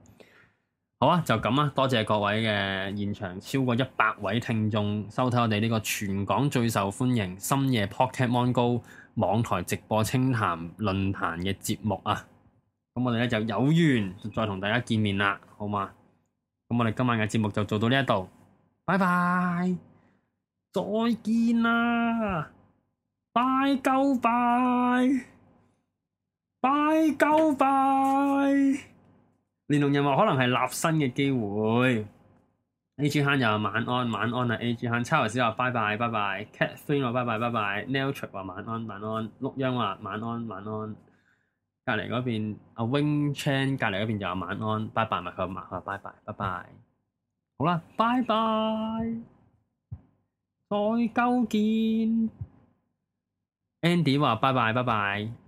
[SPEAKER 1] 好啊，就咁啊！多謝各位嘅現場超過一百位聽眾收睇我哋呢個全港最受歡迎深夜 Pokemon Go 網台直播清談論壇嘅節目啊！咁我哋咧就有緣再同大家見面啦，好嗎？咁我哋今晚嘅節目就做到呢一度，拜拜，再見啦，拜鳩拜，拜鳩拜。聯動人話可能係立新嘅機會，A G 慳又晚安晚安啦，A G 慳超游小話拜拜拜拜，Cat f i r e e 話拜拜拜拜，Neil Tr i 話晚安晚安，碌央話晚安晚安,拜拜拜拜拜拜拜拜晚安，隔籬嗰邊阿 Wing Chan 隔籬嗰邊又話晚安，拜拜咪佢，係佢話拜拜拜拜，好啦拜拜，再見，Andy 話拜拜拜拜。Bye bye, bye bye